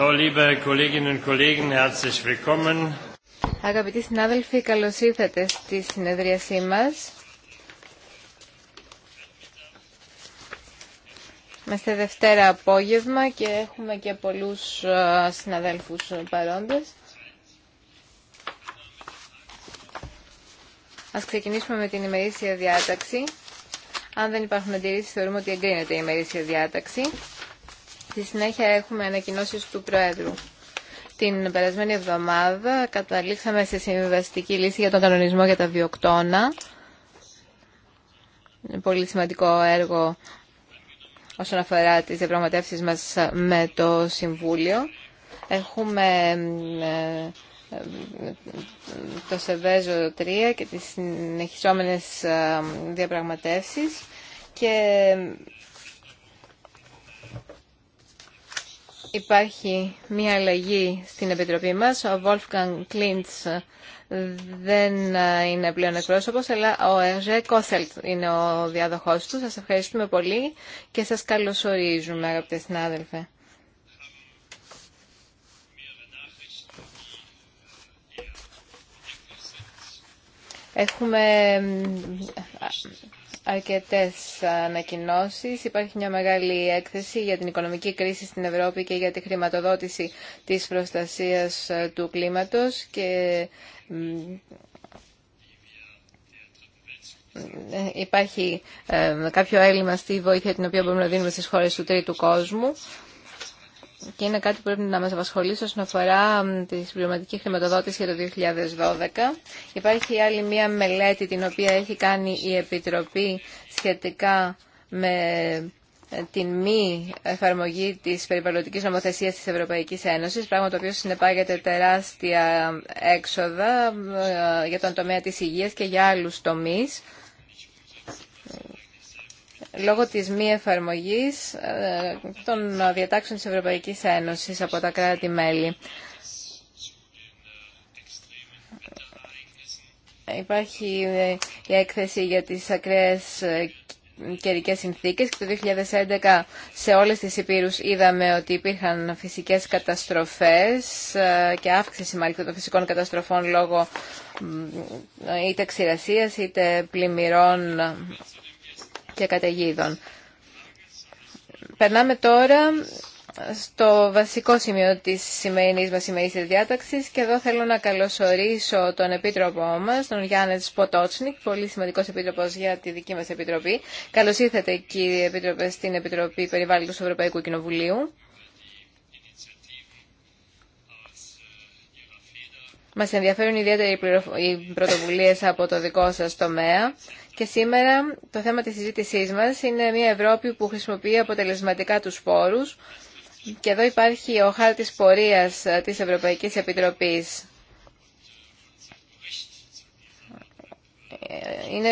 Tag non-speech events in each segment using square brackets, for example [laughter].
So, Αγαπητοί συνάδελφοι, καλώ ήρθατε στη συνεδρίασή Μα Είμαστε Δευτέρα απόγευμα και έχουμε και πολλού συναδέλφου παρόντε. Α ξεκινήσουμε με την ημερήσια διάταξη. Αν δεν υπάρχουν αντιρρήσει, θεωρούμε ότι εγκρίνεται η ημερήσια διάταξη. Στη συνέχεια έχουμε ανακοινώσεις του Προέδρου. Την περασμένη εβδομάδα καταλήξαμε σε συμβιβαστική λύση για τον κανονισμό για τα βιοκτώνα. Πολύ σημαντικό έργο όσον αφορά τις διαπραγματεύσεις μας με το Συμβούλιο. Έχουμε ε, το Σεβέζο 3 και τις συνεχισόμενες ε, διαπραγματεύσεις και Υπάρχει μία αλλαγή στην Επιτροπή μας. Ο Βόλφκαν Klintz δεν είναι πλέον εκπρόσωπος, αλλά ο Ερζέ Κόσελτ είναι ο διάδοχός του. Σας ευχαριστούμε πολύ και σας καλωσορίζουμε, αγαπητέ συνάδελφε. Έχουμε αρκετές ανακοινώσεις. Υπάρχει μια μεγάλη έκθεση για την οικονομική κρίση στην Ευρώπη και για τη χρηματοδότηση της προστασίας ε, του κλίματος και ε, υπάρχει ε, κάποιο έλλειμμα στη βοήθεια την οποία μπορούμε να δίνουμε στις χώρες του τρίτου κόσμου και είναι κάτι που πρέπει να μας απασχολήσει όσον αφορά τη συμπληρωματική χρηματοδότηση για το 2012. Υπάρχει άλλη μία μελέτη την οποία έχει κάνει η Επιτροπή σχετικά με ε, την μη εφαρμογή της περιβαλλοντικής νομοθεσίας της Ευρωπαϊκής Ένωσης, πράγμα το οποίο συνεπάγεται τεράστια έξοδα ε, για τον τομέα της υγείας και για άλλους τομείς λόγω της μη εφαρμογής ε, των διατάξεων της Ευρωπαϊκής Ένωσης από τα κράτη-μέλη. Υπάρχει ε, η έκθεση για τις ακραίες ε, καιρικέ συνθήκες και το 2011 σε όλες τις υπήρου είδαμε ότι υπήρχαν φυσικές καταστροφές και αύξηση μάλιστα των φυσικών καταστροφών λόγω είτε ξηρασία είτε πλημμυρών και καταιγίδων. Περνάμε τώρα στο βασικό σημείο της σημερινής μας σημερινής διάταξης και εδώ θέλω να καλωσορίσω τον επίτροπό μας, τον Γιάννη Σποτότσνικ, πολύ σημαντικός επίτροπος για τη δική μας επιτροπή. Καλώς ήρθατε κύριε επίτροπε στην Επιτροπή Περιβάλλοντος Ευρωπαϊκού Κοινοβουλίου. Μας ενδιαφέρουν ιδιαίτερα οι πρωτοβουλίες από το δικό σας τομέα και σήμερα το θέμα της συζήτησή μας είναι μια Ευρώπη που χρησιμοποιεί αποτελεσματικά τους πόρους και εδώ υπάρχει ο χάρτης πορείας της Ευρωπαϊκής Επιτροπής. Είναι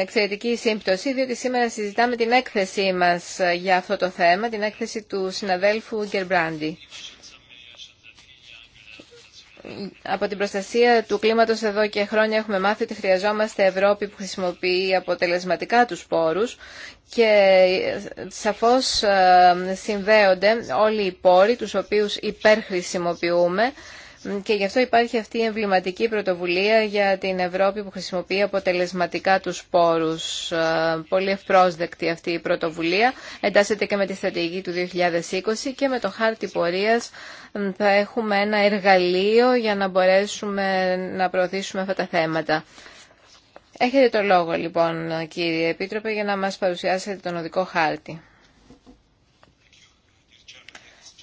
εξαιρετική η σύμπτωση, διότι σήμερα συζητάμε την έκθεσή μας για αυτό το θέμα, την έκθεση του συναδέλφου Γκερμπράντι από την προστασία του κλίματος εδώ και χρόνια έχουμε μάθει ότι χρειαζόμαστε Ευρώπη που χρησιμοποιεί αποτελεσματικά τους πόρους και σαφώς ε, συνδέονται όλοι οι πόροι τους οποίους υπερχρησιμοποιούμε και γι' αυτό υπάρχει αυτή η εμβληματική πρωτοβουλία για την Ευρώπη που χρησιμοποιεί αποτελεσματικά τους πόρους. Ε, πολύ ευπρόσδεκτη αυτή η πρωτοβουλία. Εντάσσεται και με τη στρατηγική του 2020 και με το χάρτη πορείας θα έχουμε ένα εργαλείο για να μπορέσουμε να προωθήσουμε αυτά τα θέματα. Έχετε το λόγο λοιπόν κύριε Επίτροπε για να μας παρουσιάσετε τον οδικό χάρτη.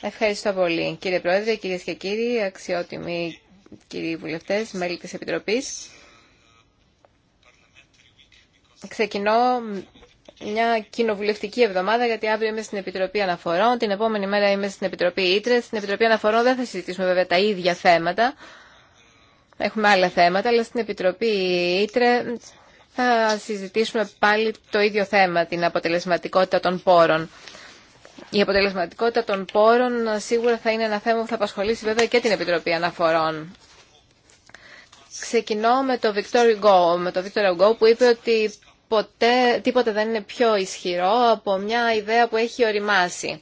Ευχαριστώ πολύ κύριε Πρόεδρε, κυρίε και κύριοι, αξιότιμοι κύριοι βουλευτές, μέλη τη Επιτροπής. Ξεκινώ μια κοινοβουλευτική εβδομάδα, γιατί αύριο είμαι στην Επιτροπή Αναφορών, την επόμενη μέρα είμαι στην Επιτροπή Ήτρε. Στην Επιτροπή Αναφορών δεν θα συζητήσουμε βέβαια τα ίδια θέματα. Έχουμε άλλα θέματα, αλλά στην Επιτροπή Ήτρε θα συζητήσουμε πάλι το ίδιο θέμα, την αποτελεσματικότητα των πόρων η αποτελεσματικότητα των πόρων σίγουρα θα είναι ένα θέμα που θα απασχολήσει βέβαια και την Επιτροπή Αναφορών. Ξεκινώ με το Victor Hugo, με το Victor που είπε ότι ποτέ, τίποτα δεν είναι πιο ισχυρό από μια ιδέα που έχει οριμάσει.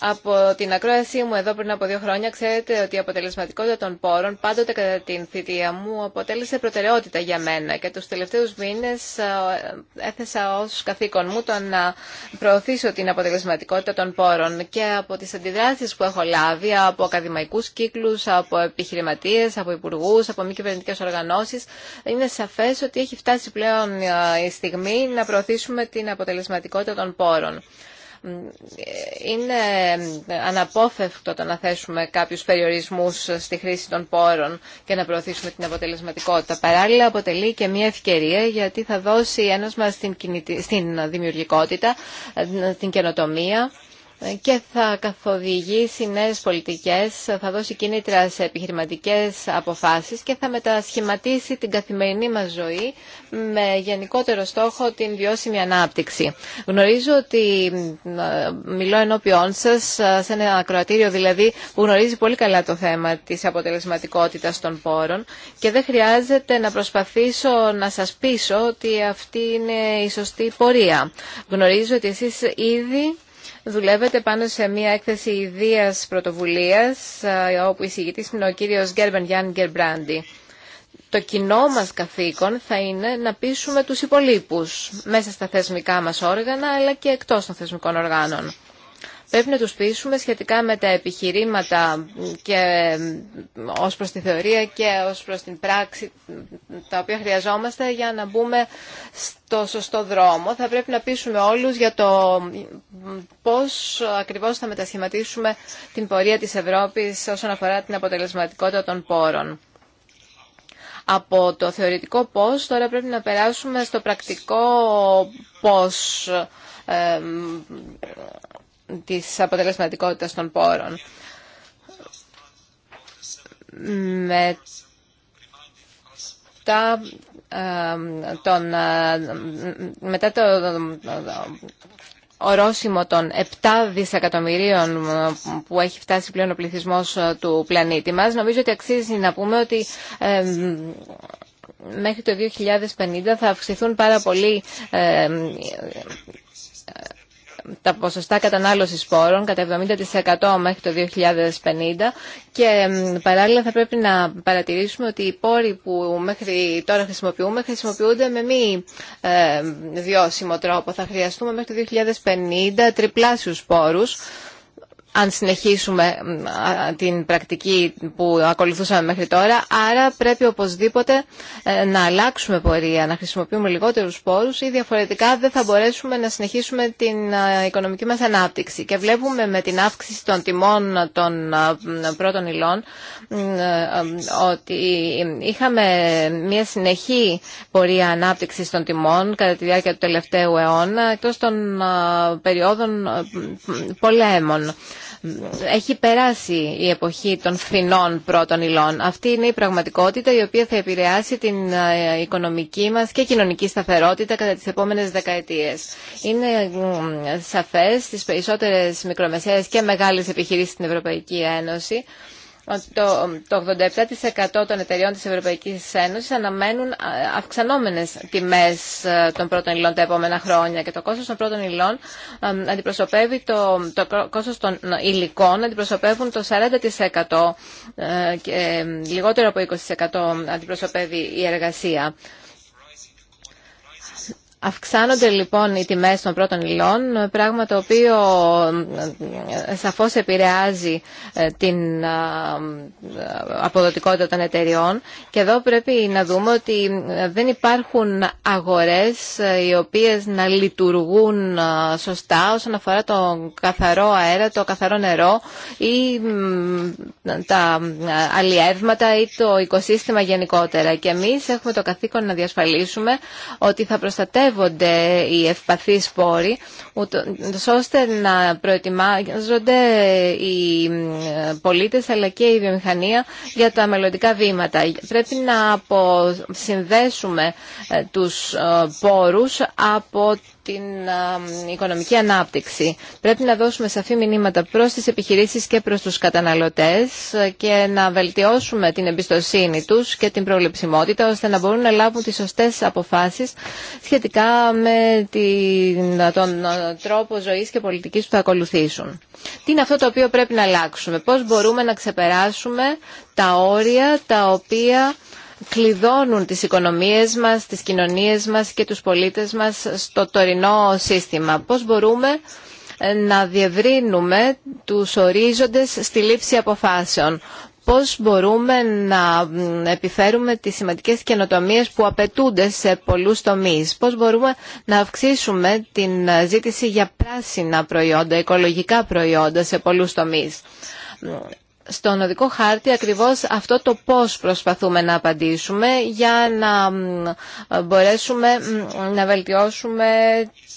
Από την ακρόασή μου εδώ πριν από δύο χρόνια, ξέρετε ότι η αποτελεσματικότητα των πόρων πάντοτε κατά την θητεία μου αποτέλεσε προτεραιότητα για μένα και τους τελευταίους μήνες ε, έθεσα ως καθήκον μου το να προωθήσω την αποτελεσματικότητα των πόρων και από τις αντιδράσεις που έχω λάβει από ακαδημαϊκούς κύκλους, από επιχειρηματίες, από υπουργούς, από μη κυβερνητικέ οργανώσεις είναι σαφές ότι έχει φτάσει πλέον ε, η στιγμή να προωθήσουμε την αποτελεσματικότητα των πόρων είναι αναπόφευκτο το να θέσουμε κάποιους περιορισμούς στη χρήση των πόρων και να προωθήσουμε την αποτελεσματικότητα. Παράλληλα αποτελεί και μια ευκαιρία γιατί θα δώσει ένας μας στην δημιουργικότητα, την καινοτομία και θα καθοδηγήσει νέες πολιτικές, θα δώσει κίνητρα σε επιχειρηματικές αποφάσεις και θα μετασχηματίσει την καθημερινή μας ζωή με γενικότερο στόχο την βιώσιμη ανάπτυξη. Γνωρίζω ότι ε, μιλώ ενώπιόν σας ε, σε ένα ακροατήριο δηλαδή που γνωρίζει πολύ καλά το θέμα της αποτελεσματικότητας των πόρων και δεν χρειάζεται να προσπαθήσω να σας πείσω ότι αυτή είναι η σωστή πορεία. Γνωρίζω ότι εσείς ήδη δουλεύετε πάνω σε μια έκθεση ιδίας πρωτοβουλίας, ε, όπου η είναι ο κύριο Γκέρμπεν Γιάνν Γκερμπράντι. Το κοινό μας καθήκον θα είναι να πείσουμε τους υπολείπου μέσα στα θεσμικά μας όργανα, αλλά και εκτός των θεσμικών οργάνων. Πρέπει να τους πείσουμε σχετικά με τα επιχειρήματα και ως προς τη θεωρία και ως προς την πράξη τα οποία χρειαζόμαστε για να μπούμε στο σωστό δρόμο. Θα πρέπει να πείσουμε όλους για το πώς ακριβώς θα μετασχηματίσουμε την πορεία της Ευρώπης όσον αφορά την αποτελεσματικότητα των πόρων. Από το θεωρητικό πώς τώρα πρέπει να περάσουμε στο πρακτικό πώς ε, της αποτελεσματικότητας των πόρων. μετά ε, τον, ε, μετά το ορόσημο των 7 δισεκατομμυρίων που έχει φτάσει πλέον ο πληθυσμός ε, του πλανήτη μας, νομίζω ότι αξίζει να πούμε ότι μέχρι το 2050 θα αυξηθούν πάρα πολύ τα ποσοστά κατανάλωση σπόρων κατά 70% μέχρι το 2050 και παράλληλα θα πρέπει να παρατηρήσουμε ότι οι πόροι που μέχρι τώρα χρησιμοποιούμε χρησιμοποιούνται με μη διώσιμο ε, τρόπο. Θα χρειαστούμε μέχρι το 2050 τριπλάσιους πόρους αν συνεχίσουμε την πρακτική που ακολουθούσαμε μέχρι τώρα. Άρα πρέπει οπωσδήποτε ε, να αλλάξουμε πορεία, να χρησιμοποιούμε λιγότερους πόρους ή διαφορετικά δεν θα μπορέσουμε να συνεχίσουμε την οικονομική μας ανάπτυξη. Και βλέπουμε με την αύξηση των τιμών των πρώτων υλών ε, ότι είχαμε μια συνεχή πορεία ανάπτυξης των τιμών κατά τη διάρκεια του τελευταίου αιώνα εκτός των περιόδων πολέμων. Έχει περάσει η εποχή των φθηνών πρώτων υλών. Αυτή είναι η πραγματικότητα η οποία θα επηρεάσει την ε, οικονομική μας και κοινωνική σταθερότητα κατά τις επόμενες δεκαετίες. Είναι σαφές στις περισσότερες μικρομεσαίες και μεγάλες επιχειρήσεις στην Ευρωπαϊκή Ένωση το 87% των εταιριών της Ευρωπαϊκής Ένωσης αναμένουν αυξανόμενες τιμές ε, των πρώτων υλών τα επόμενα χρόνια και το κόστος των πρώτων υλών ε, αντιπροσωπεύει το, το κόστος των ε, υλικών αντιπροσωπεύουν το 40% και λιγότερο από 20% αντιπροσωπεύει η εργασία. Αυξάνονται λοιπόν οι τιμές των πρώτων υλών, πράγμα το οποίο ε, σαφώς επηρεάζει ε, την ε, αποδοτικότητα των εταιριών και εδώ πρέπει να δούμε ότι δεν υπάρχουν αγορές οι οποίες να λειτουργούν σωστά όσον αφορά το καθαρό αέρα, το καθαρό νερό ή τα αλλιεύματα ή το οικοσύστημα γενικότερα. Και εμείς έχουμε το καθήκον να διασφαλίσουμε ότι θα προστατεύουμε προστατεύονται οι ευπαθείς πόροι, ούτως ώστε να προετοιμάζονται οι πολίτες αλλά και η βιομηχανία για τα μελλοντικά βήματα. Πρέπει να αποσυνδέσουμε ε, τους ε, πόρους από την οικονομική ανάπτυξη. Πρέπει να δώσουμε σαφή μηνύματα προς τις επιχειρήσεις και προς τους καταναλωτές και να βελτιώσουμε την εμπιστοσύνη τους και την προβλεψιμότητα ώστε να μπορούν να λάβουν τις σωστές αποφάσεις σχετικά με τον τρόπο ζωής και πολιτικής που θα ακολουθήσουν. Τι είναι αυτό το οποίο πρέπει να αλλάξουμε, πώς μπορούμε να ξεπεράσουμε τα όρια τα οποία κλειδώνουν τις οικονομίες μας, τις κοινωνίες μας και τους πολίτες μας στο τωρινό σύστημα. Πώς μπορούμε ε, να διευρύνουμε τους ορίζοντες στη λήψη αποφάσεων. Πώς μπορούμε να επιφέρουμε τις σημαντικές καινοτομίες που απαιτούνται σε πολλούς τομείς. Πώς μπορούμε να αυξήσουμε την ζήτηση για πράσινα προϊόντα, οικολογικά προϊόντα σε πολλούς τομείς στον οδικό χάρτη ακριβώς αυτό το πώς προσπαθούμε να απαντήσουμε για να μπορέσουμε να βελτιώσουμε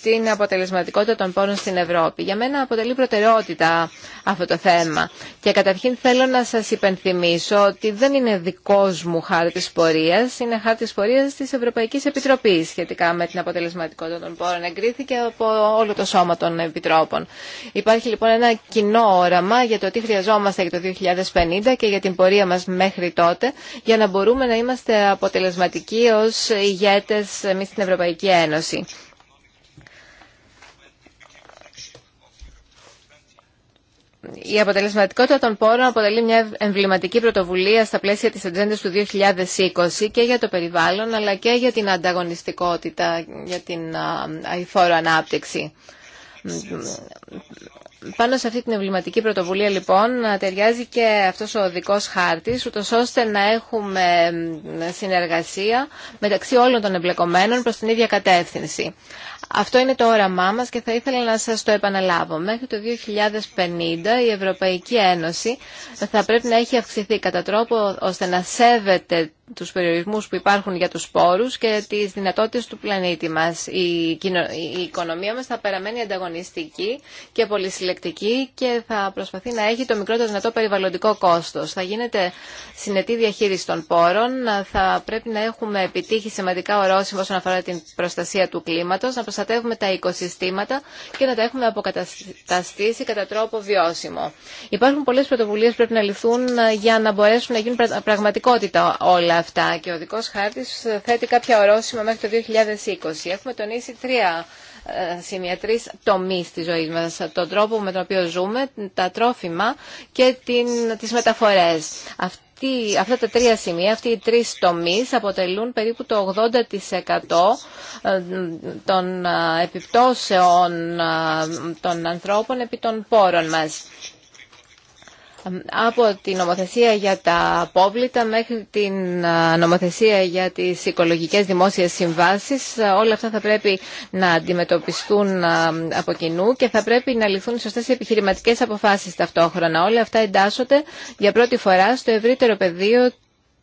στην αποτελεσματικότητα των πόρων στην Ευρώπη. Για μένα αποτελεί προτεραιότητα αυτό το θέμα. Και καταρχήν θέλω να σας υπενθυμίσω ότι δεν είναι δικός μου χάρτης πορείας, είναι χάρτης πορείας της Ευρωπαϊκής Επιτροπής σχετικά με την αποτελεσματικότητα των πόρων. Εγκρίθηκε από όλο το σώμα των επιτρόπων. Υπάρχει λοιπόν ένα κοινό όραμα για το τι χρειαζόμαστε για το 2050 και για την πορεία μας μέχρι τότε για να μπορούμε να είμαστε αποτελεσματικοί ως ηγέτες εμείς στην Ευρωπαϊκή Ένωση. η αποτελεσματικότητα των πόρων αποτελεί μια εμβληματική πρωτοβουλία στα πλαίσια της ατζέντα του 2020 και για το περιβάλλον αλλά και για την ανταγωνιστικότητα, για την αηφόρο ανάπτυξη. Πάνω σε αυτή την εμβληματική πρωτοβουλία λοιπόν ταιριάζει και αυτός ο δικός χάρτης ούτως ώστε να έχουμε συνεργασία μεταξύ όλων των εμπλεκομένων προς την ίδια κατεύθυνση. Αυτό είναι το όραμά μας και θα ήθελα να σας το επαναλάβω. Μέχρι το 2050 η Ευρωπαϊκή Ένωση θα πρέπει να έχει αυξηθεί κατά τρόπο ώστε να σέβεται τους περιορισμούς που υπάρχουν για τους σπόρους και τις δυνατότητες του πλανήτη μας. Η, οικονομία μας θα παραμένει ανταγωνιστική και πολυσυλλεκτική και θα προσπαθεί να έχει το μικρότερο δυνατό περιβαλλοντικό κόστος. Θα γίνεται συνετή διαχείριση των πόρων, θα πρέπει να έχουμε επιτύχει σημαντικά ορόσημα όσον αφορά την προστασία του κλίματος, να προστατεύουμε τα οικοσυστήματα και να τα έχουμε αποκαταστήσει κατά τρόπο βιώσιμο. Υπάρχουν πολλές πρωτοβουλίες που πρέπει να ληφθούν για να μπορέσουν να γίνουν πραγματικότητα όλα αυτά και ο δικός χάρτης θέτει κάποια ορόσημα μέχρι το 2020. Έχουμε τονίσει τρία ε, σημεία, τρει τομεί τη ζωή μα. τον τρόπο με τον οποίο ζούμε, τα τρόφιμα και τι μεταφορέ. αυτά τα τρία σημεία, αυτοί οι τρει τομεί αποτελούν περίπου το 80% ε, των ε, επιπτώσεων των ανθρώπων επί των πόρων μας από την νομοθεσία για τα απόβλητα μέχρι την νομοθεσία για τις οικολογικές δημόσιες συμβάσεις. Όλα αυτά θα πρέπει να αντιμετωπιστούν από κοινού και θα πρέπει να ληφθούν σωστές επιχειρηματικές αποφάσεις ταυτόχρονα. Όλα αυτά εντάσσονται για πρώτη φορά στο ευρύτερο πεδίο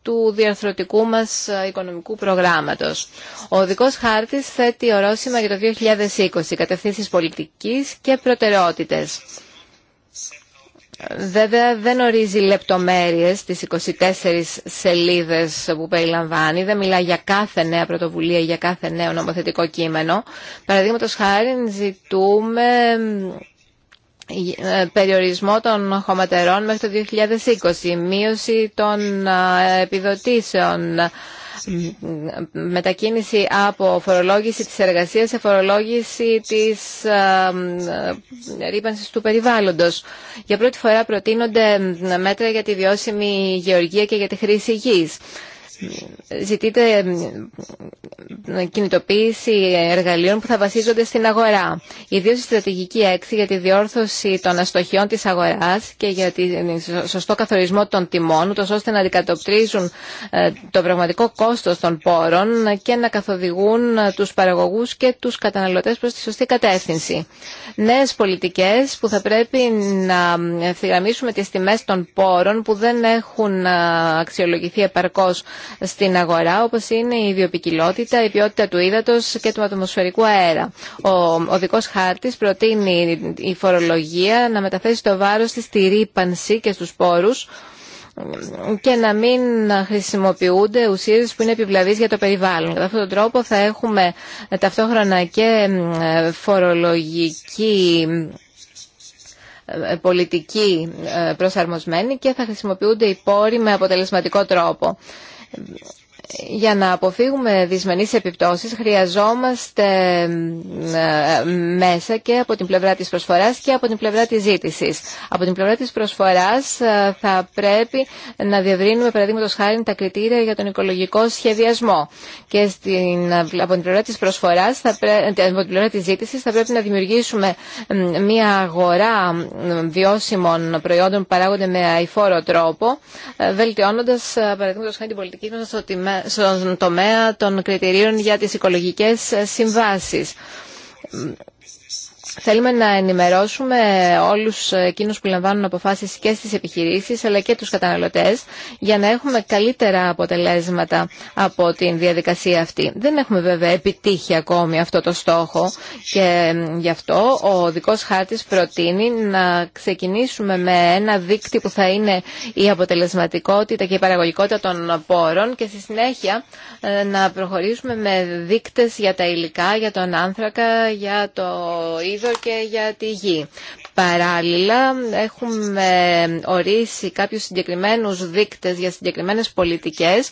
του διαρθρωτικού μας οικονομικού προγράμματος. Ο δικός χάρτης θέτει ορόσημα για το 2020, κατευθύνσεις πολιτικής και προτεραιότητες. Βέβαια δεν ορίζει λεπτομέρειες τις 24 σελίδες που περιλαμβάνει, δεν μιλά για κάθε νέα πρωτοβουλία, για κάθε νέο νομοθετικό κείμενο. Παραδείγματο χάρη ζητούμε ε, περιορισμό των χωματερών μέχρι το 2020, μείωση των ε, επιδοτήσεων, μετακίνηση από φορολόγηση της εργασίας σε φορολόγηση της ε, ρήπανσης του περιβάλλοντος. Για πρώτη φορά προτείνονται μέτρα για τη βιώσιμη γεωργία και για τη χρήση γης ζητείται κινητοποίηση εργαλείων που θα βασίζονται στην αγορά. Ιδίω η στρατηγική έξι για τη διόρθωση των αστοχιών της αγοράς και για τον ε, σωστό καθορισμό των τιμών, ούτως ώστε να αντικατοπτρίζουν ε, το πραγματικό κόστος των πόρων και να καθοδηγούν ε, τους παραγωγούς και τους καταναλωτές προς τη σωστή κατεύθυνση. Νέε πολιτικές που θα πρέπει να ευθυγραμμίσουμε τις τιμές των πόρων που δεν έχουν αξιολογηθεί επαρκώς στην αγορά, όπως είναι η βιοπικιλότητα, η ποιότητα του ύδατος και του ατμοσφαιρικού αέρα. Ο οδικός χάρτης προτείνει η φορολογία να μεταθέσει το βάρος της στη ρήπανση και στους πόρους, και να μην χρησιμοποιούνται ουσίες που είναι επιβλαβείς για το περιβάλλον. Κατά αυτόν τον τρόπο θα έχουμε ταυτόχρονα και φορολογική ε, πολιτική ε, προσαρμοσμένη και θα χρησιμοποιούνται οι πόροι με αποτελεσματικό τρόπο. Εντάξει. Για να αποφύγουμε δυσμενείς επιπτώσεις χρειαζόμαστε ε, μέσα και από την πλευρά της προσφοράς και από την πλευρά της ζήτησης. Από την πλευρά της προσφοράς ε, θα πρέπει να διευρύνουμε παραδείγματος χάρη τα κριτήρια για τον οικολογικό σχεδιασμό. Και στην, από την πλευρά της προσφοράς, θα ε, από την πλευρά της ζήτησης θα πρέπει να δημιουργήσουμε μια αγορά βιώσιμων προϊόντων που παράγονται με αηφόρο τρόπο, βελτιώνοντας παραδείγματος χάρη την πολιτική μας στον τομέα των κριτηρίων για τις οικολογικές συμβάσεις. Θέλουμε να ενημερώσουμε όλους εκείνους που λαμβάνουν αποφάσεις και στις επιχειρήσεις αλλά και τους καταναλωτές για να έχουμε καλύτερα αποτελέσματα από την διαδικασία αυτή. Δεν έχουμε βέβαια επιτύχει ακόμη αυτό το στόχο και γι' αυτό ο δικός χάρτης προτείνει να ξεκινήσουμε με ένα δίκτυο που θα είναι η αποτελεσματικότητα και η παραγωγικότητα των πόρων και στη συνέχεια ε, να προχωρήσουμε με δείκτες για τα υλικά, για τον άνθρακα, για το και για τη γη. Παράλληλα, έχουμε ορίσει κάποιους συγκεκριμένους δείκτες για συγκεκριμένες πολιτικές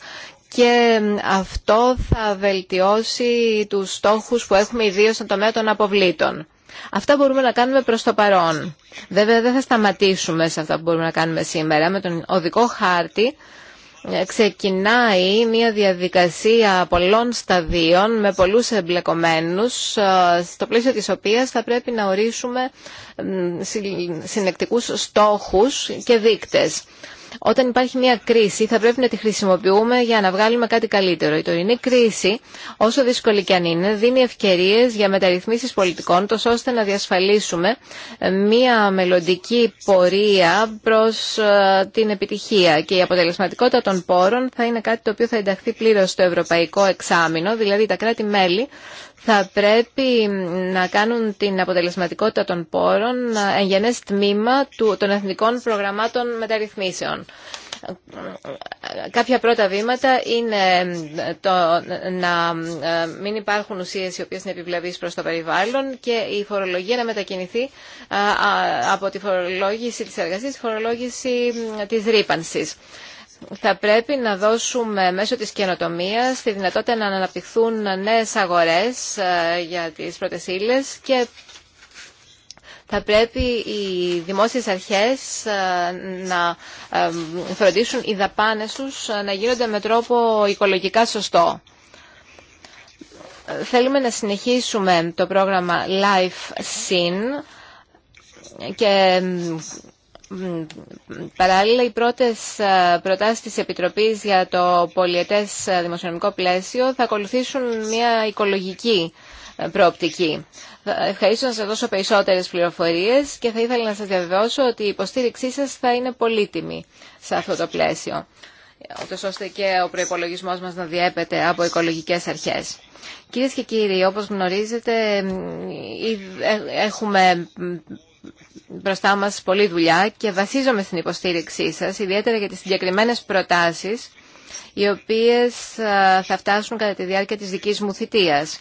και αυτό θα βελτιώσει τους στόχους που έχουμε ιδίως στον τομέα των αποβλήτων. Αυτά μπορούμε να κάνουμε προς το παρόν. Βέβαια δεν θα σταματήσουμε σε αυτά που μπορούμε να κάνουμε σήμερα. Με τον οδικό χάρτη ε, ξεκινάει μια διαδικασία πολλών σταδίων με πολλούς εμπλεκομένους ε, στο πλαίσιο της οποίας θα πρέπει να ορίσουμε συνεκτικούς στόχους και δείκτες όταν υπάρχει μια κρίση θα πρέπει να τη χρησιμοποιούμε για να βγάλουμε κάτι καλύτερο. Η τωρινή κρίση, όσο δύσκολη και αν είναι, δίνει ευκαιρίες για μεταρρυθμίσεις πολιτικών, τόσο ώστε να διασφαλίσουμε ε, μια μελλοντική πορεία προς ε, την επιτυχία. Και η αποτελεσματικότητα των πόρων θα είναι κάτι το οποίο θα ενταχθεί πλήρως στο ευρωπαϊκό εξάμεινο, δηλαδή τα κράτη-μέλη θα πρέπει να κάνουν την αποτελεσματικότητα των πόρων εγγενές τμήμα των εθνικών προγραμμάτων μεταρρυθμίσεων. Κάποια πρώτα βήματα είναι το να ε, μην υπάρχουν ουσίες οι οποίες είναι επιβλαβείς προς το περιβάλλον και η φορολογία να μετακινηθεί ε, από τη φορολόγηση της εργασίας στη φορολόγηση της ρήπανσης θα πρέπει να δώσουμε μέσω της καινοτομίας τη δυνατότητα να αναπτυχθούν νέες αγορές ε, για τις πρώτες και θα πρέπει οι δημόσιες αρχές ε, να ε, φροντίσουν οι δαπάνες τους να γίνονται με τρόπο οικολογικά σωστό. Θέλουμε να συνεχίσουμε το πρόγραμμα Life Sin και Παράλληλα, οι πρώτες ε, προτάσεις της Επιτροπής για το πολιετές ε, δημοσιονομικό πλαίσιο θα ακολουθήσουν μια οικολογική ε, προοπτική. Ευχαρίστω να σας δώσω περισσότερες πληροφορίες και θα ήθελα να σας διαβεβαιώσω ότι η υποστήριξή σας θα είναι πολύτιμη σε αυτό το πλαίσιο, ούτως ώστε και ο προϋπολογισμός μας να διέπεται από οικολογικές αρχές. Κυρίε και κύριοι, όπως γνωρίζετε, έχουμε μπροστά μας πολλή δουλειά και βασίζομαι στην υποστήριξή σας, ιδιαίτερα για τις συγκεκριμένε προτάσεις, οι οποίες ε, θα φτάσουν κατά τη διάρκεια της δικής μου θητείας.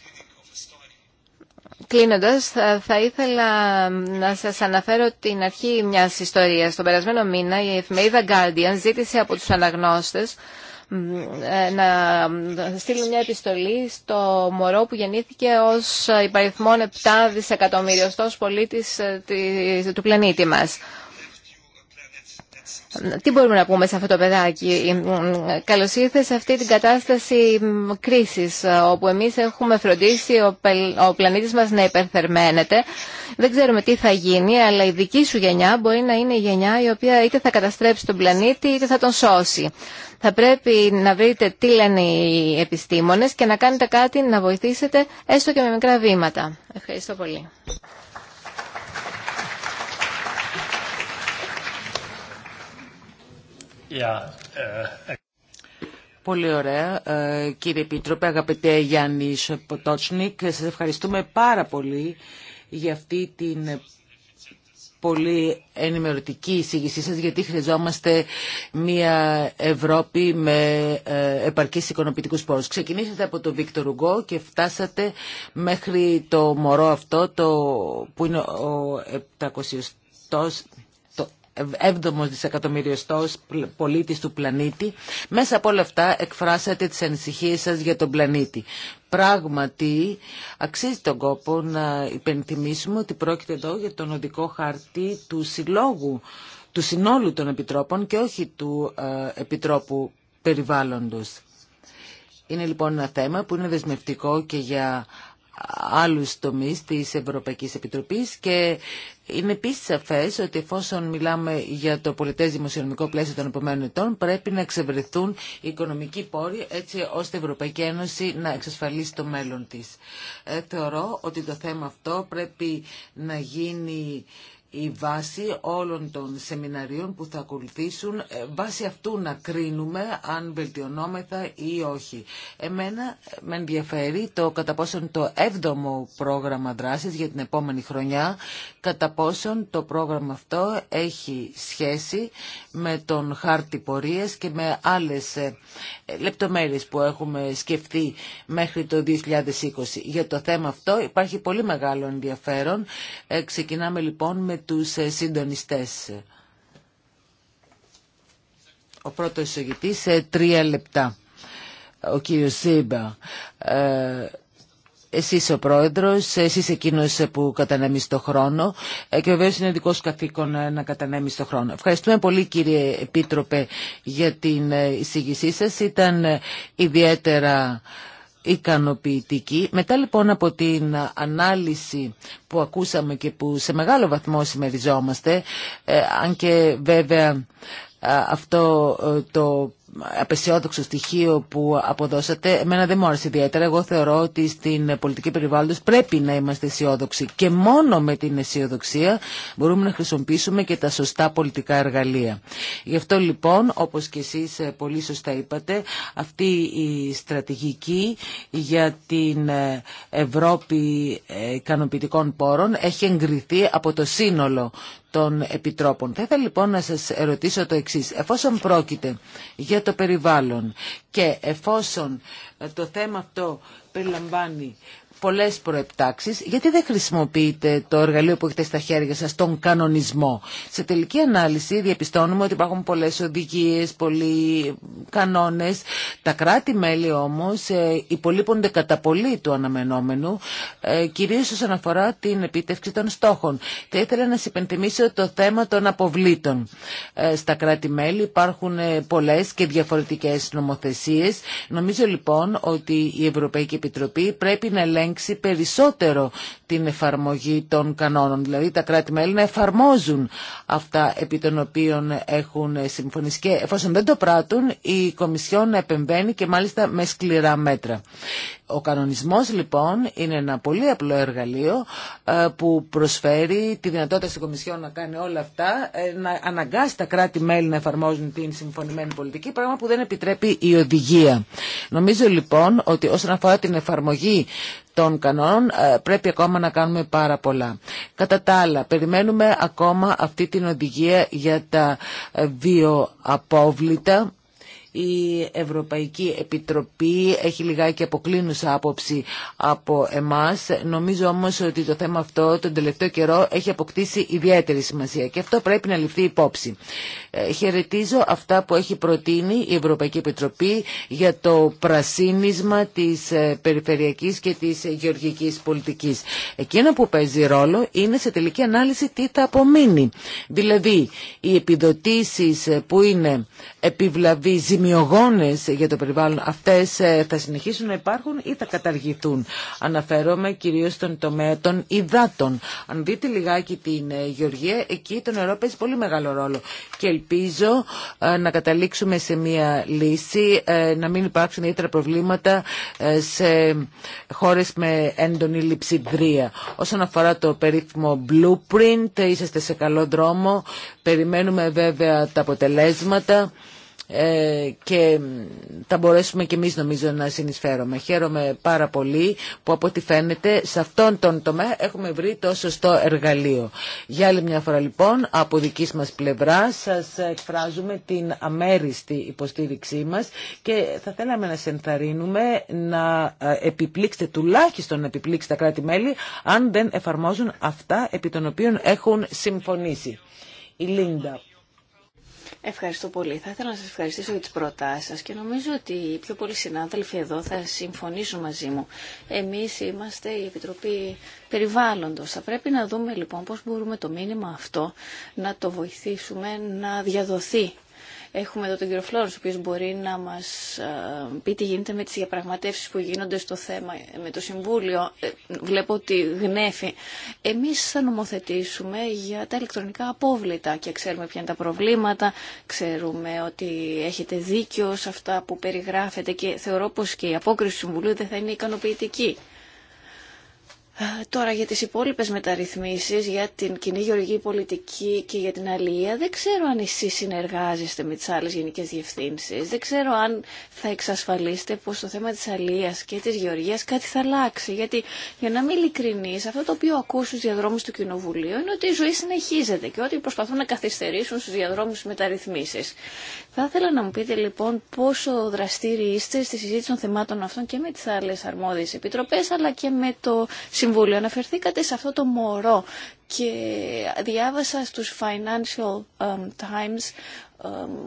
Κλείνοντας, θα ήθελα να σας αναφέρω την αρχή μιας ιστορίας. Τον περασμένο μήνα η εφημερίδα Guardian ζήτησε από τους αναγνώστες να στείλουν μια επιστολή στο μωρό που γεννήθηκε ως υπαριθμόν 7 δισεκατομμυριωστός πολίτης ε, του πλανήτη μας. Τι μπορούμε να πούμε σε αυτό το παιδάκι. Καλώς ήρθε σε αυτή την κατάσταση κρίσης, όπου εμείς έχουμε φροντίσει ο πλανήτης μας να υπερθερμαίνεται. Δεν ξέρουμε τι θα γίνει, αλλά η δική σου γενιά μπορεί να είναι η γενιά η οποία είτε θα καταστρέψει τον πλανήτη, είτε θα τον σώσει. Θα πρέπει να βρείτε τι λένε οι επιστήμονες και να κάνετε κάτι να βοηθήσετε έστω και με μικρά βήματα. Ευχαριστώ πολύ. Uh, πολύ ωραία. Ε, κύριε Επίτροπε, αγαπητέ Γιάννη Ποτότσνικ, σας ευχαριστούμε πάρα πολύ για αυτή την πολύ ενημερωτική εισήγησή σας γιατί χρειαζόμαστε μια Ευρώπη με ε, επαρκή οικονομικούς πόρους. Ξεκινήσατε από τον Βίκτορ Ουγκό και φτάσατε μέχρι το μωρό αυτό το, που είναι ο 700 έβδομος δισεκατομμυριωστός πολίτης του πλανήτη. Μέσα από όλα αυτά εκφράσατε τις ανησυχίες σας για τον πλανήτη. Πράγματι, αξίζει τον κόπο να υπενθυμίσουμε ότι πρόκειται εδώ για τον οδικό χαρτί του συλλόγου, του συνόλου των επιτρόπων και όχι του ε, επιτρόπου περιβάλλοντος. Είναι λοιπόν ένα θέμα που είναι δεσμευτικό και για άλλους τομείς της Ευρωπαϊκής Επιτροπής και είναι επίση σαφέ ότι εφόσον μιλάμε για το πολιτέ δημοσιονομικό πλαίσιο των επόμενων ετών, πρέπει να εξευρεθούν οικονομικοί πόροι έτσι ώστε η Ευρωπαϊκή Ένωση να εξασφαλίσει το μέλλον τη. Ε, θεωρώ ότι το θέμα αυτό πρέπει να γίνει η βάση όλων των σεμιναρίων που θα ακολουθήσουν, ε, βάσει αυτού να κρίνουμε αν βελτιωνόμεθα ή όχι. Εμένα ε, με ενδιαφέρει το κατά πόσον το έβδομο πρόγραμμα δράσης για την επόμενη χρονιά, κατά πόσον το πρόγραμμα αυτό έχει σχέση με τον χάρτη πορείας και με άλλες ε, λεπτομέρειες που έχουμε σκεφτεί μέχρι το 2020. Για το θέμα αυτό υπάρχει πολύ μεγάλο ενδιαφέρον. Ξεκινάμε λοιπόν με τους ε, συντονιστές. Ο πρώτος εισηγητής σε τρία λεπτά. Ο κύριος Σίμπα. Ε, εσείς ο πρόεδρος, εσείς εκείνος ε, που κατανέμεις το χρόνο και βεβαίω είναι δικό καθήκον να κατανέμεις το χρόνο. Ευχαριστούμε πολύ κύριε Επίτροπε για την εισηγησή σας. Ήταν ιδιαίτερα ικανοποιητική. Μετά λοιπόν από την ανάλυση που ακούσαμε και που σε μεγάλο βαθμό συμμεριζόμαστε, ε, αν και βέβαια ε, αυτό ε, το απεσιόδοξο στοιχείο που αποδώσατε, εμένα δεν μου άρεσε ιδιαίτερα. Εγώ θεωρώ ότι στην πολιτική περιβάλλοντος πρέπει να είμαστε αισιόδοξοι και μόνο με την αισιοδοξία μπορούμε να χρησιμοποιήσουμε και τα σωστά πολιτικά εργαλεία. Γι' αυτό λοιπόν, όπως και εσείς πολύ σωστά είπατε, αυτή η στρατηγική για την ε, Ευρώπη ε, ικανοποιητικών πόρων έχει εγκριθεί από το σύνολο των επιτρόπων. Θα ήθελα λοιπόν να σας ερωτήσω το εξής. Εφόσον πρόκειται για το περιβάλλον και εφόσον ε, το θέμα αυτό περιλαμβάνει πολλές προεπτάξεις, γιατί δεν χρησιμοποιείτε το εργαλείο που έχετε στα χέρια σας, τον κανονισμό. Σε τελική ανάλυση διαπιστώνουμε ότι υπάρχουν πολλές οδηγίες, πολλοί κανόνες. Τα κράτη-μέλη όμως ε, υπολείπονται κατά πολύ του αναμενόμενου, ε, κυρίως όσον αφορά την επίτευξη των στόχων. Θα ήθελα να σας υπενθυμίσω το θέμα των αποβλήτων. Ε, στα κράτη-μέλη υπάρχουν πολλές και διαφορετικές νομοθεσίες. Νομίζω λοιπόν ότι η Ευρωπαϊκή Επιτροπή πρέπει να ελέγξει περισσότερο την εφαρμογή των κανόνων. Δηλαδή τα κράτη-μέλη να εφαρμόζουν αυτά επί των οποίων έχουν συμφωνήσει. Και εφόσον δεν το πράττουν, η Κομισιόν επεμβαίνει και μάλιστα με σκληρά μέτρα. Ο κανονισμός λοιπόν είναι ένα πολύ απλό εργαλείο ε, που προσφέρει τη δυνατότητα στην Κομισιόν να κάνει όλα αυτά, ε, να αναγκάσει τα κράτη-μέλη να εφαρμόζουν την συμφωνημένη πολιτική, πράγμα που δεν επιτρέπει η οδηγία. Νομίζω λοιπόν ότι όσον αφορά την εφαρμογή των κανόνων ε, πρέπει ακόμα να κάνουμε πάρα πολλά. Κατά τα άλλα, περιμένουμε ακόμα αυτή την οδηγία για τα βιοαπόβλητα η Ευρωπαϊκή Επιτροπή έχει λιγάκι αποκλίνουσα άποψη από εμάς. Νομίζω όμως ότι το θέμα αυτό τον τελευταίο καιρό έχει αποκτήσει ιδιαίτερη σημασία και αυτό πρέπει να ληφθεί υπόψη. Ε, χαιρετίζω αυτά που έχει προτείνει η Ευρωπαϊκή Επιτροπή για το πρασίνισμα της ε, περιφερειακής και της γεωργικής πολιτικής. Εκείνο που παίζει ρόλο είναι σε τελική ανάλυση τι θα απομείνει. Δηλαδή, οι επιδοτήσεις που είναι επιβλαβή ζημιογόνες για το περιβάλλον, αυτές ε, θα συνεχίσουν να υπάρχουν ή θα καταργηθούν. Αναφέρομαι κυρίως στον τομέα των υδάτων. Αν δείτε λιγάκι την ε, Γεωργία, εκεί το νερό παίζει πολύ μεγάλο ρόλο. Και ελπίζω ε, να καταλήξουμε σε μια λύση, να μην υπάρξουν ιδιαίτερα προβλήματα σε χώρες με έντονη λειψιδρία. Όσον αφορά το περίφημο blueprint, είσαστε σε καλό δρόμο. Περιμένουμε βέβαια τα αποτελέσματα. Ε, και θα μπορέσουμε και εμείς νομίζω να συνεισφέρομαι. Χαίρομαι πάρα πολύ που από ό,τι φαίνεται σε αυτόν τον τομέα έχουμε βρει το σωστό εργαλείο. Για άλλη μια φορά λοιπόν από δική μας πλευρά σας εκφράζουμε την αμέριστη υποστήριξή μας και θα θέλαμε να σε ενθαρρύνουμε να ε, επιπλήξετε τουλάχιστον να επιπλήξετε τα κράτη-μέλη αν δεν εφαρμόζουν αυτά επί των οποίων έχουν συμφωνήσει. Η Λίντα Ευχαριστώ πολύ. Θα ήθελα να σας ευχαριστήσω για τις προτάσεις σας και νομίζω ότι οι πιο πολλοί συνάδελφοι εδώ θα συμφωνήσουν μαζί μου. Εμείς είμαστε η Επιτροπή Περιβάλλοντος. Θα πρέπει να δούμε λοιπόν πώς μπορούμε το μήνυμα αυτό να το βοηθήσουμε να διαδοθεί Έχουμε εδώ τον κύριο Φλόρο, ο οποίος μπορεί να μας ε, πει τι γίνεται με τι διαπραγματεύσει που γίνονται στο θέμα ε, με το Συμβούλιο. Ε, βλέπω ότι γνέφει. Εμείς θα νομοθετήσουμε για τα ηλεκτρονικά απόβλητα και ξέρουμε ποια είναι τα προβλήματα, ξέρουμε ότι έχετε δίκιο σε αυτά που περιγράφετε και θεωρώ πω και η απόκριση του Συμβουλίου δεν θα είναι ικανοποιητική. Ε, τώρα για τις υπόλοιπες μεταρρυθμίσεις, για την κοινή γεωργική πολιτική και για την αλληλεία, δεν ξέρω αν εσείς συνεργάζεστε με τις άλλες γενικές διευθύνσεις. Δεν ξέρω αν θα εξασφαλίσετε πως το θέμα της αλληλείας και της γεωργίας κάτι θα αλλάξει. Γιατί για να μην ειλικρινής, αυτό το οποίο ακούω στους διαδρόμους του Κοινοβουλίου είναι ότι η ζωή συνεχίζεται και ότι προσπαθούν να καθυστερήσουν στους διαδρόμους μεταρρυθμίσεις. Θα ήθελα να μου πείτε λοιπόν πόσο δραστήριοι είστε στη συζήτηση των θεμάτων αυτών και με τις άλλες αρμόδιες επιτροπές αλλά και με το Συμβούλιο. Αναφερθήκατε σε αυτό το μωρό και διάβασα στους Financial Times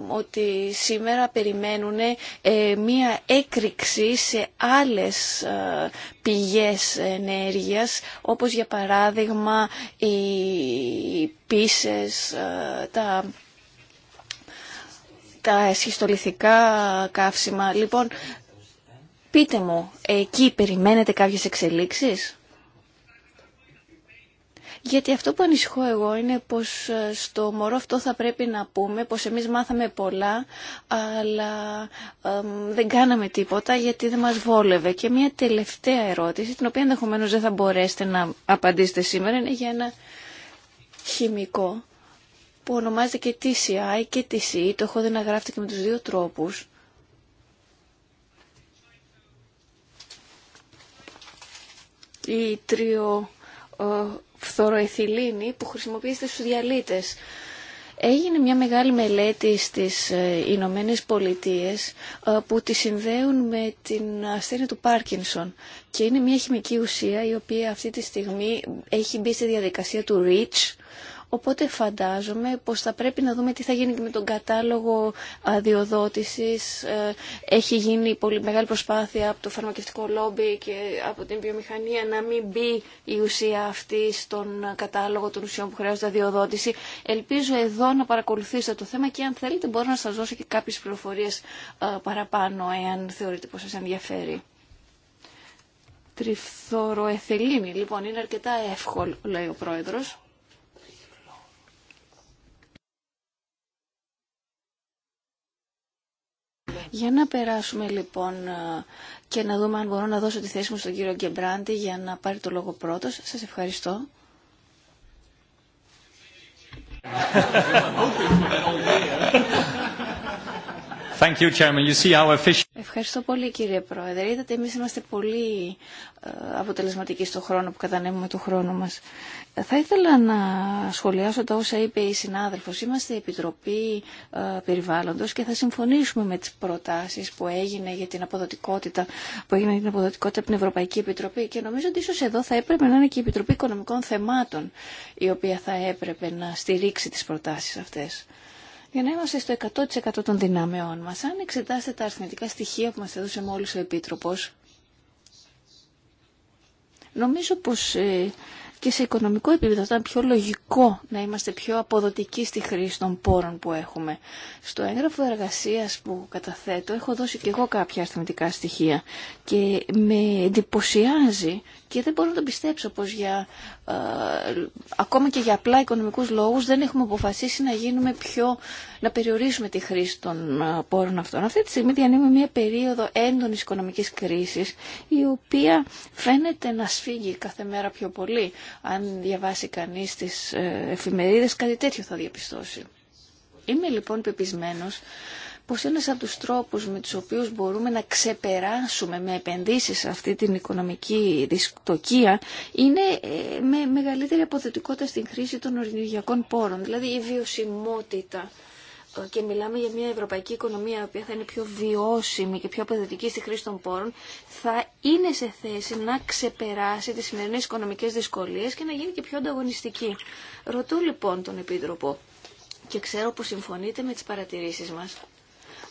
ότι σήμερα περιμένουν ε, μία έκρηξη σε άλλες ε, πηγές ενέργειας όπως για παράδειγμα οι πίσες, ε, τα τα σχιστολιθικά καύσιμα. Λοιπόν, πείτε μου, εκεί περιμένετε κάποιες εξελίξεις? Γιατί αυτό που ανησυχώ εγώ είναι πως ε, στο μωρό αυτό θα πρέπει να πούμε πως εμείς μάθαμε πολλά αλλά δεν κάναμε τίποτα γιατί δεν μας βόλευε. Και μια τελευταία ερώτηση, την οποία ενδεχομένω δεν θα μπορέσετε να απαντήσετε σήμερα, είναι για ένα χημικό που ονομάζεται και TCI και TCE, το έχω δει να γράφεται και με τους δύο τρόπους. Η τριο ε, φθοροεθυλίνη που χρησιμοποιείται στους διαλύτες. Έγινε μια μεγάλη μελέτη στις ε, Ηνωμένε Πολιτείε ε, που τη συνδέουν με την ασθένεια του Πάρκινσον και είναι μια χημική ουσία η οποία αυτή τη στιγμή έχει μπει στη διαδικασία του REACH Οπότε φαντάζομαι πως θα πρέπει να δούμε τι θα γίνει και με τον κατάλογο αδειοδότησης. Ε, έχει γίνει πολύ μεγάλη προσπάθεια από το φαρμακευτικό λόμπι και από την βιομηχανία να μην μπει η ουσία αυτή στον κατάλογο των ουσιών που χρειάζεται αδειοδότηση. Ελπίζω εδώ να παρακολουθήσετε το θέμα και αν θέλετε μπορώ να σας δώσω και κάποιες πληροφορίες ε, παραπάνω εάν θεωρείτε πως σας ενδιαφέρει τριφθοροεθελήνη. Λοιπόν, είναι αρκετά εύκολο, λέει ο πρόεδρος. Για να περάσουμε λοιπόν και να δούμε αν μπορώ να δώσω τη θέση μου στον κύριο Γκεμπράντη για να πάρει το λόγο πρώτος. Σας ευχαριστώ. [laughs] Ευχαριστώ πολύ κύριε Πρόεδρε. Είδατε εμείς είμαστε πολύ ε, αποτελεσματικοί στον χρόνο που κατανέμουμε το χρόνο μας. Ε, θα ήθελα να σχολιάσω τα όσα είπε η συνάδελφος. Είμαστε η Επιτροπή ε, Περιβάλλοντος και θα συμφωνήσουμε με τις προτάσεις που έγινε για την αποδοτικότητα, που έγινε για την αποδοτικότητα από την Ευρωπαϊκή Επιτροπή και νομίζω ότι ίσως εδώ θα έπρεπε να είναι και η Επιτροπή Οικονομικών Θεμάτων η οποία θα έπρεπε να στηρίξει τις προτάσεις αυτές για να είμαστε στο 100% των δυνάμεών μας. Αν εξετάσετε τα αριθμητικά στοιχεία που μας έδωσε μόλις ο Επίτροπος, νομίζω πως ε, και σε οικονομικό επίπεδο ήταν πιο λογικό να είμαστε πιο αποδοτικοί στη χρήση των πόρων που έχουμε. Στο έγγραφο εργασία που καταθέτω έχω δώσει και εγώ κάποια αριθμητικά στοιχεία και με εντυπωσιάζει και δεν μπορώ να το πιστέψω πως για, ε, ακόμα και για απλά οικονομικούς λόγους δεν έχουμε αποφασίσει να γίνουμε πιο, να περιορίσουμε τη χρήση των ε, πόρων αυτών. Αυτή τη στιγμή διανύουμε μια περίοδο έντονης οικονομικής κρίσης η οποία φαίνεται να σφίγγει κάθε μέρα πιο πολύ. Αν διαβάσει κανείς τις ε, εφημερίδες, κάτι τέτοιο θα διαπιστώσει. Είμαι λοιπόν πεπισμένος πως ένας από τους τρόπους με τους οποίους μπορούμε να ξεπεράσουμε με επενδύσεις αυτή την οικονομική δυστοκία είναι ε, με μεγαλύτερη αποδοτικότητα στην χρήση των ορυνογιακών πόρων, δηλαδή η βιωσιμότητα και μιλάμε για μια ευρωπαϊκή οικονομία η οποία θα είναι πιο βιώσιμη και πιο αποδοτική στη χρήση των πόρων, θα είναι σε θέση να ξεπεράσει τις σημερινέ οικονομικέ δυσκολίες και να γίνει και πιο ανταγωνιστική. Ρωτώ λοιπόν τον Επίτροπο και ξέρω που συμφωνείτε με τις παρατηρήσεις μας.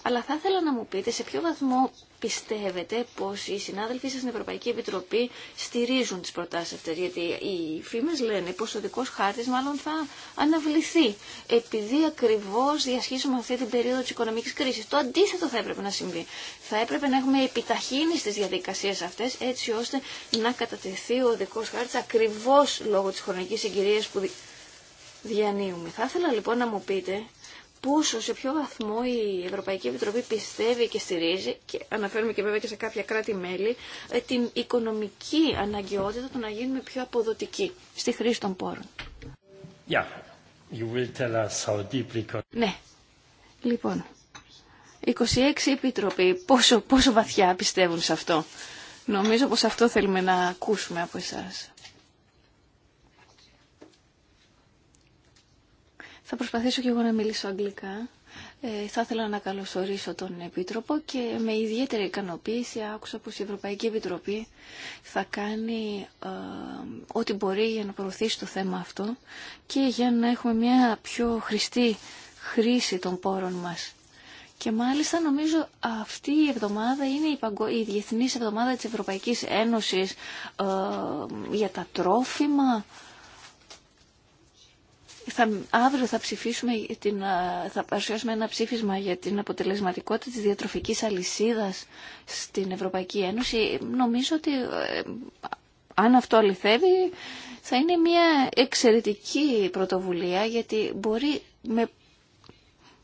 Αλλά θα ήθελα να μου πείτε σε ποιο βαθμό πιστεύετε πως οι συνάδελφοί σας στην Ευρωπαϊκή Επιτροπή στηρίζουν τις προτάσεις αυτές. Γιατί οι φήμες λένε πως ο δικός χάρτης μάλλον θα αναβληθεί. Επειδή ακριβώς διασχίσουμε αυτή την περίοδο της οικονομικής κρίσης. Το αντίθετο θα έπρεπε να συμβεί. Θα έπρεπε να έχουμε επιταχύνει στις διαδικασίες αυτές έτσι ώστε να κατατεθεί ο δικός χάρτης ακριβώς λόγω της χρονικής συγκυρίας που διανύουμε. Θα ήθελα λοιπόν να μου πείτε πόσο, σε ποιο βαθμό η Ευρωπαϊκή Επιτροπή πιστεύει και στηρίζει, και αναφέρουμε και βέβαια και σε κάποια κράτη-μέλη, ε, την οικονομική αναγκαιότητα του να γίνουμε πιο αποδοτικοί στη χρήση των πόρων. Ναι. Λοιπόν, 26 επιτροποί, πόσο, πόσο βαθιά πιστεύουν σε αυτό. Νομίζω πως αυτό θέλουμε να ακούσουμε από εσάς. Θα προσπαθήσω και εγώ να μιλήσω αγγλικά. Ε, θα ήθελα να καλωσορίσω τον Επίτροπο και με ιδιαίτερη ικανοποίηση άκουσα πως η Ευρωπαϊκή Επιτροπή θα κάνει ε, ό,τι μπορεί για να προωθήσει το θέμα αυτό και για να έχουμε μια πιο χρηστή χρήση των πόρων μας. Και μάλιστα νομίζω αυτή η εβδομάδα είναι η, Διεθνής Εβδομάδα της Ευρωπαϊκής Ένωσης ε, για τα τρόφιμα θα, αύριο θα ψηφίσουμε, την, θα παρουσιάσουμε ένα ψήφισμα για την αποτελεσματικότητα της διατροφικής αλυσίδας στην Ευρωπαϊκή Ένωση. Νομίζω ότι ε, αν αυτό αληθεύει θα είναι μια εξαιρετική πρωτοβουλία γιατί μπορεί με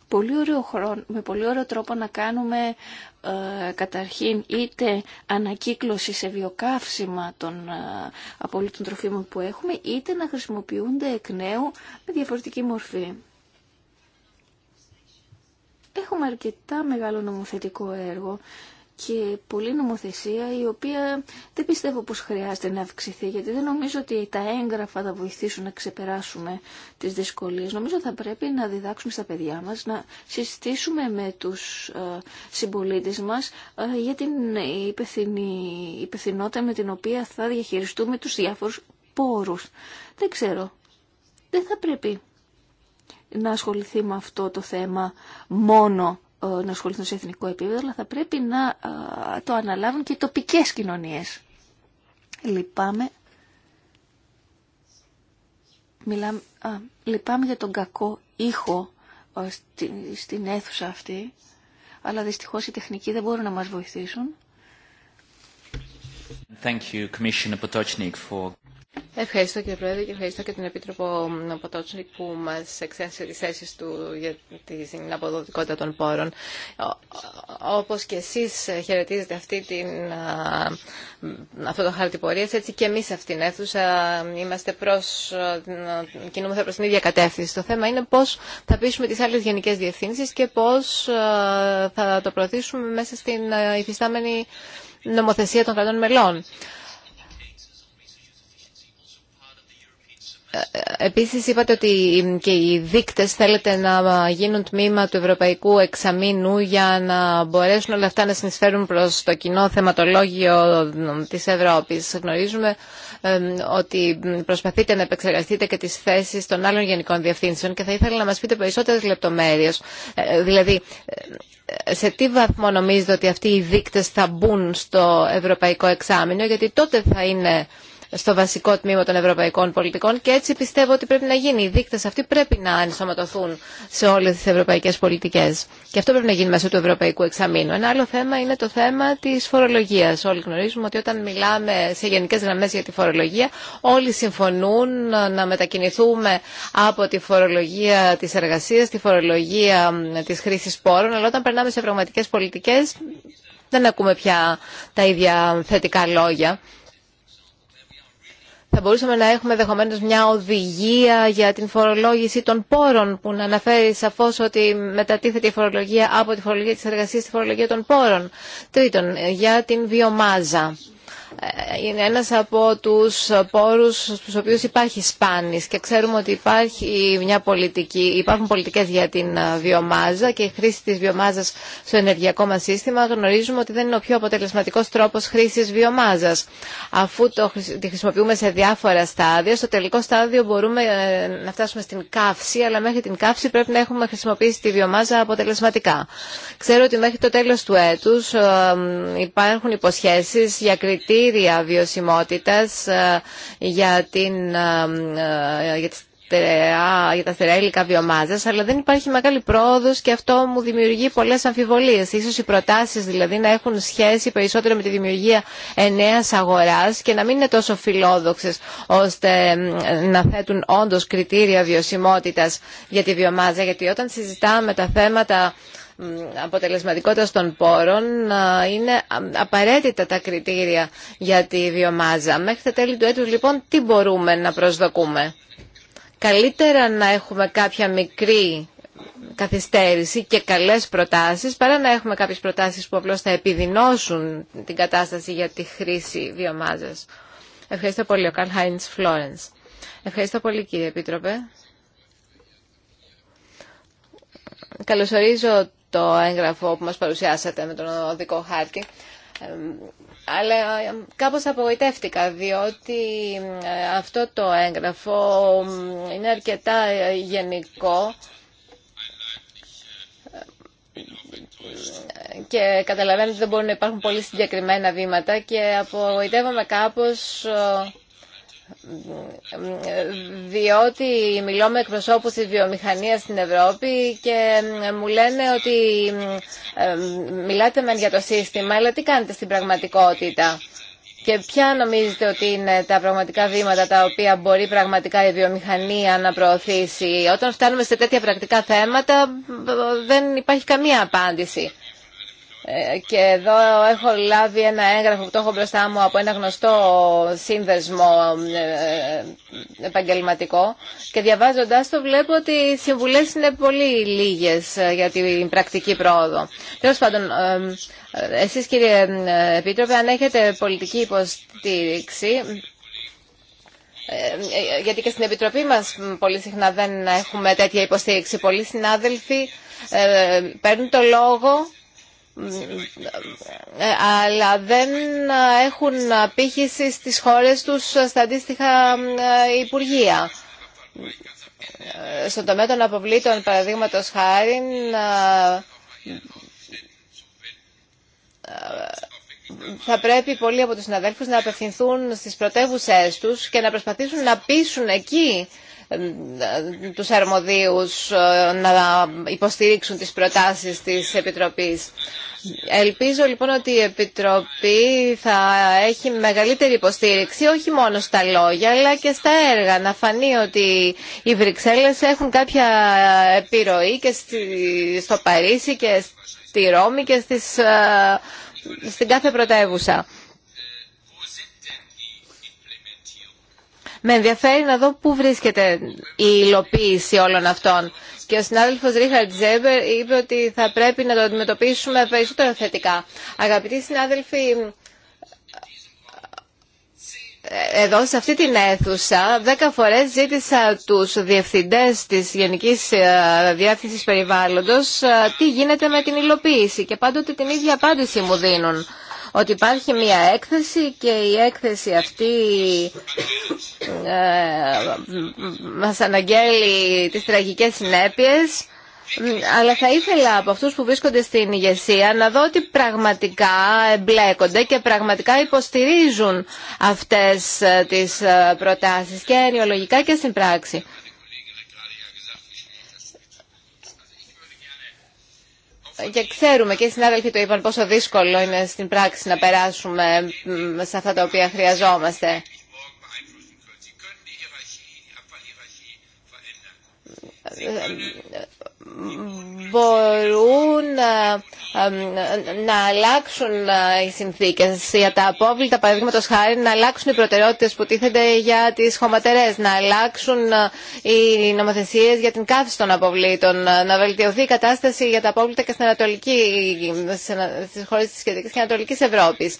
πολύ ωραίο χρόνο, με πολύ ωραίο τρόπο να κάνουμε ε, καταρχήν είτε ανακύκλωση σε βιοκαύσιμα των ε, απολύτων τροφίμων που έχουμε, είτε να χρησιμοποιούνται εκ νέου με διαφορετική μορφή. Έχουμε αρκετά μεγάλο νομοθετικό έργο και πολλή νομοθεσία η οποία δεν πιστεύω πως χρειάζεται να αυξηθεί γιατί δεν νομίζω ότι τα έγγραφα θα βοηθήσουν να ξεπεράσουμε τις δυσκολίες. Νομίζω θα πρέπει να διδάξουμε στα παιδιά μας, να συστήσουμε με τους ε, συμπολίτες μας ε, για την υπευθυνότητα με την οποία θα διαχειριστούμε τους διάφορους πόρους. Δεν ξέρω. Δεν θα πρέπει να ασχοληθεί με αυτό το θέμα μόνο ε, να ασχοληθούν σε εθνικό επίπεδο, αλλά θα πρέπει να ε, το αναλάβουν και οι τοπικές κοινωνίες. Λυπάμαι. Μιλάμε, λυπάμαι για τον κακό ήχο ε, στην, στην αίθουσα αυτή, αλλά δυστυχώς οι τεχνικοί δεν μπορούν να μας βοηθήσουν. Thank you, Ευχαριστώ κύριε Πρόεδρε και ευχαριστώ και την Επίτροπο Ποτότσου που μας εξέθεσε τις θέσεις του για την αποδοτικότητα των πόρων. Όπως και εσείς χαιρετίζετε αυτή την, αυτό το χάρτη πορείας, έτσι και εμείς αυτήν την αίθουσα είμαστε προς, κινούμεθα προς την ίδια κατεύθυνση. Το θέμα είναι πώς θα πείσουμε τις άλλες γενικές διευθύνσεις και πώς θα το προωθήσουμε μέσα στην υφιστάμενη νομοθεσία των κρατών μελών. Επίσης είπατε ότι και οι δείκτες θέλετε να γίνουν τμήμα του Ευρωπαϊκού Εξαμήνου για να μπορέσουν όλα αυτά να συνεισφέρουν προς το κοινό θεματολόγιο της Ευρώπης. Γνωρίζουμε ότι προσπαθείτε να επεξεργαστείτε και τις θέσεις των άλλων γενικών διευθύνσεων και θα ήθελα να μας πείτε περισσότερες λεπτομέρειες. Ε, ε, δηλαδή, ε, σε τι βαθμό νομίζετε ότι αυτοί οι δείκτες θα μπουν στο Ευρωπαϊκό Εξάμεινο, γιατί τότε θα είναι στο βασικό τμήμα των ευρωπαϊκών πολιτικών και έτσι πιστεύω ότι πρέπει να γίνει. Οι δείκτε αυτοί πρέπει να ενσωματωθούν σε όλε τι ευρωπαϊκέ πολιτικέ. Και αυτό πρέπει να γίνει μέσω του ευρωπαϊκού εξαμήνου. Ένα άλλο θέμα είναι το θέμα τη φορολογία. Όλοι γνωρίζουμε ότι όταν μιλάμε σε γενικέ γραμμέ για τη φορολογία, όλοι συμφωνούν να μετακινηθούμε από τη φορολογία τη εργασία, τη φορολογία τη χρήση πόρων, αλλά όταν περνάμε σε πραγματικέ πολιτικέ δεν ακούμε πια τα ίδια θετικά λόγια. Θα μπορούσαμε να έχουμε δεχομένως μια οδηγία για την φορολόγηση των πόρων που να αναφέρει σαφώς ότι μετατίθεται η φορολογία από τη φορολογία της εργασίας στη φορολογία των πόρων. Τρίτον, για την βιομάζα. Ε, είναι ένας από τους πόρους στους οποίους υπάρχει σπάνης και ξέρουμε ότι υπάρχει μια πολιτική, υπάρχουν πολιτικές για την ε, βιομάζα και η χρήση της βιομάζας στο ενεργειακό μας σύστημα γνωρίζουμε ότι δεν είναι ο πιο αποτελεσματικός τρόπος χρήσης βιομάζας. Αφού τη χρησιμοποιούμε σε διάφορα στάδια, στο τελικό στάδιο μπορούμε ε, να φτάσουμε στην καύση, αλλά μέχρι την καύση πρέπει να έχουμε χρησιμοποιήσει τη βιομάζα αποτελεσματικά. Ξέρω ότι μέχρι το τέλος του έτους υπάρχουν υποσχέσεις για κριτή κριτήρια βιωσιμότητας ε, για, την, ε, ε, για για τα στερεά υλικά βιομάζα, αλλά δεν υπάρχει μεγάλη πρόοδο και αυτό μου δημιουργεί πολλέ αμφιβολίε. σω οι προτάσει δηλαδή να έχουν σχέση περισσότερο με τη δημιουργία ενέα αγορά και να μην είναι τόσο φιλόδοξε ώστε να θέτουν όντω κριτήρια βιωσιμότητα για τη βιομάζα. Γιατί όταν συζητάμε τα θέματα αποτελεσματικότητας των πόρων είναι απαραίτητα τα κριτήρια για τη βιομάζα. Μέχρι τα τέλη του έτους λοιπόν τι μπορούμε να προσδοκούμε. Καλύτερα να έχουμε κάποια μικρή καθυστέρηση και καλές προτάσεις παρά να έχουμε κάποιες προτάσεις που απλώς θα επιδεινώσουν την κατάσταση για τη χρήση βιομάζας. Ευχαριστώ πολύ ο Καρλ Χάιντς Φλόρενς. Ευχαριστώ πολύ κύριε Επίτροπε. Καλωσορίζω το έγγραφο που μας παρουσιάσατε με τον οδικό χάρτη. Αλλά κάπως απογοητεύτηκα διότι αυτό το έγγραφο είναι αρκετά ε, γενικό και καταλαβαίνετε ότι δεν μπορούν να υπάρχουν πολύ συγκεκριμένα βήματα και απογοητεύομαι κάπως ε, διότι μιλώ με εκπροσώπους της βιομηχανίας στην Ευρώπη και μου λένε ότι ε, μιλάτε μεν για το σύστημα, αλλά τι κάνετε στην πραγματικότητα. Και ποια νομίζετε ότι είναι τα πραγματικά βήματα τα οποία μπορεί πραγματικά η βιομηχανία να προωθήσει. Όταν φτάνουμε σε τέτοια πρακτικά θέματα δεν υπάρχει καμία απάντηση. Ε, και εδώ έχω λάβει ένα έγγραφο που το έχω μπροστά μου από ένα γνωστό σύνδεσμο ε, ε, επαγγελματικό και διαβάζοντάς το βλέπω ότι οι συμβουλές είναι πολύ λίγες για την πρακτική πρόοδο. Τέλος πάντων, εσείς κύριε Επίτροπε, αν έχετε πολιτική υποστήριξη, γιατί και στην Επιτροπή μας πολύ συχνά δεν έχουμε τέτοια υποστήριξη. Πολλοί συνάδελφοι παίρνουν το λόγο αλλά δεν έχουν πύχηση στις χώρες τους στα αντίστοιχα ε, υπουργεία. Ε, στον τομέα των αποβλήτων, παραδείγματος χάρη, ε, θα πρέπει πολλοί από τους συναδέλφους να απευθυνθούν στις πρωτεύουσές τους και να προσπαθήσουν να πείσουν εκεί τους αρμοδίους ε, να υποστηρίξουν τις προτάσεις της Επιτροπής. Ελπίζω λοιπόν ότι η Επιτροπή θα έχει μεγαλύτερη υποστήριξη όχι μόνο στα λόγια αλλά και στα έργα. Να φανεί ότι οι Βρυξέλλες έχουν κάποια επιρροή και στο Παρίσι και στη Ρώμη και στις, ε, στην κάθε πρωτεύουσα. Με ενδιαφέρει να δω πού βρίσκεται η υλοποίηση όλων αυτών. Και ο συνάδελφο Ρίχαρτ Ζέμπερ είπε ότι θα πρέπει να το αντιμετωπίσουμε περισσότερο θετικά. Αγαπητοί συνάδελφοι, εδώ σε αυτή την αίθουσα δέκα φορές ζήτησα τους διευθυντές της Γενικής ε, Διάθεσης Περιβάλλοντος ε, τι γίνεται με την υλοποίηση και πάντοτε την ίδια απάντηση μου δίνουν ότι υπάρχει μια έκθεση και η έκθεση αυτή ε, μας αναγγέλει τις τραγικές συνέπειες αλλά θα ήθελα από αυτούς που βρίσκονται στην ηγεσία να δω ότι πραγματικά εμπλέκονται και πραγματικά υποστηρίζουν αυτές ε, τις ε, προτάσεις και ενοιολογικά και στην πράξη. και ξέρουμε και οι συνάδελφοι το είπαν πόσο δύσκολο είναι στην πράξη να περάσουμε σε αυτά τα οποία χρειαζόμαστε μπορούν ε, ε, να αλλάξουν ε, οι συνθήκες για τα απόβλητα, παραδείγματο χάρη, να αλλάξουν οι προτεραιότητες που τίθενται για τις χωματερές, να αλλάξουν οι νομοθεσίες για την κάθιση των αποβλήτων, να βελτιωθεί η κατάσταση για τα απόβλητα και στην Ανατολική, στις χώρες της σχετικής και Ανατολικής Ευρώπης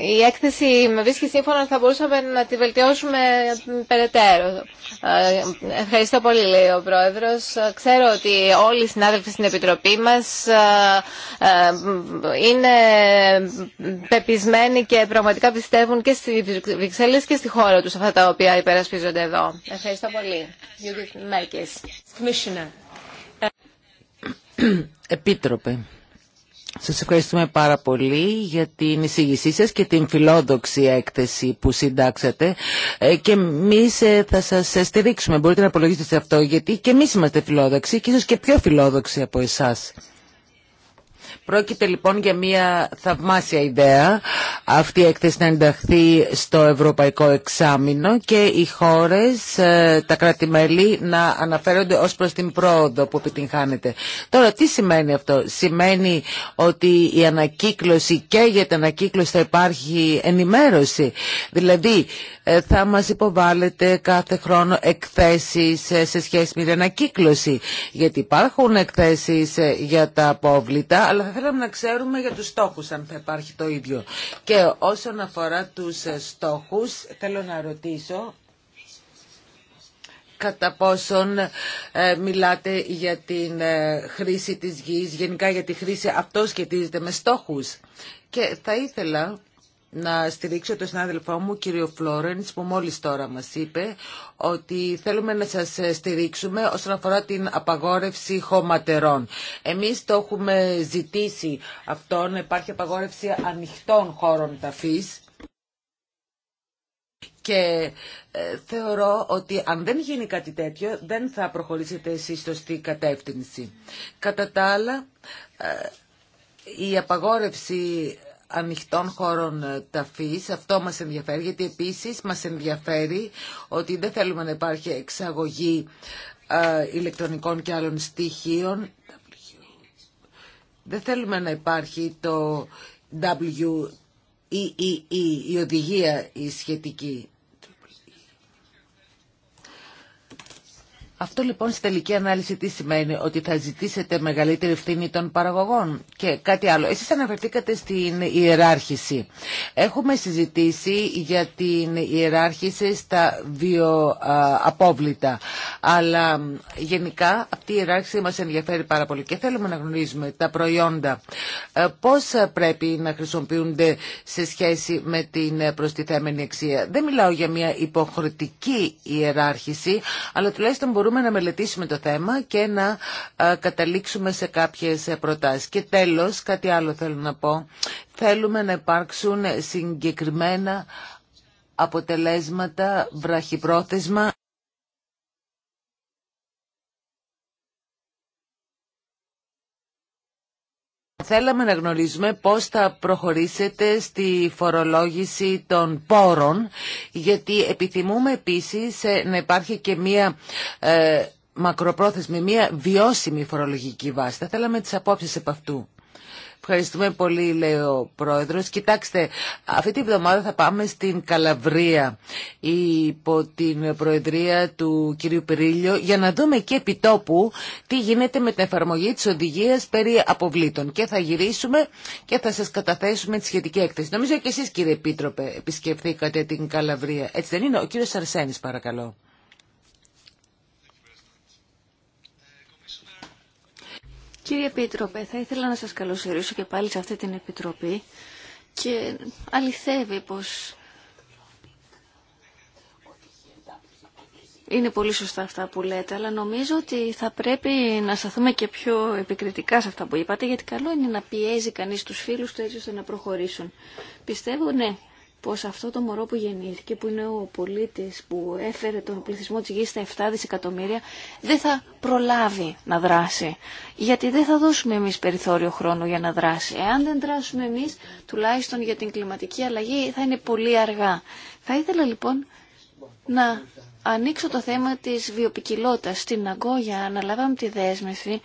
η έκθεση με βρίσκει σύμφωνα θα μπορούσαμε να τη βελτιώσουμε περαιτέρω. Ε, ευχαριστώ πολύ, λέει ο Πρόεδρος. Ξέρω ότι όλοι οι συνάδελφοι στην Επιτροπή μας ε, ε, είναι πεπισμένοι και πραγματικά πιστεύουν και στη Βρυξέλλες και στη χώρα τους αυτά τα οποία υπερασπίζονται εδώ. Ευχαριστώ πολύ. Επίτροπε. Σας ευχαριστούμε πάρα πολύ για την εισήγησή σας και την φιλόδοξη έκθεση που συντάξατε ε, και εμεί ε, θα σας στηρίξουμε. Μπορείτε να απολογίσετε σε αυτό γιατί και εμείς είμαστε φιλόδοξοι και ίσως και πιο φιλόδοξοι από εσάς. Πρόκειται λοιπόν για μια θαυμάσια ιδέα. Αυτή η έκθεση να ενταχθεί στο Ευρωπαϊκό Εξάμεινο και οι χώρες, ε, τα κρατη να αναφέρονται ως προς την πρόοδο που επιτυγχάνεται. Τώρα τι σημαίνει αυτό. Σημαίνει ότι η ανακύκλωση και για την ανακύκλωση θα υπάρχει ενημέρωση. Δηλαδή ε, θα μας υποβάλλετε κάθε χρόνο εκθέσεις ε, σε σχέση με την ανακύκλωση. Γιατί υπάρχουν εκθέσεις ε, για τα απόβλητα, αλλά θα θέλαμε να ξέρουμε για τους στόχους αν θα υπάρχει το ίδιο. Και όσον αφορά τους στόχους, θέλω να ρωτήσω κατά πόσον μιλάτε για την χρήση της γης, γενικά για τη χρήση, αυτό σχετίζεται με στόχους. Και θα ήθελα να στηρίξω τον συνάδελφό μου, κύριο Φλόρενς, που μόλις τώρα μας είπε ότι θέλουμε να σας στηρίξουμε όσον αφορά την απαγόρευση χωματερών. Εμείς το έχουμε ζητήσει αυτό, υπάρχει απαγόρευση ανοιχτών χώρων ταφής και ε, θεωρώ ότι αν δεν γίνει κάτι τέτοιο δεν θα προχωρήσετε εσείς στή κατεύθυνση. Κατά τα άλλα, ε, η απαγόρευση ανοιχτών χώρων ε, ταφής. Αυτό μας ενδιαφέρει, γιατί επίσης μας ενδιαφέρει ότι δεν θέλουμε να υπάρχει εξαγωγή ε, ηλεκτρονικών και άλλων στοιχείων. Δεν θέλουμε να υπάρχει το WEEE, e e, η οδηγία η σχετική. Αυτό λοιπόν στη τελική ανάλυση τι σημαίνει, ότι θα ζητήσετε μεγαλύτερη ευθύνη των παραγωγών και κάτι άλλο. Εσείς αναφερθήκατε στην ιεράρχηση. Έχουμε συζητήσει για την ιεράρχηση στα βιοαπόβλητα, αλλά γενικά αυτή η ιεράρχηση μας ενδιαφέρει πάρα πολύ και θέλουμε να γνωρίζουμε τα προϊόντα. Ε, πώς πρέπει να χρησιμοποιούνται σε σχέση με την προστιθέμενη αξία. Δεν μιλάω για μια υποχρεωτική ιεράρχηση, αλλά τουλάχιστον Θέλουμε να μελετήσουμε το θέμα και να καταλήξουμε σε κάποιες προτάσεις. Και τέλος, κάτι άλλο θέλω να πω. Θέλουμε να υπάρξουν συγκεκριμένα αποτελέσματα βραχυπρόθεσμα θέλαμε να γνωρίζουμε πώς θα προχωρήσετε στη φορολόγηση των πόρων, γιατί επιθυμούμε επίσης ε, να υπάρχει και μία ε, μακροπρόθεσμη, μία βιώσιμη φορολογική βάση. Θα θέλαμε τις απόψεις από αυτού. Ευχαριστούμε πολύ, λέει ο πρόεδρο. Κοιτάξτε, αυτή τη βδομάδα θα πάμε στην Καλαβρία υπό την προεδρία του κυρίου Πυρίλιο για να δούμε και επιτόπου τι γίνεται με την εφαρμογή τη οδηγία περί αποβλήτων. Και θα γυρίσουμε και θα σα καταθέσουμε τη σχετική έκθεση. Νομίζω και εσεί, κύριε Επίτροπε επισκεφθήκατε την Καλαβρία. Έτσι δεν είναι. Ο κ. Σαρσένη, παρακαλώ. Κύριε Επίτροπε, θα ήθελα να σας καλωσορίσω και πάλι σε αυτή την Επιτροπή και αληθεύει πως Είναι πολύ σωστά αυτά που λέτε, αλλά νομίζω ότι θα πρέπει να σταθούμε και πιο επικριτικά σε αυτά που είπατε, γιατί καλό είναι να πιέζει κανείς τους φίλους του έτσι ώστε να προχωρήσουν. Πιστεύω, ναι, πως αυτό το μωρό που γεννήθηκε, που είναι ο πολίτης που έφερε τον πληθυσμό της γης στα 7 δισεκατομμύρια, δεν θα προλάβει να δράσει. Γιατί δεν θα δώσουμε εμείς περιθώριο χρόνο για να δράσει. Εάν δεν δράσουμε εμείς, τουλάχιστον για την κλιματική αλλαγή, θα είναι πολύ αργά. Θα ήθελα λοιπόν να ανοίξω το θέμα της βιοπικιλότητας. Στην Αγκόγια αναλάβαμε τη δέσμευση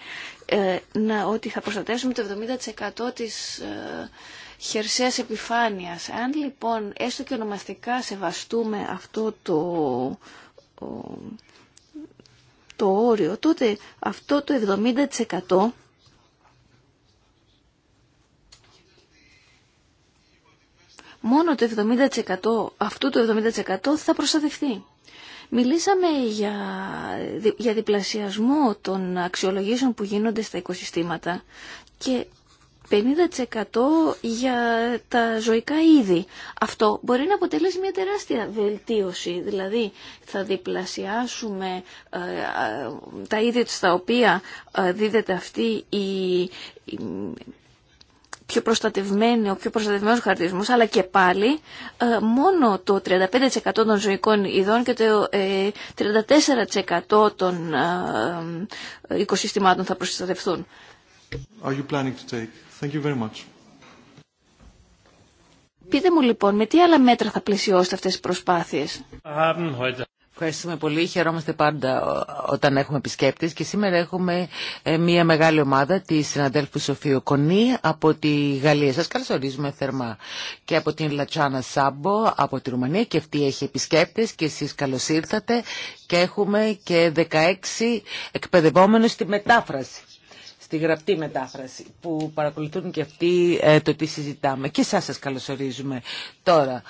ε, να, ότι θα προστατεύσουμε το 70% της... Ε, χερσαίας επιφάνειας. Αν λοιπόν έστω και ονομαστικά σεβαστούμε αυτό το, το όριο, τότε αυτό το 70% μόνο το 70% αυτού το 70% θα προστατευτεί. Μιλήσαμε για, για διπλασιασμό των αξιολογήσεων που γίνονται στα οικοσυστήματα και 50% για τα ζωικά είδη. Αυτό μπορεί να αποτελέσει μια τεράστια βελτίωση. Δηλαδή θα διπλασιάσουμε ε, ε, τα είδη στα οποία ε, δίδεται αυτή η, πιο προστατευμένη, ο πιο προστατευμένος χαρτισμός, αλλά και πάλι ε, μόνο το 35% των ζωικών ειδών και το 34% των οικοσυστημάτων θα προστατευθούν. Are you planning to take... Thank Πείτε μου λοιπόν, με τι άλλα μέτρα θα πλαισιώσετε αυτές τις προσπάθειες. Ευχαριστούμε πολύ. Χαιρόμαστε πάντα όταν έχουμε επισκέπτες και σήμερα έχουμε ε, μια μεγάλη ομάδα τη συναδέλφου Σοφίου Κονή από τη Γαλλία. Σας καλωσορίζουμε θερμά και από την Λατσάνα Σάμπο από τη Ρουμανία και αυτή έχει επισκέπτε και εσείς καλώς ήρθατε και έχουμε και 16 εκπαιδευόμενους στη μετάφραση τη γραπτή μετάφραση που παρακολουθούν και αυτοί ε, το τι συζητάμε. Και σας σας καλωσορίζουμε. Τώρα,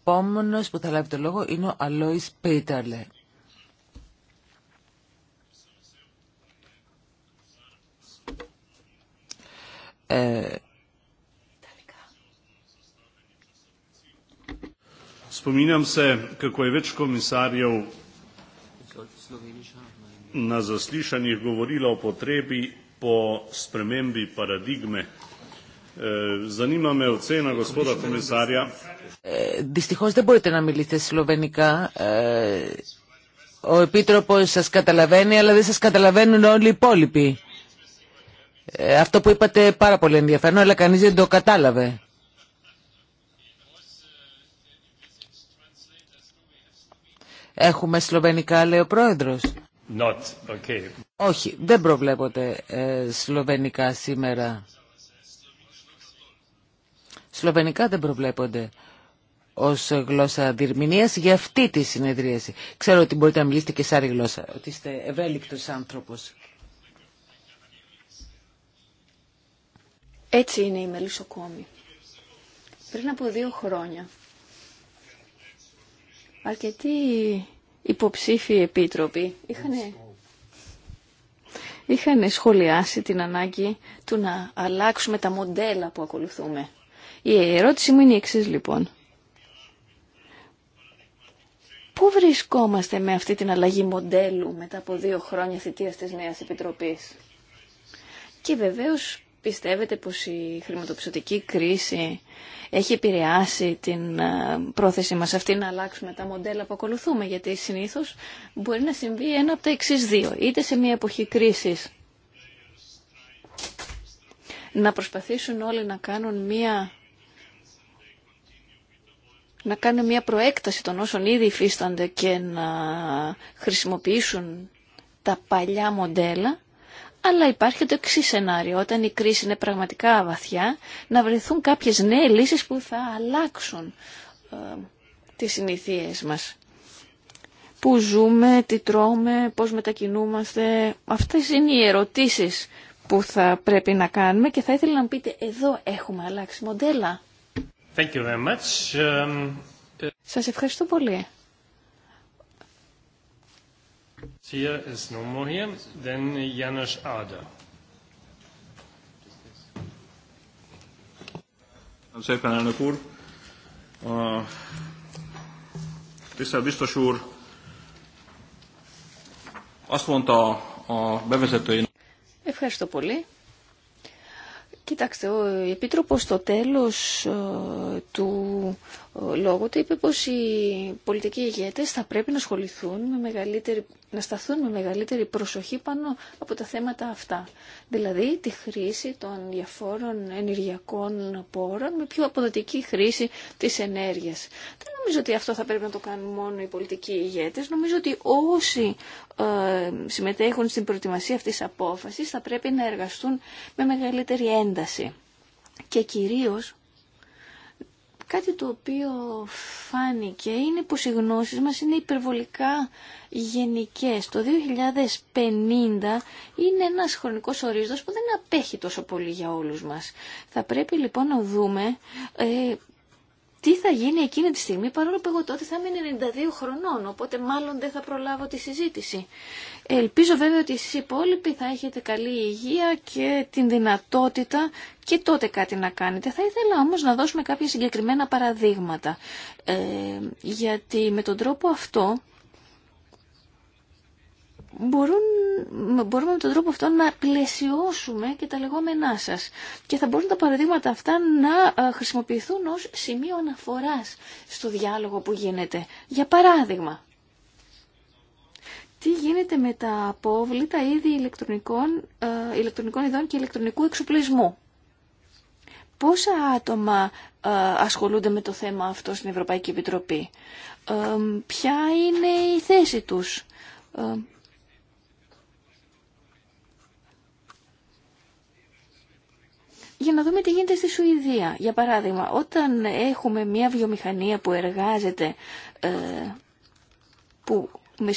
επόμενος που θα λάβει το λόγο είναι ο Αλόης Πέιταρλε. Ε, Σπομίναμε na zaslišanjih govorila o potrebi po spremembi paradigme. E, zanima me ocena gospoda komisarja. Δυστυχώς δεν μπορείτε να μιλήσετε σλοβενικά. Ο Επίτροπος σας καταλαβαίνει, αλλά δεν σας καταλαβαίνουν όλοι οι υπόλοιποι. Αυτό που είπατε πάρα πολύ ενδιαφέρον, αλλά κανείς δεν το κατάλαβε. Έχουμε σλοβενικά, λέει ο Πρόεδρος. Όχι, δεν προβλέπονται ε, σλοβενικά σήμερα. Σλοβενικά δεν προβλέπονται ως γλώσσα διερμηνίας για αυτή τη συνεδρίαση. Ξέρω ότι μπορείτε να μιλήσετε και σε άλλη γλώσσα, ότι είστε ευέλικτος άνθρωπος. Έτσι είναι η μελισσοκόμη. Πριν από δύο χρόνια, αρκετοί υποψήφιοι επίτροποι είχαν, είχαν σχολιάσει την ανάγκη του να αλλάξουμε τα μοντέλα που ακολουθούμε. Η ερώτηση μου είναι η εξής λοιπόν. Πού βρισκόμαστε με αυτή την αλλαγή μοντέλου μετά από δύο χρόνια θητείας της Νέας Επιτροπής. Και βεβαίως Πιστεύετε πως η χρηματοπιστωτική κρίση έχει επηρεάσει την ε, πρόθεση μας αυτή να αλλάξουμε τα μοντέλα που ακολουθούμε, γιατί συνήθως μπορεί να συμβεί ένα από τα εξή δύο. Είτε σε μια εποχή κρίσης να προσπαθήσουν όλοι να κάνουν μια να κάνουν μια προέκταση των όσων ήδη υφίστανται και να χρησιμοποιήσουν τα παλιά μοντέλα αλλά υπάρχει το εξή σενάριο, όταν η κρίση είναι πραγματικά βαθιά, να βρεθούν κάποιες νέες λύσεις που θα αλλάξουν ε, τις συνηθίες μας. Πού ζούμε, τι τρώμε, πώς μετακινούμαστε. Αυτές είναι οι ερωτήσεις που θα πρέπει να κάνουμε και θα ήθελα να πείτε εδώ έχουμε αλλάξει μοντέλα. Thank you very much. Σας ευχαριστώ πολύ. Here is no more here. Then Janusz Ader. Szépen, elnök úr! A tisztelt biztos úr azt mondta a bevezetőjén. Ευχαριστώ πολύ. Κοίταξε, ο Επίτροπος στο τέλος του Λόγω του είπε πως οι πολιτικοί ηγέτες θα πρέπει να ασχοληθούν με μεγαλύτερη, να σταθούν με μεγαλύτερη προσοχή πάνω από τα θέματα αυτά. Δηλαδή τη χρήση των διαφόρων ενεργειακών πόρων με πιο αποδοτική χρήση της ενέργειας. Δεν νομίζω ότι αυτό θα πρέπει να το κάνουν μόνο οι πολιτικοί ηγέτες. Νομίζω ότι όσοι ε, συμμετέχουν στην προετοιμασία αυτής της απόφασης θα πρέπει να εργαστούν με μεγαλύτερη ένταση. Και κυρίως Κάτι το οποίο φάνηκε είναι πως οι γνώσεις μας είναι υπερβολικά γενικές. Το 2050 είναι ένας χρονικός ορίζοντας που δεν απέχει τόσο πολύ για όλους μας. Θα πρέπει λοιπόν να δούμε ε, τι θα γίνει εκείνη τη στιγμή, παρόλο που εγώ τότε θα είμαι 92 χρονών, οπότε μάλλον δεν θα προλάβω τη συζήτηση. Ελπίζω βέβαια ότι εσείς οι υπόλοιποι θα έχετε καλή υγεία και την δυνατότητα και τότε κάτι να κάνετε. Θα ήθελα όμως να δώσουμε κάποια συγκεκριμένα παραδείγματα, ε, γιατί με τον τρόπο αυτό μπορούν, μπορούμε με τον τρόπο αυτό να πλαισιώσουμε και τα λεγόμενά σας. Και θα μπορούν τα παραδείγματα αυτά να ε, χρησιμοποιηθούν ως σημείο αναφοράς στο διάλογο που γίνεται. Για παράδειγμα, τι γίνεται με τα απόβλητα είδη ηλεκτρονικών, ε, ηλεκτρονικών ειδών και ηλεκτρονικού εξοπλισμού. Πόσα άτομα ε, ασχολούνται με το θέμα αυτό στην Ευρωπαϊκή Επιτροπή. ποια είναι η θέση τους. για να δούμε τι γίνεται στη Σουηδία. Για παράδειγμα, όταν έχουμε μια βιομηχανία που εργάζεται, ε, που με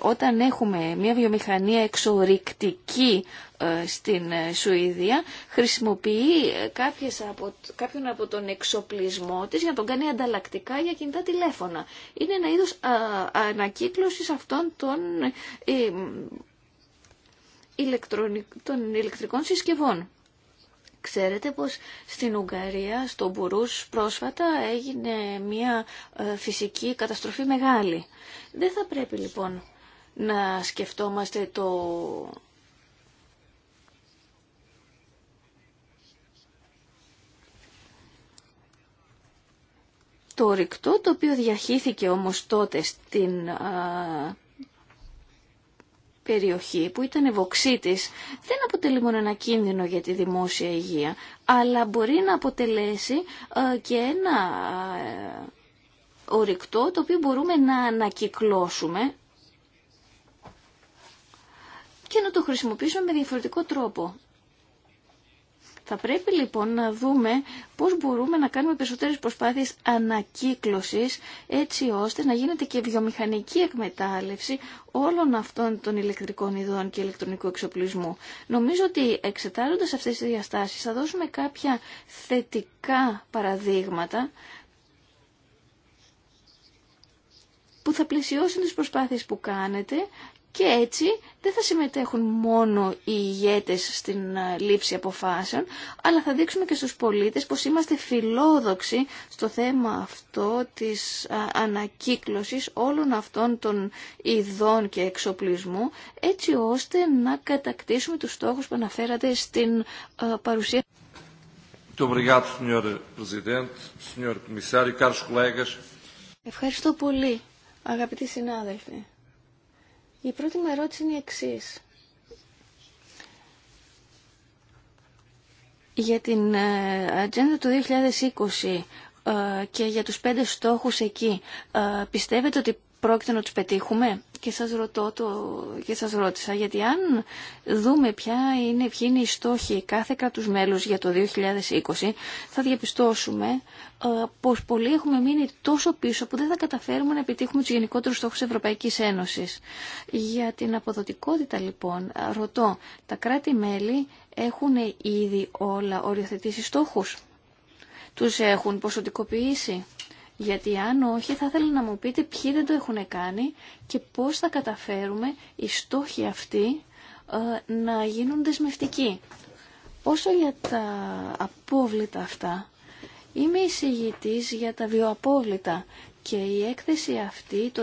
όταν έχουμε μια βιομηχανία εξορρυκτική ε, στην ε, Σουηδία, χρησιμοποιεί κάποιες από, κάποιον από τον εξοπλισμό της για να τον κάνει ανταλλακτικά για κινητά τηλέφωνα. Είναι ένα είδος ανακύκλωσης αυτών των ηλεκτρικών συσκευών. Ξέρετε πως στην Ουγγαρία, στο Μπουρούς πρόσφατα έγινε μια ε, φυσική καταστροφή μεγάλη. Δεν θα πρέπει λοιπόν να σκεφτόμαστε το το ρηκτό το οποίο διαχύθηκε όμως τότε στην περιοχή που ήταν ευοξήτης δεν αποτελεί μόνο ένα κίνδυνο για τη δημόσια υγεία, αλλά μπορεί να αποτελέσει ε, και ένα ε, ορυκτό το οποίο μπορούμε να ανακυκλώσουμε και να το χρησιμοποιήσουμε με διαφορετικό τρόπο. Θα πρέπει λοιπόν να δούμε πώς μπορούμε να κάνουμε περισσότερες προσπάθειες ανακύκλωσης έτσι ώστε να γίνεται και βιομηχανική εκμετάλλευση όλων αυτών των ηλεκτρικών ειδών και ηλεκτρονικού εξοπλισμού. Νομίζω ότι εξετάζοντας αυτές τις διαστάσεις θα δώσουμε κάποια θετικά παραδείγματα που θα πλησιώσουν τις προσπάθειες που κάνετε και έτσι δεν θα συμμετέχουν μόνο οι ηγέτες στην ε, λήψη αποφάσεων, αλλά θα δείξουμε και στους πολίτες πως είμαστε φιλόδοξοι στο θέμα αυτό της ε, ανακύκλωσης όλων αυτών των ειδών και εξοπλισμού, έτσι ώστε να κατακτήσουμε τους στόχους που αναφέρατε στην ε, παρουσία. Ευχαριστώ πολύ, αγαπητοί συνάδελφοι. Η πρώτη μου ερώτηση είναι η εξής. Για την ε, ατζέντα του 2020 ε, και για τους πέντε στόχους εκεί, ε, πιστεύετε ότι πρόκειται να τους πετύχουμε και σας, ρωτώ το, και σας ρώτησα, γιατί αν δούμε ποια είναι, ποιοι είναι οι στόχοι κάθε κράτους μέλους για το 2020, θα διαπιστώσουμε ε, πως πολλοί έχουμε μείνει τόσο πίσω που δεν θα καταφέρουμε να επιτύχουμε τους γενικότερους στόχους Ευρωπαϊκής Ένωσης. Για την αποδοτικότητα λοιπόν, ρωτώ, τα κράτη-μέλη έχουν ήδη όλα οριοθετήσει στόχους. Τους έχουν ποσοτικοποιήσει. Γιατί αν όχι θα ήθελα να μου πείτε ποιοι δεν το έχουν κάνει και πώς θα καταφέρουμε οι στόχοι αυτοί ε, να γίνουν δεσμευτικοί. Όσο για τα απόβλητα αυτά, είμαι εισηγητής για τα βιοαπόβλητα και η έκθεση αυτή το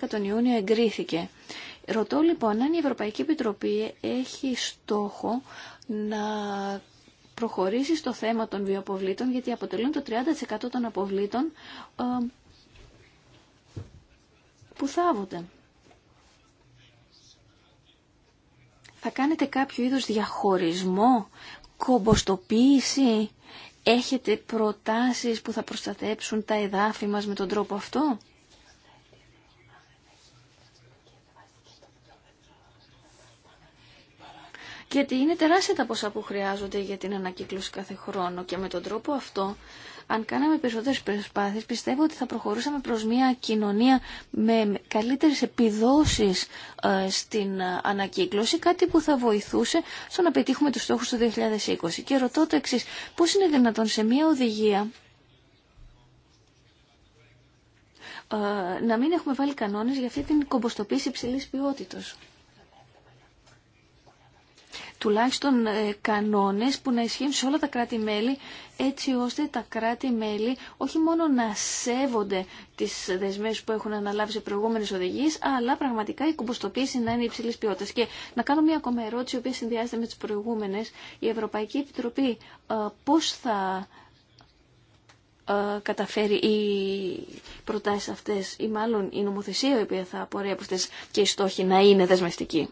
2010 τον Ιούνιο εγκρίθηκε. Ρωτώ λοιπόν αν η Ευρωπαϊκή Επιτροπή έχει στόχο να προχωρήσει στο θέμα των βιοαποβλήτων γιατί αποτελούν το 30% των αποβλήτων ε, που θάβονται. Θα κάνετε κάποιο είδος διαχωρισμό, κομποστοποίηση, έχετε προτάσεις που θα προστατέψουν τα εδάφη μας με τον τρόπο αυτό. γιατί είναι τεράστια τα ποσά που χρειάζονται για την ανακύκλωση κάθε χρόνο και με τον τρόπο αυτό αν κάναμε περισσότερες προσπάθειες πιστεύω ότι θα προχωρούσαμε προς μια κοινωνία με καλύτερες επιδόσεις ε, στην ανακύκλωση, κάτι που θα βοηθούσε στο να πετύχουμε τους στόχους του 2020. Και ρωτώ το εξής, πώς είναι δυνατόν σε μια οδηγία ε, να μην έχουμε βάλει κανόνες για αυτή την κομποστοποίηση υψηλής ποιότητας τουλάχιστον ε, κανόνες που να ισχύουν σε όλα τα κράτη-μέλη έτσι ώστε τα κράτη-μέλη όχι μόνο να σέβονται τις δεσμεύσεις που έχουν αναλάβει σε προηγούμενες οδηγίες αλλά πραγματικά η κομποστοποίηση να είναι υψηλής ποιότητας. Και να κάνω μια ακόμα ερώτηση η οποία συνδυάζεται με τις προηγούμενες. Η Ευρωπαϊκή Επιτροπή ε, πώς θα ε, καταφέρει οι προτάσεις αυτές ή μάλλον η νομοθεσία η οποία θα απορρέει από αυτές και οι στόχοι να είναι δεσμευτικοί.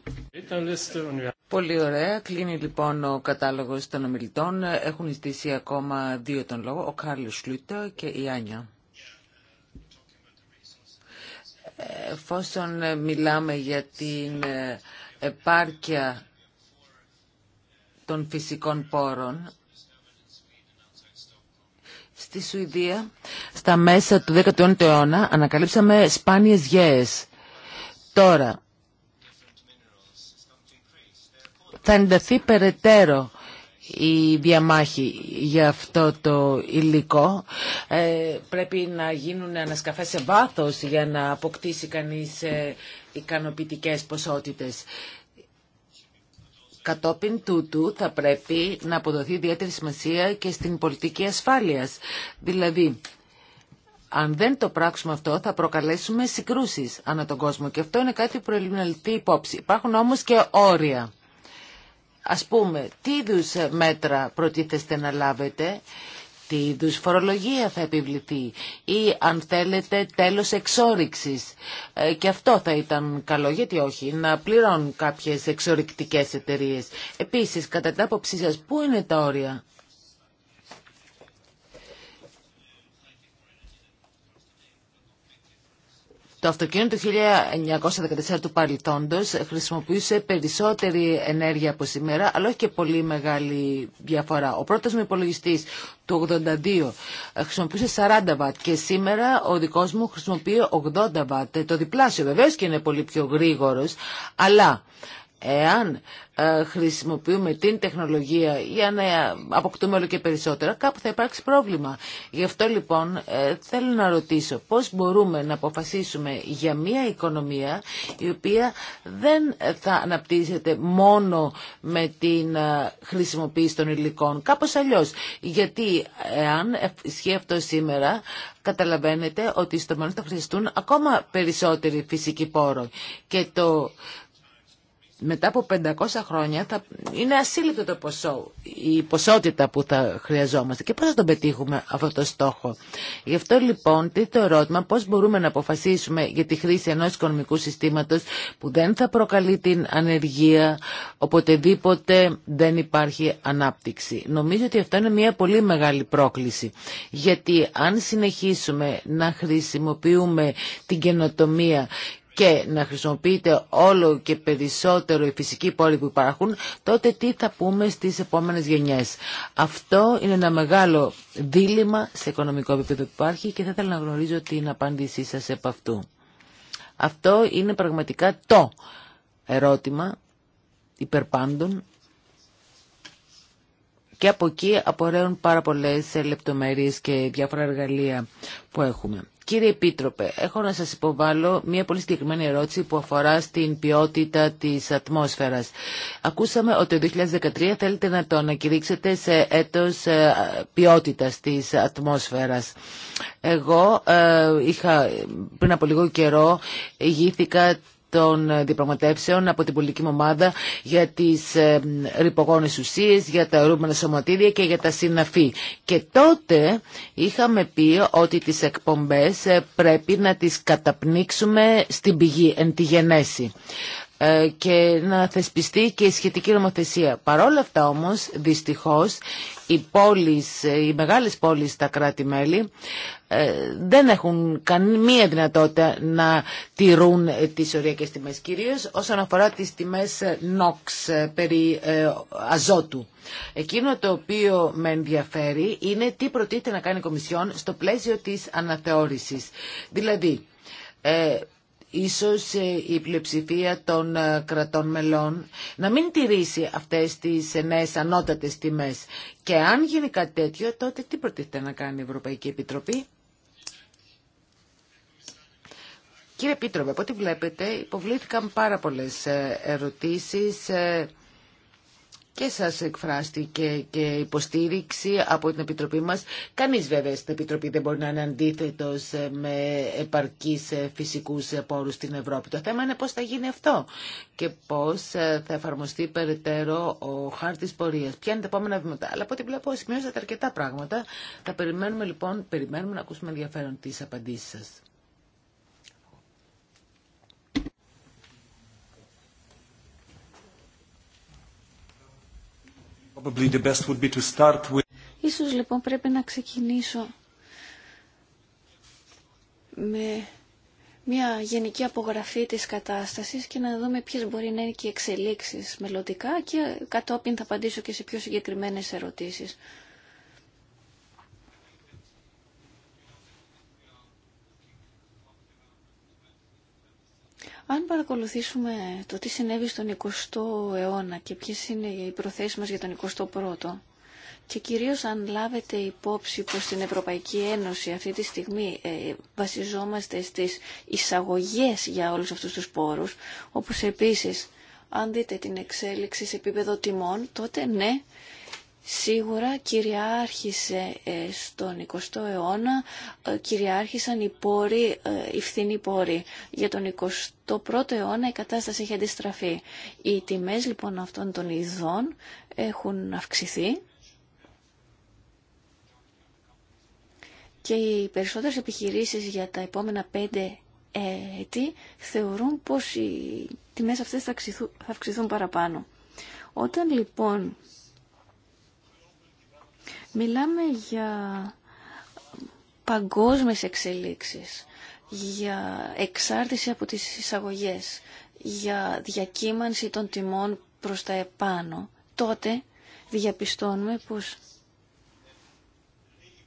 Πολύ ωραία. Κλείνει λοιπόν ο κατάλογος των ομιλητών. Έχουν ζητήσει ακόμα δύο τον λόγο, ο Κάρλος Σλούτα και η Άνια. Εφόσον μιλάμε για την ε, επάρκεια των φυσικών πόρων, Στη Σουηδία, στα μέσα του 19ου αιώνα, ανακαλύψαμε σπάνιες γέες. Τώρα, θα ενταθεί περαιτέρω η διαμάχη για αυτό το υλικό. Ε, πρέπει να γίνουν ανασκαφές σε βάθος για να αποκτήσει κανείς ε, ικανοποιητικές ποσότητες. Κατόπιν τούτου θα πρέπει να αποδοθεί ιδιαίτερη σημασία και στην πολιτική ασφάλειας. Δηλαδή, αν δεν το πράξουμε αυτό θα προκαλέσουμε συγκρούσεις ανά τον κόσμο και αυτό είναι κάτι που υπόψη. Υπάρχουν όμως και όρια. Ας πούμε, τι είδου μέτρα προτίθεστε να λάβετε τι είδου φορολογία θα επιβληθεί ή αν θέλετε τέλος εξόριξης. Ε, και αυτό θα ήταν καλό, γιατί όχι, να πληρώνουν κάποιες εξορικτικές εταιρείες. Επίσης, κατά την άποψή σας, πού είναι τα όρια. Το αυτοκίνητο του 1914 του παρελθόντος χρησιμοποιούσε περισσότερη ενέργεια από σήμερα, αλλά όχι και πολύ μεγάλη διαφορά. Ο πρώτος μου υπολογιστή του 82 χρησιμοποιούσε 40 βατ και σήμερα ο δικός μου χρησιμοποιεί 80 βατ. Το διπλάσιο βεβαίως και είναι πολύ πιο γρήγορος, αλλά Εάν ε, χρησιμοποιούμε την τεχνολογία για να αποκτούμε όλο και περισσότερα, κάπου θα υπάρξει πρόβλημα. Γι' αυτό λοιπόν ε, θέλω να ρωτήσω πώς μπορούμε να αποφασίσουμε για μια οικονομία η οποία δεν θα αναπτύσσεται μόνο με την ε, χρησιμοποίηση των υλικών, κάπως αλλιώς. Γιατί εάν ισχύει αυτό σήμερα, καταλαβαίνετε ότι στο μέλλον θα χρειαστούν ακόμα περισσότεροι φυσικοί πόροι. Και το μετά από 500 χρόνια θα είναι ασύλληπτο το ποσό, η ποσότητα που θα χρειαζόμαστε και πώς θα τον πετύχουμε αυτό το στόχο. Γι' αυτό λοιπόν το ερώτημα πώς μπορούμε να αποφασίσουμε για τη χρήση ενός οικονομικού συστήματος που δεν θα προκαλεί την ανεργία, οποτεδήποτε δεν υπάρχει ανάπτυξη. Νομίζω ότι αυτό είναι μια πολύ μεγάλη πρόκληση, γιατί αν συνεχίσουμε να χρησιμοποιούμε την καινοτομία και να χρησιμοποιείται όλο και περισσότερο οι φυσικοί πόροι που υπάρχουν, τότε τι θα πούμε στις επόμενες γενιές. Αυτό είναι ένα μεγάλο δίλημα σε οικονομικό επίπεδο που υπάρχει και θα ήθελα να γνωρίζω την απάντησή σας επ' αυτού. Αυτό είναι πραγματικά το ερώτημα υπερπάντων και από εκεί απορρέουν πάρα πολλές λεπτομέρειες και διάφορα εργαλεία που έχουμε. Κύριε Επίτροπε, έχω να σας υποβάλω μια πολύ συγκεκριμένη ερώτηση που αφορά στην ποιότητα της ατμόσφαιρας. Ακούσαμε ότι το 2013 θέλετε να το ανακηρύξετε σε έτος ε, ποιότητας της ατμόσφαιρας. Εγώ ε, είχα πριν από λίγο καιρό ηγήθηκα των ε, διαπραγματεύσεων από την πολιτική ομάδα για τις ρηπογόνε ρηπογόνες για τα ρούμενα σωματίδια και για τα συναφή. Και τότε είχαμε πει ότι τις εκπομπές ε, πρέπει να τις καταπνίξουμε στην πηγή, εν τη γενέση. Ε, και να θεσπιστεί και η σχετική νομοθεσία. Παρόλα αυτά όμως, δυστυχώς, οι πόλεις, ε, οι μεγάλες πόλεις στα κράτη-μέλη ε, δεν έχουν καμία δυνατότητα να τηρούν τις οριακές τιμές, κυρίως όσον αφορά τις τιμές NOx περί αζότου. Εκείνο το οποίο με ενδιαφέρει είναι τι προτείνεται να κάνει η Κομισιόν στο πλαίσιο της αναθεώρησης. Δηλαδή, ίσως ε, η πλειοψηφία των ε, κρατών μελών να μην τηρήσει αυτές τις ε, νέες ανώτατες τιμές. Και αν γίνει κάτι τέτοιο, τότε τι προτείνεται να κάνει η Ευρωπαϊκή Επιτροπή. Κύριε Επίτροπε, από ό,τι βλέπετε υποβλήθηκαν πάρα πολλές ερωτήσεις και σας εκφράστηκε και υποστήριξη από την Επιτροπή μας. Κανείς βέβαια στην Επιτροπή δεν μπορεί να είναι αντίθετο με επαρκείς φυσικούς πόρους στην Ευρώπη. Το θέμα είναι πώς θα γίνει αυτό και πώς θα εφαρμοστεί περαιτέρω ο χάρτης πορείας. Ποια είναι τα επόμενα βήματα. Αλλά από ό,τι βλέπω σημειώσατε αρκετά πράγματα. Θα περιμένουμε λοιπόν, περιμένουμε να ακούσουμε ενδιαφέρον τις απαντήσεις σας. Ίσως λοιπόν πρέπει να ξεκινήσω με μια γενική απογραφή της κατάστασης και να δούμε ποιες μπορεί να είναι και οι εξελίξεις μελλοντικά και κατόπιν θα απαντήσω και σε πιο συγκεκριμένες ερωτήσεις. Αν παρακολουθήσουμε το τι συνέβη στον 20ο αιώνα και ποιες είναι οι προθέσεις μας για τον 21ο, και κυρίως αν λάβετε υπόψη πως στην Ευρωπαϊκή Ένωση αυτή τη στιγμή ε, βασιζόμαστε στις εισαγωγές για όλους αυτούς τους πόρους, όπως επίσης αν δείτε την εξέλιξη σε επίπεδο τιμών, τότε ναι, Σίγουρα κυριάρχησε ε, στον 20ο αιώνα, ε, κυριάρχησαν οι πόροι, ε, οι φθηνοί πόροι. Για τον 21ο αιώνα η κατάσταση έχει αντιστραφεί. Οι τιμές λοιπόν αυτών των ειδών έχουν αυξηθεί και οι περισσότερες επιχειρήσεις για τα επόμενα πέντε έτη θεωρούν πως οι τιμές αυτές θα αυξηθούν παραπάνω. Όταν λοιπόν Μιλάμε για παγκόσμιες εξελίξεις, για εξάρτηση από τις εισαγωγές, για διακύμανση των τιμών προς τα επάνω, τότε διαπιστώνουμε πως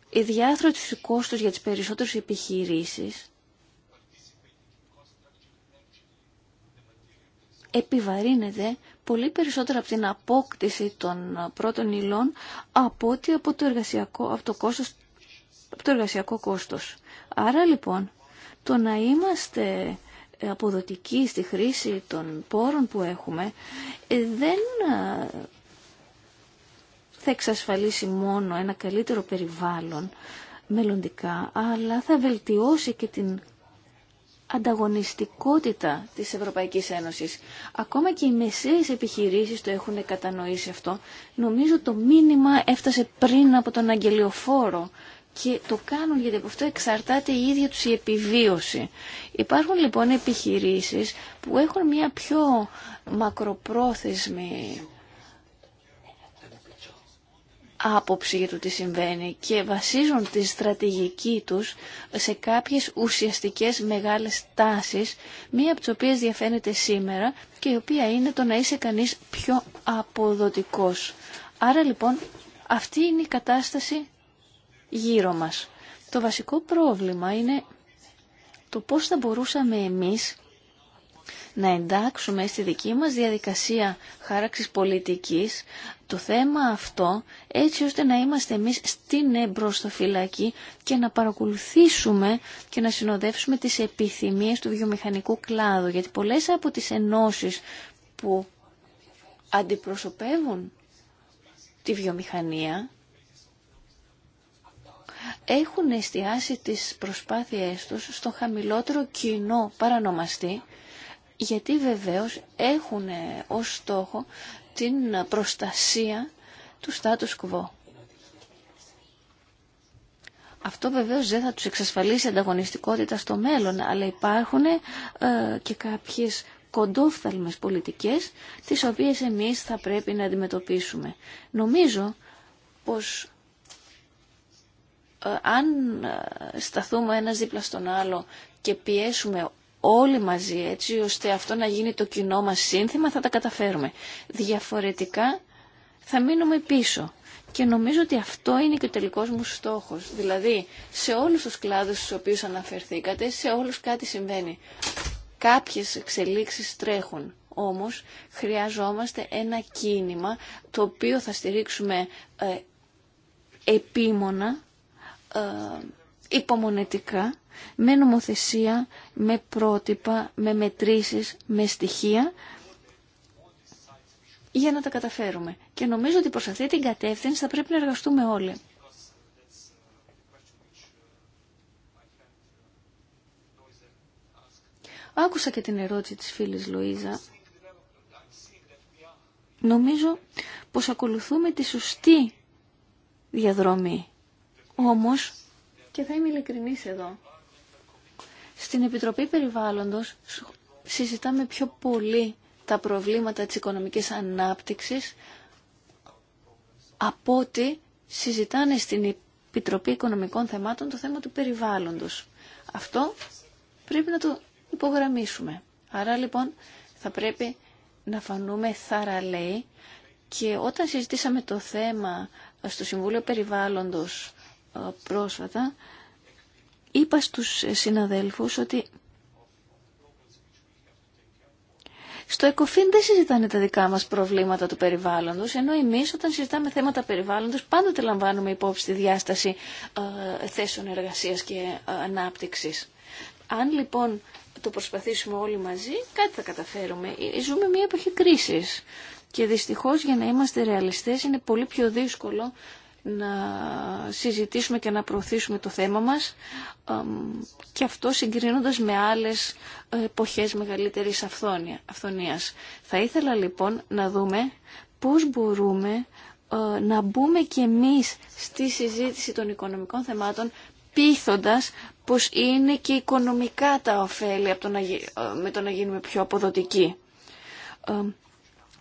η διάθρωση του κόστους για τις περισσότερες επιχειρήσεις επιβαρύνεται πολύ περισσότερο από την απόκτηση των πρώτων υλών από ότι από το εργασιακό, από εργασιακό κόστος. Άρα λοιπόν το να είμαστε αποδοτικοί στη χρήση των πόρων που έχουμε ε, δεν ε, θα εξασφαλίσει μόνο ένα καλύτερο περιβάλλον μελλοντικά, αλλά θα βελτιώσει και την ανταγωνιστικότητα της Ευρωπαϊκής Ένωσης. Ακόμα και οι μεσαίες επιχειρήσεις το έχουν κατανοήσει αυτό. Νομίζω το μήνυμα έφτασε πριν από τον αγγελιοφόρο και το κάνουν γιατί από αυτό εξαρτάται η ίδια τους η επιβίωση. Υπάρχουν λοιπόν επιχειρήσεις που έχουν μια πιο μακροπρόθεσμη άποψη για το τι συμβαίνει και βασίζουν τη στρατηγική τους σε κάποιες ουσιαστικές μεγάλες τάσεις, μία από τις οποίες διαφαίνεται σήμερα και η οποία είναι το να είσαι κανείς πιο αποδοτικός. Άρα λοιπόν αυτή είναι η κατάσταση γύρω μας. Το βασικό πρόβλημα είναι το πώς θα μπορούσαμε εμείς να εντάξουμε στη δική μας διαδικασία χάραξης πολιτικής το θέμα αυτό έτσι ώστε να είμαστε εμείς στην εμπροστοφυλακή και να παρακολουθήσουμε και να συνοδεύσουμε τις επιθυμίες του βιομηχανικού κλάδου. Γιατί πολλές από τις ενώσεις που αντιπροσωπεύουν τη βιομηχανία έχουν εστιάσει τις προσπάθειές τους στο χαμηλότερο κοινό παρανομαστή γιατί βεβαίως έχουν ε, ως στόχο την προστασία του status quo. Αυτό βεβαίως δεν θα τους εξασφαλίσει ανταγωνιστικότητα στο μέλλον, αλλά υπάρχουν ε, και κάποιες κοντόφθαλμες πολιτικές, τις οποίες εμείς θα πρέπει να αντιμετωπίσουμε. Νομίζω πως ε, αν σταθούμε ένας δίπλα στον άλλο και πιέσουμε όλοι μαζί έτσι ώστε αυτό να γίνει το κοινό μας σύνθημα θα τα καταφέρουμε. Διαφορετικά θα μείνουμε πίσω. Και νομίζω ότι αυτό είναι και ο τελικός μου στόχος. Δηλαδή, σε όλους τους κλάδους στους οποίους αναφερθήκατε, σε όλους κάτι συμβαίνει. Κάποιες εξελίξεις τρέχουν. Όμως, χρειαζόμαστε ένα κίνημα το οποίο θα στηρίξουμε ε, επίμονα ε, υπομονετικά, με νομοθεσία, με πρότυπα, με μετρήσεις, με στοιχεία, για να τα καταφέρουμε. Και νομίζω ότι προς αυτή την κατεύθυνση θα πρέπει να εργαστούμε όλοι. Άκουσα και την ερώτηση της φίλης Λουίζα... Νομίζω πως ακολουθούμε τη σωστή διαδρομή. Όμως, και θα είμαι ειλικρινής εδώ. Στην Επιτροπή Περιβάλλοντος συζητάμε πιο πολύ τα προβλήματα της οικονομικής ανάπτυξης από ότι συζητάνε στην Επιτροπή Οικονομικών Θεμάτων το θέμα του περιβάλλοντος. Αυτό πρέπει να το υπογραμμίσουμε. Άρα λοιπόν θα πρέπει να φανούμε θαραλέοι και όταν συζητήσαμε το θέμα στο Συμβούλιο Περιβάλλοντος πρόσφατα είπα στους συναδέλφους ότι στο ΕΚΟΦΗΝ δεν συζητάνε τα δικά μας προβλήματα του περιβάλλοντος, ενώ εμείς όταν συζητάμε θέματα περιβάλλοντος πάντοτε λαμβάνουμε υπόψη τη διάσταση ε, θέσεων εργασίας και ε, ανάπτυξης. Αν λοιπόν το προσπαθήσουμε όλοι μαζί, κάτι θα καταφέρουμε. Ε, ε, ζούμε μια εποχή κρίσης και δυστυχώς για να είμαστε ρεαλιστές είναι πολύ πιο δύσκολο να συζητήσουμε και να προωθήσουμε το θέμα μας και αυτό συγκρίνοντας με άλλες εποχές μεγαλύτερης αυθονίας. Θα ήθελα λοιπόν να δούμε πώς μπορούμε ε, να μπούμε κι εμείς στη συζήτηση των οικονομικών θεμάτων πείθοντας πως μπορουμε να μπουμε και εμεις στη συζητηση των οικονομικων θεματων πειθοντας πως ειναι και οικονομικά τα ωφέλη ε, με το να γίνουμε πιο αποδοτικοί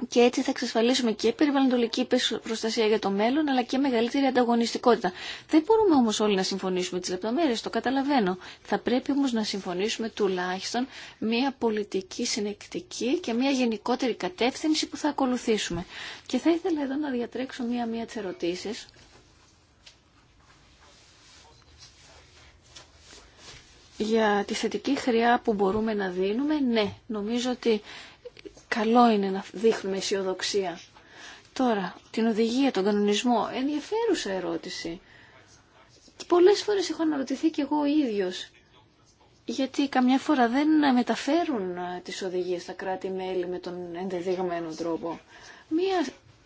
και έτσι θα εξασφαλίσουμε και περιβαλλοντολική προστασία για το μέλλον, αλλά και μεγαλύτερη ανταγωνιστικότητα. Δεν μπορούμε όμω όλοι να συμφωνήσουμε τι λεπτομέρειε, το καταλαβαίνω. Θα πρέπει όμω να συμφωνήσουμε τουλάχιστον μια πολιτική συνεκτική και μια γενικότερη κατεύθυνση που θα ακολουθήσουμε. Και θα ήθελα εδώ να διατρέξω μία-μία τι ερωτήσει. Για τη θετική χρειά που μπορούμε να δίνουμε, ναι, νομίζω ότι Καλό είναι να δείχνουμε αισιοδοξία. Τώρα, την οδηγία, τον κανονισμό, ενδιαφέρουσα ερώτηση. Και πολλές φορές έχω αναρωτηθεί και εγώ ο ίδιος. Γιατί καμιά φορά δεν μεταφέρουν ε, τις οδηγίες στα κράτη-μέλη με τον ενδεδειγμένο τρόπο. Μία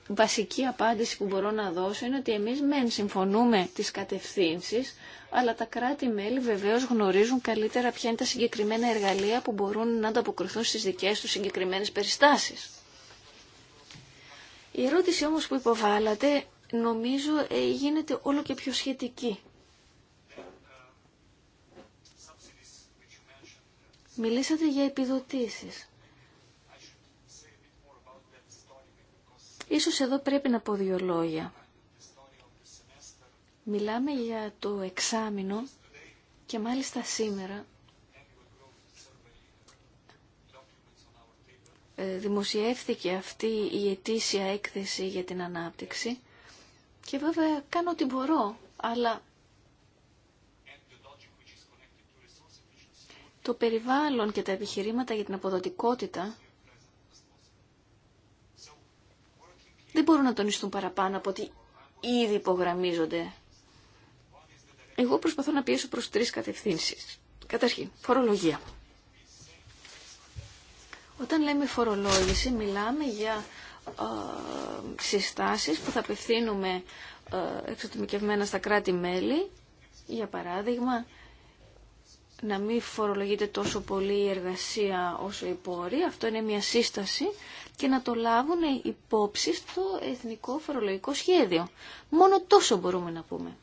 βασική απάντηση που μπορώ να δώσω είναι ότι εμείς μεν συμφωνούμε τις κατευθύνσεις, αλλά τα κράτη-μέλη βεβαίως γνωρίζουν καλύτερα ποια είναι τα συγκεκριμένα εργαλεία που μπορούν να ανταποκριθούν στις δικές τους συγκεκριμένες περιστάσεις. Η ερώτηση όμως που υποβάλλατε νομίζω ε, γίνεται όλο και πιο σχετική. Μιλήσατε για επιδοτήσεις. Ίσως εδώ πρέπει να πω δύο λόγια. Μιλάμε για το εξάμεινο και μάλιστα σήμερα ε, δημοσιεύθηκε αυτή η ετήσια έκθεση για την ανάπτυξη και βέβαια κάνω ό,τι μπορώ, αλλά το περιβάλλον και τα επιχειρήματα για την αποδοτικότητα δεν μπορούν να τονιστούν παραπάνω από ότι ήδη υπογραμμίζονται. Εγώ προσπαθώ να πιέσω προς τρεις κατευθύνσεις. Καταρχήν, φορολογία. Όταν λέμε φορολόγηση, μιλάμε για ε, συστάσεις που θα απευθύνουμε ε, στα κράτη-μέλη. Για παράδειγμα, να μην φορολογείται τόσο πολύ η εργασία όσο η πόρη. Αυτό είναι μια σύσταση και να το λάβουν υπόψη στο εθνικό φορολογικό σχέδιο. Μόνο τόσο μπορούμε να πούμε.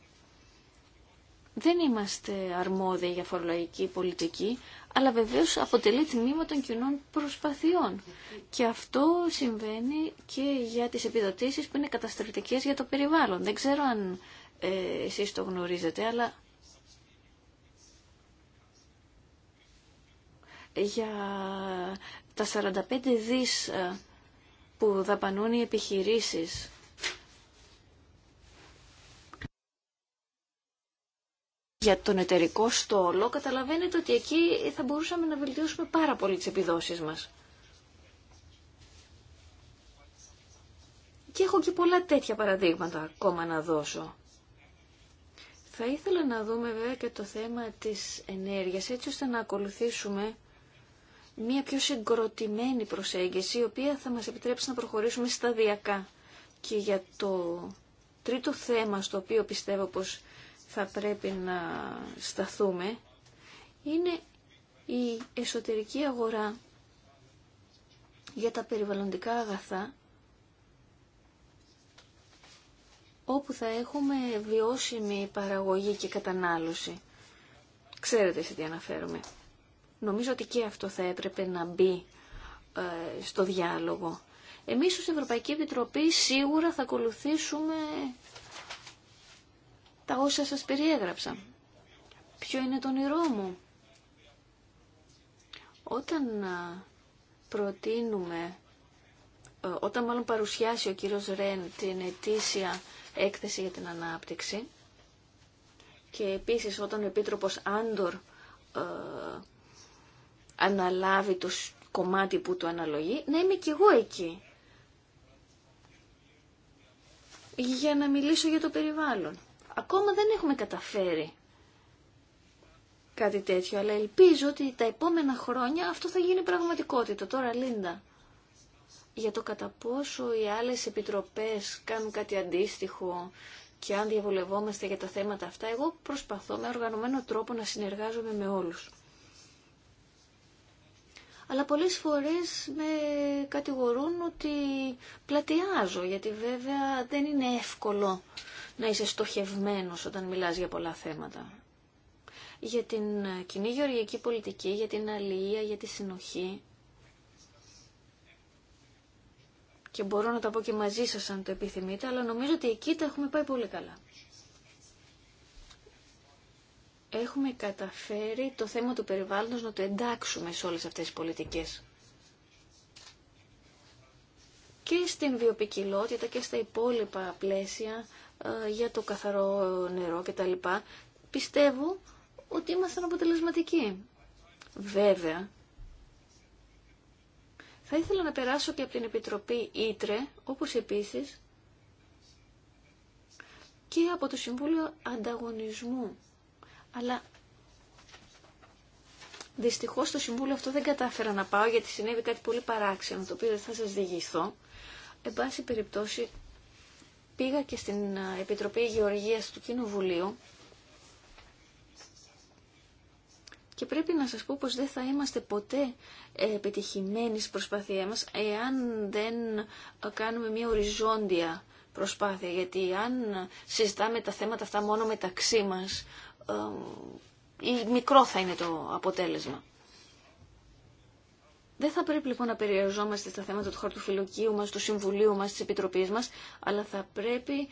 Δεν είμαστε αρμόδιοι για φορολογική πολιτική, αλλά βεβαίως αποτελεί τμήμα των κοινών προσπαθειών. Και αυτό συμβαίνει και για τις επιδοτήσεις που είναι καταστροφικές για το περιβάλλον. Δεν ξέρω αν ε, εσείς το γνωρίζετε, αλλά για τα 45 δις ε, που δαπανούν οι επιχειρήσεις. Για τον εταιρικό στόλο καταλαβαίνετε ότι εκεί θα μπορούσαμε να βελτιώσουμε πάρα πολύ τις επιδόσεις μας. Και έχω και πολλά τέτοια παραδείγματα ακόμα να δώσω. Θα ήθελα να δούμε βέβαια και το θέμα της ενέργειας έτσι ώστε να ακολουθήσουμε μια πιο συγκροτημένη προσέγγιση, η οποία θα μας επιτρέψει να προχωρήσουμε σταδιακά. Και για το τρίτο θέμα στο οποίο πιστεύω πως θα πρέπει να σταθούμε, είναι η εσωτερική αγορά για τα περιβαλλοντικά αγαθά, όπου θα έχουμε βιώσιμη παραγωγή και κατανάλωση. Ξέρετε σε τι αναφέρομαι. Νομίζω ότι και αυτό θα έπρεπε να μπει ε, στο διάλογο. Εμείς ως Ευρωπαϊκή Επιτροπή σίγουρα θα ακολουθήσουμε τα όσα σας περιέγραψα. Ποιο είναι το όνειρό μου. Όταν προτείνουμε, ε, όταν μάλλον παρουσιάσει ο κύριος Ρεν την ετήσια έκθεση για την ανάπτυξη και επίσης όταν ο Επίτροπος Άντορ ε, αναλάβει το κομμάτι που του αναλογεί, να είμαι κι εγώ εκεί. Για να μιλήσω για το περιβάλλον. Ακόμα δεν έχουμε καταφέρει κάτι τέτοιο, αλλά ελπίζω ότι τα επόμενα χρόνια αυτό θα γίνει πραγματικότητα. Τώρα, Λίντα, για το κατά πόσο οι άλλες επιτροπές κάνουν κάτι αντίστοιχο και αν διαβολευόμαστε για τα θέματα αυτά, εγώ προσπαθώ με οργανωμένο τρόπο να συνεργάζομαι με όλους αλλά πολλές φορές με κατηγορούν ότι πλατιάζω, γιατί βέβαια δεν είναι εύκολο να είσαι στοχευμένος όταν μιλάς για πολλά θέματα. Για την κοινή γεωργική πολιτική, για την αλληλεία, για τη συνοχή. Και μπορώ να τα πω και μαζί σας αν το επιθυμείτε, αλλά νομίζω ότι εκεί τα έχουμε πάει πολύ καλά έχουμε καταφέρει το θέμα του περιβάλλοντος να το εντάξουμε σε όλες αυτές τις πολιτικές. Και στην βιοπικιλότητα και στα υπόλοιπα πλαίσια ε, για το καθαρό νερό κτλ. Πιστεύω ότι ήμασταν αποτελεσματικοί. Βέβαια, θα ήθελα να περάσω και από την Επιτροπή Ήτρε, όπως επίσης και από το Συμβούλιο Ανταγωνισμού αλλά δυστυχώς στο Συμβούλιο αυτό δεν κατάφερα να πάω γιατί συνέβη κάτι πολύ παράξενο το οποίο δεν θα σας διηγηθώ. Εν πάση περιπτώσει πήγα και στην ε, Επιτροπή Γεωργίας του Κοινοβουλίου και πρέπει να σας πω πως δεν θα είμαστε ποτέ ε, επιτυχημένοι στην προσπάθειά μας εάν δεν ε, κάνουμε μια οριζόντια προσπάθεια γιατί αν συζητάμε τα θέματα αυτά μόνο μεταξύ μας μικρό θα είναι το αποτέλεσμα. Δεν θα πρέπει λοιπόν να περιοριζόμαστε στα θέματα του χαρτοφυλακίου μας, του Συμβουλίου μας, της Επιτροπής μας, αλλά θα πρέπει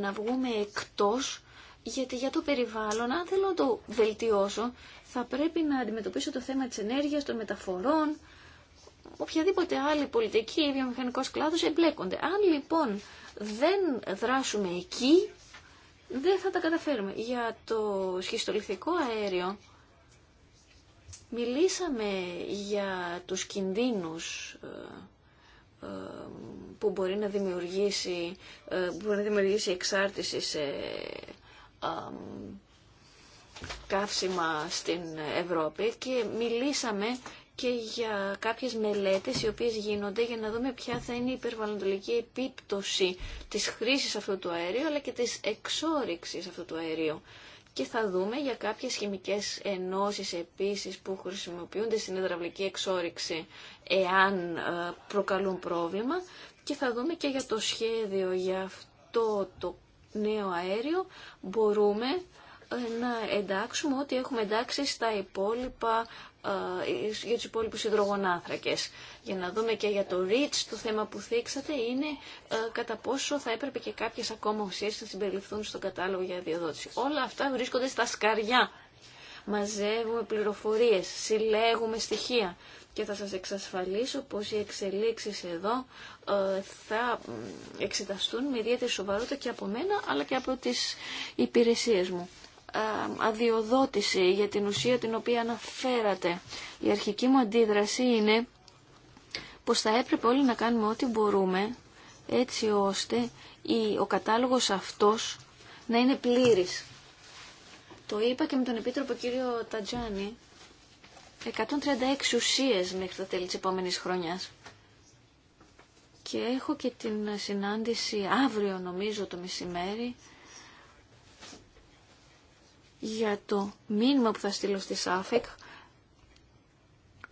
να βγούμε εκτός, γιατί για το περιβάλλον, αν θέλω να το βελτιώσω, θα πρέπει να αντιμετωπίσω το θέμα της ενέργειας, των μεταφορών, οποιαδήποτε άλλη πολιτική ή βιομηχανικός κλάδος εμπλέκονται. Αν λοιπόν δεν δράσουμε εκεί, δεν θα τα καταφέρουμε. Για το σχιστολιθικό αέριο μιλήσαμε για τους κινδύνους ε, ε, που μπορεί να δημιουργήσει, ε, που μπορεί να δημιουργήσει εξάρτηση σε καύσιμα στην Ευρώπη και μιλήσαμε και για κάποιες μελέτες οι οποίες γίνονται για να δούμε ποια θα είναι η υπερβαλλοντολική επίπτωση της χρήσης αυτού του αερίου αλλά και της εξόρυξης αυτού του αερίου. Και θα δούμε για κάποιες χημικές ενώσεις επίσης που χρησιμοποιούνται στην υδραυλική εξόρυξη εάν ε, προκαλούν πρόβλημα και θα δούμε και για το σχέδιο για αυτό το νέο αέριο μπορούμε ε, να εντάξουμε ό,τι έχουμε εντάξει στα υπόλοιπα για τους υπόλοιπους υδρογονάνθρακες. Για να δούμε και για το REACH το θέμα που θίξατε είναι κατά πόσο θα έπρεπε και κάποιες ακόμα ουσίες να συμπεριληφθούν στον κατάλογο για αδειοδότηση. Όλα αυτά βρίσκονται στα σκαριά. Μαζεύουμε πληροφορίες, συλλέγουμε στοιχεία και θα σας εξασφαλίσω πως οι εξελίξεις εδώ θα εξεταστούν με ιδιαίτερη σοβαρότητα και από μένα αλλά και από τις υπηρεσίες μου. Ε, αδειοδότηση για την ουσία την οποία αναφέρατε. Η αρχική μου αντίδραση είναι πως θα έπρεπε όλοι να κάνουμε ό,τι μπορούμε έτσι ώστε ο κατάλογος αυτός να είναι πλήρης. Το είπα και με τον Επίτροπο κύριο Τατζάνη. 136 ουσίες μέχρι το τέλη της επόμενης χρονιάς. Και έχω και την συνάντηση αύριο νομίζω το μεσημέρι για το μήνυμα που θα στείλω στη ΣΑΦΕΚ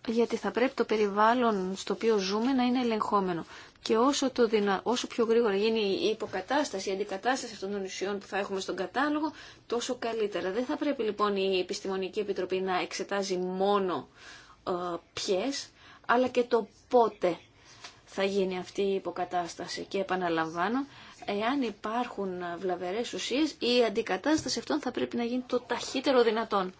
γιατί θα πρέπει το περιβάλλον στο οποίο ζούμε να είναι ελεγχόμενο. Και όσο, το όσο πιο γρήγορα γίνει η υποκατάσταση, η αντικατάσταση αυτών των ουσιών που θα έχουμε στον κατάλογο, τόσο καλύτερα. Δεν θα πρέπει λοιπόν η Επιστημονική Επιτροπή να εξετάζει μόνο ε, ποιε, αλλά και το πότε θα γίνει αυτή η υποκατάσταση. Και επαναλαμβάνω, εάν υπάρχουν βλαβερές ουσίες, η αντικατάσταση αυτών θα πρέπει να γίνει το ταχύτερο δυνατόν.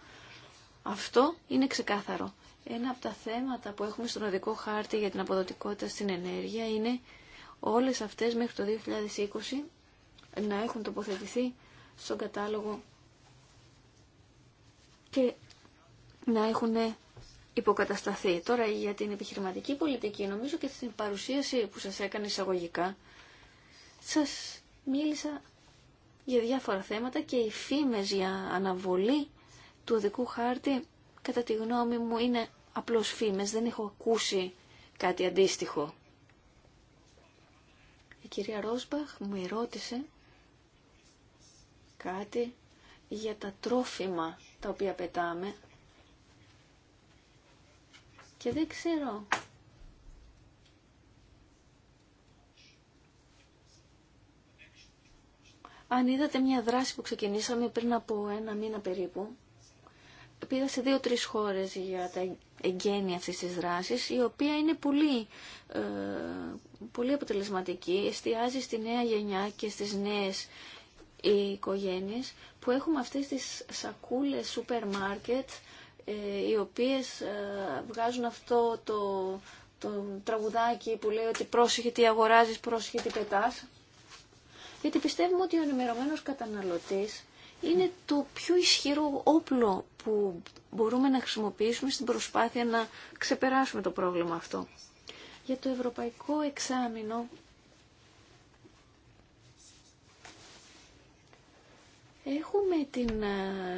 Αυτό είναι ξεκάθαρο. Ένα από τα θέματα που έχουμε στον οδικό χάρτη για την αποδοτικότητα στην ενέργεια είναι όλες αυτές μέχρι το 2020 να έχουν τοποθετηθεί στον κατάλογο και να έχουν υποκατασταθεί. Τώρα για την επιχειρηματική πολιτική νομίζω και στην παρουσίαση που σας έκανε εισαγωγικά σας μίλησα για διάφορα θέματα και οι φήμες για αναβολή του οδικού χάρτη κατά τη γνώμη μου είναι απλώς φήμες, δεν έχω ακούσει κάτι αντίστοιχο. Η κυρία Ρόσμπαχ μου ρώτησε κάτι για τα τρόφιμα τα οποία πετάμε και δεν ξέρω Αν είδατε μια δράση που ξεκινήσαμε πριν από ένα μήνα περίπου, πήγα σε δύο-τρεις χώρες για τα εγγένεια αυτής της δράσης, η οποία είναι πολύ, ε, πολύ αποτελεσματική, εστιάζει στη νέα γενιά και στις νέες οικογένειες, που έχουμε αυτές τις σακούλες σούπερ ε, οι οποίες ε, βγάζουν αυτό το, το τραγουδάκι που λέει ότι πρόσεχε τι αγοράζεις, πρόσεχε γιατί πιστεύουμε ότι ο ενημερωμένο καταναλωτής είναι το πιο ισχυρό όπλο που μπορούμε να χρησιμοποιήσουμε στην προσπάθεια να ξεπεράσουμε το πρόβλημα αυτό. Για το ευρωπαϊκό εξάμεινο Έχουμε την ε,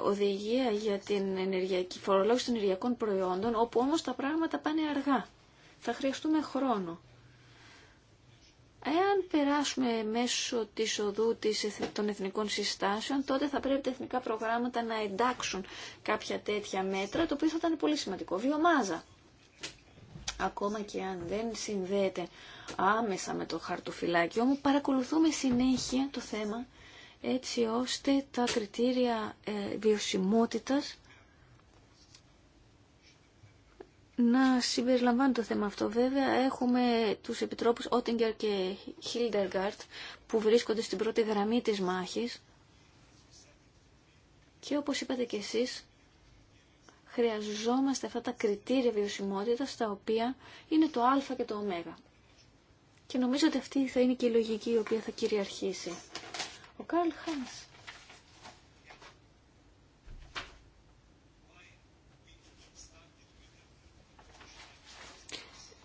οδηγία για την ενεργειακή, φορολόγηση των ενεργειακών προϊόντων, όπου όμως τα πράγματα πάνε αργά. Θα χρειαστούμε χρόνο. Εάν περάσουμε μέσω της οδού των εθνικών συστάσεων, τότε θα πρέπει τα εθνικά προγράμματα να εντάξουν κάποια τέτοια μέτρα, το οποίο θα ήταν πολύ σημαντικό. Βιομάζα. Ακόμα και αν δεν συνδέεται άμεσα με το χαρτοφυλάκιο μου, παρακολουθούμε συνέχεια το θέμα, έτσι ώστε τα κριτήρια ε, βιωσιμότητας να συμπεριλαμβάνει το θέμα αυτό. Βέβαια έχουμε τους επιτρόπους Ότιγκερ και Χίλντεργαρτ που βρίσκονται στην πρώτη γραμμή της μάχης και όπως είπατε και εσείς χρειαζόμαστε αυτά τα κριτήρια βιωσιμότητας τα οποία είναι το α και το ω. Και νομίζω ότι αυτή θα είναι και η λογική η οποία θα κυριαρχήσει. Ο Καρλ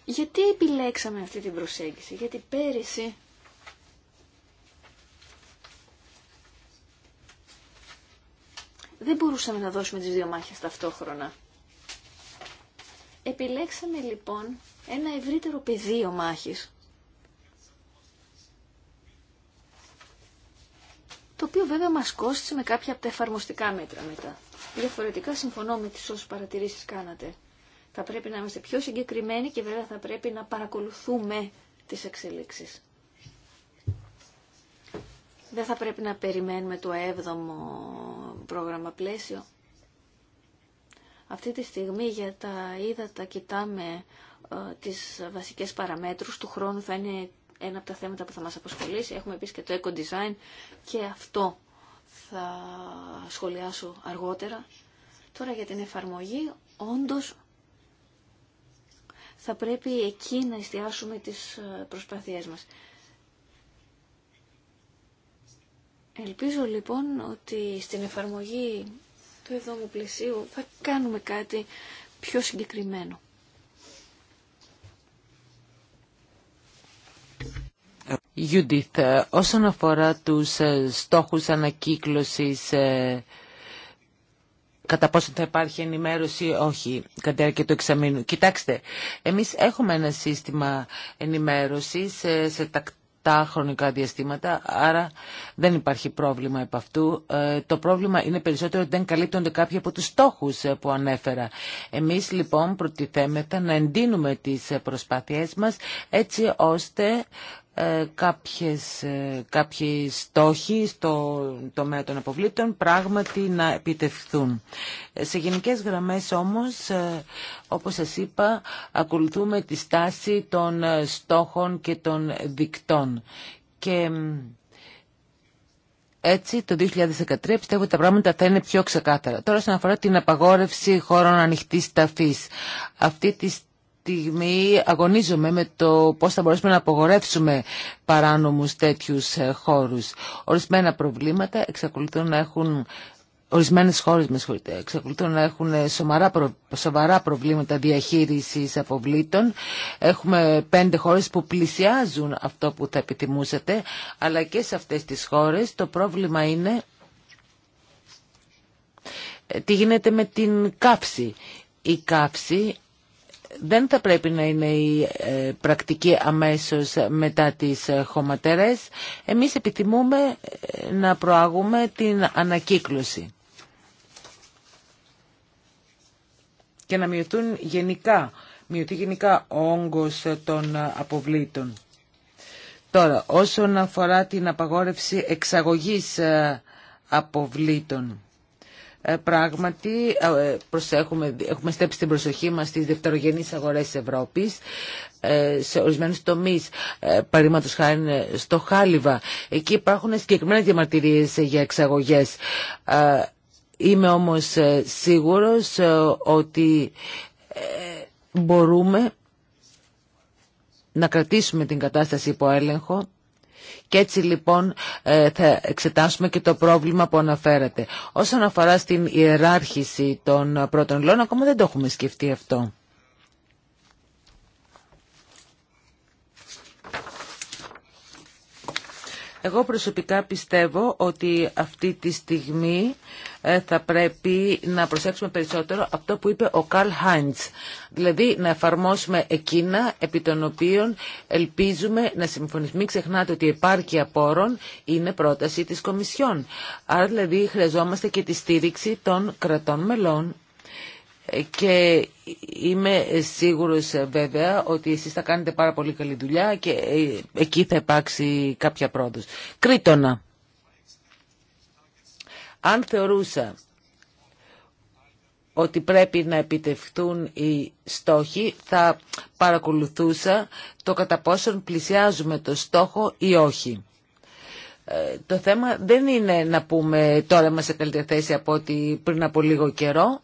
Γιατί επιλέξαμε αυτή την προσέγγιση, γιατί πέρυσι δεν μπορούσαμε να δώσουμε τις δύο μάχες ταυτόχρονα. Επιλέξαμε λοιπόν ένα ευρύτερο πεδίο μάχης. Το οποίο βέβαια μας κόστησε με κάποια από τα εφαρμοστικά μέτρα μετά. Διαφορετικά συμφωνώ με τις όσες παρατηρήσεις κάνατε. Θα πρέπει να είμαστε πιο συγκεκριμένοι και βέβαια θα πρέπει να παρακολουθούμε τις εξελίξεις. Δεν θα πρέπει να περιμένουμε το έβδομο πρόγραμμα πλαίσιο. Αυτή τη στιγμή για τα ύδατα κοιτάμε ε, τις βασικές παραμέτρους. Του χρόνου θα είναι ένα από τα θέματα που θα μας αποσχολήσει. Έχουμε επίσης και το Eco Design και αυτό θα σχολιάσω αργότερα. Τώρα για την εφαρμογή, όντως θα πρέπει εκεί να εστιάσουμε τις ε, προσπάθειές μας. Ελπίζω λοιπόν ότι στην εφαρμογή του εβδόμου πλησίου θα κάνουμε κάτι πιο συγκεκριμένο. Judith, ε, όσον αφορά τους ε, στόχους ανακύκλωσης κατά πόσο θα υπάρχει ενημέρωση ή όχι κατά και το εξαμήνου. Κοιτάξτε, εμείς έχουμε ένα σύστημα ενημέρωσης σε, τακτά χρονικά διαστήματα, άρα δεν υπάρχει πρόβλημα επ' αυτού. Ε, το πρόβλημα είναι περισσότερο ότι δεν καλύπτονται κάποιοι από τους στόχους ε, που ανέφερα. Εμείς λοιπόν προτιθέμεθα να εντείνουμε τις προσπάθειές μας έτσι ώστε ε, κάποιες, ε, κάποιοι στόχοι στο τομέα των αποβλήτων πράγματι να επιτευχθούν. Ε, σε γενικές γραμμές όμως, όπως σας είπα, ακολουθούμε τη στάση των στόχων και των δικτών. Και έτσι το 2013 πιστεύω ότι τα πράγματα θα είναι πιο ξεκάθαρα. Τώρα, σαν αφορά την απαγόρευση χώρων ανοιχτής ταφής. Αυτή τη στιγμή αγωνίζομαι με το πώς θα μπορέσουμε να απογορεύσουμε παράνομους τέτοιους ε, χώρους. Ορισμένα προβλήματα εξακολουθούν να έχουν Ορισμένε χώρε με εξακολουθούν να έχουν ε, σοβαρά, σοβαρά προβλήματα διαχείριση αποβλήτων. Έχουμε πέντε χώρε που πλησιάζουν αυτό που θα επιθυμούσατε, αλλά και σε αυτέ τι χώρε το πρόβλημα είναι ε, τι γίνεται με την καύση. Η καύση δεν θα πρέπει να είναι η ε, πρακτική αμέσως μετά τις ε, χωματερές. Εμείς επιθυμούμε ε, να προάγουμε την ανακύκλωση και να μειωθούν γενικά, μειωθεί γενικά ο όγκος των αποβλήτων. Τώρα, όσον αφορά την απαγόρευση εξαγωγής αποβλήτων, ε, πράγματι, ε, προσέχουμε, έχουμε στέψει την προσοχή μας στις δευτερογενείς αγορές της Ευρώπης ε, σε ορισμένους τομείς παρήματος χάρη στο Χάλιβα εκεί υπάρχουν συγκεκριμένες διαμαρτυρίες για εξαγωγές είμαι όμως σίγουρος ότι μπορούμε να κρατήσουμε την κατάσταση υπό έλεγχο και έτσι λοιπόν ε, θα εξετάσουμε και το πρόβλημα που αναφέρατε. Όσον αφορά στην ιεράρχηση των πρώτων λόγων, ακόμα δεν το έχουμε σκεφτεί αυτό. Εγώ προσωπικά πιστεύω ότι αυτή τη στιγμή ε, θα πρέπει να προσέξουμε περισσότερο αυτό που είπε ο Καρλ Χάιντς. Δηλαδή να εφαρμόσουμε εκείνα επί των οποίων ελπίζουμε να συμφωνήσουμε. Μην ξεχνάτε ότι η επάρκεια πόρων είναι πρόταση της Κομισιόν. Άρα δηλαδή χρειαζόμαστε και τη στήριξη των κρατών μελών ε, και είμαι σίγουρος ε, βέβαια ότι εσείς θα κάνετε πάρα πολύ καλή δουλειά και εκεί θα υπάρξει κάποια πρόοδος. Κρήτονα. Αν θεωρούσα ότι πρέπει να επιτευχθούν οι στόχοι, θα παρακολουθούσα το κατά πόσον πλησιάζουμε το στόχο ή όχι το θέμα δεν είναι να πούμε τώρα είμαστε σε καλύτερη θέση από ότι πριν από λίγο καιρό.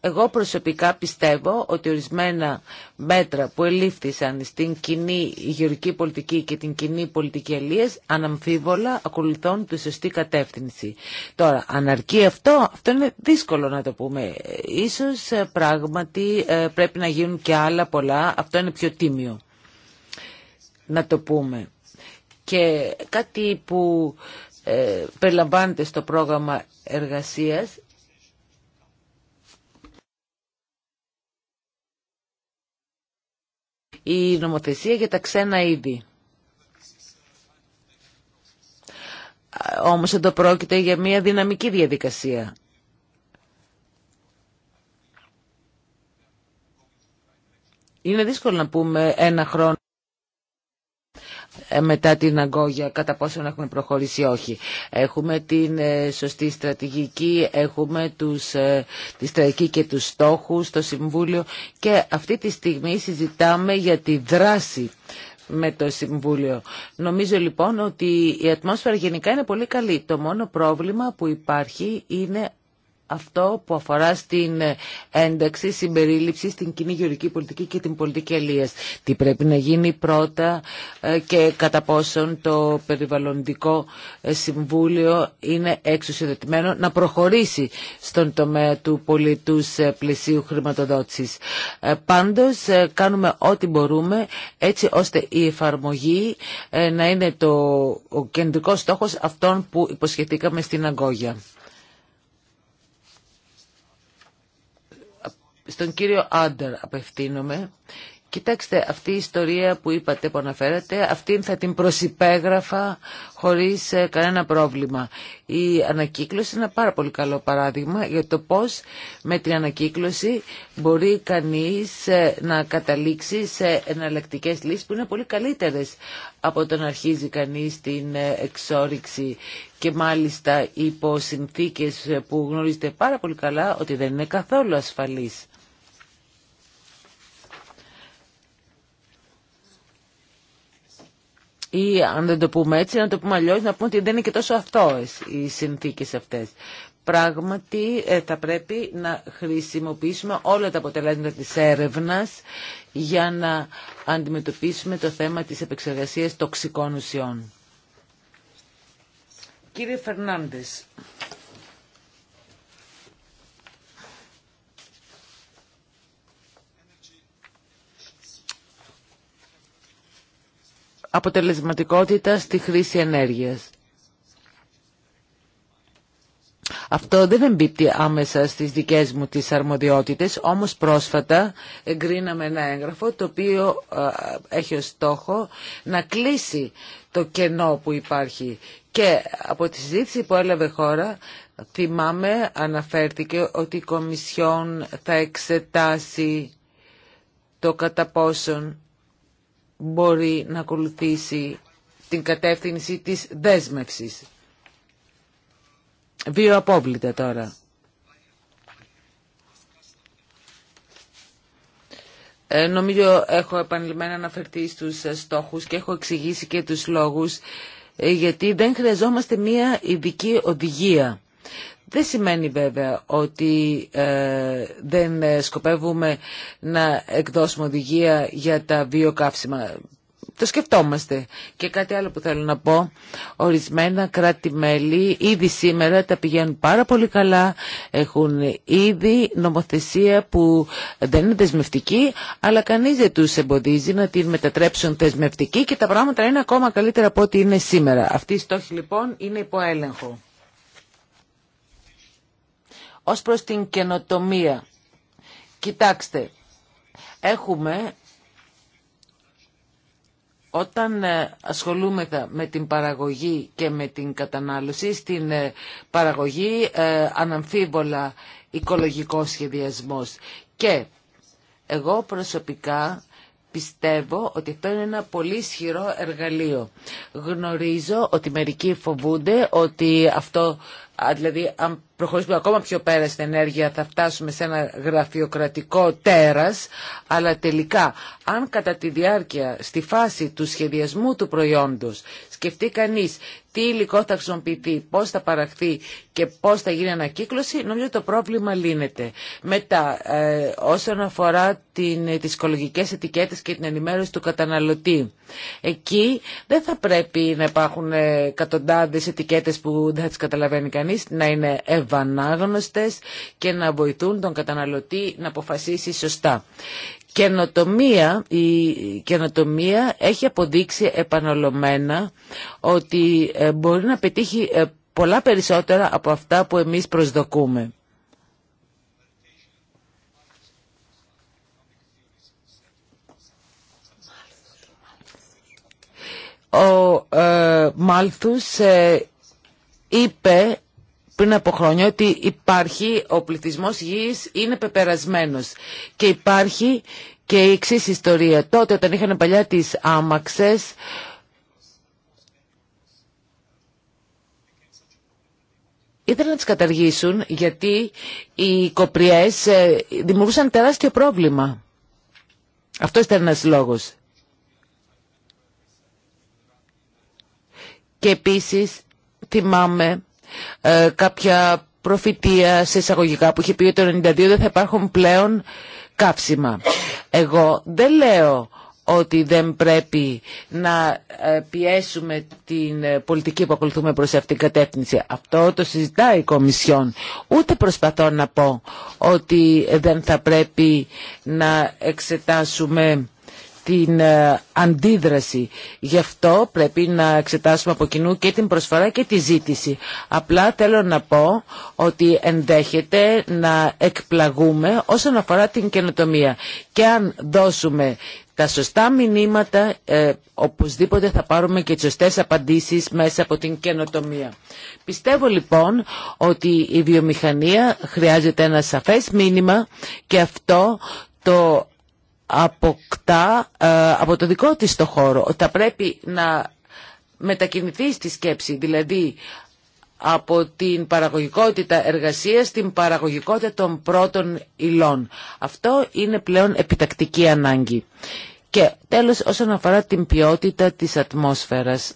Εγώ προσωπικά πιστεύω ότι ορισμένα μέτρα που ελήφθησαν στην κοινή γεωργική πολιτική και την κοινή πολιτική αλίες αναμφίβολα ακολουθούν τη σωστή κατεύθυνση. Τώρα, αναρκεί αυτό, αυτό είναι δύσκολο να το πούμε. Ίσως ε, πράγματι ε, πρέπει να γίνουν και άλλα πολλά, αυτό είναι πιο τίμιο να το πούμε. Και κάτι που ε, περιλαμβάνεται στο πρόγραμμα εργασίας η νομοθεσία για τα ξένα είδη. Όμως εδώ πρόκειται για μια δυναμική διαδικασία. Είναι δύσκολο να πούμε ένα χρόνο ε, μετά την Αγκόγια κατά πόσο να έχουμε προχωρήσει όχι. Έχουμε την ε, σωστή στρατηγική, έχουμε τους, ε, τη στρατηγική και τους στόχους το Συμβούλιο και αυτή τη στιγμή συζητάμε για τη δράση με το Συμβούλιο. Νομίζω λοιπόν ότι η ατμόσφαιρα γενικά είναι πολύ καλή. Το μόνο πρόβλημα που υπάρχει είναι αυτό που αφορά στην ένταξη, συμπερίληψη στην κοινή γεωρική πολιτική και την πολιτική αλίας. Τι πρέπει να γίνει πρώτα ε, και κατά πόσον το περιβαλλοντικό ε, συμβούλιο είναι εξουσιοδοτημένο να προχωρήσει στον τομέα του πολιτούς ε, πλαισίου χρηματοδότησης. Πάντως κάνουμε ό,τι μπορούμε έτσι ώστε η εφαρμογή να είναι το, ο στόχος αυτών που υποσχεθήκαμε στην Αγκόγια. Στον κύριο Άντερ απευθύνομαι. Κοιτάξτε, αυτή η ιστορία που είπατε, που αναφέρατε, αυτήν θα την προσυπέγραφα χωρίς ε, κανένα πρόβλημα. Η ανακύκλωση είναι ένα πάρα πολύ καλό παράδειγμα για το πώς με την ανακύκλωση μπορεί κανείς ε, να καταλήξει σε εναλλακτικέ λύσεις που είναι πολύ καλύτερες από το να αρχίζει κανείς την ε, εξόριξη και μάλιστα υπό συνθήκες που γνωρίζετε πάρα πολύ καλά ότι δεν είναι καθόλου ασφαλείς. ή αν δεν το πούμε έτσι, να το πούμε αλλιώ, να πούμε ότι δεν είναι και τόσο αυτόες οι συνθήκες αυτές. Πράγματι ε, θα πρέπει να χρησιμοποιήσουμε όλα τα αποτελέσματα της έρευνας για να αντιμετωπίσουμε το θέμα της επεξεργασίας τοξικών ουσιών. Κύριε Φερνάντες, αποτελεσματικότητα στη χρήση ενέργειας. Αυτό δεν εμπίπτει άμεσα στις δικές μου τις αρμοδιότητες, όμως πρόσφατα εγκρίναμε ένα έγγραφο το οποίο ε, έχει ως στόχο να κλείσει το κενό που υπάρχει. Και από τη συζήτηση που έλαβε χώρα θυμάμαι αναφέρθηκε ότι η Κομισιόν θα εξετάσει το κατά πόσον μπορεί να ακολουθήσει την κατεύθυνση της δέσμευσης. Βιοαπόβλητα απόβλητα τώρα. Ε, νομίζω έχω επανειλημμένα αναφερθεί στους στόχους και έχω εξηγήσει και τους λόγους ε, γιατί δεν χρειαζόμαστε μία ειδική οδηγία. Δεν σημαίνει βέβαια ότι ε, δεν ε, σκοπεύουμε να εκδώσουμε οδηγία για τα βιοκαύσιμα. Το σκεφτόμαστε. Και κάτι άλλο που θέλω να πω. Ορισμένα κράτη-μέλη ήδη σήμερα τα πηγαίνουν πάρα πολύ καλά. Έχουν ήδη νομοθεσία που δεν είναι δεσμευτική, αλλά κανείς δεν τους εμποδίζει να την μετατρέψουν δεσμευτική και τα πράγματα είναι ακόμα καλύτερα από ό,τι είναι σήμερα. Αυτή η στόχη λοιπόν είναι υπό ως προς την καινοτομία, κοιτάξτε, έχουμε όταν ε, ασχολούμεθα με την παραγωγή και με την κατανάλωση, στην ε, παραγωγή ε, αναμφίβολα οικολογικό σχεδιασμός. Και εγώ προσωπικά πιστεύω ότι αυτό είναι ένα πολύ ισχυρό εργαλείο. Γνωρίζω ότι μερικοί φοβούνται ότι αυτό, δηλαδή προχωρήσουμε ακόμα πιο πέρα στην ενέργεια θα φτάσουμε σε ένα γραφειοκρατικό τέρας, αλλά τελικά αν κατά τη διάρκεια, στη φάση του σχεδιασμού του προϊόντος σκεφτεί κανείς τι υλικό θα χρησιμοποιηθεί, πώς θα παραχθεί και πώς θα γίνει ανακύκλωση, νομίζω το πρόβλημα λύνεται. Μετά, ε, όσον αφορά την, ε, τις οικολογικές ετικέτες και την ενημέρωση του καταναλωτή, εκεί δεν θα πρέπει να υπάρχουν ε, εκατοντάδες ετικέτες που δεν θα τις καταλαβαίνει κανείς, να είναι ευανάγνωστες και να βοηθούν τον καταναλωτή να αποφασίσει σωστά. Καινοτομία, η καινοτομία έχει αποδείξει επανολωμένα ότι ε, μπορεί να πετύχει ε, πολλά περισσότερα από αυτά που εμείς προσδοκούμε. Ο ε, Μάλθους ε, είπε πριν από χρόνια ότι υπάρχει ο πληθυσμός γης είναι πεπερασμένος και υπάρχει και η εξή ιστορία. Τότε όταν είχαν παλιά τις άμαξες ήθελαν να τις καταργήσουν γιατί οι κοπριές ε, δημιουργούσαν τεράστιο πρόβλημα. Αυτό ήταν ένας λόγος. Και επίσης θυμάμαι ε, κάποια προφητεία σε εισαγωγικά που είχε πει ότι το 92 δεν θα υπάρχουν πλέον καύσιμα. Εγώ δεν λέω ότι δεν πρέπει να ε, πιέσουμε την ε, πολιτική που ακολουθούμε προς αυτήν την κατεύθυνση. Αυτό το συζητάει η Κομισιόν. Ούτε προσπαθώ να πω ότι δεν θα πρέπει να εξετάσουμε την ε, αντίδραση. Γι' αυτό πρέπει να εξετάσουμε από κοινού και την προσφορά και τη ζήτηση. Απλά θέλω να πω ότι ενδέχεται να εκπλαγούμε όσον αφορά την καινοτομία. Και αν δώσουμε τα σωστά μηνύματα, ε, οπωσδήποτε θα πάρουμε και τις σωστές απαντήσεις μέσα από την καινοτομία. Πιστεύω λοιπόν ότι η βιομηχανία χρειάζεται ένα σαφές μήνυμα και αυτό το αποκτά ε, από το δικό της το χώρο, ότι θα πρέπει να μετακινηθεί στη σκέψη, δηλαδή από την παραγωγικότητα εργασίας στην παραγωγικότητα των πρώτων υλών. Αυτό είναι πλέον επιτακτική ανάγκη. Και τέλος όσον αφορά την ποιότητα της ατμόσφαιρας.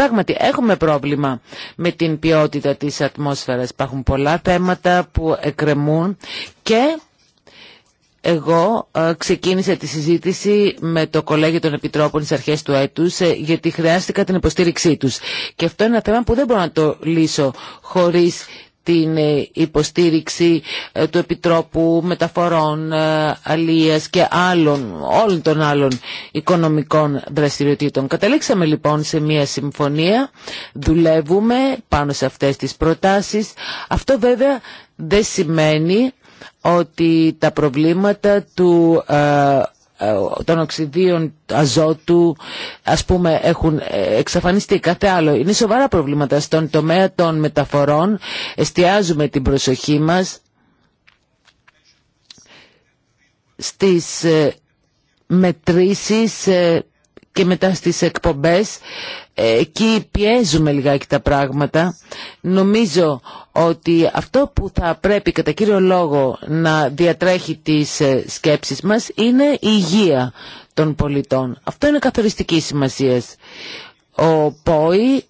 Πράγματι, έχουμε πρόβλημα με την ποιότητα της ατμόσφαιρας. Υπάρχουν πολλά θέματα που εκκρεμούν και εγώ ε, ξεκίνησα τη συζήτηση με το Κολέγιο των Επιτρόπων στις αρχές του έτους ε, γιατί χρειάστηκα την υποστήριξή τους. Και αυτό είναι ένα θέμα που δεν μπορώ να το λύσω χωρίς την ε, υποστήριξη ε, του Επιτρόπου Μεταφορών, ε, Αλίας και άλλων, όλων των άλλων οικονομικών δραστηριοτήτων. Καταλήξαμε λοιπόν σε μια συμφωνία, δουλεύουμε πάνω σε αυτές τις προτάσεις. Αυτό βέβαια δεν σημαίνει ότι τα προβλήματα του ε, των οξυδίων αζότου ας πούμε έχουν ε, εξαφανιστεί κάθε άλλο. Είναι σοβαρά προβλήματα στον τομέα των μεταφορών. Εστιάζουμε την προσοχή μας στις ε, μετρήσεις και μετά στις εκπομπές ε, εκεί πιέζουμε λιγάκι τα πράγματα. Νομίζω ότι αυτό που θα πρέπει κατά κύριο λόγο να διατρέχει τις ε, σκέψεις μας είναι η υγεία των πολιτών. Αυτό είναι καθοριστική σημασία. Ο ΠΟΗ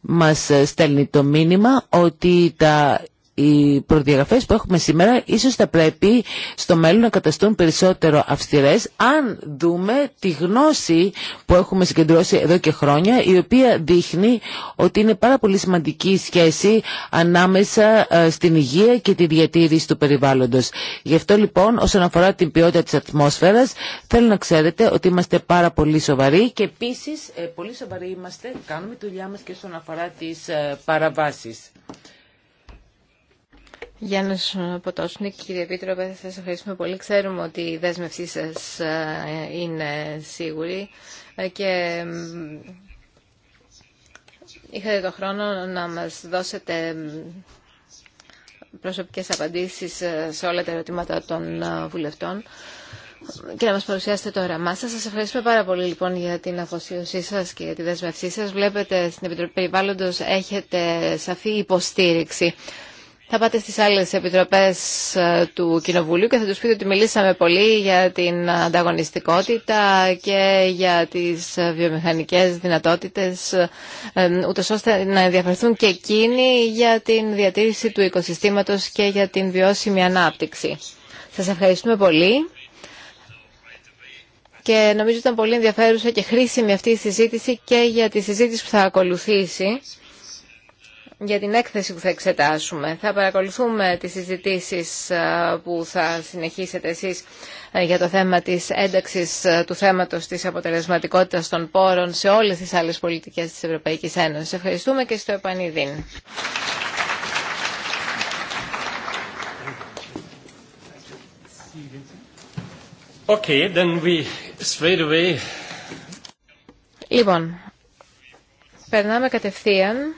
μας ε, στέλνει το μήνυμα ότι τα οι προδιαγραφές που έχουμε σήμερα ίσως θα πρέπει στο μέλλον να καταστούν περισσότερο αυστηρές αν δούμε τη γνώση που έχουμε συγκεντρώσει εδώ και χρόνια η οποία δείχνει ότι είναι πάρα πολύ σημαντική η σχέση ανάμεσα ε, στην υγεία και τη διατήρηση του περιβάλλοντος. Γι' αυτό λοιπόν όσον αφορά την ποιότητα της ατμόσφαιρας θέλω να ξέρετε ότι είμαστε πάρα πολύ σοβαροί και επίσης ε, πολύ σοβαροί είμαστε, κάνουμε δουλειά μας και όσον αφορά τις ε, παραβάσεις. Γιάννη Ποτόσνη, κύριε Επίτροπε, σα ευχαριστούμε πολύ. Ξέρουμε ότι η δέσμευσή σα ε, είναι σίγουρη ε, και είχατε το χρόνο να μας δώσετε προσωπικές απαντήσεις ε, σε όλα τα ερωτήματα των βουλευτών και να μας παρουσιάσετε το όραμά σας. Σας ευχαριστούμε πάρα πολύ λοιπόν για την αφοσίωσή σας και για τη δέσμευσή σας. Βλέπετε στην Επιτροπή Περιβάλλοντος έχετε σαφή υποστήριξη θα πάτε στις άλλες επιτροπές ε, του Κοινοβουλίου και θα τους πείτε ότι μιλήσαμε πολύ για την ανταγωνιστικότητα και για τις ε, βιομηχανικές δυνατότητες, ε, ούτως ώστε να ενδιαφερθούν και εκείνοι για την διατήρηση του οικοσυστήματος και για την βιώσιμη ανάπτυξη. Σας ευχαριστούμε πολύ. Και νομίζω ήταν πολύ ενδιαφέρουσα και χρήσιμη αυτή η συζήτηση και για τη συζήτηση που θα ακολουθήσει για την έκθεση που θα εξετάσουμε. Θα παρακολουθούμε τις συζητήσεις ε, που θα συνεχίσετε εσείς ε, για το θέμα της ένταξης ε, του θέματος της αποτελεσματικότητας των πόρων σε όλες τις άλλες πολιτικές της Ευρωπαϊκής Ένωσης. Ευχαριστούμε και στο επανειδήν. Okay, then we straight away... Λοιπόν, περνάμε κατευθείαν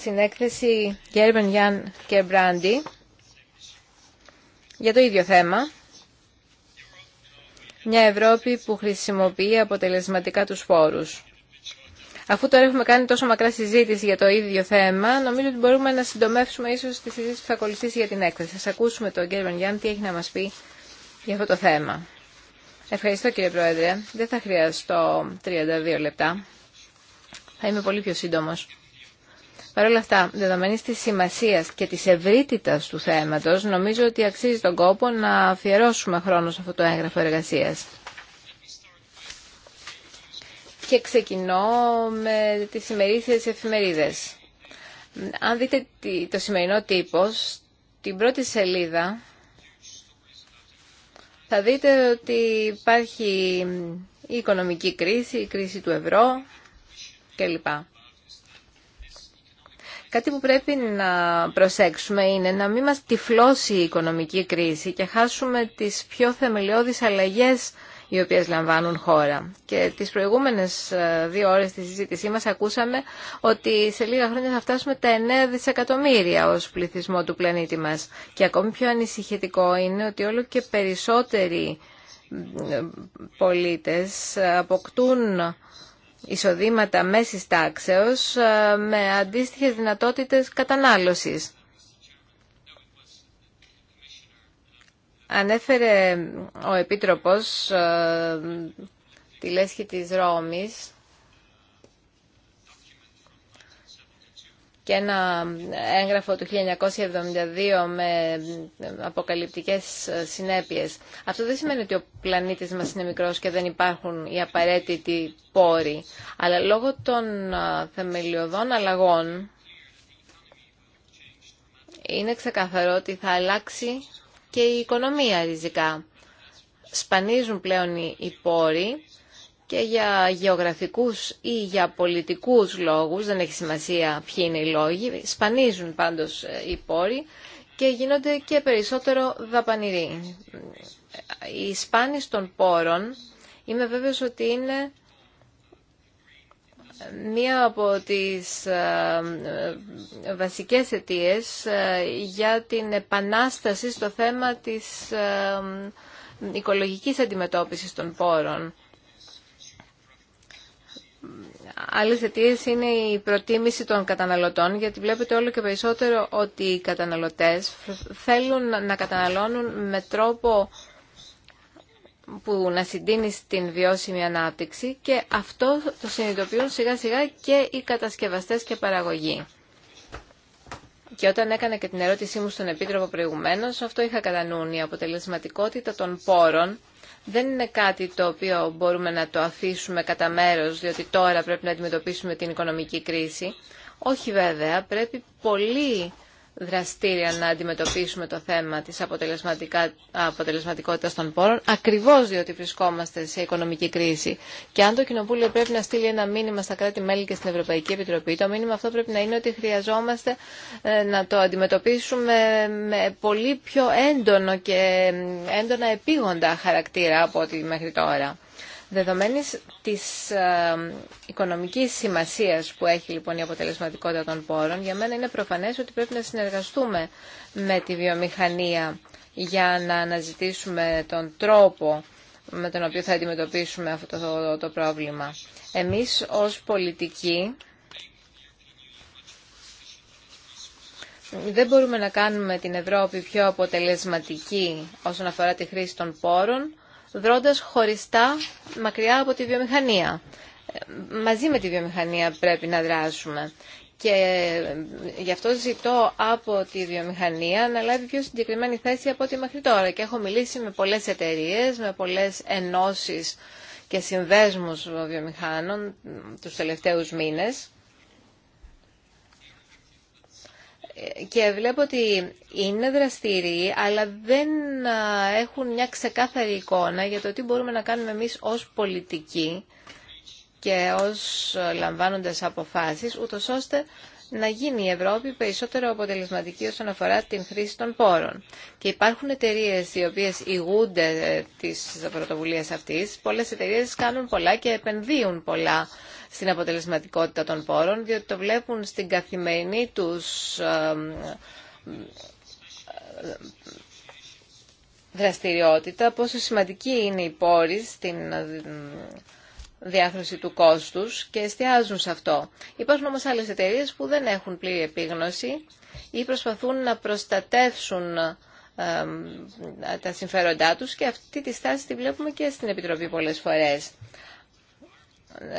στην έκθεση Γκέρμπεν Γιάν και Μπράντι για το ίδιο θέμα. Μια Ευρώπη που χρησιμοποιεί αποτελεσματικά τους φόρους. Αφού τώρα έχουμε κάνει τόσο μακρά συζήτηση για το ίδιο θέμα, νομίζω ότι μπορούμε να συντομεύσουμε ίσως τη συζήτηση που θα ακολουθήσει για την έκθεση. Σας ακούσουμε τον κύριο Γιάννη τι έχει να μας πει για αυτό το θέμα. Ευχαριστώ κύριε Πρόεδρε. Δεν θα χρειαστώ 32 λεπτά. Θα είμαι πολύ πιο σύντομος. Παρ' όλα αυτά, δεδομένη τη σημασία και τη ευρύτητα του θέματο, νομίζω ότι αξίζει τον κόπο να αφιερώσουμε χρόνο σε αυτό το έγγραφο εργασία. Και ξεκινώ με τις σημερινές εφημερίδες. Αν δείτε το σημερινό τύπο, την πρώτη σελίδα θα δείτε ότι υπάρχει η οικονομική κρίση, η κρίση του ευρώ κλπ. Κάτι που πρέπει να προσέξουμε είναι να μην μας τυφλώσει η οικονομική κρίση και χάσουμε τις πιο θεμελιώδεις αλλαγές οι οποίες λαμβάνουν χώρα. Και τις προηγούμενες ε, δύο ώρες της συζήτησή μας ακούσαμε ότι σε λίγα χρόνια θα φτάσουμε τα 9 δισεκατομμύρια ως πληθυσμό του πλανήτη μας. Και ακόμη πιο ανησυχητικό είναι ότι όλο και περισσότεροι ε, πολίτες αποκτούν εισοδήματα μέσης τάξεως ε, με αντίστοιχες δυνατότητες κατανάλωσης. Ανέφερε ο Επίτροπος ε, τη λέσχη της Ρώμης και ένα έγγραφο του 1972 με αποκαλυπτικές συνέπειες. Αυτό δεν σημαίνει ότι ο πλανήτης μας είναι μικρός και δεν υπάρχουν οι απαραίτητοι πόροι, αλλά λόγω των θεμελιωδών αλλαγών είναι ξεκαθαρό ότι θα αλλάξει και η οικονομία ριζικά. Σπανίζουν πλέον οι πόροι και για γεωγραφικούς ή για πολιτικούς λόγους, δεν έχει σημασία ποιοι είναι οι λόγοι, σπανίζουν πάντως ε, οι πόροι και γίνονται και περισσότερο δαπανηροί. Η σπάνιση των πόρων είμαι βέβαιος ότι είναι ε, μία από τις ε, βασικές αιτίες για την επανάσταση στο θέμα της οικολογικής αντιμετώπισης των πόρων. Άλλες αιτίε είναι η προτίμηση των καταναλωτών, γιατί βλέπετε όλο και περισσότερο ότι οι καταναλωτές θέλουν να καταναλώνουν με τρόπο που να συντείνει στην βιώσιμη ανάπτυξη και αυτό το συνειδητοποιούν σιγά σιγά και οι κατασκευαστές και παραγωγοί. Και όταν έκανα και την ερώτησή μου στον Επίτροπο προηγουμένως, αυτό είχα κατά η αποτελεσματικότητα των πόρων δεν είναι κάτι το οποίο μπορούμε να το αφήσουμε κατά μέρος, διότι τώρα πρέπει να αντιμετωπίσουμε την οικονομική κρίση. Όχι βέβαια, πρέπει πολύ δραστήρια να αντιμετωπίσουμε το θέμα της αποτελεσματικότητας των πόρων, ακριβώς διότι βρισκόμαστε σε οικονομική κρίση. Και αν το Κοινοβούλιο πρέπει να στείλει ένα μήνυμα στα κράτη-μέλη και στην Ευρωπαϊκή Επιτροπή, το μήνυμα αυτό πρέπει να είναι ότι χρειαζόμαστε ε, να το αντιμετωπίσουμε με πολύ πιο έντονο και ε, έντονα επίγοντα χαρακτήρα από ό,τι μέχρι τώρα. Δεδομένης της ε, οικονομικής σημασία που έχει λοιπόν η αποτελεσματικότητα των πόρων, για μένα είναι προφανές ότι πρέπει να συνεργαστούμε με τη βιομηχανία για να αναζητήσουμε τον τρόπο με τον οποίο θα αντιμετωπίσουμε αυτό το, πρόβλημα. Εμείς ως πολιτικοί δεν μπορούμε να κάνουμε την Ευρώπη πιο αποτελεσματική όσον αφορά τη χρήση των πόρων δρώντας χωριστά μακριά από τη βιομηχανία. Μαζί με τη βιομηχανία πρέπει να δράσουμε. Και γι' αυτό ζητώ από τη βιομηχανία να λάβει πιο συγκεκριμένη θέση από ό,τι μέχρι τώρα. Και έχω μιλήσει με πολλές εταιρείες, με πολλές ενώσεις και συνδέσμους βιομηχάνων τους τελευταίους μήνες και βλέπω ότι είναι δραστήριοι, αλλά δεν έχουν μια ξεκάθαρη εικόνα για το τι μπορούμε να κάνουμε εμείς ως πολιτικοί και ως λαμβάνοντας αποφάσεις, ούτως ώστε να γίνει η Ευρώπη περισσότερο αποτελεσματική όσον αφορά την χρήση των πόρων. Και υπάρχουν εταιρείε οι οποίε ηγούνται ε, της πρωτοβουλία αυτή. Πολλέ εταιρείε κάνουν πολλά και επενδύουν πολλά στην αποτελεσματικότητα των πόρων, διότι το βλέπουν στην καθημερινή τους δραστηριότητα, πόσο σημαντική είναι η πόρη στην διάθρωση του κόστους και εστιάζουν σε αυτό. Υπάρχουν όμως άλλες εταιρείες που δεν έχουν πλήρη επίγνωση ή προσπαθούν να προστατεύσουν τα συμφέροντά τους και αυτή τη στάση τη βλέπουμε και στην Επιτροπή πολλές φορές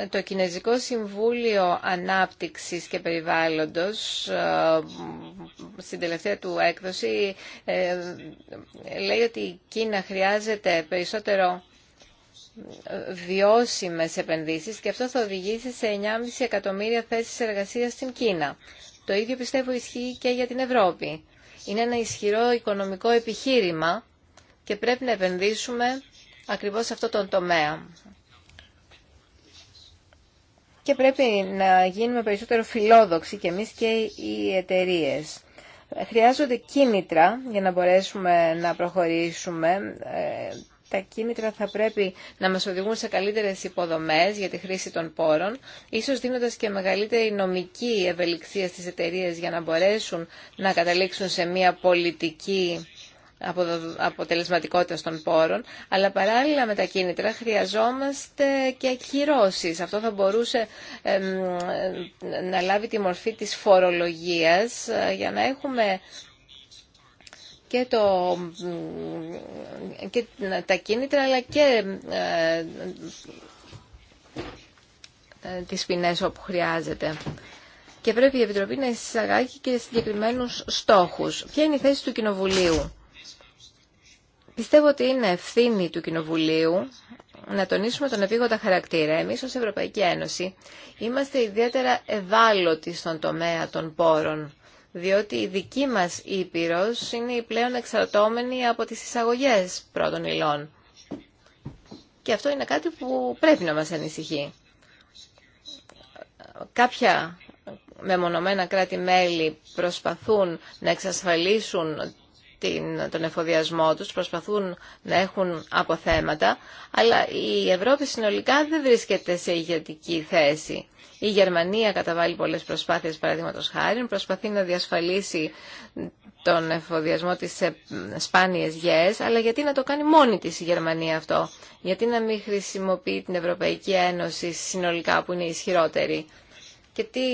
το Κινέζικο Συμβούλιο Ανάπτυξης και Περιβάλλοντος ε, στην τελευταία του έκδοση ε, λέει ότι η Κίνα χρειάζεται περισσότερο ε, βιώσιμες επενδύσεις και αυτό θα οδηγήσει σε 9,5 εκατομμύρια θέσεις εργασίας στην Κίνα. Το ίδιο πιστεύω ισχύει και για την Ευρώπη. Είναι ένα ισχυρό οικονομικό επιχείρημα και πρέπει να επενδύσουμε ακριβώς σε αυτό τον τομέα και πρέπει να γίνουμε περισσότερο φιλόδοξοι και εμείς και οι εταιρείε. Χρειάζονται κίνητρα για να μπορέσουμε να προχωρήσουμε. Ε, τα κίνητρα θα πρέπει να μας οδηγούν σε καλύτερες υποδομές για τη χρήση των πόρων, ίσως δίνοντας και μεγαλύτερη νομική ευελιξία στις εταιρείε για να μπορέσουν να καταλήξουν σε μια πολιτική αποτελεσματικότητα των πόρων, αλλά παράλληλα με τα κίνητρα χρειαζόμαστε και κυρώσεις. Αυτό θα μπορούσε να λάβει τη μορφή της φορολογίας ε, για να έχουμε και, το, τα κίνητρα αλλά και ε, ε, τις ποινές όπου χρειάζεται. Και πρέπει η Επιτροπή να εισαγάγει και συγκεκριμένους στόχους. Ποια είναι η θέση του Κοινοβουλίου. Πιστεύω ότι είναι ευθύνη του Κοινοβουλίου να τονίσουμε τον επίγοντα χαρακτήρα. Εμείς ως Ευρωπαϊκή Ένωση είμαστε ιδιαίτερα ευάλωτοι στον τομέα των πόρων, διότι η δική μας ήπειρο είναι η πλέον εξαρτώμενη από τις εισαγωγές πρώτων υλών. Και αυτό είναι κάτι που πρέπει να μας ανησυχεί. Κάποια μεμονωμένα κράτη-μέλη προσπαθούν να εξασφαλίσουν την, τον εφοδιασμό τους, προσπαθούν να έχουν αποθέματα, αλλά η Ευρώπη συνολικά δεν βρίσκεται σε ηγετική θέση. Η Γερμανία καταβάλει πολλές προσπάθειες, παραδείγματος χάρη, προσπαθεί να διασφαλίσει τον εφοδιασμό της σε σπάνιες γέες, αλλά γιατί να το κάνει μόνη της η Γερμανία αυτό. Γιατί να μην χρησιμοποιεί την Ευρωπαϊκή Ένωση συνολικά που είναι ισχυρότερη και τι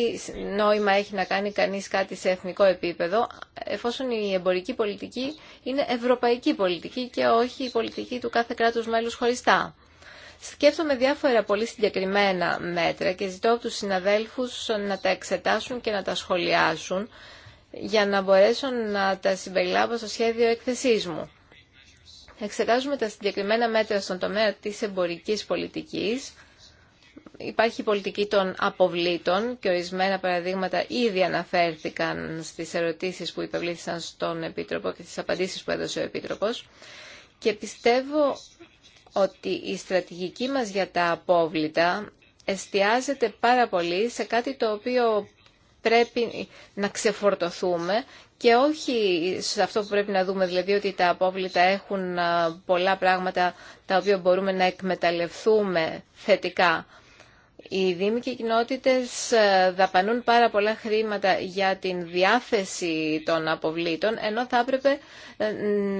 νόημα έχει να κάνει κανείς κάτι σε εθνικό επίπεδο, εφόσον η εμπορική πολιτική είναι ευρωπαϊκή πολιτική και όχι η πολιτική του κάθε κράτους μέλους χωριστά. Σκέφτομαι διάφορα πολύ συγκεκριμένα μέτρα και ζητώ από τους συναδέλφους να τα εξετάσουν και να τα σχολιάσουν για να μπορέσω να τα συμπεριλάβω στο σχέδιο έκθεσής μου. Εξετάζουμε τα συγκεκριμένα μέτρα στον τομέα της εμπορικής πολιτικής Υπάρχει η πολιτική των αποβλήτων και ορισμένα παραδείγματα ήδη αναφέρθηκαν στις ερωτήσεις που υπευλήθησαν στον Επίτροπο και στις απαντήσεις που έδωσε ο Επίτροπος. Και πιστεύω ότι η στρατηγική μας για τα απόβλητα εστιάζεται πάρα πολύ σε κάτι το οποίο πρέπει να ξεφορτωθούμε και όχι σε αυτό που πρέπει να δούμε, δηλαδή ότι τα απόβλητα έχουν πολλά πράγματα τα οποία μπορούμε να εκμεταλλευτούμε θετικά. Οι Δήμοι και οι κοινότητες ε, δαπανούν πάρα πολλά χρήματα για την διάθεση των αποβλήτων, ενώ θα έπρεπε ε,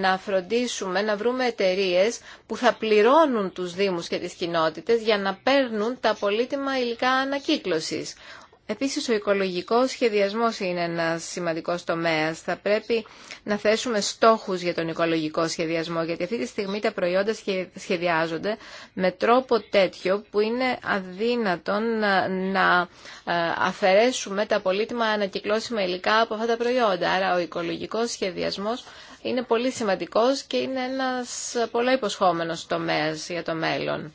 να φροντίσουμε να βρούμε εταιρείε που θα πληρώνουν τους Δήμους και τις κοινότητες για να παίρνουν τα πολύτιμα υλικά ανακύκλωσης. Επίσης, ο οικολογικός σχεδιασμός είναι ένα σημαντικό τομέα. Θα πρέπει να θέσουμε στόχους για τον οικολογικό σχεδιασμό, γιατί αυτή τη στιγμή τα προϊόντα σχεδιάζονται με τρόπο τέτοιο που είναι αδύνατον να ε, αφαιρέσουμε τα πολύτιμα ανακυκλώσιμα υλικά από αυτά τα προϊόντα. Άρα, ο οικολογικός σχεδιασμός είναι πολύ σημαντικός και είναι ένας πολλά υποσχόμενος τομέας για το μέλλον.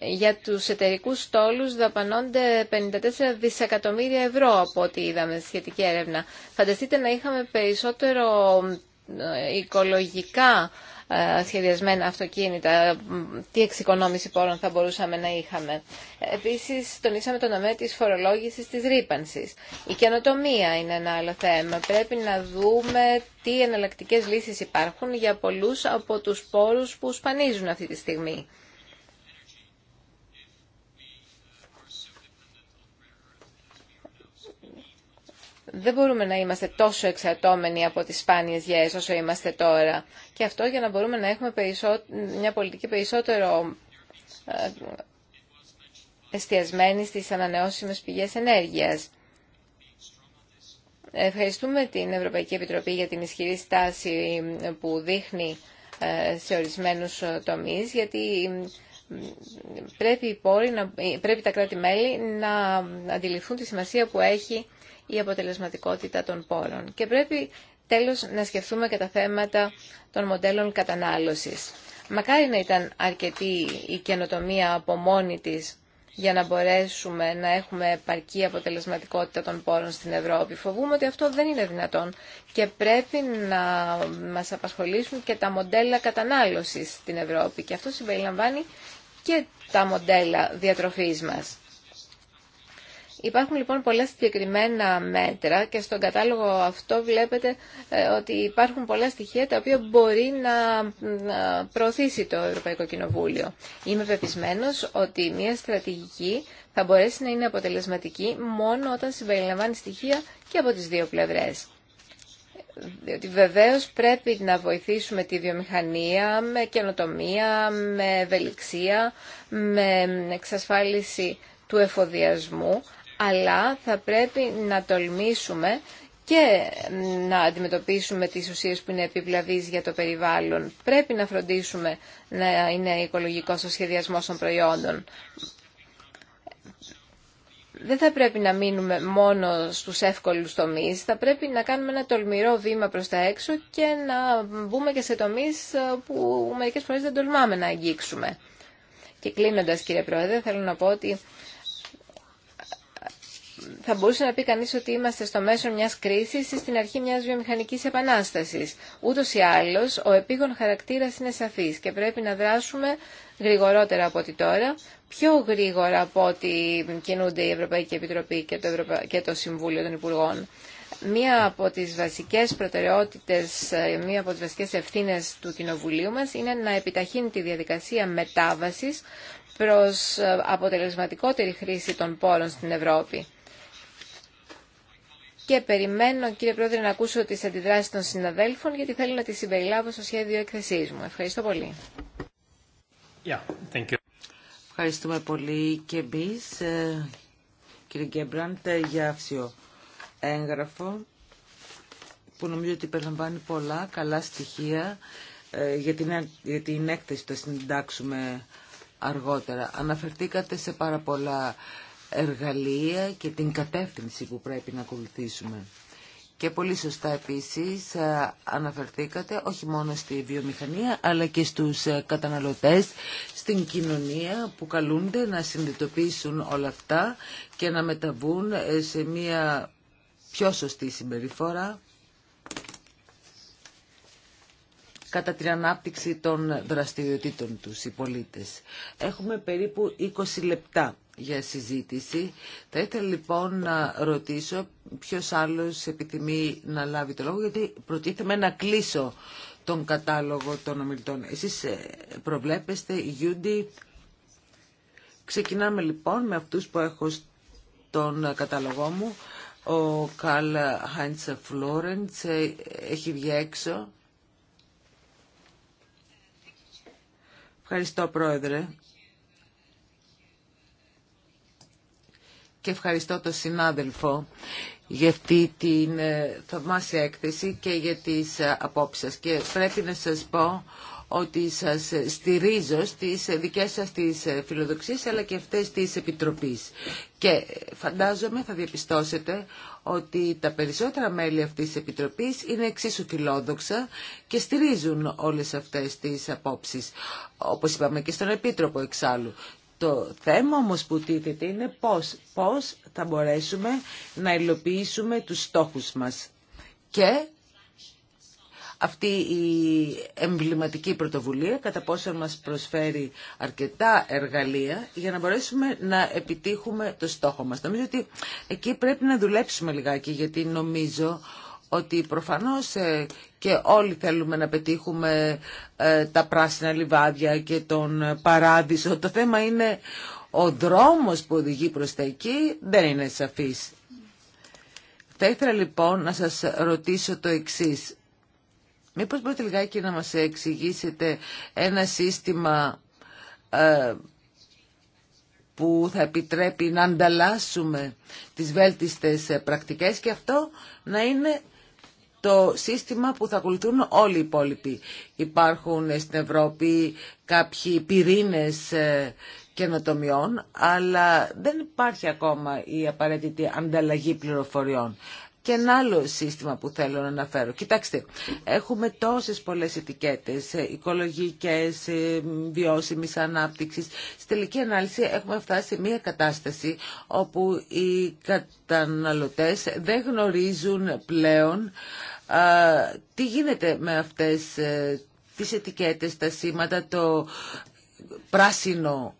Για τους εταιρικούς στόλους δαπανώνται 54 δισεκατομμύρια ευρώ από ό,τι είδαμε στη σχετική έρευνα. Φανταστείτε να είχαμε περισσότερο ε, οικολογικά ε, σχεδιασμένα αυτοκίνητα, τι εξοικονόμηση πόρων θα μπορούσαμε να είχαμε. Επίσης, τονίσαμε τον αμέ της φορολόγησης της ρήπανσης. Η καινοτομία είναι ένα άλλο θέμα. Πρέπει να δούμε τι εναλλακτικές λύσεις υπάρχουν για πολλούς από τους πόρους που σπανίζουν αυτή τη στιγμή. δεν μπορούμε να είμαστε τόσο εξαρτώμενοι από τις σπάνιες γέες όσο είμαστε τώρα. Και αυτό για να μπορούμε να έχουμε μια πολιτική περισσότερο ε, εστιασμένη στις ανανεώσιμες πηγές ενέργειας. Ευχαριστούμε την Ευρωπαϊκή Επιτροπή για την ισχυρή στάση ε, που δείχνει ε, σε ορισμένους τομείς, γιατί πρέπει, οι πόροι, πρέπει τα κράτη-μέλη να αντιληφθούν τη σημασία που έχει η αποτελεσματικότητα των πόρων. Και πρέπει τέλος να σκεφτούμε και τα θέματα των μοντέλων κατανάλωσης. Μακάρι να ήταν αρκετή η καινοτομία από μόνη της για να μπορέσουμε να έχουμε επαρκή αποτελεσματικότητα των πόρων στην Ευρώπη. Φοβούμαι ότι αυτό δεν είναι δυνατόν και πρέπει να μας απασχολήσουν και τα μοντέλα κατανάλωσης στην Ευρώπη και αυτό συμπεριλαμβάνει και τα μοντέλα διατροφής μας. Υπάρχουν λοιπόν πολλά συγκεκριμένα μέτρα και στον κατάλογο αυτό βλέπετε ε, ότι υπάρχουν πολλά στοιχεία τα οποία μπορεί να προωθήσει το Ευρωπαϊκό Κοινοβούλιο. Είμαι πεπισμένος ότι μια στρατηγική θα μπορέσει να είναι αποτελεσματική μόνο όταν συμπεριλαμβάνει στοιχεία και από τις δύο πλευρές. Διότι βεβαίως πρέπει να βοηθήσουμε τη βιομηχανία με καινοτομία, με ευελιξία, με εξασφάλιση του εφοδιασμού, αλλά θα πρέπει να τολμήσουμε και να αντιμετωπίσουμε τις ουσίες που είναι επιβλαβείς για το περιβάλλον. Πρέπει να φροντίσουμε να είναι οικολογικό ο σχεδιασμός των προϊόντων. Δεν θα πρέπει να μείνουμε μόνο στους εύκολους τομείς, θα πρέπει να κάνουμε ένα τολμηρό βήμα προς τα έξω και να μπούμε και σε τομείς που μερικές φορές δεν τολμάμε να αγγίξουμε. Και κλείνοντας κύριε Πρόεδρε, θέλω να πω ότι θα μπορούσε να πει κανείς ότι είμαστε στο μέσο μιας κρίσης ή στην αρχή μιας βιομηχανικής επανάστασης. Ούτως ή άλλως, ο επίγον χαρακτήρας είναι σαφής και πρέπει να δράσουμε γρηγορότερα από ό,τι τώρα, πιο γρήγορα από ό,τι κινούνται η Ευρωπαϊκή Επιτροπή και το, και το Συμβούλιο των Υπουργών. Μία από τις βασικές προτεραιότητες, μία από τις βασικές ευθύνες του Κοινοβουλίου μας είναι να επιταχύνει τη διαδικασία μετάβασης προς ε, αποτελεσματικότερη χρήση των πόρων στην Ευρώπη και περιμένω, κύριε Πρόεδρε, να ακούσω τις αντιδράσεις των συναδέλφων γιατί θέλω να τις συμπεριλάβω στο σχέδιο εκθεσής μου. Ευχαριστώ πολύ. Yeah, thank you. Ευχαριστούμε πολύ και εμείς, ε, κύριε Γκέμπραντ, ε, για αυσιο έγγραφο που νομίζω ότι περιλαμβάνει πολλά καλά στοιχεία ε, για την, για την έκθεση που θα συντάξουμε αργότερα. Αναφερθήκατε σε πάρα πολλά εργαλεία και την κατεύθυνση που πρέπει να ακολουθήσουμε. Και πολύ σωστά επίσης ε, αναφερθήκατε όχι μόνο στη βιομηχανία αλλά και στους ε, καταναλωτές, στην κοινωνία που καλούνται να συνειδητοποιήσουν όλα αυτά και να μεταβούν ε, σε μια πιο σωστή συμπεριφορά κατά την ανάπτυξη των δραστηριοτήτων τους οι πολίτες. Έχουμε περίπου 20 λεπτά για συζήτηση. Θα ήθελα λοιπόν να ρωτήσω ποιος άλλος επιθυμεί να λάβει το λόγο, γιατί προτίθεμαι να κλείσω τον κατάλογο των ομιλητών. Εσείς ε, προβλέπεστε, Γιούντι. Ξεκινάμε λοιπόν με αυτούς που έχω στον κατάλογό μου. Ο Καλ Χάιντς Φλόρεντς ε, έχει βγει έξω. Ευχαριστώ, Πρόεδρε. και ευχαριστώ τον συνάδελφο για αυτή την ε, θαυμάσια έκθεση και για τις ε, απόψεις σας. Και πρέπει να σας πω ότι σας στηρίζω στις δικές σας τις ε, φιλοδοξίες αλλά και αυτές της Επιτροπής. Και φαντάζομαι θα διαπιστώσετε ότι τα περισσότερα μέλη αυτής της Επιτροπής είναι εξίσου φιλόδοξα και στηρίζουν όλες αυτές τις απόψεις. Όπως είπαμε και στον Επίτροπο εξάλλου. Το θέμα όμως που τίθεται είναι πώς, πώς θα μπορέσουμε να υλοποιήσουμε τους στόχους μας. Και αυτή η εμβληματική πρωτοβουλία κατά πόσο μας προσφέρει αρκετά εργαλεία για να μπορέσουμε να επιτύχουμε το στόχο μας. Νομίζω ότι εκεί πρέπει να δουλέψουμε λιγάκι γιατί νομίζω ότι προφανώς ε, και όλοι θέλουμε να πετύχουμε ε, τα πράσινα λιβάδια και τον παράδεισο. Το θέμα είναι ο δρόμος που οδηγεί προς τα εκεί δεν είναι σαφής. Θα ήθελα λοιπόν να σας ρωτήσω το εξής. Μήπως μπορείτε λιγάκι να μας εξηγήσετε ένα σύστημα ε, που θα επιτρέπει να ανταλλάσσουμε τις βέλτιστες πρακτικές και αυτό να είναι το σύστημα που θα ακολουθούν όλοι οι υπόλοιποι. Υπάρχουν στην Ευρώπη κάποιοι πυρήνες ε, καινοτομιών, αλλά δεν υπάρχει ακόμα η απαραίτητη ανταλλαγή πληροφοριών και ένα άλλο σύστημα που θέλω να αναφέρω. Κοιτάξτε, έχουμε τόσες πολλές ετικέτες, ε, οικολογικές, ε, βιώσιμης ανάπτυξης. Στη τελική ανάλυση έχουμε φτάσει σε μια κατάσταση όπου οι καταναλωτές δεν γνωρίζουν πλέον τι γίνεται με αυτές ε, τις ετικέτες, τα σήματα, το πράσινο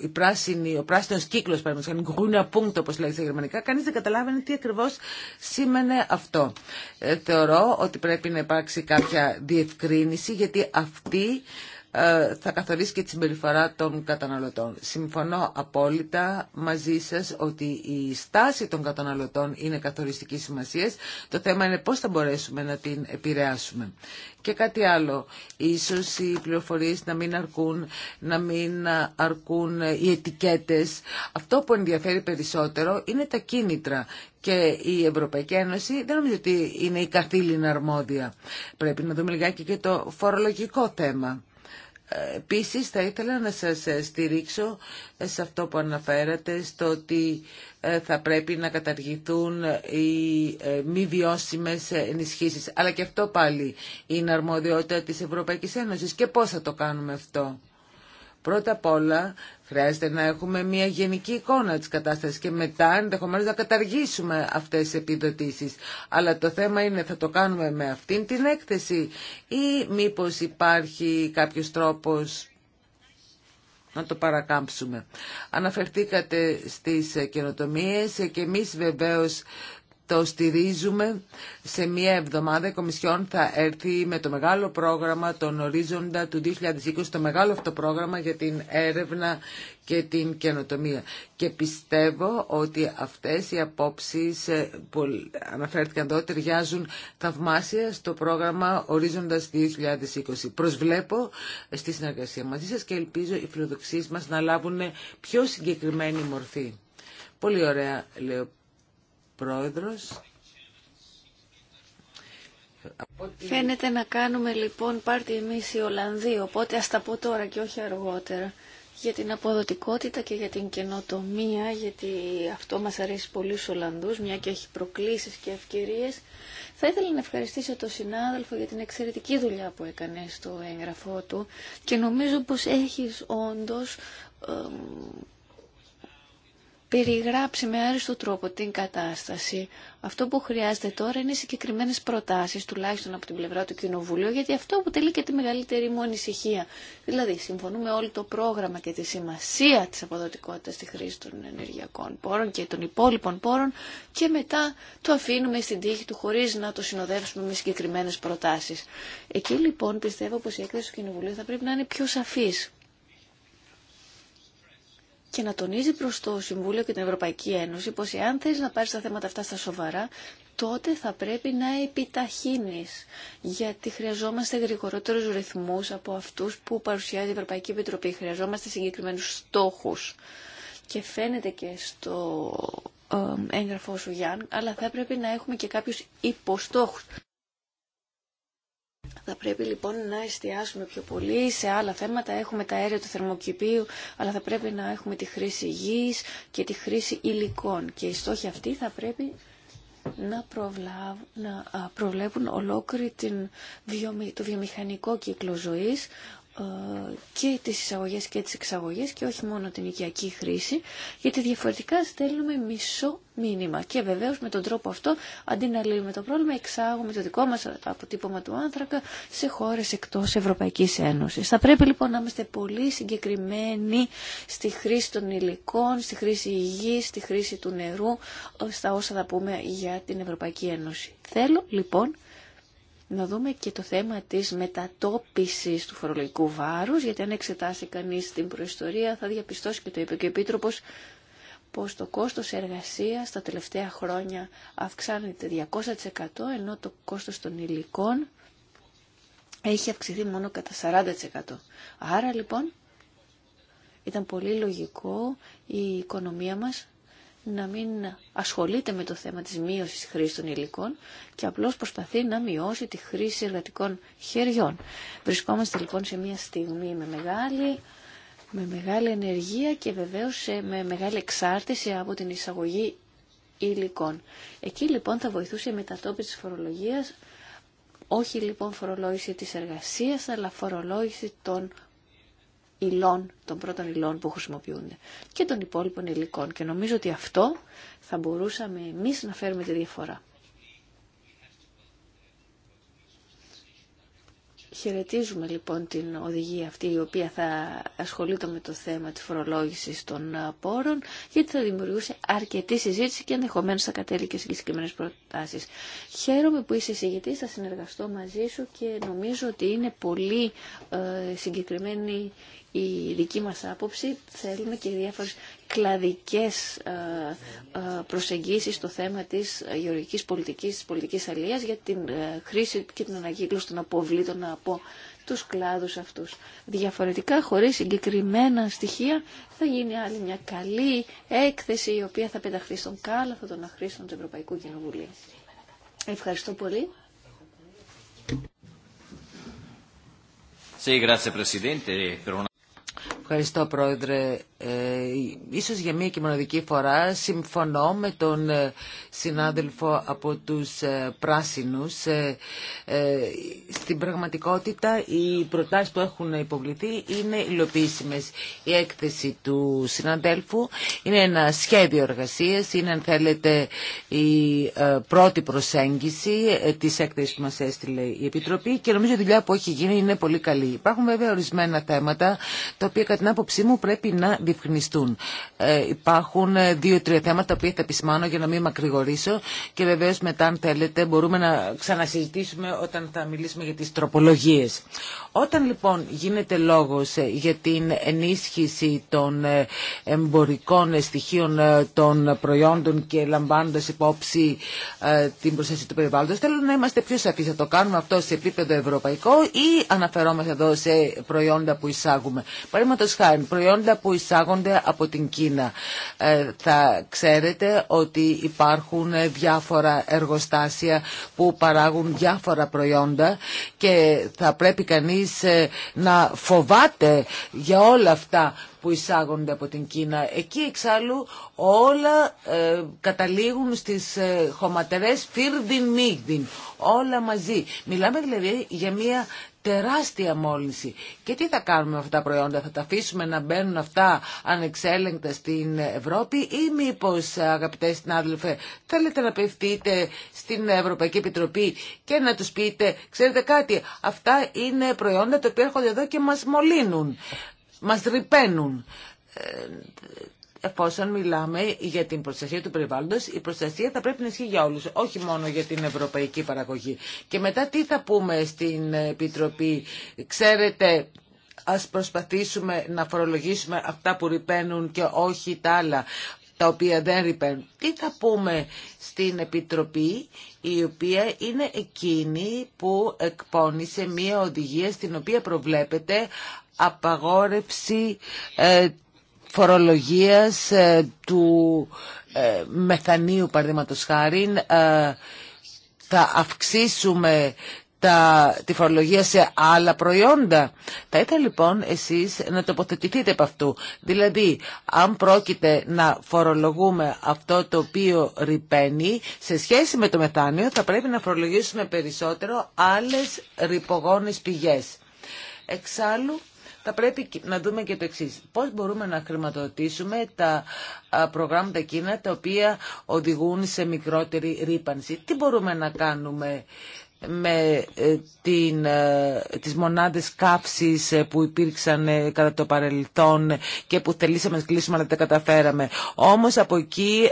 η πράσινη, ο πράσινος κύκλος, παραδείγματος, γκρούνα πούντο, όπως λέγεται στα γερμανικά, κανείς δεν καταλάβαινε τι ακριβώς σήμαινε αυτό. Ε, θεωρώ ότι πρέπει να υπάρξει κάποια διευκρίνηση, γιατί αυτή ε, θα καθορίσει και τη συμπεριφορά των καταναλωτών. Συμφωνώ απόλυτα μαζί σας ότι η στάση των καταναλωτών είναι καθοριστική σημασία. Το θέμα είναι πώς θα μπορέσουμε να την επηρεάσουμε. Και κάτι άλλο, ίσως οι πληροφορίες να μην αρκούν, να μην αρκούν οι ετικέτες. Αυτό που ενδιαφέρει περισσότερο είναι τα κίνητρα και η Ευρωπαϊκή Ένωση δεν νομίζω ότι είναι η καθήλυνα αρμόδια. Πρέπει να δούμε λιγάκι και το φορολογικό θέμα. Επίσης θα ήθελα να σας στηρίξω σε αυτό που αναφέρατε στο ότι ε, θα πρέπει να καταργηθούν οι ε, μη βιώσιμες ενισχύσεις. Αλλά και αυτό πάλι είναι αρμοδιότητα της Ευρωπαϊκής Ένωσης. Και πώς θα το κάνουμε αυτό. Πρώτα απ' όλα χρειάζεται να έχουμε μια γενική εικόνα της κατάστασης και μετά ενδεχομένως να καταργήσουμε αυτές τις επιδοτήσεις. Αλλά το θέμα είναι θα το κάνουμε με αυτήν την έκθεση ή μήπως υπάρχει κάποιος τρόπος να το παρακάμψουμε. Αναφερθήκατε στις καινοτομίες και εμείς βεβαίως το στηρίζουμε σε μία εβδομάδα. Η Κομισιόν θα έρθει με το μεγάλο πρόγραμμα, τον ορίζοντα του 2020, το μεγάλο αυτό πρόγραμμα για την έρευνα και την καινοτομία. Και πιστεύω ότι αυτές οι απόψεις ε, που αναφέρθηκαν εδώ ταιριάζουν θαυμάσια στο πρόγραμμα Ορίζοντας 2020. Προσβλέπω στη συνεργασία μαζί σας και ελπίζω οι φιλοδοξίες μας να λάβουν πιο συγκεκριμένη μορφή. Πολύ ωραία, λέω. Πρόεδρος. Φαίνεται να κάνουμε λοιπόν πάρτι εμείς οι Ολλανδοί, οπότε ας τα πω τώρα και όχι αργότερα. Για την αποδοτικότητα και για την καινοτομία, γιατί αυτό μας αρέσει πολύ στους Ολλανδούς, μια και έχει προκλήσεις και ευκαιρίες. Θα ήθελα να ευχαριστήσω τον συνάδελφο για την εξαιρετική δουλειά που έκανε στο έγγραφό του και νομίζω πως έχεις όντως περιγράψει με άριστο τρόπο την κατάσταση. Αυτό που χρειάζεται τώρα είναι συγκεκριμένε προτάσει, τουλάχιστον από την πλευρά του Κοινοβουλίου, γιατί αυτό αποτελεί και τη μεγαλύτερη μου ανησυχία. Δηλαδή, συμφωνούμε όλοι το πρόγραμμα και τη σημασία τη αποδοτικότητα στη χρήση των ενεργειακών πόρων και των υπόλοιπων πόρων και μετά το αφήνουμε στην τύχη του χωρί να το συνοδεύσουμε με συγκεκριμένε προτάσει. Εκεί λοιπόν πιστεύω πω η έκθεση του Κοινοβουλίου θα πρέπει να είναι πιο σαφή και να τονίζει προς το Συμβούλιο και την Ευρωπαϊκή Ένωση πως εάν θες να πάρεις τα θέματα αυτά στα σοβαρά, τότε θα πρέπει να επιταχύνεις, γιατί χρειαζόμαστε γρηγορότερους ρυθμούς από αυτούς που παρουσιάζει η Ευρωπαϊκή Επιτροπή. Χρειαζόμαστε συγκεκριμένους στόχους και φαίνεται και στο ε, έγγραφό σου Γιάνν, αλλά θα πρέπει να έχουμε και κάποιους υποστόχους. Θα πρέπει λοιπόν να εστιάσουμε πιο πολύ σε άλλα θέματα. Έχουμε τα αέρια του θερμοκηπίου, αλλά θα πρέπει να έχουμε τη χρήση γης και τη χρήση υλικών. Και οι στόχοι αυτοί θα πρέπει να, προβλάβ, να προβλέπουν ολόκληρη την το βιομηχανικό κύκλο ζωής, ε, και τις εισαγωγές και τις εξαγωγές και όχι μόνο την οικιακή χρήση, γιατί διαφορετικά στέλνουμε μισό μήνυμα. Και βεβαίως με τον τρόπο αυτό, αντί να λύνουμε το πρόβλημα, εξάγουμε το δικό μας αποτύπωμα του άνθρακα σε χώρες εκτός Ευρωπαϊκής Ένωσης. Θα πρέπει λοιπόν να είμαστε πολύ συγκεκριμένοι στη χρήση των υλικών, στη χρήση υγιής, στη χρήση του νερού, ε, στα όσα θα πούμε για την Ευρωπαϊκή Ένωση. Θέλω λοιπόν να δούμε και το θέμα της μετατόπισης του φορολογικού βάρους, γιατί αν εξετάσει κανείς την προϊστορία θα διαπιστώσει και το είπε και ο Επίτροπος, πως το κόστος εργασίας τα τελευταία χρόνια αυξάνεται 200% ενώ το κόστος των υλικών έχει αυξηθεί μόνο κατά 40%. Άρα λοιπόν ήταν πολύ λογικό η οικονομία μας να μην ασχολείται με το θέμα της μείωσης χρήσης των υλικών και απλώς προσπαθεί να μειώσει τη χρήση εργατικών χεριών. Βρισκόμαστε λοιπόν σε μια στιγμή με μεγάλη, με μεγάλη ενεργία και βεβαίως με μεγάλη εξάρτηση από την εισαγωγή υλικών. Εκεί λοιπόν θα βοηθούσε η μετατόπιση της φορολογίας, όχι λοιπόν φορολόγηση της εργασίας, αλλά φορολόγηση των υλών, των πρώτων υλών που χρησιμοποιούνται και των υπόλοιπων υλικών. Και νομίζω ότι αυτό θα μπορούσαμε εμείς να φέρουμε τη διαφορά. Χαιρετίζουμε λοιπόν την οδηγία αυτή η οποία θα ασχολείται με το θέμα της φορολόγησης των ε, πόρων γιατί θα δημιουργούσε αρκετή συζήτηση και ενδεχομένω θα κατέληγε σε συγκεκριμένε προτάσεις. Χαίρομαι που είσαι συγγετής, θα συνεργαστώ μαζί σου και νομίζω ότι είναι πολύ ε, συγκεκριμένη η δική μας άποψη θέλουμε και διάφορες κλαδικές ε, ε, προσεγγίσεις στο θέμα της γεωργικής πολιτικής, της πολιτικής αλίας για την ε, χρήση και την ανακύκλωση των αποβλήτων από τους κλάδους αυτούς. Διαφορετικά, χωρίς συγκεκριμένα στοιχεία, θα γίνει άλλη μια καλή έκθεση η οποία θα πεταχθεί στον κάλαθο των αχρήστων του Ευρωπαϊκού Κοινοβουλίου. Ευχαριστώ πολύ. Ευχαριστώ πρόεδρε. Ε, ίσως για μία και μοναδική φορά συμφωνώ με τον ε, συνάδελφο από τους ε, πράσινους. Ε, ε, στην πραγματικότητα οι προτάσεις που έχουν υποβληθεί είναι υλοποιήσιμες. Η έκθεση του συναδέλφου είναι ένα σχέδιο εργασίας, είναι αν θέλετε η πρώτη προσέγγιση της έκθεσης που μας έστειλε η Επιτροπή και νομίζω η δουλειά που έχει γίνει είναι πολύ καλή. Υπάρχουν βέβαια ορισμένα θέματα τα οποία κατά την άποψή μου πρέπει να ε, υπάρχουν ε, δύο-τρία θέματα που θα επισημάνω για να μην μακρηγορήσω και βεβαίω μετά αν θέλετε μπορούμε να ξανασυζητήσουμε όταν θα μιλήσουμε για τι τροπολογίε. Όταν λοιπόν γίνεται λόγο ε, για την ενίσχυση των ε, εμπορικών στοιχείων των προϊόντων και λαμβάνοντα υπόψη την προστασία του περιβάλλοντο, θέλω να είμαστε πιο σαφεί. Θα το κάνουμε αυτό σε επίπεδο ευρωπαϊκό ή αναφερόμαστε εδώ σε προϊόντα που εισάγουμε. Παραδείγματο χάρη, προϊόντα που εισάγουμε από την Κίνα. Ε, θα ξέρετε ότι υπάρχουν διάφορα εργοστάσια που παράγουν διάφορα προϊόντα και θα πρέπει κανείς ε, να φοβάται για όλα αυτά που εισάγονται από την Κίνα. Εκεί εξάλλου όλα ε, καταλήγουν στις ε, χωματερές φίρδιν μίγδιν. Όλα μαζί. Μιλάμε δηλαδή για μια τεράστια μόλυνση. Και τι θα κάνουμε με αυτά τα προϊόντα, θα τα αφήσουμε να μπαίνουν αυτά ανεξέλεγκτα στην Ευρώπη ή μήπως αγαπητέ συνάδελφε θέλετε να πευτείτε στην Ευρωπαϊκή Επιτροπή και να τους πείτε, ξέρετε κάτι, αυτά είναι προϊόντα τα οποία έρχονται εδώ και μας μολύνουν, μας ρηπαίνουν. Ε, εφόσον μιλάμε για την προστασία του περιβάλλοντος, η προστασία θα πρέπει να ισχύει για όλους, όχι μόνο για την ευρωπαϊκή παραγωγή. Και μετά τι θα πούμε στην Επιτροπή, ξέρετε, ας προσπαθήσουμε να φορολογήσουμε αυτά που ρηπαίνουν και όχι τα άλλα τα οποία δεν ρηπαίνουν. Τι θα πούμε στην Επιτροπή, η οποία είναι εκείνη που εκπώνησε μία οδηγία στην οποία προβλέπεται απαγόρευση ε, φορολογίας ε, του ε, μεθανίου παραδείγματος χάρη ε, θα αυξήσουμε τα, τη φορολογία σε άλλα προϊόντα. Θα ήθελα λοιπόν εσείς να τοποθετηθείτε από αυτού. Δηλαδή, αν πρόκειται να φορολογούμε αυτό το οποίο ρηπαίνει, σε σχέση με το μεθάνιο θα πρέπει να φορολογήσουμε περισσότερο άλλες ρηπογόνες πηγές. Εξάλλου, θα πρέπει να δούμε και το εξή. Πώς μπορούμε να χρηματοδοτήσουμε τα προγράμματα εκείνα τα οποία οδηγούν σε μικρότερη ρήπανση. Τι μπορούμε να κάνουμε με ε, την, ε, τις μονάδες καύσης ε, που υπήρξαν κατά το παρελθόν και που θελήσαμε να κλείσουμε αλλά δεν τα καταφέραμε. Όμως από εκεί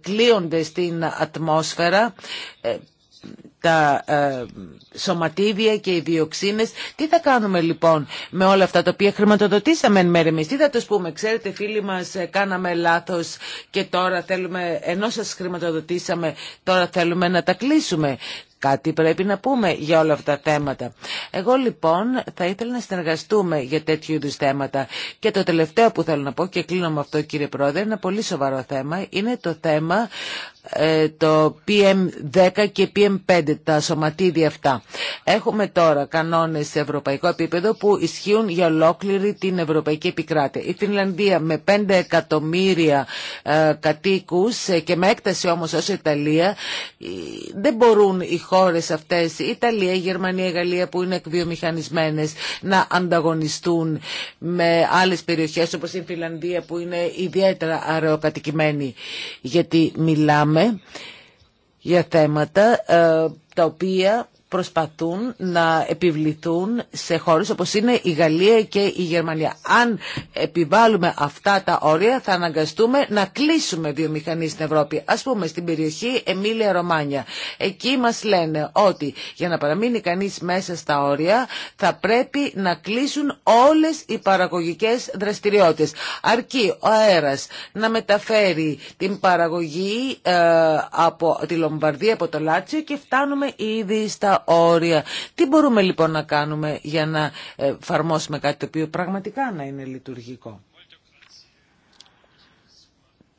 κλείονται στην ατμόσφαιρα τα ε, σωματίδια και οι διοξίνες. Τι θα κάνουμε λοιπόν με όλα αυτά τα οποία χρηματοδοτήσαμε εν μέρει εμείς. Τι θα τους πούμε. Ξέρετε φίλοι μας ε, κάναμε λάθος και τώρα θέλουμε, ενώ σας χρηματοδοτήσαμε, τώρα θέλουμε να τα κλείσουμε. Κάτι πρέπει να πούμε για όλα αυτά τα θέματα. Εγώ λοιπόν θα ήθελα να συνεργαστούμε για τέτοιου είδου θέματα. Και το τελευταίο που θέλω να πω και κλείνω με αυτό κύριε Πρόεδρε, ένα πολύ σοβαρό θέμα, είναι το θέμα ε, το PM10 και PM5, τα σωματίδια αυτά. Έχουμε τώρα κανόνες σε ευρωπαϊκό επίπεδο που ισχύουν για ολόκληρη την ευρωπαϊκή επικράτεια. Η Φινλανδία με 5 εκατομμύρια ε, κατοίκους ε, και με έκταση όμως ως Ιταλία ε, δεν μπορούν οι χώρες αυτές, η Ιταλία, η Γερμανία, η Γαλλία που είναι εκβιομηχανισμένες να ανταγωνιστούν με άλλες περιοχές όπως η Φιλανδία που είναι ιδιαίτερα αραιοκατοικημένη. γιατί μιλάμε για θέματα ε, τα οποία προσπαθούν να επιβληθούν σε χώρες όπως είναι η Γαλλία και η Γερμανία. Αν επιβάλλουμε αυτά τα όρια θα αναγκαστούμε να κλείσουμε βιομηχανίε στην Ευρώπη. Ας πούμε στην περιοχή Εμίλια Ρωμάνια. Εκεί μας λένε ότι για να παραμείνει κανείς μέσα στα όρια θα πρέπει να κλείσουν όλες οι παραγωγικές δραστηριότητες. Αρκεί ο αέρας να μεταφέρει την παραγωγή ε, από τη Λομπαρδία, από το Λάτσιο και φτάνουμε ήδη στα όρια. Τι μπορούμε λοιπόν να κάνουμε για να ε, εφαρμόσουμε κάτι το οποίο πραγματικά να είναι λειτουργικό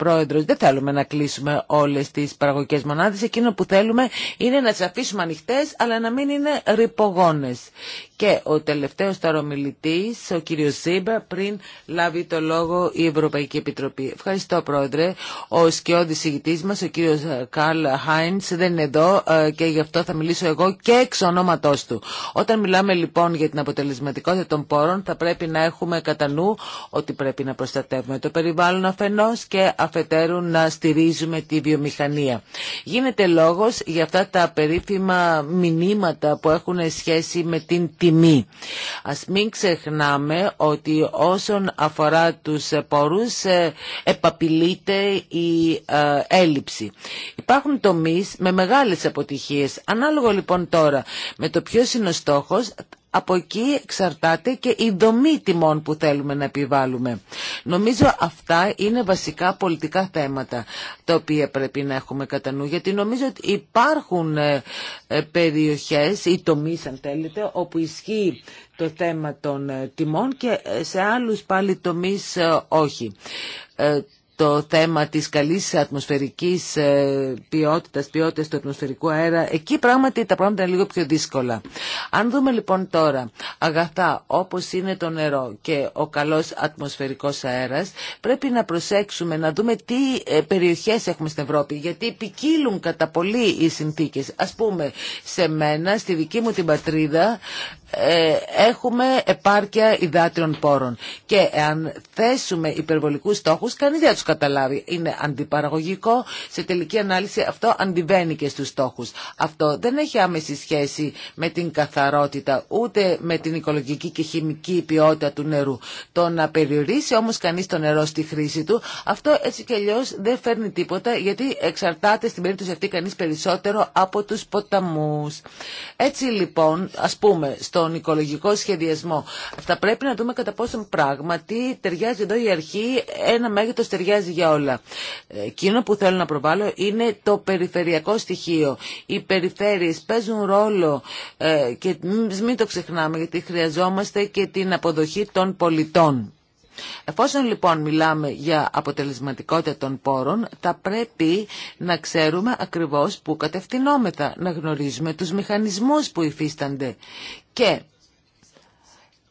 πρόεδρος, δεν θέλουμε να κλείσουμε όλες τις παραγωγικές μονάδες. Εκείνο που θέλουμε είναι να τις αφήσουμε ανοιχτές, αλλά να μην είναι ρηπογόνες. Και ο τελευταίος ταρομιλητής, ο κύριος Σίμπα, πριν λάβει το λόγο η Ευρωπαϊκή Επιτροπή. Ευχαριστώ πρόεδρε. Ο σκιώδης ηγητής μας, ο κύριος Καρλ Χάιντς, δεν είναι εδώ ε, και γι' αυτό θα μιλήσω εγώ και εξ ονόματός του. Όταν μιλάμε λοιπόν για την αποτελεσματικότητα των πόρων, θα πρέπει να έχουμε κατά νου ότι πρέπει να προστατεύουμε το περιβάλλον αφενός και αφετέρου να στηρίζουμε τη βιομηχανία. Γίνεται λόγος για αυτά τα περίφημα μηνύματα που έχουν σχέση με την τιμή. Ας μην ξεχνάμε ότι όσον αφορά τους πόρους ε, επαπειλείται η ε, έλλειψη. Υπάρχουν τομείς με μεγάλες αποτυχίες. Ανάλογο λοιπόν τώρα με το ποιος είναι ο στόχος, από εκεί εξαρτάται και η δομή τιμών που θέλουμε να επιβάλλουμε. Νομίζω αυτά είναι βασικά πολιτικά θέματα τα οποία πρέπει να έχουμε κατά νου γιατί νομίζω ότι υπάρχουν ε, ε, περιοχές ή τομείς αν θέλετε όπου ισχύει το θέμα των ε, τιμών και σε άλλους πάλι τομείς όχι το θέμα της καλής ατμοσφαιρικής ε, ποιότητας, ποιότητας του ατμοσφαιρικού αέρα, εκεί πράγματι τα πράγματα είναι λίγο πιο δύσκολα. Αν δούμε λοιπόν τώρα αγαθά όπως είναι το νερό και ο καλός ατμοσφαιρικός αέρας, πρέπει να προσέξουμε να δούμε τι ε, περιοχές έχουμε στην Ευρώπη, γιατί επικύλουν κατά πολύ οι συνθήκες. Ας πούμε, σε μένα, στη δική μου την πατρίδα, ε, έχουμε επάρκεια υδάτριων πόρων. Και αν θέσουμε υπερβολικούς στόχους, κανείς δεν τους καταλάβει. Είναι αντιπαραγωγικό, σε τελική ανάλυση αυτό αντιβαίνει και στους στόχους. Αυτό δεν έχει άμεση σχέση με την καθαρότητα, ούτε με την οικολογική και χημική ποιότητα του νερού. Το να περιορίσει όμως κανείς το νερό στη χρήση του, αυτό έτσι και αλλιώ δεν φέρνει τίποτα, γιατί εξαρτάται στην περίπτωση αυτή κανείς περισσότερο από τους ποταμούς. Έτσι λοιπόν, ας πούμε, τον οικολογικό σχεδιασμό. Αυτά πρέπει να δούμε κατά πόσον πράγματι ταιριάζει εδώ η αρχή, ένα μέγεθος ταιριάζει για όλα. Ε, εκείνο που θέλω να προβάλλω είναι το περιφερειακό στοιχείο. Οι περιφέρειες παίζουν ρόλο ε, και μην το ξεχνάμε γιατί χρειαζόμαστε και την αποδοχή των πολιτών. Εφόσον λοιπόν μιλάμε για αποτελεσματικότητα των πόρων, θα πρέπει να ξέρουμε ακριβώς που κατευθυνόμεθα, να γνωρίζουμε τους μηχανισμούς που υφίστανται. Και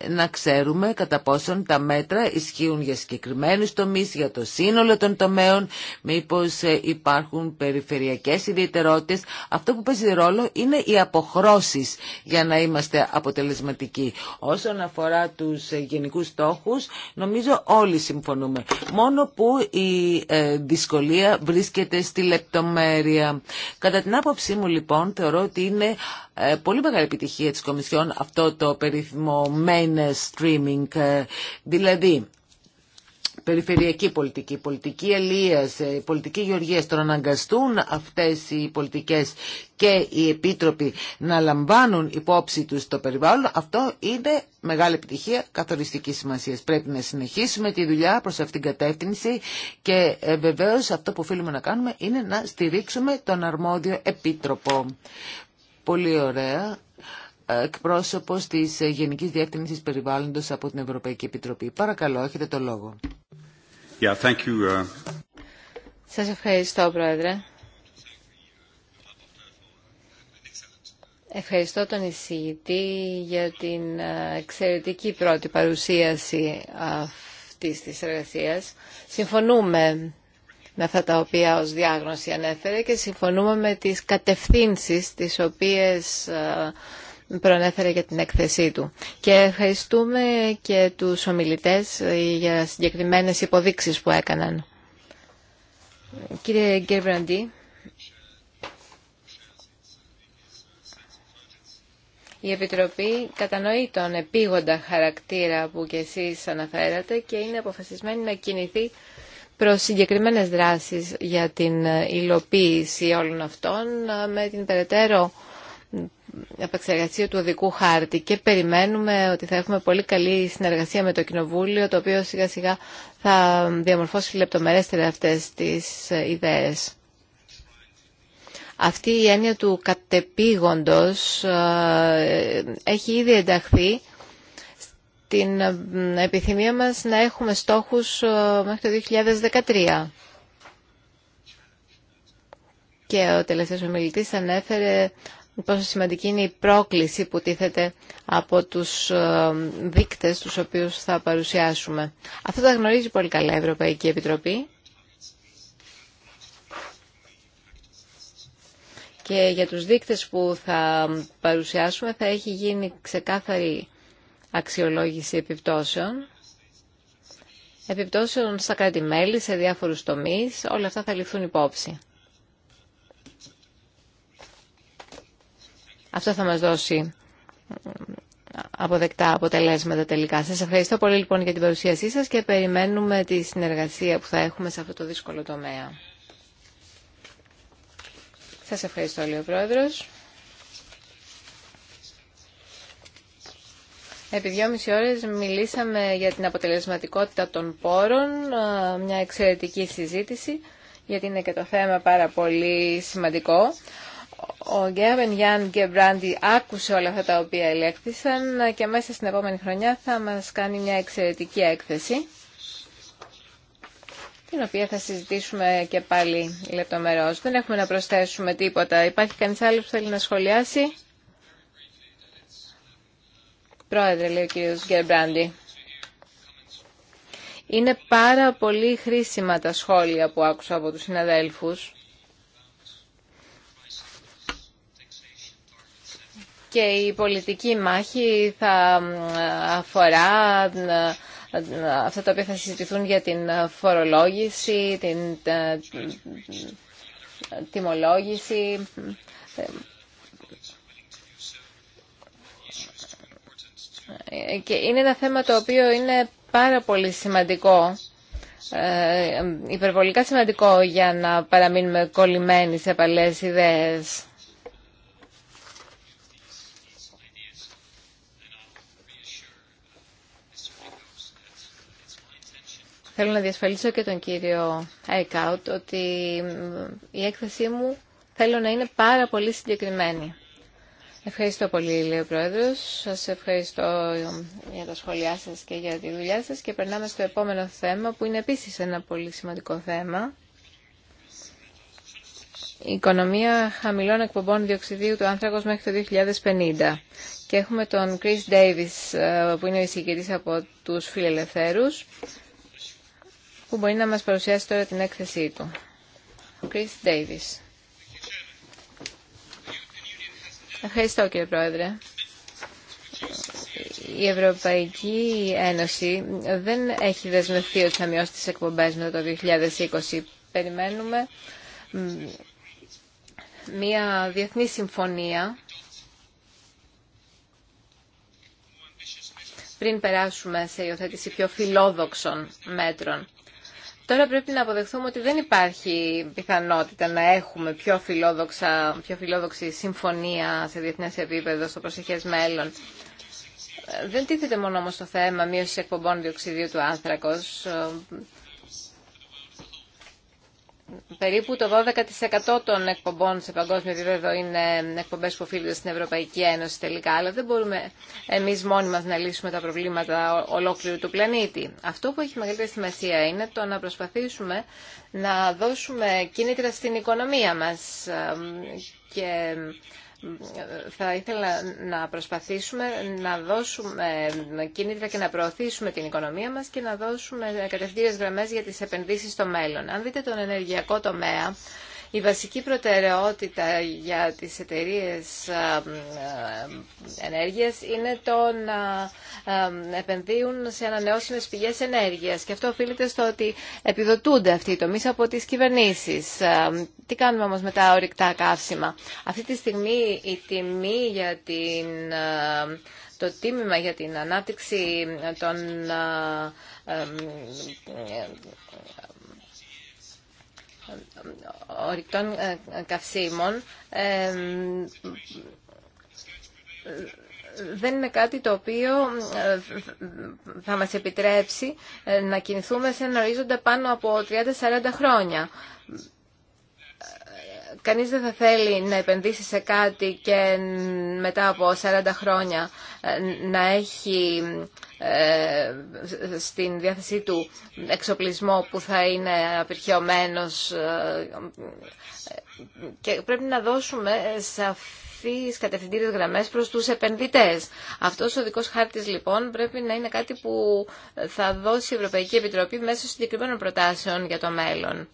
να ξέρουμε κατά πόσον τα μέτρα ισχύουν για συγκεκριμένους τομείς, για το σύνολο των τομέων, μήπως ε, υπάρχουν περιφερειακές ιδιαιτερότητες. Αυτό που παίζει ρόλο είναι οι αποχρώσεις για να είμαστε αποτελεσματικοί. Όσον αφορά τους ε, γενικούς στόχους, νομίζω όλοι συμφωνούμε. Μόνο που η ε, δυσκολία βρίσκεται στη λεπτομέρεια. Κατά την άποψή μου λοιπόν θεωρώ ότι είναι ε, πολύ μεγάλη επιτυχία της Κομισιόν αυτό το περίφημο mainstreaming, ε, δηλαδή περιφερειακή πολιτική, πολιτική ελίας, ε, πολιτική γεωργίας, το να αναγκαστούν αυτές οι πολιτικές και οι επίτροποι να λαμβάνουν υπόψη τους το περιβάλλον, αυτό είναι μεγάλη επιτυχία καθοριστικής σημασίας. Πρέπει να συνεχίσουμε τη δουλειά προς αυτήν την κατεύθυνση και βεβαίως αυτό που οφείλουμε να κάνουμε είναι να στηρίξουμε τον αρμόδιο επίτροπο. Πολύ ωραία. εκπρόσωπο της Γενικής διεύθυνση περιβάλλοντο από την Ευρωπαϊκή Επιτροπή. Παρακαλώ, έχετε το λόγο. Yeah, uh, Σας ευχαριστώ, Πρόεδρε. Ευχαριστώ τον εισηγητή για την ε, εξαιρετική πρώτη παρουσίαση αυτής της εργασίας. Συμφωνούμε με αυτά τα οποία ως διάγνωση ανέφερε και συμφωνούμε με τις κατευθύνσεις τις οποίες ε, προανέφερε για την έκθεσή του. Και ευχαριστούμε και τους ομιλητές ε, για συγκεκριμένες υποδείξεις που έκαναν. Κύριε Γκέρβραντι, η Επιτροπή κατανοεί τον επίγοντα χαρακτήρα που και εσείς αναφέρατε και είναι αποφασισμένη να κινηθεί προς συγκεκριμένες δράσεις για την υλοποίηση όλων αυτών με την περαιτέρω επεξεργασία του οδικού χάρτη και περιμένουμε ότι θα έχουμε πολύ καλή συνεργασία με το Κοινοβούλιο το οποίο σιγά σιγά θα διαμορφώσει λεπτομερέστερα αυτές τις ε, ιδέες. Αυτή η έννοια του κατεπήγοντος ε, έχει ήδη ενταχθεί την ε, επιθυμία μας να έχουμε στόχους ε, μέχρι το 2013. Και ο τελευταίος ομιλητής ανέφερε πόσο σημαντική είναι η πρόκληση που τίθεται από τους ε, δείκτες τους οποίους θα παρουσιάσουμε. Αυτό τα γνωρίζει πολύ καλά η Ευρωπαϊκή Επιτροπή. Και για τους δείκτες που θα παρουσιάσουμε θα έχει γίνει ξεκάθαρη αξιολόγηση επιπτώσεων, επιπτώσεων στα κράτη-μέλη, σε διάφορους τομείς, όλα αυτά θα ληφθούν υπόψη. Αυτό θα μας δώσει αποδεκτά αποτελέσματα τελικά. Σας ευχαριστώ πολύ λοιπόν για την παρουσίασή σας και περιμένουμε τη συνεργασία που θα έχουμε σε αυτό το δύσκολο τομέα. Σας ευχαριστώ, λέει ο Επί δυόμιση ώρες μιλήσαμε για την αποτελεσματικότητα των πόρων, μια εξαιρετική συζήτηση, γιατί είναι και το θέμα πάρα πολύ σημαντικό. Ο Γκέβεν Γιάνν Γκεμπράντι άκουσε όλα αυτά τα οποία ελέγχθησαν και μέσα στην επόμενη χρονιά θα μας κάνει μια εξαιρετική έκθεση, την οποία θα συζητήσουμε και πάλι λεπτομερώς. Δεν έχουμε να προσθέσουμε τίποτα. Υπάρχει κανείς άλλος που θέλει να σχολιάσει. Πρόεδρε, λέει ο κύριος Γκερμπράντι. Είναι πάρα πολύ χρήσιμα τα σχόλια που άκουσα από τους συναδέλφους. Και η πολιτική μάχη θα αφορά αυτά τα οποία θα συζητηθούν για την φορολόγηση, την τιμολόγηση. Ε, και είναι ένα θέμα το οποίο είναι πάρα πολύ σημαντικό, ε, υπερβολικά σημαντικό για να παραμείνουμε κολλημένοι σε παλές ιδέες. Θέλω να διασφαλίσω και τον κύριο Αικάουτ ότι η έκθεσή μου θέλω να είναι πάρα πολύ συγκεκριμένη. Ευχαριστώ πολύ, λέει ο Πρόεδρος. Σας ευχαριστώ ε, για τα σχόλιά σα και για τη δουλειά σα και περνάμε στο επόμενο θέμα που είναι επίση ένα πολύ σημαντικό θέμα. Η οικονομία χαμηλών εκπομπών διοξιδίου του άνθρακο μέχρι το 2050. Και έχουμε τον Chris Davis ε, που είναι ο εισηγητή από του φιλελευθέρου, που μπορεί να μας παρουσιάσει τώρα την έκθεσή του. Chris Davis. Ευχαριστώ κύριε Πρόεδρε. Η Ευρωπαϊκή Ένωση δεν έχει δεσμευτεί ότι θα μειώσει τις εκπομπές μετά το 2020. Περιμένουμε μια διεθνή συμφωνία πριν περάσουμε σε υιοθέτηση πιο φιλόδοξων μέτρων. Τώρα πρέπει να αποδεχθούμε ότι δεν υπάρχει πιθανότητα να έχουμε πιο, φιλόδοξα, πιο φιλόδοξη συμφωνία σε διεθνέ επίπεδο στο προσεχέ μέλλον. Ε, δεν τίθεται μόνο όμω το θέμα μείωση εκπομπών διοξιδίου του άνθρακος. Ε, Περίπου το 12% των εκπομπών σε παγκόσμιο επίπεδο είναι εκπομπέ που οφείλονται στην Ευρωπαϊκή Ένωση τελικά, αλλά δεν μπορούμε εμεί μόνοι μα να λύσουμε τα προβλήματα ολόκληρου του πλανήτη. Αυτό που έχει μεγαλύτερη σημασία είναι το να προσπαθήσουμε να δώσουμε κίνητρα στην οικονομία μα ε, και θα ήθελα να προσπαθήσουμε να δώσουμε κίνητρα και να προωθήσουμε την οικονομία μας και να δώσουμε κατευθύνες γραμμές για τις επενδύσεις στο μέλλον. Αν δείτε τον ενεργειακό τομέα, η βασική προτεραιότητα για τις εταιρείες ε, ε, ενέργειας είναι το να ε, επενδύουν σε ανανεώσιμες πηγές ενέργειας και αυτό οφείλεται στο ότι επιδοτούνται αυτοί οι τομείς από τις κυβερνήσεις. Τι κάνουμε όμως με τα ορυκτά καύσιμα. Αυτή τη στιγμή η τιμή για την το τίμημα για την ανάπτυξη των ορυκτών ε, καυσίμων ε, δεν είναι κάτι το οποίο ε, θα μας επιτρέψει να κινηθούμε σε ένα ορίζοντα πάνω από 30-40 χρόνια. Κανείς δεν θα θέλει να επενδύσει σε κάτι και μετά από 40 χρόνια να έχει ε, στην διάθεσή του εξοπλισμό που θα είναι απερχαιωμένος ε, και πρέπει να δώσουμε σαφείς κατευθυντήριες γραμμές προς τους επενδυτές. Αυτός ο δικός χάρτης λοιπόν πρέπει να είναι κάτι που θα δώσει η Ευρωπαϊκή Επιτροπή μέσω συγκεκριμένων προτάσεων για το μέλλον.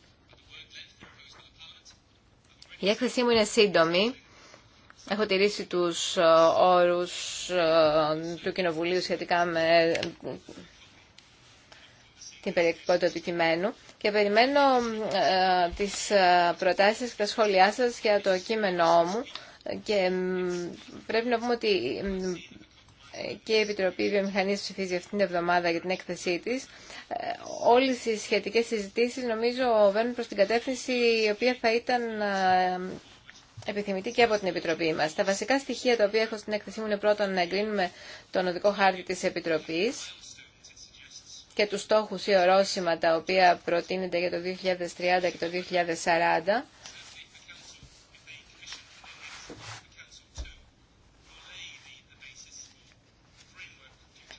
Η έκθεσή μου είναι σύντομη Έχω τηρήσει τους ε, όρους ε, του Κοινοβουλίου σχετικά με την περιεκτικότητα του κειμένου και περιμένω ε, τις προτάσεις και τα σχόλιά σας για το κείμενό μου και πρέπει να πούμε ότι και η Επιτροπή Βιομηχανίας ψηφίζει αυτήν την εβδομάδα για την έκθεσή της. Όλες οι σχετικές συζητήσεις νομίζω βαίνουν προς την κατεύθυνση η οποία θα ήταν επιθυμητή και από την Επιτροπή μας. Τα βασικά στοιχεία τα οποία έχω στην έκθεσή μου είναι πρώτον να εγκρίνουμε τον οδικό χάρτη της Επιτροπής και τους στόχους ή ορόσημα τα οποία προτείνεται για το 2030 και το 2040.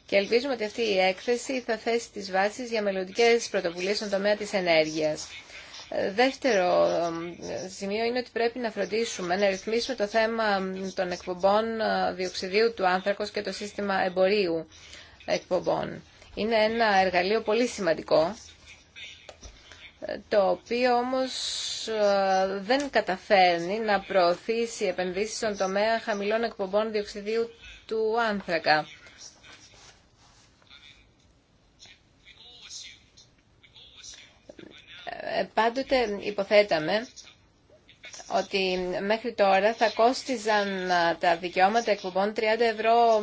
Και ελπίζουμε ότι αυτή η έκθεση θα θέσει τις βάσεις για μελλοντικές πρωτοβουλίες στον τομέα της ενέργειας. Δεύτερο σημείο είναι ότι πρέπει να φροντίσουμε, να ρυθμίσουμε το θέμα των εκπομπών ε, διοξιδίου του άνθρακος και το σύστημα εμπορίου εκπομπών. Είναι ένα εργαλείο πολύ σημαντικό, ε, το οποίο όμως ε, δεν καταφέρνει να προωθήσει επενδύσεις στον τομέα χαμηλών εκπομπών διοξιδίου του άνθρακα. Ε, πάντοτε υποθέταμε ότι μέχρι τώρα θα κόστιζαν τα δικαιώματα εκπομπών 30 ευρώ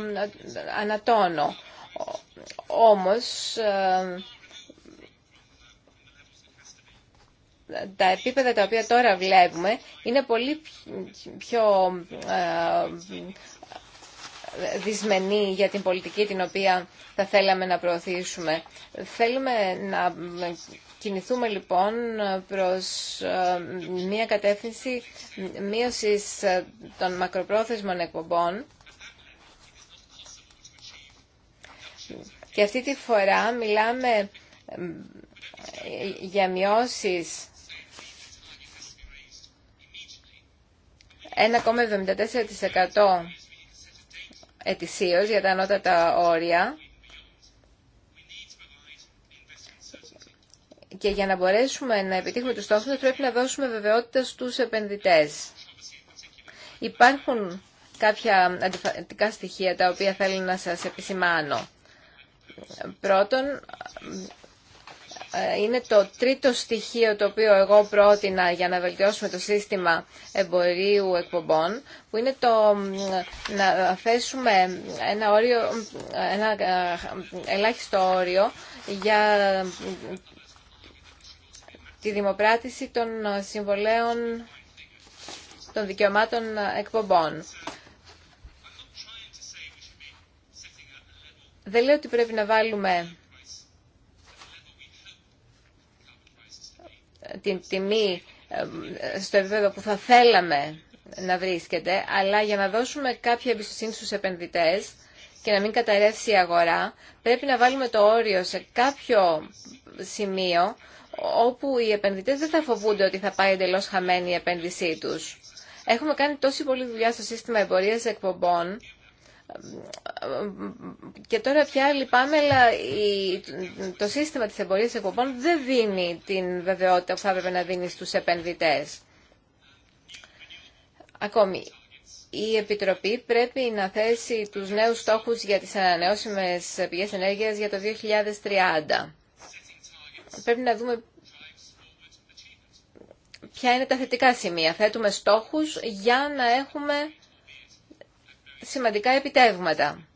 ανατόνο. Όμως, τα επίπεδα τα οποία τώρα βλέπουμε είναι πολύ πιο δυσμενή για την πολιτική την οποία θα θέλαμε να προωθήσουμε. Θέλουμε να κινηθούμε λοιπόν προς ε, μια κατεύθυνση μείωσης ε, των μακροπρόθεσμων εκπομπών και αυτή τη φορά μιλάμε ε, για μειώσεις 1,74% ετησίως για τα ανώτατα όρια Και για να μπορέσουμε να επιτύχουμε τους στόχους πρέπει να δώσουμε βεβαιότητα στους επενδυτές. Υπάρχουν κάποια αντιφατικά στοιχεία τα οποία θέλω να σας επισημάνω. Πρώτον, είναι το τρίτο στοιχείο το οποίο εγώ πρότεινα για να βελτιώσουμε το σύστημα εμπορίου εκπομπών, που είναι το να θέσουμε ένα, όριο, ένα ελάχιστο όριο για τη δημοπράτηση των συμβολέων των δικαιωμάτων εκπομπών. Δεν λέω ότι πρέπει να βάλουμε την τιμή ε, στο επίπεδο που θα θέλαμε να βρίσκεται, αλλά για να δώσουμε κάποια εμπιστοσύνη στους επενδυτές και να μην καταρρεύσει η αγορά, πρέπει να βάλουμε το όριο σε κάποιο σημείο όπου οι επενδυτές δεν θα φοβούνται ότι θα πάει εντελώ χαμένη η επένδυσή τους. Έχουμε κάνει τόση πολλή δουλειά στο σύστημα εμπορίας εκπομπών και τώρα πια λυπάμαι, αλλά το σύστημα της εμπορίας εκπομπών δεν δίνει την βεβαιότητα που θα έπρεπε να δίνει στους επενδυτές. Ακόμη, η Επιτροπή πρέπει να θέσει τους νέους στόχους για τις ανανεώσιμες πηγές ενέργειας για το 2030 πρέπει να δούμε ποια είναι τα θετικά σημεία. Θέτουμε στόχους για να έχουμε σημαντικά επιτεύγματα.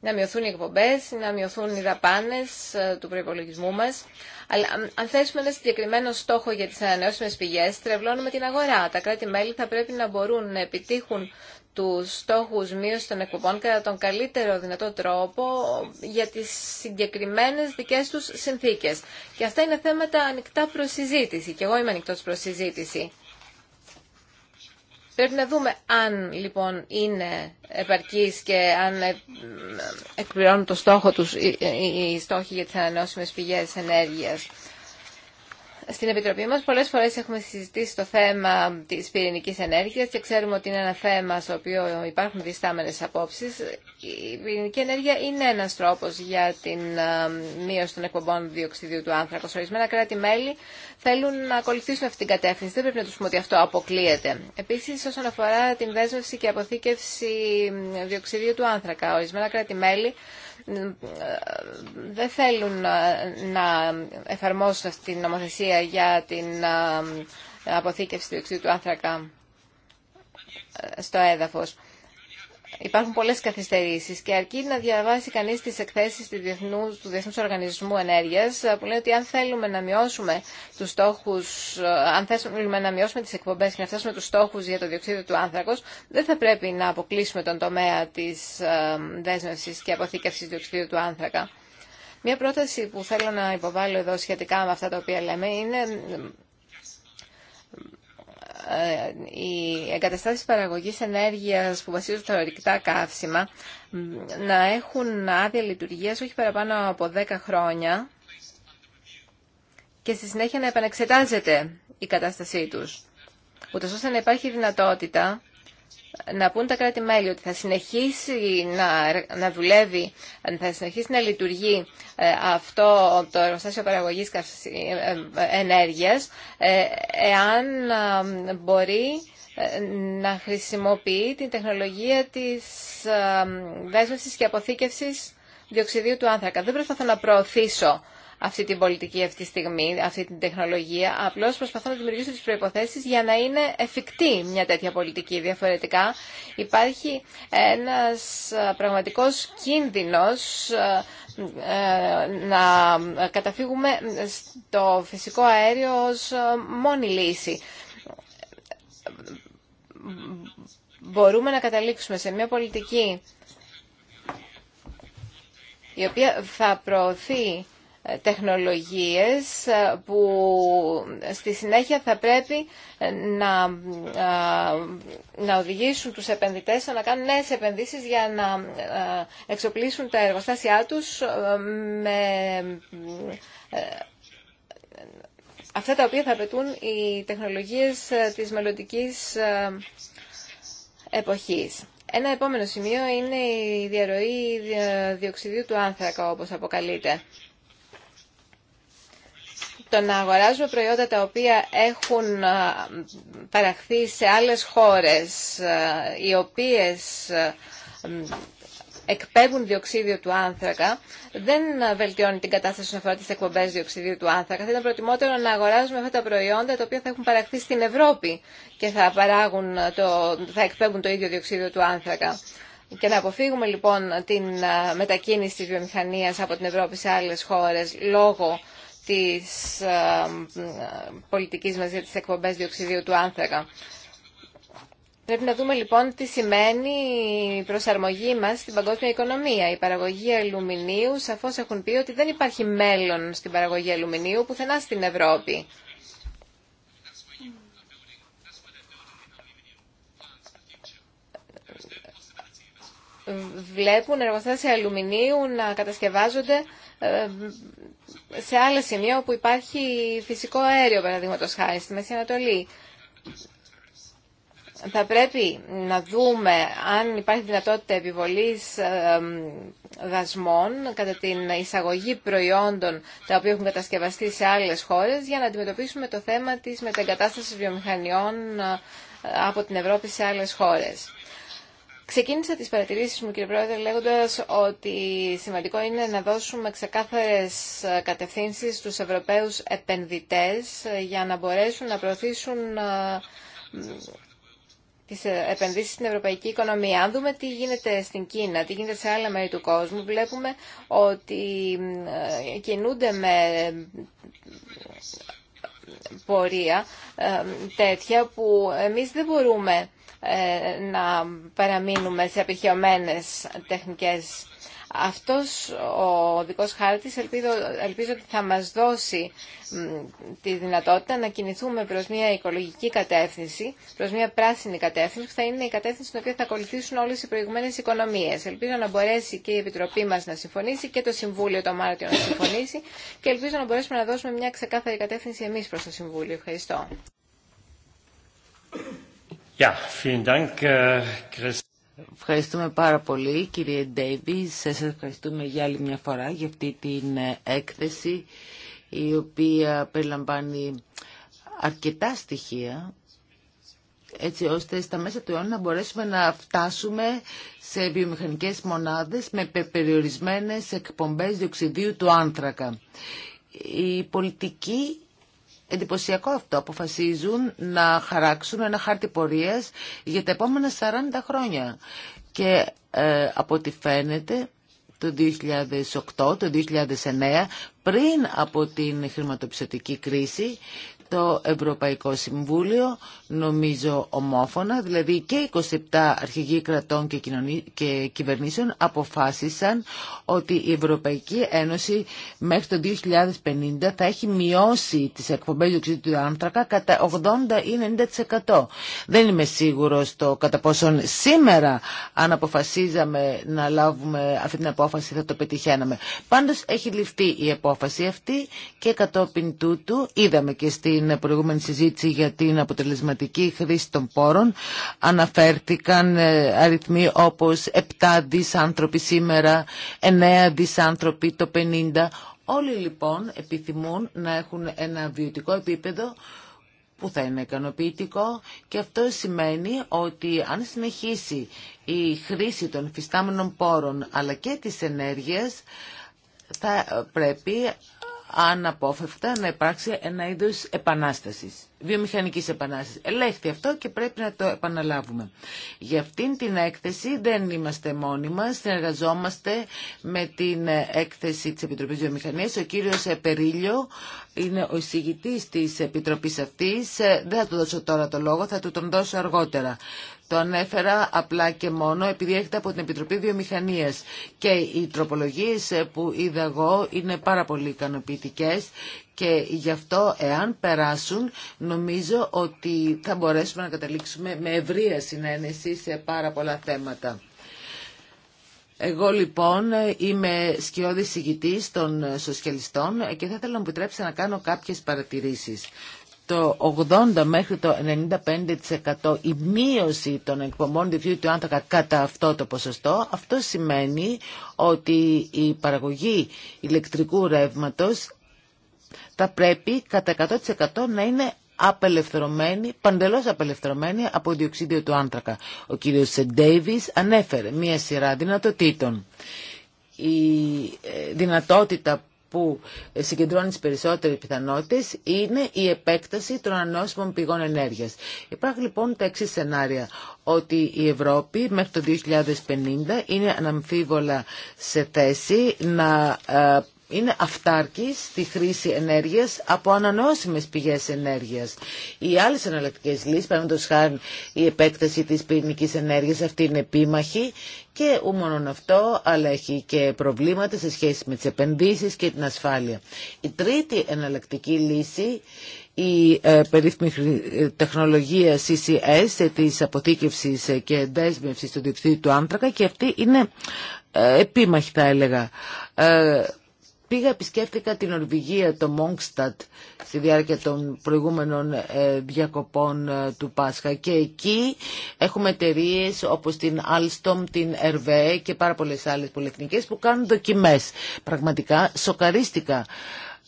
Να μειωθούν οι εκπομπές, να μειωθούν οι δαπάνες ε, του προϋπολογισμού μας. Αλλά αν θέσουμε ένα συγκεκριμένο στόχο για τις ανανεώσιμες πηγές, τρευλώνουμε την αγορά. Τα κράτη-μέλη θα πρέπει να μπορούν να επιτύχουν του στόχους μείωση των εκπομπών κατά τον καλύτερο δυνατό τρόπο για τις συγκεκριμένες δικές τους συνθήκες. Και αυτά είναι θέματα ανοιχτά προς και εγώ είμαι ανοιχτός προς συζήτηση. Πρέπει να δούμε αν λοιπόν είναι επαρκής και αν ε, εκπληρώνουν το στόχο τους οι στόχοι για τις ανανεώσιμες πηγές ενέργειας. Στην Επιτροπή μας πολλές φορές έχουμε συζητήσει το θέμα της πυρηνικής ενέργειας και ξέρουμε ότι είναι ένα θέμα στο οποίο υπάρχουν διστάμενες απόψεις. Η πυρηνική ενέργεια είναι ένας τρόπος για την ε, μείωση των εκπομπών διοξιδίου του άνθρακα. Ορισμένα κράτη-μέλη θέλουν να ακολουθήσουν αυτή την κατεύθυνση. Δεν πρέπει να τους πούμε ότι αυτό αποκλείεται. Επίσης, όσον αφορά την δέσμευση και αποθήκευση διοξιδίου του άνθρακα, ορισμένα κράτη-μέλη δεν θέλουν ε, να εφαρμόσουν αυτή την νομοθεσία για την ε, αποθήκευση του άνθρακα ε, στο έδαφος. Υπάρχουν πολλές καθυστερήσεις και αρκεί να διαβάσει κανείς τις εκθέσεις του Διεθνούς, του Διεθνούς Οργανισμού Ενέργειας ε, που λέει ότι αν θέλουμε να μειώσουμε τους στόχους, ε, αν θέλουμε να μειώσουμε τις εκπομπές και να φτάσουμε τους στόχους για το διοξείδιο του άνθρακος, δεν θα πρέπει να αποκλείσουμε τον τομέα της ε, δέσμευσης και αποθήκευσης διοξείδιου του άνθρακα. Μία πρόταση που θέλω να υποβάλω εδώ σχετικά με αυτά τα οποία λέμε είναι ε, οι εγκαταστάσεις παραγωγής ενέργειας που βασίζονται στα ορυκτά καύσιμα να έχουν άδεια λειτουργίας όχι παραπάνω από 10 χρόνια και στη συνέχεια να επανεξετάζεται η κατάστασή τους. Ούτως ώστε να υπάρχει δυνατότητα να πούν τα κράτη-μέλη ότι θα συνεχίσει να, να δουλεύει, θα συνεχίσει να λειτουργεί ε, αυτό το εργοστάσιο παραγωγής ε, ε, ενέργειας, εάν μπορεί να χρησιμοποιεί την τεχνολογία της δέσμευσης και αποθήκευσης διοξιδίου του άνθρακα. Δεν προσπαθώ να προωθήσω αυτή την πολιτική αυτή τη στιγμή, αυτή την τεχνολογία. Απλώς προσπαθώ να δημιουργήσω τις προϋποθέσεις για να είναι εφικτή μια τέτοια πολιτική. Διαφορετικά υπάρχει ένας ε, πραγματικό κίνδυνος ε, ε, να καταφύγουμε στο φυσικό αέριο ως μόνη λύση μπορούμε να καταλήξουμε σε μια πολιτική η οποία θα προωθεί τεχνολογίες ε, που στη συνέχεια θα πρέπει να, ε, να οδηγήσουν τους επενδυτές να κάνουν νέες επενδύσεις για να ε, εξοπλίσουν τα εργοστάσια τους με αυτά τα οποία θα απαιτούν οι τεχνολογίες της μελλοντική εποχής. Ένα επόμενο σημείο είναι η διαρροή διοξιδίου του άνθρακα, όπως αποκαλείται το να αγοράζουμε προϊόντα τα οποία έχουν παραχθεί σε άλλες χώρες, οι οποίες εκπέμπουν διοξίδιο του άνθρακα, δεν βελτιώνει την κατάσταση όσον αφορά τι εκπομπέ διοξιδίου του άνθρακα. Θα ήταν προτιμότερο να αγοράζουμε αυτά τα προϊόντα τα οποία θα έχουν παραχθεί στην Ευρώπη και θα, παράγουν θα εκπέμπουν το ίδιο διοξίδιο του άνθρακα. Και να αποφύγουμε λοιπόν την μετακίνηση της βιομηχανίας από την Ευρώπη σε άλλες χώρες λόγω της ε, πολιτικής μας για τις εκπομπές διοξιδίου του άνθρακα. Πρέπει να δούμε λοιπόν τι σημαίνει η προσαρμογή μας στην παγκόσμια οικονομία. Η παραγωγή αλουμινίου σαφώς έχουν πει ότι δεν υπάρχει μέλλον στην παραγωγή αλουμινίου πουθενά στην Ευρώπη. Βλέπουν εργοστάσια αλουμινίου να κατασκευάζονται ε, σε άλλα σημεία όπου υπάρχει φυσικό αέριο, παραδείγματο χάρη, στη Μέση Ανατολή. Θα πρέπει να δούμε αν υπάρχει δυνατότητα επιβολής ε, δασμών κατά την εισαγωγή προϊόντων τα οποία έχουν κατασκευαστεί σε άλλες χώρες για να αντιμετωπίσουμε το θέμα της μετεγκατάστασης βιομηχανιών ε, από την Ευρώπη σε άλλες χώρες. Ξεκίνησα τις παρατηρήσεις μου, κύριε Πρόεδρε, λέγοντας ότι σημαντικό είναι να δώσουμε ξεκάθαρες κατευθύνσεις στους Ευρωπαίους επενδυτές για να μπορέσουν να προωθήσουν ε, τις επενδύσεις στην ευρωπαϊκή οικονομία. Αν δούμε τι γίνεται στην Κίνα, τι γίνεται σε άλλα μέρη του κόσμου, βλέπουμε ότι ε, κινούνται με πορεία ε, τέτοια που εμείς δεν μπορούμε ε, να παραμείνουμε σε απειχιωμένες τεχνικές. Αυτός ο δικός χάρτης ελπίζω, ότι θα μας δώσει τη δυνατότητα να κινηθούμε προς μια οικολογική κατεύθυνση, προς μια πράσινη κατεύθυνση που θα είναι η κατεύθυνση στην οποία θα ακολουθήσουν όλες οι προηγουμένες οικονομίες. Ελπίζω να μπορέσει και η Επιτροπή μας να συμφωνήσει και το Συμβούλιο το Μάρτιο να συμφωνήσει και ελπίζω να μπορέσουμε να δώσουμε μια ξεκάθαρη κατεύθυνση εμείς προς το Συμβούλιο. Ευχαριστώ. Äh, ευχαριστούμε πάρα πολύ κύριε Ντέιβι. Σας ευχαριστούμε για άλλη μια φορά για αυτή την ε, έκθεση η οποία περιλαμβάνει αρκετά στοιχεία έτσι ώστε στα μέσα του αιώνα να μπορέσουμε να φτάσουμε σε βιομηχανικές μονάδες με περιορισμένες εκπομπές διοξιδίου του άνθρακα. Η πολιτική εντυπωσιακό αυτό. Αποφασίζουν να χαράξουν ένα χάρτη πορείας για τα επόμενα 40 χρόνια. Και ε, από ό,τι φαίνεται το 2008, το 2009, πριν από την χρηματοπιστωτική κρίση, το Ευρωπαϊκό Συμβούλιο, νομίζω ομόφωνα, δηλαδή και 27 αρχηγοί κρατών και, και κυβερνήσεων αποφάσισαν ότι η Ευρωπαϊκή Ένωση μέχρι το 2050 θα έχει μειώσει τις εκπομπές οξύτου του άνθρακα κατά 80 ή 90%. Δεν είμαι σίγουρος το κατά πόσον σήμερα αν αποφασίζαμε να λάβουμε αυτή την απόφαση θα το πετυχαίναμε. Πάντως έχει ληφθεί η απόφαση αυτή και κατόπιν τούτου είδαμε και στη στην προηγούμενη συζήτηση για την αποτελεσματική χρήση των πόρων αναφέρθηκαν ε, αριθμοί όπως 7 δις σήμερα, 9 δις το 50. Όλοι λοιπόν επιθυμούν να έχουν ένα βιωτικό επίπεδο που θα είναι ικανοποιητικό και αυτό σημαίνει ότι αν συνεχίσει η χρήση των φυστάμενων πόρων αλλά και της ενέργειας θα πρέπει αναπόφευκτα να υπάρξει ένα είδο επανάστασης, βιομηχανική επανάστασης. Ελέγχθη αυτό και πρέπει να το επαναλάβουμε. Για αυτήν την έκθεση δεν είμαστε μόνοι μα. συνεργαζόμαστε με την έκθεση τη Επιτροπής βιομηχανία. Ο κύριος Περίλιο είναι ο εισηγητή τη Επιτροπής αυτή. Ε, δεν θα του δώσω τώρα το λόγο, θα του τον δώσω αργότερα. Το ανέφερα απλά και μόνο επειδή έρχεται από την Επιτροπή Βιομηχανίας και οι τροπολογίες που είδα εγώ είναι πάρα πολύ ικανοποιητικέ και γι' αυτό εάν περάσουν νομίζω ότι θα μπορέσουμε να καταλήξουμε με ευρεία συνένεση σε πάρα πολλά θέματα. Εγώ λοιπόν είμαι σκιώδης ηγητής των σοσιαλιστών και θα ήθελα να μου επιτρέψετε να κάνω κάποιες παρατηρήσεις το 80 μέχρι το 95% η μείωση των εκπομπών διοξιδίου του άνθρακα κατά αυτό το ποσοστό, αυτό σημαίνει ότι η παραγωγή ηλεκτρικού ρεύματος θα πρέπει κατά 100% να είναι απελευθερωμένη, παντελώς απελευθερωμένη από διοξίδιο του άνθρακα. Ο κύριος Σεντέιβις ανέφερε μία σειρά δυνατοτήτων. Η ε, δυνατότητα που συγκεντρώνει τις περισσότερες πιθανότητες είναι η επέκταση των ανανεώσιμων πηγών ενέργειας. Υπάρχουν λοιπόν τα εξή σενάρια ότι η Ευρώπη μέχρι το 2050 είναι αναμφίβολα σε θέση να ε, είναι αυτάρκη στη χρήση ενέργειας από ανανεώσιμες πηγές ενέργειας. Οι άλλες εναλλακτικέ λύσεις, παραδείγματος χάρη η επέκταση της πυρηνικής ενέργειας, αυτή είναι επίμαχη και ου αυτό, αλλά έχει και προβλήματα σε σχέση με τις επενδύσεις και την ασφάλεια. Η τρίτη εναλλακτική λύση η ε, περίφημη τεχνολογία CCS της αποθήκευσης και δέσμευσης του διευθύντου του άνθρακα και αυτή είναι ε, επίμαχη θα έλεγα. Ε, Πήγα, επισκέφτηκα την Ορβηγία, το Μόγκστατ, στη διάρκεια των προηγούμενων ε, διακοπών ε, του Πάσχα και εκεί έχουμε εταιρείε όπως την Alstom, την Ερβέ και πάρα πολλές άλλες πολυεθνικές που κάνουν δοκιμές. Πραγματικά σοκαρίστηκα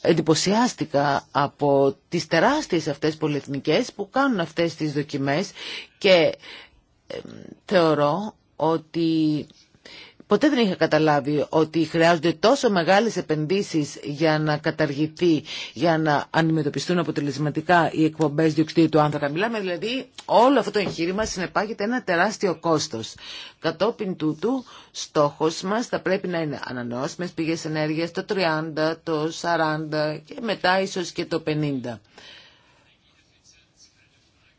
εντυπωσιάστηκα από τις τεράστιες αυτές πολυεθνικές που κάνουν αυτές τις δοκιμές και θεωρώ ότι Ποτέ δεν είχα καταλάβει ότι χρειάζονται τόσο μεγάλες επενδύσεις για να καταργηθεί, για να αντιμετωπιστούν αποτελεσματικά οι εκπομπές διοξιδίου του άνθρακα. Μιλάμε δηλαδή όλο αυτό το εγχείρημα συνεπάγεται ένα τεράστιο κόστος. Κατόπιν τούτου στόχος μας θα πρέπει να είναι ανανεώσιμες πηγές ενέργειας το 30, το 40 και μετά ίσως και το 50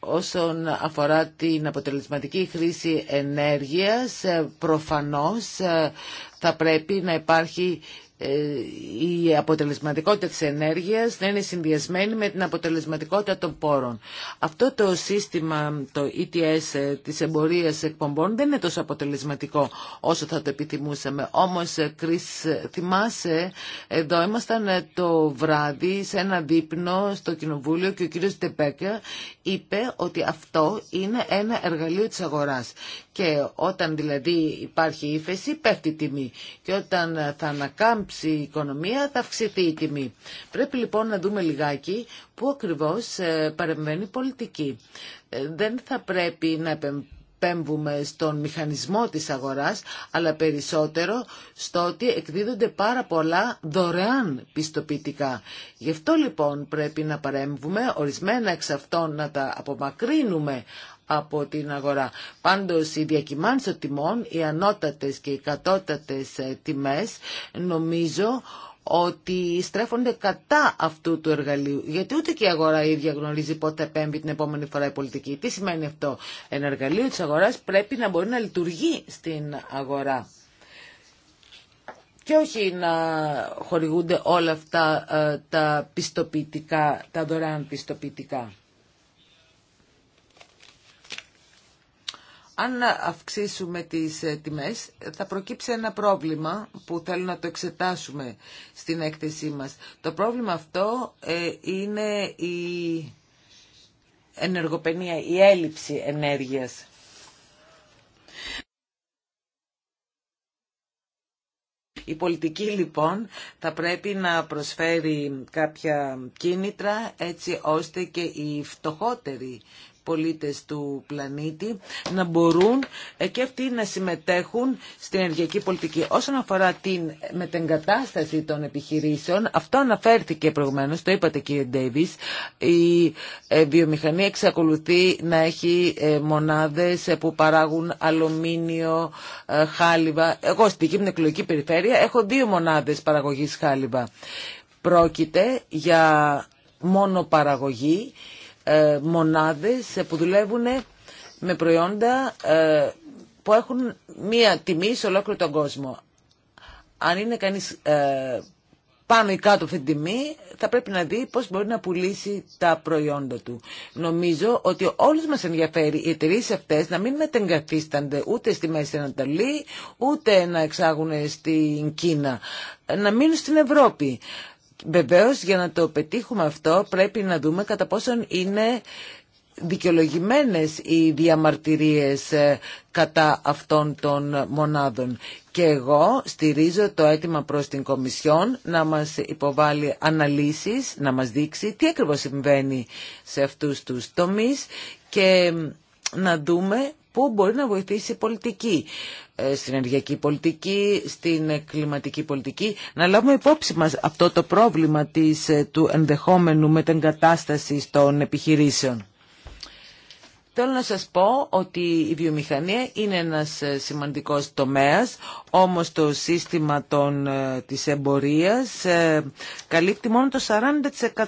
όσον αφορά την αποτελεσματική χρήση ενέργειας ε, προφανώς ε, θα πρέπει να υπάρχει ε, η αποτελεσματικότητα της ενέργειας να είναι συνδυασμένη με την αποτελεσματικότητα των πόρων. Αυτό το σύστημα, το ETS ε, της εμπορίας εκπομπών δεν είναι τόσο αποτελεσματικό όσο θα το επιθυμούσαμε. Όμως, ε, Κρίς, θυμάσαι, εδώ ήμασταν το βράδυ σε ένα δείπνο στο Κοινοβούλιο και ο κύριος Τεπέκια είπε ότι αυτό είναι ένα εργαλείο της αγοράς και όταν δηλαδή υπάρχει ύφεση πέφτει η τιμή και όταν θα ανακάμψει η οικονομία θα αυξηθεί η τιμή. Πρέπει λοιπόν να δούμε λιγάκι πού ακριβώς ε, παρεμβαίνει η πολιτική. Ε, δεν θα πρέπει να επεμβαίνει στον μηχανισμό της αγοράς, αλλά περισσότερο στο ότι εκδίδονται πάρα πολλά δωρεάν πιστοποιητικά. Γι' αυτό λοιπόν πρέπει να παρέμβουμε, ορισμένα εξ αυτών να τα απομακρύνουμε από την αγορά. Πάντως οι διακοιμάνσεις των τιμών, οι ανώτατες και οι κατώτατες ε, τιμές νομίζω ότι στρέφονται κατά αυτού του εργαλείου. Γιατί ούτε και η αγορά ίδια γνωρίζει πότε επέμβει την επόμενη φορά η πολιτική. Τι σημαίνει αυτό. Ένα εργαλείο της αγοράς πρέπει να μπορεί να λειτουργεί στην αγορά. Και όχι να χορηγούνται όλα αυτά ε, τα πιστοποιητικά, τα δωρεάν πιστοποιητικά. Αν αυξήσουμε τις ε, τιμές θα προκύψει ένα πρόβλημα που θέλω να το εξετάσουμε στην έκθεσή μας. Το πρόβλημα αυτό ε, είναι η ενεργοπαινία, η έλλειψη ενέργειας. Η πολιτική λοιπόν θα πρέπει να προσφέρει κάποια κίνητρα έτσι ώστε και οι φτωχότεροι πολίτες του πλανήτη να μπορούν ε, και αυτοί να συμμετέχουν στην ενεργειακή πολιτική. Όσον αφορά την μετεγκατάσταση των επιχειρήσεων, αυτό αναφέρθηκε προηγουμένως, το είπατε κύριε Ντέιβις, η ε, βιομηχανία εξακολουθεί να έχει ε, μονάδες που παράγουν αλουμίνιο, χάλιβα. Εγώ στη δική εκλογική περιφέρεια έχω δύο μονάδες παραγωγής χάλιβα. Πρόκειται για μόνο παραγωγή ε, μονάδες που δουλεύουν με προϊόντα ε, που έχουν μία τιμή σε ολόκληρο τον κόσμο. Αν είναι κανείς ε, πάνω ή κάτω αυτή την τιμή, θα πρέπει να δει πώς μπορεί να πουλήσει τα προϊόντα του. Νομίζω ότι όλους μας ενδιαφέρει οι εταιρείε αυτές να μην μετεγκαθίστανται ούτε στη Μέση Ανατολή, ούτε να εξάγουν στην Κίνα, να μείνουν στην Ευρώπη. Βεβαίως για να το πετύχουμε αυτό πρέπει να δούμε κατά πόσον είναι δικαιολογημένες οι διαμαρτυρίες ε, κατά αυτών των μονάδων. Και εγώ στηρίζω το αίτημα προς την Κομισιόν να μας υποβάλει αναλύσεις, να μας δείξει τι ακριβώς συμβαίνει σε αυτούς τους τομείς και να δούμε πού μπορεί να βοηθήσει πολιτική. Ε, στην ενεργειακή πολιτική, στην κλιματική πολιτική. Να λάβουμε υπόψη μας αυτό το πρόβλημα της, ε, του ενδεχόμενου κατάσταση των επιχειρήσεων. Θέλω να σας πω ότι η βιομηχανία είναι ένας ε, σημαντικός τομέας, όμως το σύστημα των, της εμπορίας καλύπτει μόνο το 40%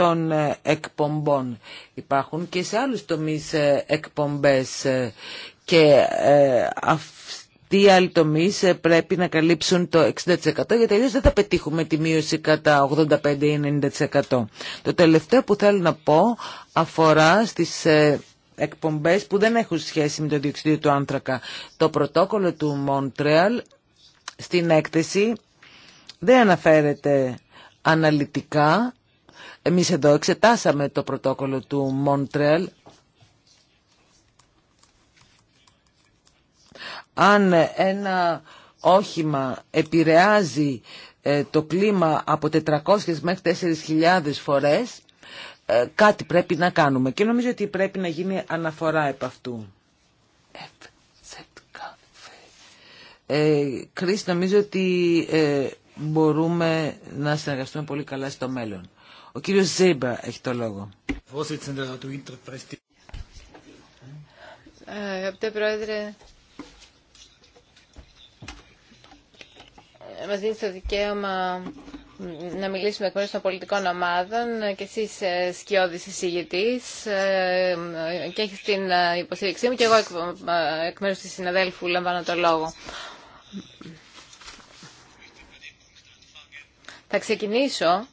των ε, εκπομπών. Υπάρχουν και σε άλλους τομείς ε, εκπομπές ε, και αυτοί οι άλλοι τομείς πρέπει να καλύψουν το 60% γιατί αλλιώς δεν θα πετύχουμε τη μείωση κατά 85% ή 90%. Το τελευταίο που θέλω να πω αφορά στις εκπομπές που δεν έχουν σχέση με το διοξιδίο του άνθρακα. Το πρωτόκολλο του Μοντρέαλ στην έκθεση δεν αναφέρεται αναλυτικά εμείς εδώ εξετάσαμε το πρωτόκολλο του Μόντρελ. Αν ένα όχημα επηρεάζει ε, το κλίμα από 400 μέχρι 4.000 φορές, ε, κάτι πρέπει να κάνουμε. Και νομίζω ότι πρέπει να γίνει αναφορά επ' αυτού. Ε, νομίζω ότι ε, μπορούμε να συνεργαστούμε πολύ καλά στο μέλλον. Ο κύριος Ζέμπα έχει το λόγο. Αγαπητέ Πρόεδρε, μας δίνει το δικαίωμα να μιλήσουμε εκ μέρους των πολιτικών ομάδων και εσείς ε, σκιώδης εισηγητής ε, και έχεις την ε, υποστήριξή μου και εγώ εκ μέρους της συναδέλφου λαμβάνω το λόγο. Θα ξεκινήσω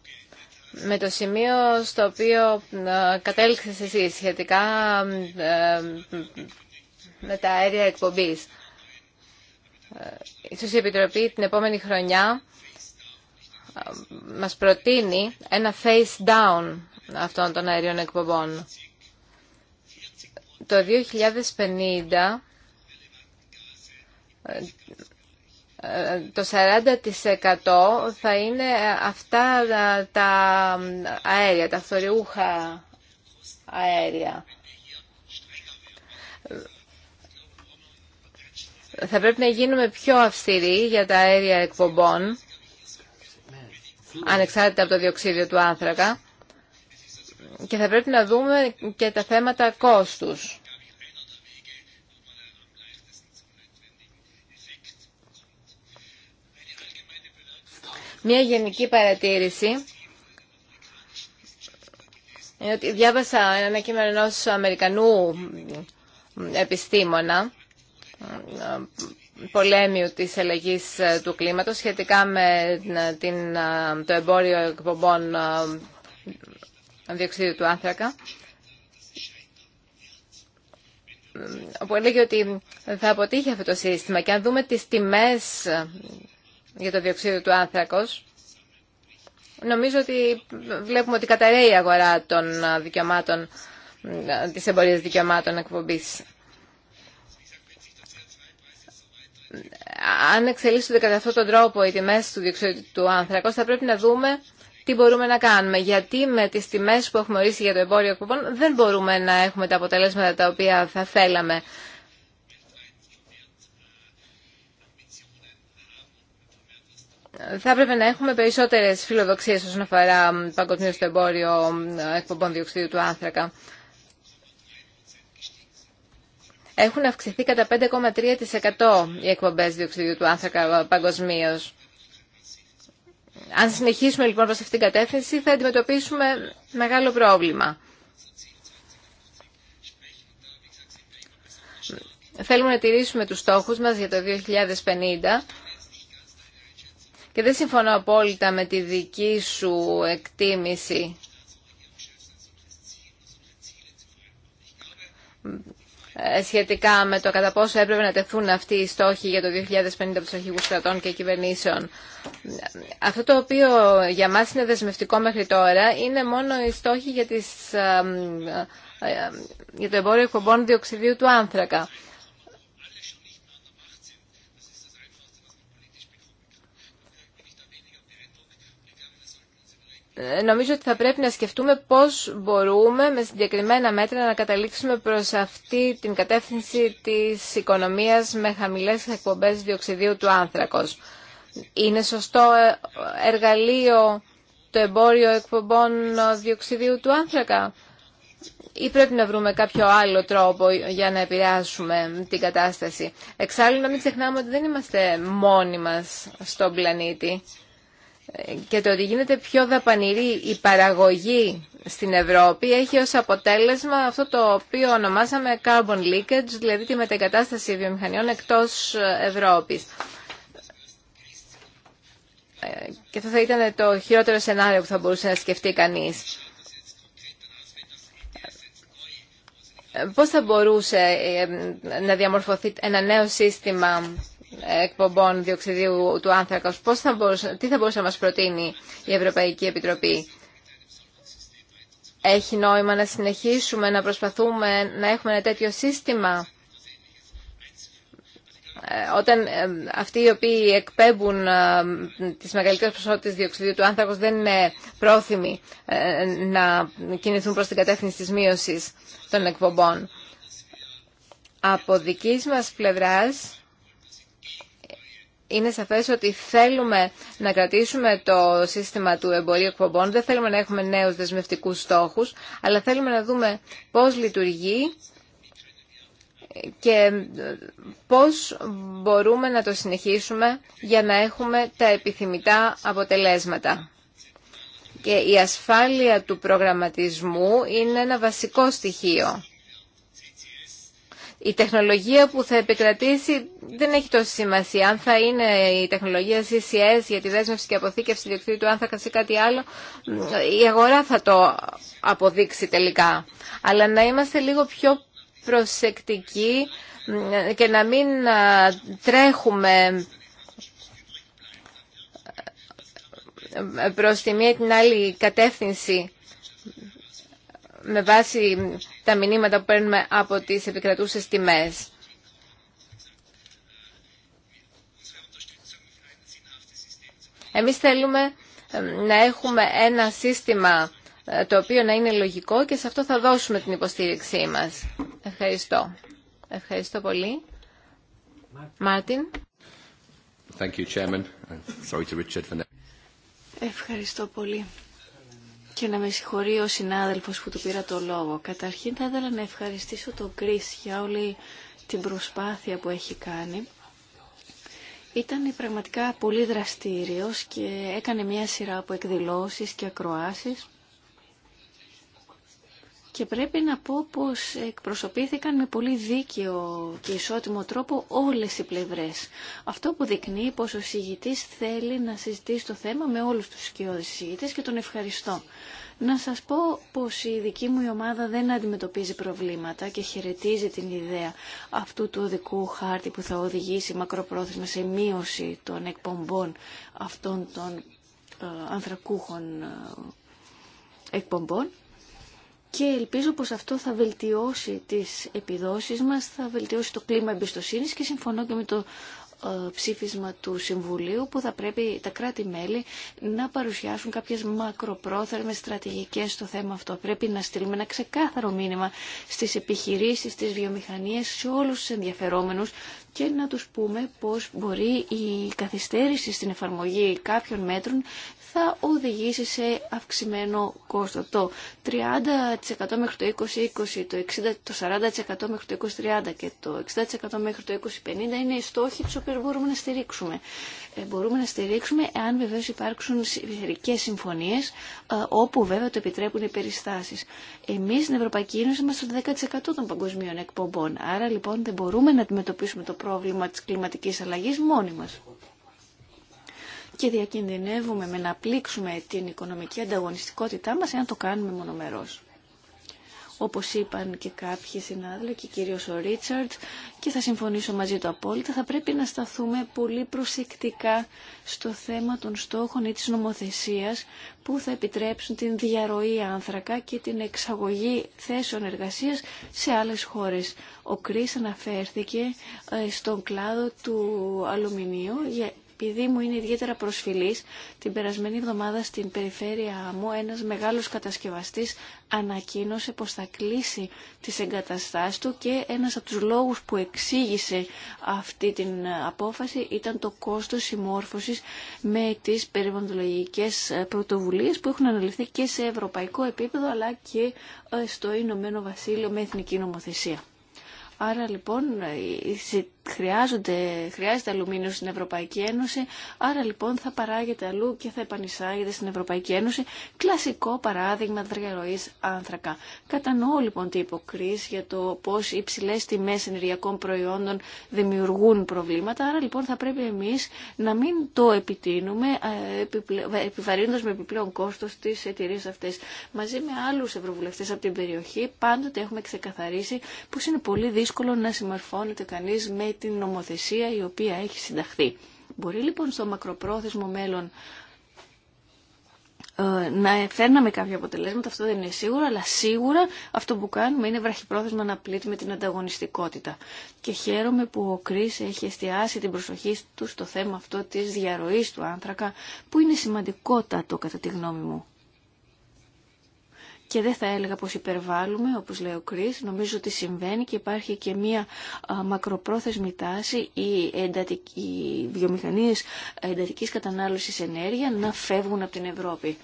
με το σημείο στο οποίο ε, κατέληξες εσύ σχετικά ε, με τα αέρια εκπομπής. Ε, ίσως η Επιτροπή την επόμενη χρονιά μας προτείνει ένα face down αυτών των αερίων εκπομπών. Το 2050 το 40% θα είναι αυτά τα αέρια, τα φθοριούχα αέρια. Θα πρέπει να γίνουμε πιο αυστηροί για τα αέρια εκπομπών, ανεξάρτητα από το διοξίδιο του άνθρακα, και θα πρέπει να δούμε και τα θέματα κόστους. Μία γενική παρατήρηση. Ότι διάβασα ένα κείμενο ενό Αμερικανού επιστήμονα πολέμιου της αλλαγή του κλίματος σχετικά με την, το εμπόριο εκπομπών ε, διοξιδίου του άνθρακα ε, Όπου έλεγε ότι θα αποτύχει αυτό το σύστημα και αν δούμε τις τιμές για το διοξείδιο του άνθρακος. Νομίζω ότι βλέπουμε ότι καταραίει η αγορά των δικαιωμάτων, της εμπορίας δικαιωμάτων εκπομπής. Αν εξελίσσονται κατά αυτόν τον τρόπο οι τιμές του διοξείδιου του άνθρακος, θα πρέπει να δούμε τι μπορούμε να κάνουμε. Γιατί με τις τιμές που έχουμε ορίσει για το εμπόριο εκπομπών δεν μπορούμε να έχουμε τα αποτελέσματα τα οποία θα θέλαμε. θα έπρεπε να έχουμε περισσότερες φιλοδοξίες όσον αφορά παγκοσμίω το εμπόριο εκπομπών διοξιδίου του άνθρακα. Έχουν αυξηθεί κατά 5,3% οι εκπομπέ διοξιδίου του άνθρακα ε, παγκοσμίω. Αν συνεχίσουμε λοιπόν προ αυτήν την κατεύθυνση θα αντιμετωπίσουμε μεγάλο πρόβλημα. Θέλουμε να τηρήσουμε τους στόχους μας για το 2050 και δεν συμφωνώ απόλυτα με τη δική σου εκτίμηση. Ε, σχετικά με το κατά πόσο έπρεπε να τεθούν αυτοί οι στόχοι για το 2050 από του αρχηγού κρατών και κυβερνήσεων. Αυτό το οποίο για μας είναι δεσμευτικό μέχρι τώρα είναι μόνο οι στόχοι για, τις, ε, ε, για το εμπόριο εκπομπών διοξιδίου του άνθρακα. Ε, νομίζω ότι θα πρέπει να σκεφτούμε πώς μπορούμε με συγκεκριμένα μέτρα να καταλήξουμε προς αυτή την κατεύθυνση της οικονομίας με χαμηλές εκπομπές διοξιδίου του άνθρακος. Είναι σωστό ε, εργαλείο το εμπόριο εκπομπών ε, διοξιδίου του άνθρακα ή πρέπει να βρούμε κάποιο άλλο τρόπο για να επηρεάσουμε την κατάσταση. Εξάλλου να μην ξεχνάμε ότι δεν είμαστε μόνοι μας στον πλανήτη και το ότι γίνεται πιο δαπανηρή η παραγωγή στην Ευρώπη έχει ως αποτέλεσμα αυτό το οποίο ονομάσαμε carbon leakage, δηλαδή τη μετεγκατάσταση βιομηχανιών εκτός Ευρώπης. Ε, και αυτό θα ήταν το χειρότερο σενάριο που θα μπορούσε να σκεφτεί κανείς. Ε, πώς θα μπορούσε ε, να διαμορφωθεί ένα νέο σύστημα εκπομπών διοξιδίου του άνθρακα, τι θα μπορούσε να μας προτείνει η Ευρωπαϊκή Επιτροπή. Έχει νόημα να συνεχίσουμε να προσπαθούμε να έχουμε ένα τέτοιο σύστημα ε, όταν ε, αυτοί οι οποίοι εκπέμπουν ε, τις μεγαλύτερες ποσότητες διοξιδίου του άνθρακος δεν είναι πρόθυμοι να κινηθούν προς την κατεύθυνση της μείωσης των εκπομπών. Από δικής μας πλευράς είναι σαφές ότι θέλουμε να κρατήσουμε το σύστημα του εμπορίου εκπομπών, δεν θέλουμε να έχουμε νέους δεσμευτικούς στόχους, αλλά θέλουμε να δούμε πώς λειτουργεί και πώς μπορούμε να το συνεχίσουμε για να έχουμε τα επιθυμητά αποτελέσματα. Και η ασφάλεια του προγραμματισμού είναι ένα βασικό στοιχείο η τεχνολογία που θα επικρατήσει δεν έχει τόση σημασία. Αν θα είναι η τεχνολογία CCS για τη δέσμευση και αποθήκευση διοκτήτου, αν θα κάνει κάτι άλλο, η αγορά θα το αποδείξει τελικά. Αλλά να είμαστε λίγο πιο προσεκτικοί και να μην τρέχουμε ε, προς τη μία την άλλη κατεύθυνση με βάση τα μηνύματα που παίρνουμε από τις επικρατούσες τιμές. Εμείς θέλουμε ε, να έχουμε ένα σύστημα ε, το οποίο να είναι λογικό και σε αυτό θα δώσουμε την υποστήριξή μας. Ευχαριστώ. Ευχαριστώ πολύ. Μάρτιν. Ευχαριστώ πολύ. Και να με συγχωρεί ο συνάδελφος που του πήρα το λόγο. Καταρχήν θα ήθελα να ευχαριστήσω τον Κρίς για όλη την προσπάθεια που έχει κάνει. Ήταν πραγματικά πολύ δραστήριος και έκανε μια σειρά από εκδηλώσεις και ακροάσεις και πρέπει να πω πως εκπροσωπήθηκαν με πολύ δίκαιο και ισότιμο τρόπο όλες οι πλευρές. Αυτό που δεικνύει πως ο συγητής θέλει να συζητήσει το θέμα με όλους τους σκιώδεις συγητές και τον ευχαριστώ. Να σας πω πως η δική μου ομάδα δεν αντιμετωπίζει προβλήματα και χαιρετίζει την ιδέα αυτού του οδικού χάρτη που θα οδηγήσει μακροπρόθεσμα σε μείωση των εκπομπών αυτών των ε, ανθρακούχων ε, εκπομπών και ελπίζω πως αυτό θα βελτιώσει τις επιδόσεις μας, θα βελτιώσει το κλίμα εμπιστοσύνης και συμφωνώ και με το ε, ψήφισμα του Συμβουλίου που θα πρέπει τα κράτη-μέλη να παρουσιάσουν κάποιες μακροπρόθερμες στρατηγικές στο θέμα αυτό. Πρέπει να στείλουμε ένα ξεκάθαρο μήνυμα στις επιχειρήσεις, στις βιομηχανίες, σε όλους τους ενδιαφερόμενους και να τους πούμε πως μπορεί η καθυστέρηση στην εφαρμογή κάποιων μέτρων θα οδηγήσει σε αυξημένο κόστο. Το 30% μέχρι το 2020, το, 60, το 40% μέχρι το 2030 και το 60% μέχρι το 2050 είναι οι στόχοι του οποίου μπορούμε να στηρίξουμε. Ε, μπορούμε να στηρίξουμε εάν βεβαίω υπάρξουν μερικές συμφωνίες ε, όπου βέβαια το επιτρέπουν οι περιστάσεις. Εμείς στην Ευρωπαϊκή Ένωση είμαστε το 10% των παγκοσμίων εκπομπών. Άρα λοιπόν δεν μπορούμε να αντιμετωπίσουμε το πρόβλημα τη κλιματική αλλαγή μόνοι μα και διακινδυνεύουμε με να πλήξουμε την οικονομική ανταγωνιστικότητά μας εάν το κάνουμε μονομερός. Όπως είπαν και κάποιοι συνάδελφοι και κυρίως ο Ρίτσαρτ και θα συμφωνήσω μαζί του απόλυτα, θα πρέπει να σταθούμε πολύ προσεκτικά στο θέμα των στόχων ή της νομοθεσίας που θα επιτρέψουν την διαρροή άνθρακα και την εξαγωγή θέσεων εργασίας σε άλλες χώρες. Ο Κρίς αναφέρθηκε ε, στον κλάδο του αλουμινίου επειδή μου είναι ιδιαίτερα προσφυλής, την περασμένη εβδομάδα στην περιφέρεια μου ένας μεγάλος κατασκευαστής ανακοίνωσε πως θα κλείσει τις εγκαταστάσεις του και ένας από τους λόγους που εξήγησε αυτή την απόφαση ήταν το κόστος συμμόρφωσης με τις περιβαλλοντολογικές πρωτοβουλίες που έχουν αναλυθεί και σε ευρωπαϊκό επίπεδο αλλά και ε, στο Ηνωμένο Βασίλειο με εθνική νομοθεσία. Άρα λοιπόν χρειάζονται, χρειάζεται αλουμίνιο στην Ευρωπαϊκή Ένωση, άρα λοιπόν θα παράγεται αλλού και θα επανεισάγεται στην Ευρωπαϊκή Ένωση. Κλασικό παράδειγμα διαρροής άνθρακα. Κατανοώ λοιπόν την υποκρίση για το πώ οι υψηλέ τιμέ ενεργειακών προϊόντων δημιουργούν προβλήματα, άρα λοιπόν θα πρέπει εμεί να μην το επιτείνουμε ε, ε, επιβαρύνοντα με επιπλέον κόστο τι εταιρείε αυτέ. Μαζί με άλλου ευρωβουλευτέ από την περιοχή πάντοτε έχουμε ξεκαθαρίσει πω είναι πολύ δύσκολο να συμμορφώνεται κανεί με την νομοθεσία η οποία έχει συνταχθεί. Μπορεί λοιπόν στο μακροπρόθεσμο μέλλον ε, να φέρναμε κάποια αποτελέσματα, αυτό δεν είναι σίγουρο, αλλά σίγουρα αυτό που κάνουμε είναι βραχυπρόθεσμα να πλήττουμε την ανταγωνιστικότητα. Και χαίρομαι που ο Κρίς έχει εστιάσει την προσοχή του στο θέμα αυτό της διαρροής του άνθρακα, που είναι σημαντικότατο κατά τη γνώμη μου και δεν θα έλεγα πως υπερβάλλουμε, όπως λέει ο Κρίς. Νομίζω ότι συμβαίνει και υπάρχει και μία μακροπρόθεσμη τάση οι, βιομηχανίε οι βιομηχανίες εντατικής κατανάλωσης ενέργεια να φεύγουν από την Ευρώπη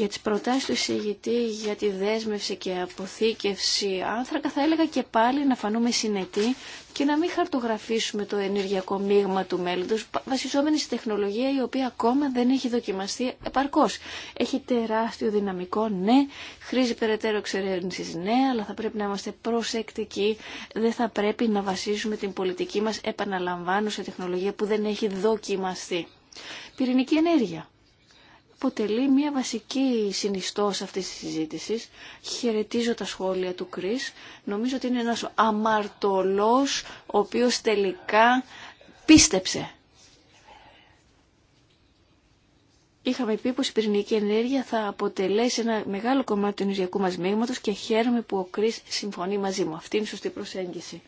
για τις προτάσεις του εισηγητή για τη δέσμευση και αποθήκευση άνθρακα θα έλεγα και πάλι να φανούμε συνετοί και να μην χαρτογραφήσουμε το ενεργειακό μείγμα του μέλλοντος βασιζόμενοι σε τεχνολογία η οποία ακόμα δεν έχει δοκιμαστεί επαρκώς. Έχει τεράστιο δυναμικό, ναι, χρήζει περαιτέρω εξερεύνησης, ναι, αλλά θα πρέπει να είμαστε προσεκτικοί, δεν θα πρέπει να βασίζουμε την πολιτική μας επαναλαμβάνω σε τεχνολογία που δεν έχει δοκιμαστεί. Πυρηνική ενέργεια αποτελεί μια βασική συνιστός αυτής της συζήτησης. Χαιρετίζω τα σχόλια του Κρίς. Νομίζω ότι είναι ένας αμαρτωλός ο οποίος τελικά πίστεψε. Είχαμε πει πως η πυρηνική ενέργεια θα αποτελέσει ένα μεγάλο κομμάτι του ενεργειακού μας μείγματος και χαίρομαι που ο Κρίς συμφωνεί μαζί μου. Αυτή είναι η σωστή προσέγγιση.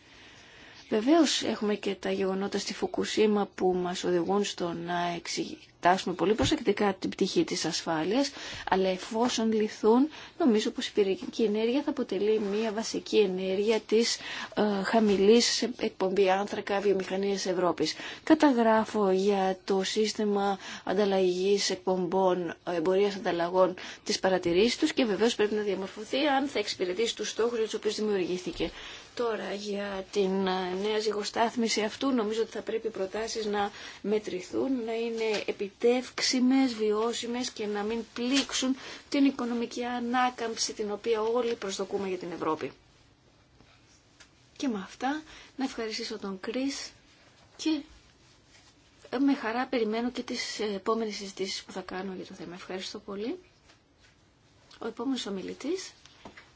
Βεβαίως έχουμε και τα γεγονότα στη Φουκουσίμα που μας οδηγούν στο να εξετάσουμε πολύ προσεκτικά την πτυχή της ασφάλειας, αλλά εφόσον λυθούν, νομίζω πως η πυρηνική ενέργεια θα αποτελεί μια βασική ενέργεια της ε, χαμηλής εκπομπή άνθρακα βιομηχανίας Ευρώπης. Καταγράφω για το σύστημα ανταλλαγής εκπομπών, εμπορίας ανταλλαγών τι παρατηρήσει τους και βεβαίως πρέπει να διαμορφωθεί αν θα εξυπηρετήσει τους στόχους για τους οποίους δημιουργήθηκε. Τώρα για την ε, νέα ζυγοστάθμιση αυτού νομίζω ότι θα πρέπει οι προτάσεις να μετρηθούν, να είναι επιτεύξιμες, βιώσιμες και να μην πλήξουν την οικονομική ανάκαμψη την οποία όλοι προσδοκούμε για την Ευρώπη. Και με αυτά να ευχαριστήσω τον Κρίς και ε, με χαρά περιμένω και τις επόμενες συζητήσεις που θα κάνω για το θέμα. Ευχαριστώ πολύ. Ο επόμενος ομιλητής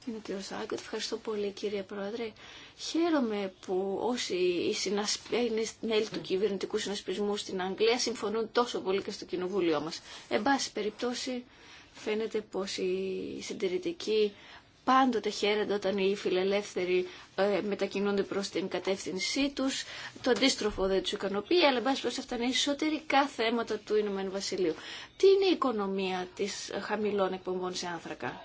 Είμαι ο κύριο Ευχαριστώ πολύ κύριε Πρόεδρε. Χαίρομαι που όσοι είναι μέλη του κυβερνητικού συνασπισμού στην Αγγλία συμφωνούν τόσο πολύ και στο κοινοβούλιο μας. Εν πάση περιπτώσει φαίνεται πως οι συντηρητικοί πάντοτε χαίρονται όταν οι φιλελεύθεροι ε, μετακινούνται προς την κατεύθυνσή τους. Το αντίστροφο δεν τους ικανοποιεί, αλλά εν πάση περιπτώσει αυτά είναι εσωτερικά θέματα του Ηνωμένου Βασιλείου. Τι είναι η οικονομία της χαμηλών εκπομπών σε άνθρακα.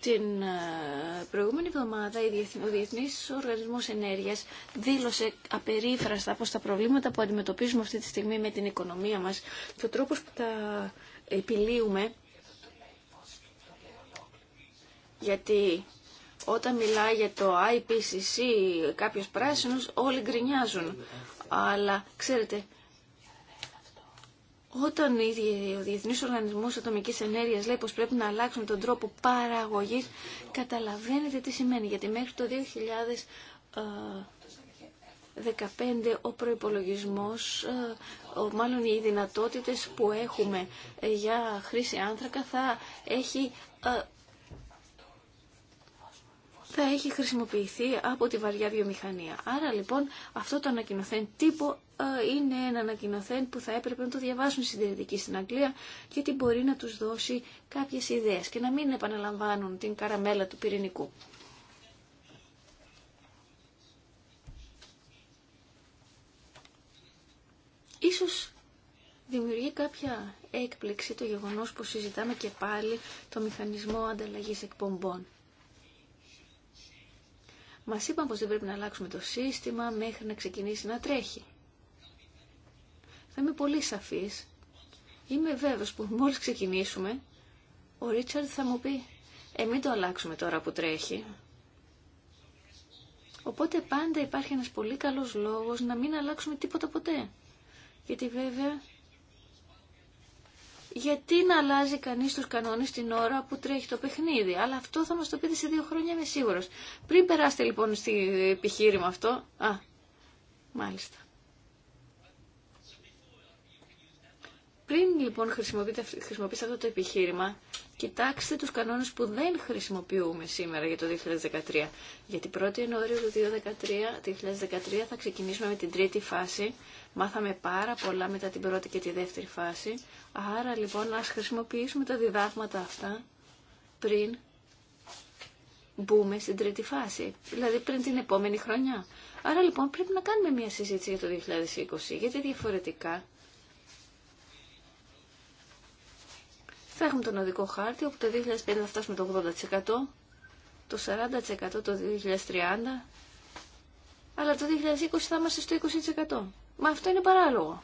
Την ε, προηγούμενη εβδομάδα ο Διεθνής Οργανισμός Ενέργειας δήλωσε απερίφραστα πως τα προβλήματα που αντιμετωπίζουμε αυτή τη στιγμή με την οικονομία μας και ο τρόπος που τα επιλύουμε γιατί όταν μιλάει για το IPCC κάποιος πράσινος όλοι γκρινιάζουν αλλά ξέρετε όταν ο Διεθνή Οργανισμό Ατομική Ενέργεια λέει πω πρέπει να αλλάξουμε τον τρόπο παραγωγή, καταλαβαίνετε τι σημαίνει. Γιατί μέχρι το 2015 ε, ο προπολογισμό, ε, μάλλον οι δυνατότητε που έχουμε ε, για χρήση άνθρακα θα έχει θα έχει χρησιμοποιηθεί από τη βαριά βιομηχανία. Άρα λοιπόν αυτό το ανακοινοθέν τύπο ε, είναι ένα ανακοινοθέν που θα έπρεπε να το διαβάσουν οι συντηρητικοί στην Αγγλία γιατί μπορεί να τους δώσει κάποιες ιδέες και να μην επαναλαμβάνουν την καραμέλα του πυρηνικού. Ίσως δημιουργεί κάποια έκπληξη το γεγονός που συζητάμε και πάλι το μηχανισμό ανταλλαγής εκπομπών. Μας είπαν πως δεν πρέπει να αλλάξουμε το σύστημα μέχρι να ξεκινήσει να τρέχει. Θα είμαι πολύ σαφής. Είμαι βέβαιος που μόλις ξεκινήσουμε, ο Ρίτσαρντ θα μου πει «Ε, μην το αλλάξουμε τώρα που τρέχει». Οπότε πάντα υπάρχει ένας πολύ καλός λόγος να μην αλλάξουμε τίποτα ποτέ. Γιατί βέβαια γιατί να αλλάζει κανεί του κανόνε την ώρα που τρέχει το παιχνίδι. Αλλά αυτό θα μα το πείτε σε δύο χρόνια, είμαι σίγουρο. Πριν περάσετε λοιπόν στο επιχείρημα αυτό... Α, μάλιστα. Πριν λοιπόν χρησιμοποιήσετε, αυτό το επιχείρημα, κοιτάξτε τους κανόνες που δεν χρησιμοποιούμε σήμερα για το 2013. Γιατί 1η Ιανουαρίου του 2013, 2013 θα ξεκινήσουμε με την τρίτη φάση Μάθαμε πάρα πολλά μετά την πρώτη και τη δεύτερη φάση. Άρα λοιπόν ας χρησιμοποιήσουμε τα διδάγματα αυτά πριν μπούμε στην τρίτη φάση, δηλαδή πριν την επόμενη χρονιά. Άρα λοιπόν πρέπει να κάνουμε μια συζήτηση για το 2020, γιατί διαφορετικά θα έχουμε τον οδικό χάρτη, όπου το 2005 θα φτάσουμε το 80%, το 40% το 2030, αλλά το 2020 θα είμαστε στο 20%. Μα αυτό είναι παράλογο.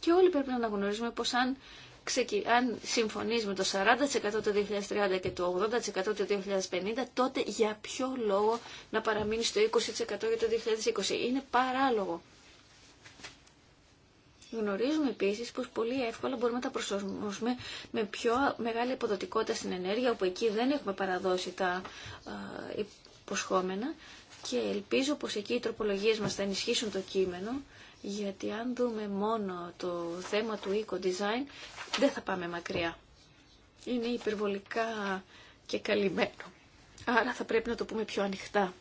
Και όλοι πρέπει να αναγνωρίζουμε πως αν, ξεκι... αν συμφωνείς με το 40% το 2030 και το 80% το 2050, τότε για ποιο λόγο να παραμείνει στο 20% για το 2020. Είναι παράλογο. Γνωρίζουμε επίση πω πολύ εύκολα μπορούμε να τα προσαρμόσουμε με πιο μεγάλη αποδοτικότητα στην ενέργεια, όπου εκεί δεν έχουμε παραδώσει τα υποσχόμενα και ελπίζω πως εκεί οι τροπολογίες μας θα ενισχύσουν το κείμενο γιατί αν δούμε μόνο το θέμα του eco-design δεν θα πάμε μακριά. Είναι υπερβολικά και καλυμμένο. Άρα θα πρέπει να το πούμε πιο ανοιχτά.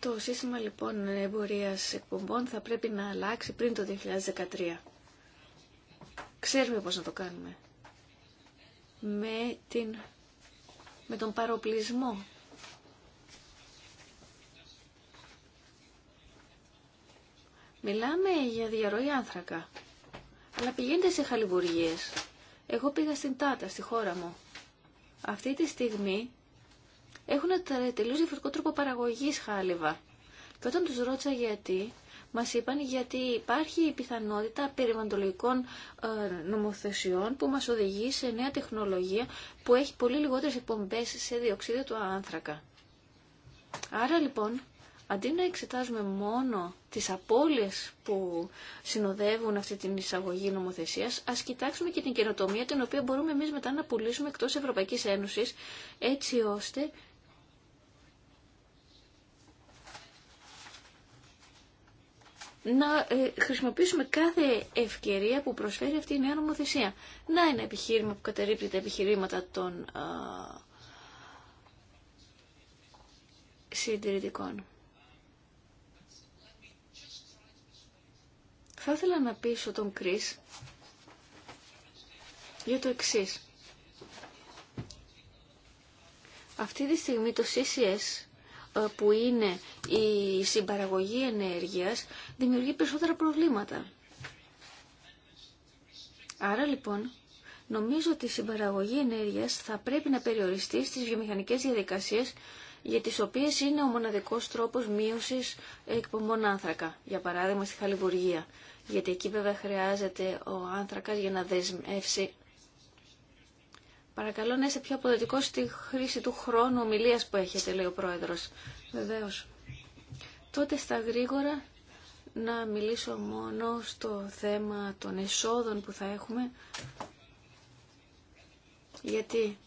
Το σύστημα λοιπόν εμπορίας εκπομπών θα πρέπει να αλλάξει πριν το 2013. Ξέρουμε πώς να το κάνουμε. Με, την... με τον παροπλισμό Μιλάμε για διαρροή άνθρακα. Αλλά πηγαίνετε σε χαλιβουργίες. Εγώ πήγα στην Τάτα, στη χώρα μου. Αυτή τη στιγμή έχουν τελείως διαφορετικό τρόπο παραγωγής χάλιβα. Και όταν τους ρώτησα γιατί, μας είπαν γιατί υπάρχει η πιθανότητα περιβαλλοντολογικών ε, νομοθεσιών που μας οδηγεί σε νέα τεχνολογία που έχει πολύ λιγότερες εκπομπές σε διοξίδιο του άνθρακα. Άρα λοιπόν αντί να εξετάζουμε μόνο τις απώλειες που συνοδεύουν αυτή την εισαγωγή νομοθεσίας, ας κοιτάξουμε και την καινοτομία την οποία μπορούμε εμείς μετά να πουλήσουμε εκτός Ευρωπαϊκής Ένωσης, έτσι ώστε να ε, χρησιμοποιήσουμε κάθε ευκαιρία που προσφέρει αυτή η νέα νομοθεσία. Να ένα επιχείρημα που κατερρύπτει τα επιχειρήματα των συντηρητικών. Θα ήθελα να πείσω τον Κρίς για το εξής. Αυτή τη στιγμή το CCS ε, που είναι η συμπαραγωγή ενέργειας δημιουργεί περισσότερα προβλήματα. Άρα λοιπόν νομίζω ότι η συμπαραγωγή ενέργειας θα πρέπει να περιοριστεί στις βιομηχανικές διαδικασίες για τις οποίες είναι ο μοναδικός τρόπος μείωσης εκπομπών άνθρακα, για παράδειγμα στη Χαλιβουργία γιατί εκεί βέβαια χρειάζεται ο άνθρακας για να δεσμεύσει. Παρακαλώ να είστε πιο αποδοτικό στη χρήση του χρόνου ομιλία που έχετε, λέει ο Πρόεδρος. Βεβαίω, Τότε στα γρήγορα να μιλήσω μόνο στο θέμα των εσόδων που θα έχουμε. Γιατί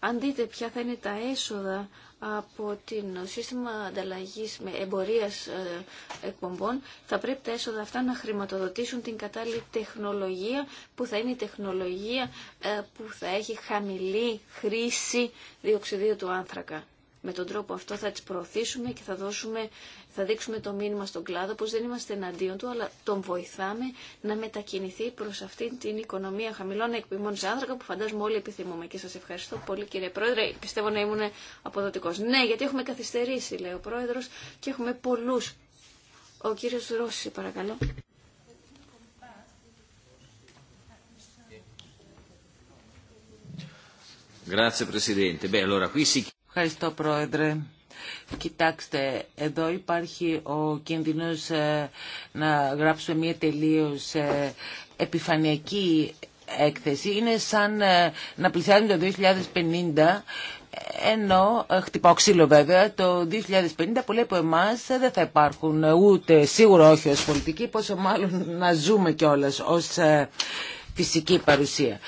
αν δείτε ποια θα είναι τα έσοδα από την σύστημα ανταλλαγή με εμπορίας ε, εκπομπών θα πρέπει τα έσοδα αυτά να χρηματοδοτήσουν την κατάλληλη τεχνολογία που θα είναι η τεχνολογία ε, που θα έχει χαμηλή χρήση διοξιδίου του άνθρακα. Με τον τρόπο αυτό θα τις προωθήσουμε και θα, δώσουμε, θα δείξουμε το μήνυμα στον κλάδο πως δεν είμαστε εναντίον του, αλλά τον βοηθάμε να μετακινηθεί προς αυτή την οικονομία χαμηλών εκπημών σε άνθρακα που φαντάζομαι όλοι επιθυμούμε. Και σας ευχαριστώ πολύ κύριε Πρόεδρε. Πιστεύω να ήμουν αποδοτικός. Ναι, γιατί έχουμε καθυστερήσει, λέει ο Πρόεδρος, και έχουμε πολλούς. Ο κύριος Ρώση, παρακαλώ. Grazie Presidente. Beh, allora qui si... Ευχαριστώ, Πρόεδρε. Κοιτάξτε, εδώ υπάρχει ο κίνδυνος ε, να γράψουμε μια τελείως ε, επιφανειακή έκθεση. Είναι σαν ε, να πλησιάζουμε το 2050 ενώ χτυπάω ξύλο βέβαια, το 2050 πολλοί από εμά δεν θα υπάρχουν ούτε σίγουρα όχι ως πολιτικοί, πόσο μάλλον να ζούμε κιόλας ως φυσική παρουσία.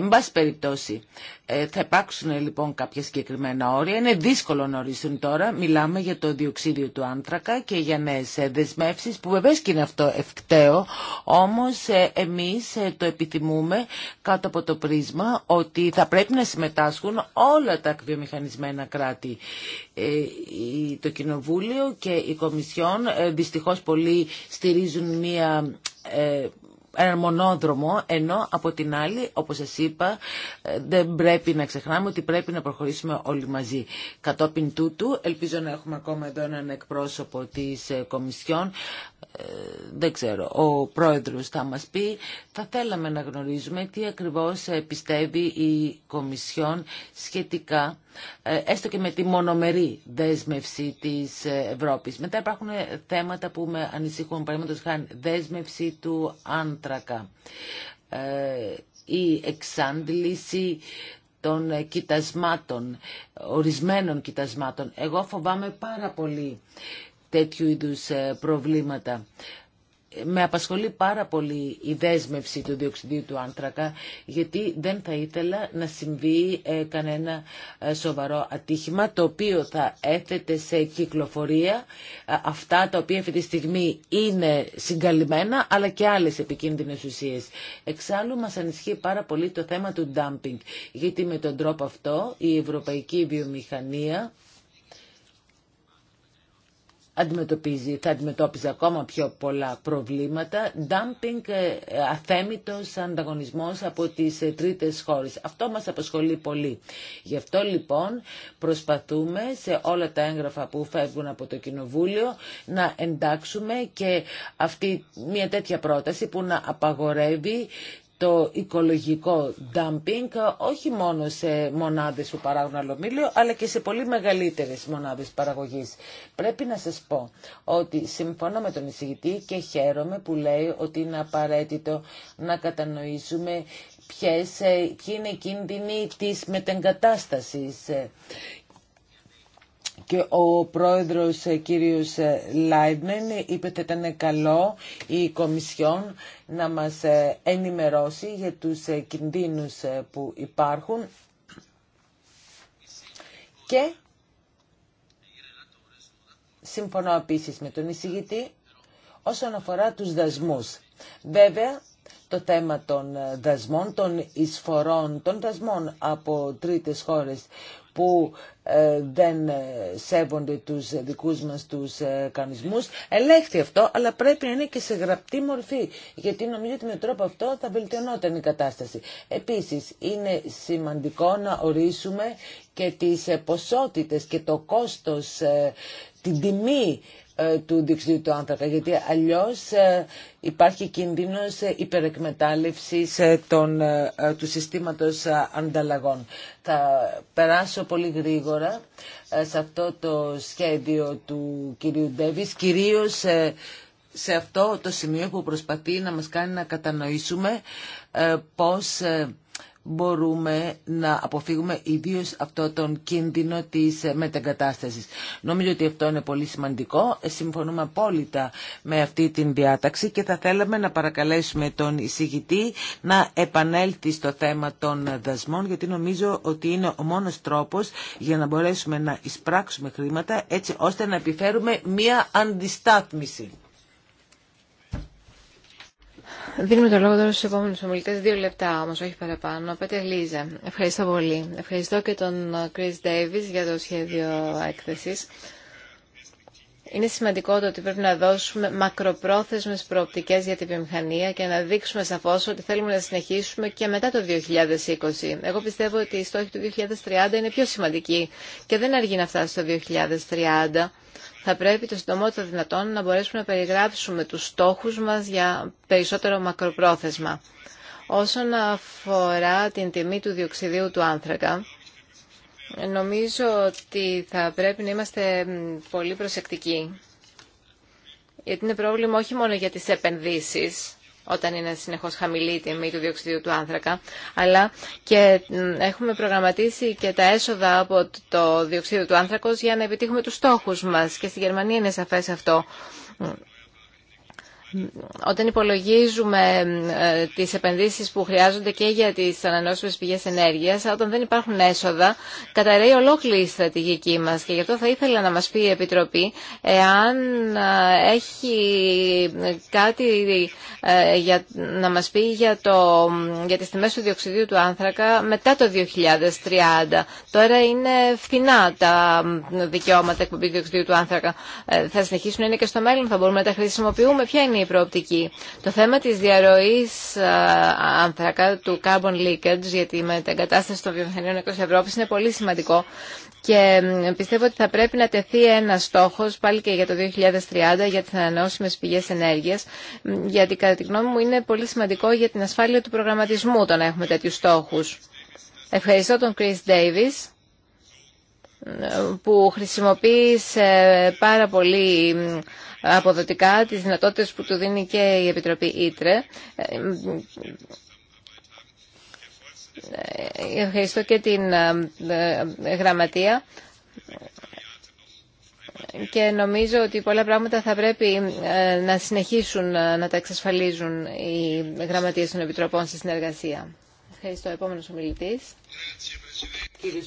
Εν πάση περιπτώσει, ε, θα υπάρξουν ε, λοιπόν κάποια συγκεκριμένα όρια. Είναι δύσκολο να ορίσουν τώρα. Μιλάμε για το διοξίδιο του άνθρακα και για νέε δεσμεύσει, που βεβαίω και είναι αυτό ευκταίο. Όμω ε, εμεί το επιθυμούμε κάτω από το πρίσμα ότι θα πρέπει να συμμετάσχουν όλα τα βιομηχανισμένα κράτη. Το Κοινοβούλιο και η Κομισιόν δυστυχώ πολύ στηρίζουν μία ένα μονόδρομο, ενώ από την άλλη, όπως σας είπα, ε, δεν πρέπει να ξεχνάμε ότι πρέπει να προχωρήσουμε όλοι μαζί. Κατόπιν τούτου, ελπίζω να έχουμε ακόμα εδώ έναν εκπρόσωπο της ε, Κομισιόν. Ε, δεν ξέρω, ο πρόεδρος θα μας πει, θα θέλαμε να γνωρίζουμε τι ακριβώς πιστεύει η Κομισιόν σχετικά, ε, έστω και με τη μονομερή δέσμευση της Ευρώπης. Μετά υπάρχουν θέματα που με ανησυχούν, παραδείγματος χάνει. δέσμευση του Άντρακα. Ε, η εξάντληση των κοιτασμάτων, ορισμένων κοιτασμάτων. Εγώ φοβάμαι πάρα πολύ τέτοιου είδους ε, προβλήματα. Με απασχολεί πάρα πολύ η δέσμευση του διοξιδίου του άνθρακα γιατί δεν θα ήθελα να συμβεί ε, κανένα ε, σοβαρό ατύχημα το οποίο θα έθετε σε κυκλοφορία αυτά τα οποία αυτή τη στιγμή είναι συγκαλυμμένα αλλά και άλλες επικίνδυνες ουσίες. Εξάλλου μας ανισχύει πάρα πολύ το θέμα του ντάμπινγκ γιατί με τον τρόπο αυτό η ευρωπαϊκή βιομηχανία αντιμετωπίζει, θα αντιμετώπιζε ακόμα πιο πολλά προβλήματα. Ντάμπινγκ, ε, αθέμητος ανταγωνισμός από τις ε, τρίτες χώρες. Αυτό μας απασχολεί πολύ. Γι' αυτό λοιπόν προσπαθούμε σε όλα τα έγγραφα που φεύγουν από το Κοινοβούλιο να εντάξουμε και αυτή μια τέτοια πρόταση που να απαγορεύει το οικολογικό dumping όχι μόνο σε μονάδες που παράγουν αλλά και σε πολύ μεγαλύτερες μονάδες παραγωγής. Πρέπει να σας πω ότι συμφωνώ με τον εισηγητή και χαίρομαι που λέει ότι είναι απαραίτητο να κατανοήσουμε ποιες ε, είναι οι κίνδυνοι της μετεγκατάστασης και ο πρόεδρος ε, κύριος ε, Λάιμπνεν είπε ότι ήταν καλό η Κομισιόν να μας ε, ενημερώσει για τους κινδύνους που υπάρχουν και συμφωνώ επίση με τον εισηγητή όσον αφορά τους δασμούς. Βέβαια, το θέμα των δασμών, των εισφορών, των δασμών από τρίτες χώρες που ε, δεν ε, σέβονται τους δικούς μας τους ε, κανισμούς. Ελέγχθη αυτό, αλλά πρέπει να είναι και σε γραπτή μορφή, γιατί νομίζω ότι με τρόπο αυτό θα βελτιωνόταν η κατάσταση. Επίσης, είναι σημαντικό να ορίσουμε και τις ποσότητες και το κόστος, την τιμή ε, του διοξιδίου του άνθρακα, γιατί αλλιώς ε, υπάρχει κίνδυνος υπερεκμετάλλευσης ε, των, του συστήματος ανταλλαγών. Θα περάσω πολύ γρήγορα σε αυτό το σχέδιο του κυρίου Ντέβης, κυρίως σε αυτό το σημείο που προσπαθεί να μας κάνει να κατανοήσουμε πώς μπορούμε να αποφύγουμε ιδίως αυτό τον κίνδυνο της μετεγκατάστασης. Νομίζω ότι αυτό είναι πολύ σημαντικό. Συμφωνούμε απόλυτα με αυτή την διάταξη και θα θέλαμε να παρακαλέσουμε τον εισηγητή να επανέλθει στο θέμα των δασμών γιατί νομίζω ότι είναι ο μόνος τρόπος για να μπορέσουμε να εισπράξουμε χρήματα έτσι ώστε να επιφέρουμε μία αντιστάθμιση. Δίνουμε το λόγο τώρα στους επόμενους ομιλητές, δύο λεπτά όμως, όχι παραπάνω. Πέτερ Λίζε, ευχαριστώ πολύ. Ευχαριστώ και τον Κρις Ντέιβις για το σχέδιο έκθεσης. Είναι σημαντικό το ότι πρέπει να δώσουμε μακροπρόθεσμες προοπτικές για τη βιομηχανία και να δείξουμε σαφώς ότι θέλουμε να συνεχίσουμε και μετά το 2020. Εγώ πιστεύω ότι η στόχη του 2030 είναι πιο σημαντική και δεν αργεί να φτάσει το 2030 θα πρέπει το συντομότερο δυνατόν να μπορέσουμε να περιγράψουμε τους στόχους μας για περισσότερο μακροπρόθεσμα. Όσον αφορά την τιμή του διοξιδίου του άνθρακα, νομίζω ότι θα πρέπει να είμαστε πολύ προσεκτικοί. Γιατί είναι πρόβλημα όχι μόνο για τις επενδύσεις, όταν είναι συνεχώς χαμηλή η τιμή του διοξιδίου του άνθρακα, αλλά και έχουμε προγραμματίσει και τα έσοδα από το διοξίδιο του άνθρακος για να επιτύχουμε τους στόχους μας και στη Γερμανία είναι σαφές αυτό όταν υπολογίζουμε ε, τις επενδύσεις που χρειάζονται και για τις ανανεώσιμες πηγές ενέργειας, όταν δεν υπάρχουν έσοδα, καταραίει ολόκληρη η στρατηγική μας. Και γι' αυτό θα ήθελα να μας πει η Επιτροπή, εάν ε, έχει κάτι ε, για, να μας πει για, το, για τις τιμές του διοξιδίου του άνθρακα μετά το 2030. Τώρα είναι φθηνά τα δικαιώματα εκπομπή διοξιδίου του άνθρακα. Θα συνεχίσουν να είναι και στο μέλλον, θα μπορούμε να τα χρησιμοποιούμε. Ποια είναι η προοπτική. Το θέμα της διαρροής άνθρακα, του carbon leakage, για τη την των βιομηχανιών εκτός Ευρώπης είναι πολύ σημαντικό και πιστεύω ότι θα πρέπει να τεθεί ένα στόχος πάλι και για το 2030 για τις ανανεώσιμες πηγές ενέργειας γιατί κατά τη γνώμη μου είναι πολύ σημαντικό για την ασφάλεια του προγραμματισμού το να έχουμε τέτοιους στόχους. Ευχαριστώ τον Chris Davis που χρησιμοποίησε πάρα πολύ αποδοτικά τις δυνατότητες που του δίνει και η Επιτροπή Ήτρε. Ε, ευχαριστώ και την ε, ε, γραμματεία και νομίζω ότι πολλά πράγματα θα πρέπει να συνεχίσουν να τα εξασφαλίζουν οι γραμματείες των Επιτροπών στη συνεργασία. Ευχαριστώ. Επόμενος ομιλητής. Κύριε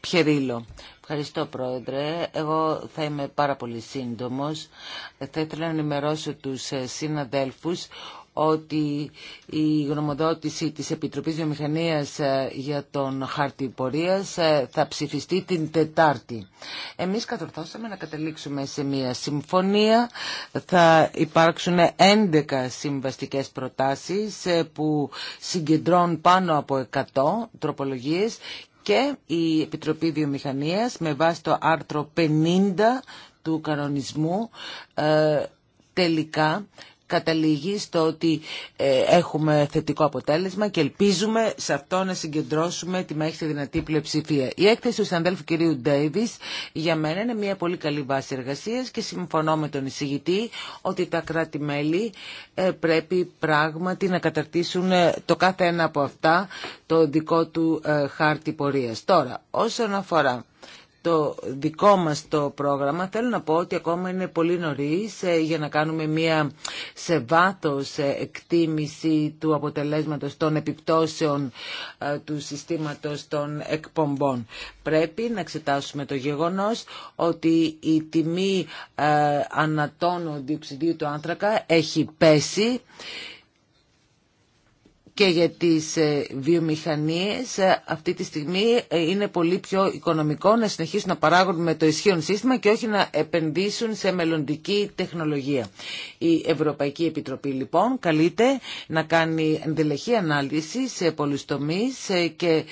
Πιερίλο, Ευχαριστώ Πρόεδρε. Εγώ θα είμαι πάρα πολύ σύντομος. Θα ήθελα να ενημερώσω τους ε, συναδέλφους ότι η γνωμοδότηση της Επιτροπής Βιομηχανίας ε, για τον χάρτη πορείας ε, θα ψηφιστεί την Τετάρτη. Εμείς κατορθώσαμε να καταλήξουμε σε μια συμφωνία. Θα υπάρξουν 11 συμβαστικές προτάσεις που συγκεντρώνουν πάνω από 100 τροπολογίες και η Επιτροπή Βιομηχανίας με βάση το άρθρο 50 του κανονισμού ε, τελικά καταλήγει στο ότι ε, έχουμε θετικό αποτέλεσμα και ελπίζουμε σε αυτό να συγκεντρώσουμε τη τη δυνατή πλειοψηφία. Η έκθεση του συναδέλφου κυρίου Ντέιβις για μένα είναι μια πολύ καλή βάση εργασίας και συμφωνώ με τον εισηγητή ότι τα κράτη-μέλη ε, πρέπει πράγματι να καταρτήσουν ε, το κάθε ένα από αυτά το δικό του χάρτη πορείας. Τώρα, όσον αφορά το δικό μας το πρόγραμμα, θέλω να πω ότι ακόμα είναι πολύ νωρίς ε, για να κάνουμε μία σε ε, εκτίμηση του αποτελέσματος των επιπτώσεων ε, του συστήματος των εκπομπών. Πρέπει να εξετάσουμε το γεγονός ότι η τιμή ανατόνου διοξιδίου του άνθρακα έχει πέσει και για τις ε, βιομηχανίες ε, αυτή τη στιγμή ε, είναι πολύ πιο οικονομικό να συνεχίσουν να παράγουν με το ισχύον σύστημα και όχι να επενδύσουν σε μελλοντική τεχνολογία. Η Ευρωπαϊκή Επιτροπή λοιπόν καλείται να κάνει εντελεχή ανάλυση σε πολλούς τομείς και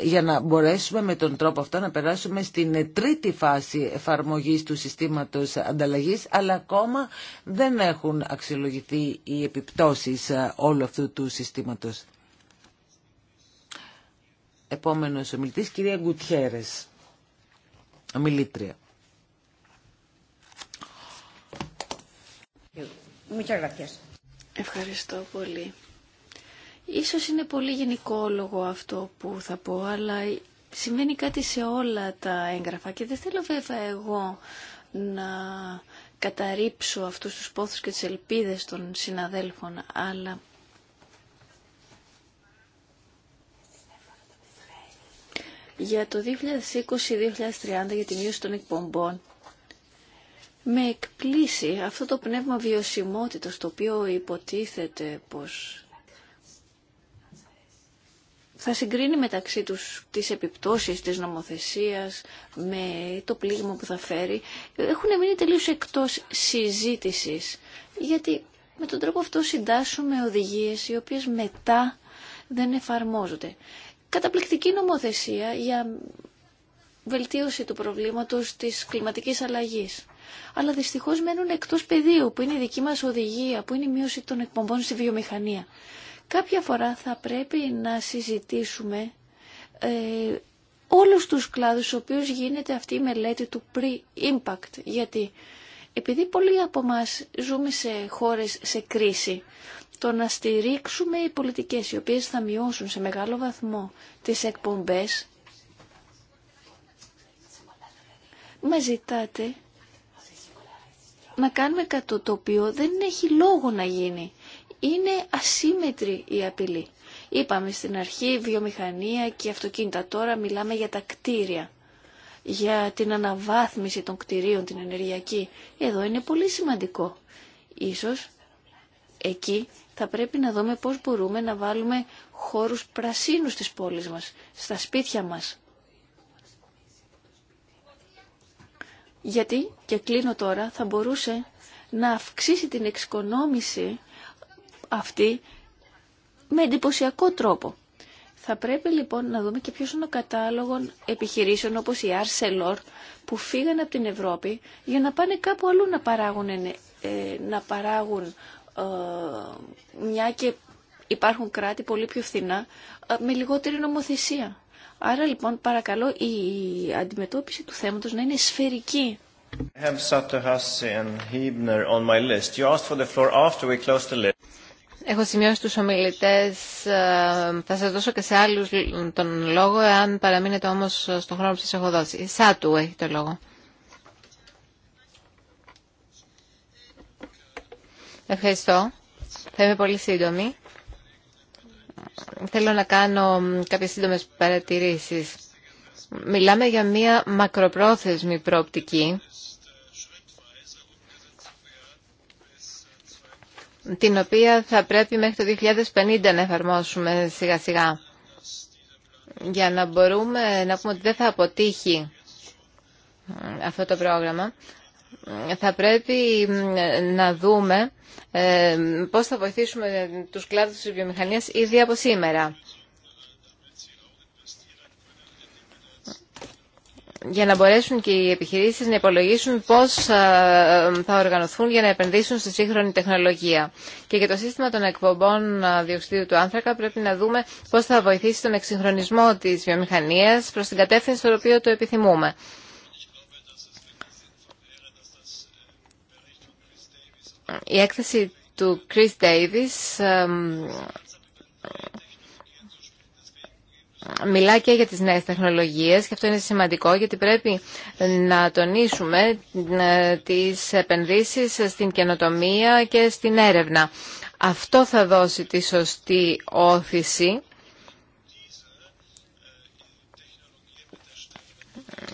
για να μπορέσουμε με τον τρόπο αυτό να περάσουμε στην τρίτη φάση εφαρμογής του συστήματος ανταλλαγής αλλά ακόμα δεν έχουν αξιολογηθεί οι επιπτώσεις όλου αυτού του συστήματος. Επόμενος ομιλητής, κυρία Γκουτιέρες, ομιλήτρια. Ευχαριστώ πολύ. Ίσως είναι πολύ γενικόλογο αυτό που θα πω, αλλά σημαίνει κάτι σε όλα τα έγγραφα και δεν θέλω βέβαια εγώ να καταρρύψω αυτούς τους πόθους και τις ελπίδες των συναδέλφων, αλλά για το 2020-2030 για τη μείωση των εκπομπών με εκπλήσει αυτό το πνεύμα βιωσιμότητας το οποίο υποτίθεται πως θα συγκρίνει μεταξύ τους τις επιπτώσεις της νομοθεσίας με το πλήγμα που θα φέρει έχουν μείνει τελείως εκτός συζήτησης γιατί με τον τρόπο αυτό συντάσσουμε οδηγίες οι οποίες μετά δεν εφαρμόζονται καταπληκτική νομοθεσία για βελτίωση του προβλήματος της κλιματικής αλλαγής. Αλλά δυστυχώς μένουν εκτός πεδίου, που είναι η δική μας οδηγία, που είναι η μείωση των εκπομπών στη βιομηχανία. Κάποια φορά θα πρέπει να συζητήσουμε ε, όλους τους κλάδους στους οποίους γίνεται αυτή η μελέτη του pre-impact. Γιατί επειδή πολλοί από εμά ζούμε σε χώρες σε κρίση, το να στηρίξουμε οι πολιτικές οι οποίες θα μειώσουν σε μεγάλο βαθμό τις εκπομπές μας ζητάτε να κάνουμε κάτι το οποίο δεν έχει λόγο να γίνει. Είναι ασύμετρη η απειλή. Είπαμε στην αρχή βιομηχανία και αυτοκίνητα. Τώρα μιλάμε για τα κτίρια, για την αναβάθμιση των κτιρίων, την ενεργειακή. Εδώ είναι πολύ σημαντικό. Ίσως εκεί θα πρέπει να δούμε πώς μπορούμε να βάλουμε χώρους πρασίνου στις πόλεις μας, στα σπίτια μας. Γιατί, και κλείνω τώρα, θα μπορούσε να αυξήσει την εξοικονόμηση αυτή με εντυπωσιακό τρόπο. Θα πρέπει λοιπόν να δούμε και ποιος είναι ο κατάλογο επιχειρήσεων όπως η Arcelor που φύγανε από την Ευρώπη για να πάνε κάπου αλλού να παράγουν, ε, να παράγουν ε, μια και υπάρχουν κράτη πολύ πιο φθηνά, ε, με λιγότερη νομοθεσία. Άρα λοιπόν παρακαλώ η αντιμετώπιση του θέματος να είναι σφαιρική. Έχω σημειώσει τους ομιλητές, ε, θα σας δώσω και σε άλλους τον λόγο, εάν παραμείνετε όμως στον χρόνο που σας έχω δώσει. Σάτου έχει το λόγο. Ευχαριστώ. Θα είμαι πολύ σύντομη. Θέλω να κάνω κάποιες σύντομες παρατηρήσεις. Μιλάμε για μία μακροπρόθεσμη πρόπτικη, την οποία θα πρέπει μέχρι το 2050 να εφαρμόσουμε σιγά-σιγά, για να μπορούμε να πούμε ότι δεν θα αποτύχει αυτό το πρόγραμμα θα πρέπει να δούμε ε, πώς θα βοηθήσουμε τους κλάδους της βιομηχανίας ήδη από σήμερα. για να μπορέσουν και οι επιχειρήσεις να υπολογίσουν πώς ε, θα οργανωθούν για να επενδύσουν στη σύγχρονη τεχνολογία. Και για το σύστημα των εκπομπών ε, διοξιδίου του άνθρακα πρέπει να δούμε πώς θα βοηθήσει τον εξυγχρονισμό της βιομηχανίας προς την κατεύθυνση στο οποίο το επιθυμούμε. Η έκθεση του Chris Davis μιλά και για τις νέες τεχνολογίες και αυτό είναι σημαντικό γιατί πρέπει να τονίσουμε ε, τις επενδύσεις στην καινοτομία και στην έρευνα. Αυτό θα δώσει τη σωστή όθηση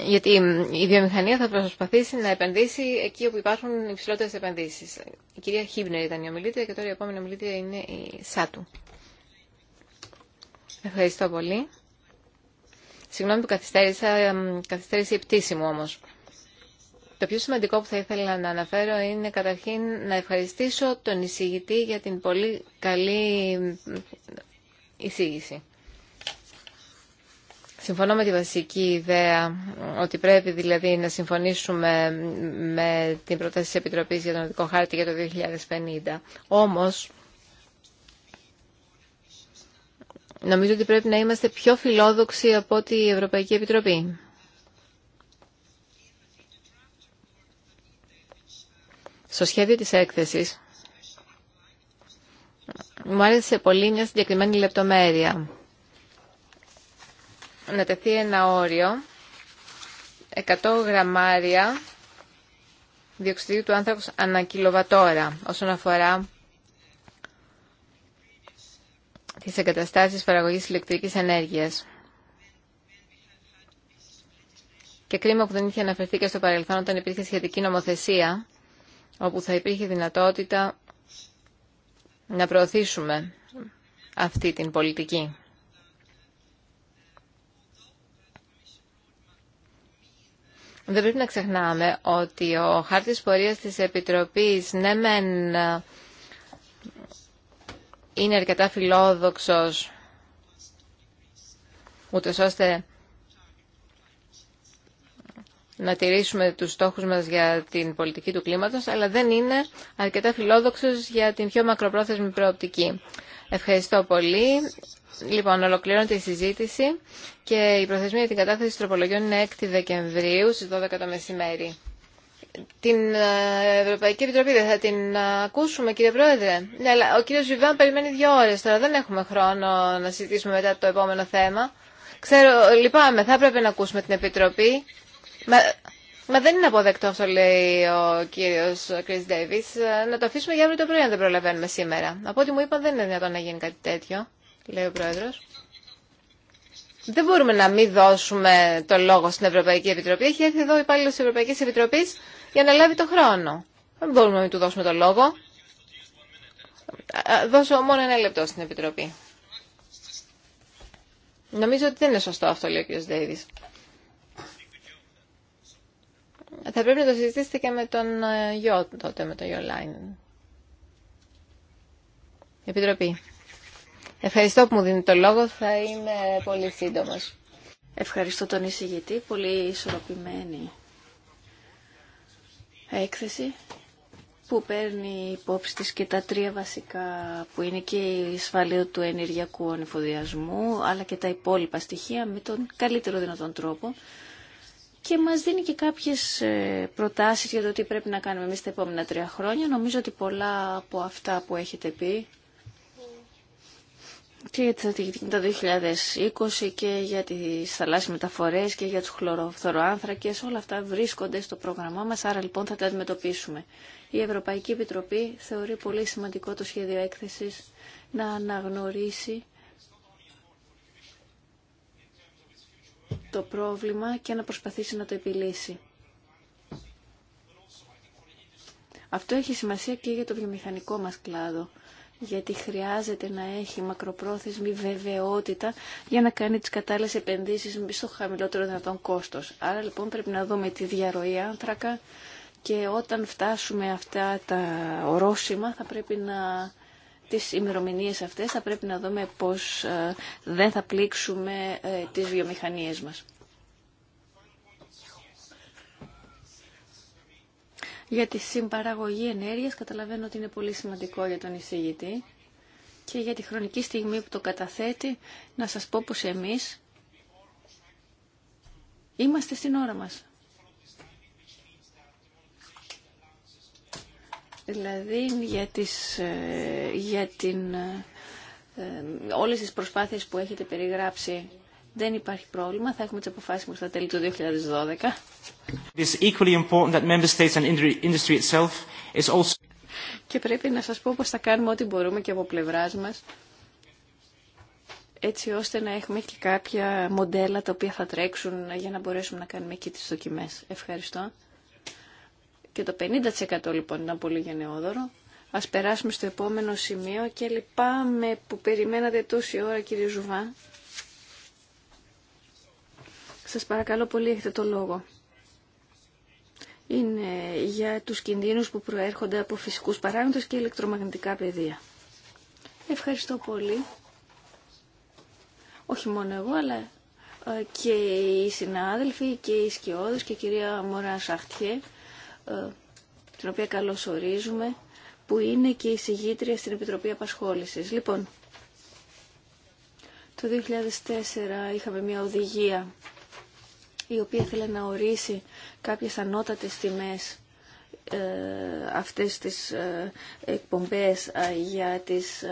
γιατί η βιομηχανία θα προσπαθήσει να επενδύσει εκεί όπου υπάρχουν υψηλότερε επενδύσει. Η κυρία Χίμπνερ ήταν η ομιλήτρια και τώρα η επόμενη ομιλήτρια είναι η Σάτου. Ευχαριστώ πολύ. Συγγνώμη που καθυστέρησα, καθυστέρησε η πτήση μου όμως. Το πιο σημαντικό που θα ήθελα να αναφέρω είναι καταρχήν να ευχαριστήσω τον εισηγητή για την πολύ καλή εισήγηση. Συμφωνώ με τη βασική ιδέα ότι πρέπει δηλαδή να συμφωνήσουμε με την πρόταση της Επιτροπής για τον Οδικό Χάρτη για το 2050. Όμως, νομίζω ότι πρέπει να είμαστε πιο φιλόδοξοι από ότι η Ευρωπαϊκή Επιτροπή. Στο σχέδιο της έκθεσης, μου άρεσε πολύ μια συγκεκριμένη λεπτομέρεια να τεθεί ένα όριο 100 γραμμάρια διοξιδίου του άνθρακος ανά κιλοβατόρα όσον αφορά τις εγκαταστάσεις παραγωγής ηλεκτρικής ενέργειας. Και κρίμα που δεν είχε αναφερθεί και στο παρελθόν όταν υπήρχε σχετική νομοθεσία, όπου θα υπήρχε δυνατότητα να προωθήσουμε αυτή την πολιτική. δεν πρέπει να ξεχνάμε ότι ο χάρτης πορείας της Επιτροπής ναι μεν είναι αρκετά φιλόδοξος ούτως ώστε να τηρήσουμε τους στόχους μας για την πολιτική του κλίματος, αλλά δεν είναι αρκετά φιλόδοξος για την πιο μακροπρόθεσμη προοπτική. Ευχαριστώ πολύ. Λοιπόν, ολοκληρώνω τη συζήτηση και η προθεσμία για την κατάθεση τροπολογιών είναι 6 Δεκεμβρίου στις 12 το μεσημέρι. Την ε, Ευρωπαϊκή Επιτροπή δεν θα την ακούσουμε, κύριε Πρόεδρε. Ναι, αλλά ο κύριος Βιβάν περιμένει δύο ώρες τώρα. Δεν έχουμε χρόνο να συζητήσουμε μετά το επόμενο θέμα. Ξέρω, λυπάμαι, θα έπρεπε να ακούσουμε την Επιτροπή. Μα... Μα δεν είναι αποδεκτό αυτό, λέει ο κύριο Κρι Ντέιβι. Να το αφήσουμε για αύριο το πρωί, αν δεν προλαβαίνουμε σήμερα. Από ό,τι μου είπα, δεν είναι δυνατόν να γίνει κάτι τέτοιο, λέει ο πρόεδρο. Δεν μπορούμε να μην δώσουμε το λόγο στην Ευρωπαϊκή Επιτροπή. Έχει έρθει εδώ ο υπάλληλο τη Ευρωπαϊκή Επιτροπή για να λάβει το χρόνο. Δεν μπορούμε να μην του δώσουμε το λόγο. Δώσω μόνο ένα λεπτό στην Επιτροπή. Νομίζω ότι δεν είναι σωστό αυτό, λέει ο κ θα πρέπει να το συζητήσετε και με τον ε, γιο τότε, με τον Γιώ Επιτροπή. Ευχαριστώ που μου δίνει το λόγο, θα είμαι πολύ σύντομος. Ευχαριστώ τον εισηγητή, πολύ ισορροπημένη έκθεση που παίρνει υπόψη της και τα τρία βασικά που είναι και η ασφάλεια του ενεργειακού ανεφοδιασμού αλλά και τα υπόλοιπα στοιχεία με τον καλύτερο δυνατόν τρόπο και μας δίνει και κάποιες ε, προτάσεις για το τι πρέπει να κάνουμε εμείς τα επόμενα τρία χρόνια. Νομίζω ότι πολλά από αυτά που έχετε πει και για τα 2020 και για τις θαλάσσιες μεταφορές και για τους χλωροφθοροάνθρακες, όλα αυτά βρίσκονται στο πρόγραμμά μας, άρα λοιπόν θα τα αντιμετωπίσουμε. Η Ευρωπαϊκή Επιτροπή θεωρεί πολύ σημαντικό το σχέδιο έκθεσης να αναγνωρίσει το πρόβλημα και να προσπαθήσει να το επιλύσει. Αυτό έχει σημασία και για το βιομηχανικό μας κλάδο, γιατί χρειάζεται να έχει μακροπρόθεσμη βεβαιότητα για να κάνει τις κατάλληλες επενδύσεις στο χαμηλότερο δυνατόν κόστος. Άρα λοιπόν πρέπει να δούμε τη διαρροή άνθρακα και όταν φτάσουμε αυτά τα ορόσημα θα πρέπει να τις ημερομηνίες αυτές θα πρέπει να δούμε πώς ε, δεν θα πλήξουμε ε, τις βιομηχανίες μας. Για τη συμπαραγωγή ενέργειας καταλαβαίνω ότι είναι πολύ σημαντικό για τον εισηγητή και για τη χρονική στιγμή που το καταθέτει να σας πω πως εμείς είμαστε στην ώρα μας. δηλαδή για, τις, ε, για την, ε, ε, όλες τις προσπάθειες που έχετε περιγράψει δεν υπάρχει πρόβλημα, θα έχουμε τις αποφάσεις μας στα τέλη του 2012. Και πρέπει να σας πω πως θα κάνουμε ό,τι μπορούμε και από πλευράς μας έτσι ώστε να έχουμε και κάποια μοντέλα τα οποία θα τρέξουν για να μπορέσουμε να κάνουμε εκεί τις δοκιμές. Ευχαριστώ. Και το 50% λοιπόν ήταν πολύ γενναιόδωρο. Ας περάσουμε στο επόμενο σημείο και λυπάμαι που περιμένατε τόση ώρα κύριε Ζουβά. Σας παρακαλώ πολύ έχετε το λόγο. Είναι για τους κινδύνους που προέρχονται από φυσικούς παράγοντες και ηλεκτρομαγνητικά πεδία. Ευχαριστώ πολύ. Όχι μόνο εγώ, αλλά ε, και οι συνάδελφοι και οι σκιώδες και η κυρία Μωρά Σαχτιέ ε, την οποία ορίζουμε που είναι και η συγγήτρια στην Επιτροπή Απασχόλησης. Λοιπόν, το 2004 είχαμε μια οδηγία η οποία ήθελε να ορίσει κάποιες ανώτατες τιμές ε, αυτές τις ε, εκπομπές για τις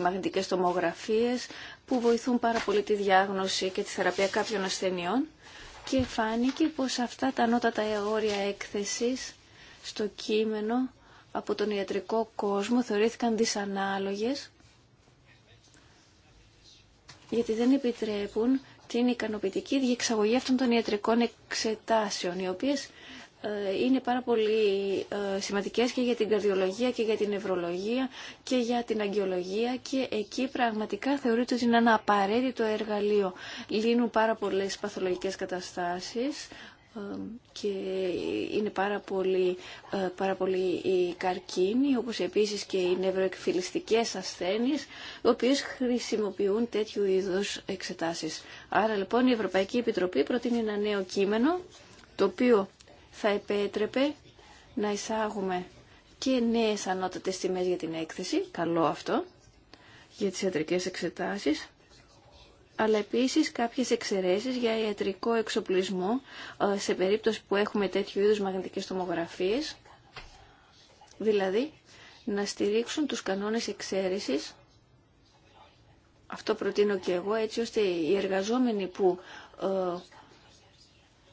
μαγνητικές τομογραφίες που βοηθούν πάρα πολύ τη διάγνωση και τη θεραπεία κάποιων ασθενειών και φάνηκε πως αυτά τα ανώτατα όρια έκθεσης στο κείμενο από τον ιατρικό κόσμο θεωρήθηκαν δυσανάλογες γιατί δεν επιτρέπουν την ικανοποιητική διεξαγωγή αυτών των ιατρικών εξετάσεων, οι οποίες ε, είναι πάρα πολύ ε, σημαντικές και για την καρδιολογία και για την νευρολογία και για την αγκιολογία και εκεί πραγματικά θεωρείται ότι είναι ένα απαραίτητο εργαλείο. Λύνουν πάρα πολλές παθολογικές καταστάσεις και είναι πάρα πολύ, ε, πάρα οι καρκίνοι, όπως επίσης και οι νευροεκφυλιστικές ασθένειες, οι οποίες χρησιμοποιούν τέτοιου είδους εξετάσεις. Άρα λοιπόν η Ευρωπαϊκή Επιτροπή προτείνει ένα νέο κείμενο, το οποίο θα επέτρεπε να εισάγουμε και νέες ανώτατες τιμές για την έκθεση, καλό αυτό, για τις ιατρικές εξετάσεις, αλλά επίσης κάποιες εξαιρέσεις για ιατρικό εξοπλισμό ε, σε περίπτωση που έχουμε τέτοιου είδους μαγνητικές τομογραφίες, δηλαδή να στηρίξουν τους κανόνες εξαίρεσης, αυτό προτείνω και εγώ, έτσι ώστε οι εργαζόμενοι που ε,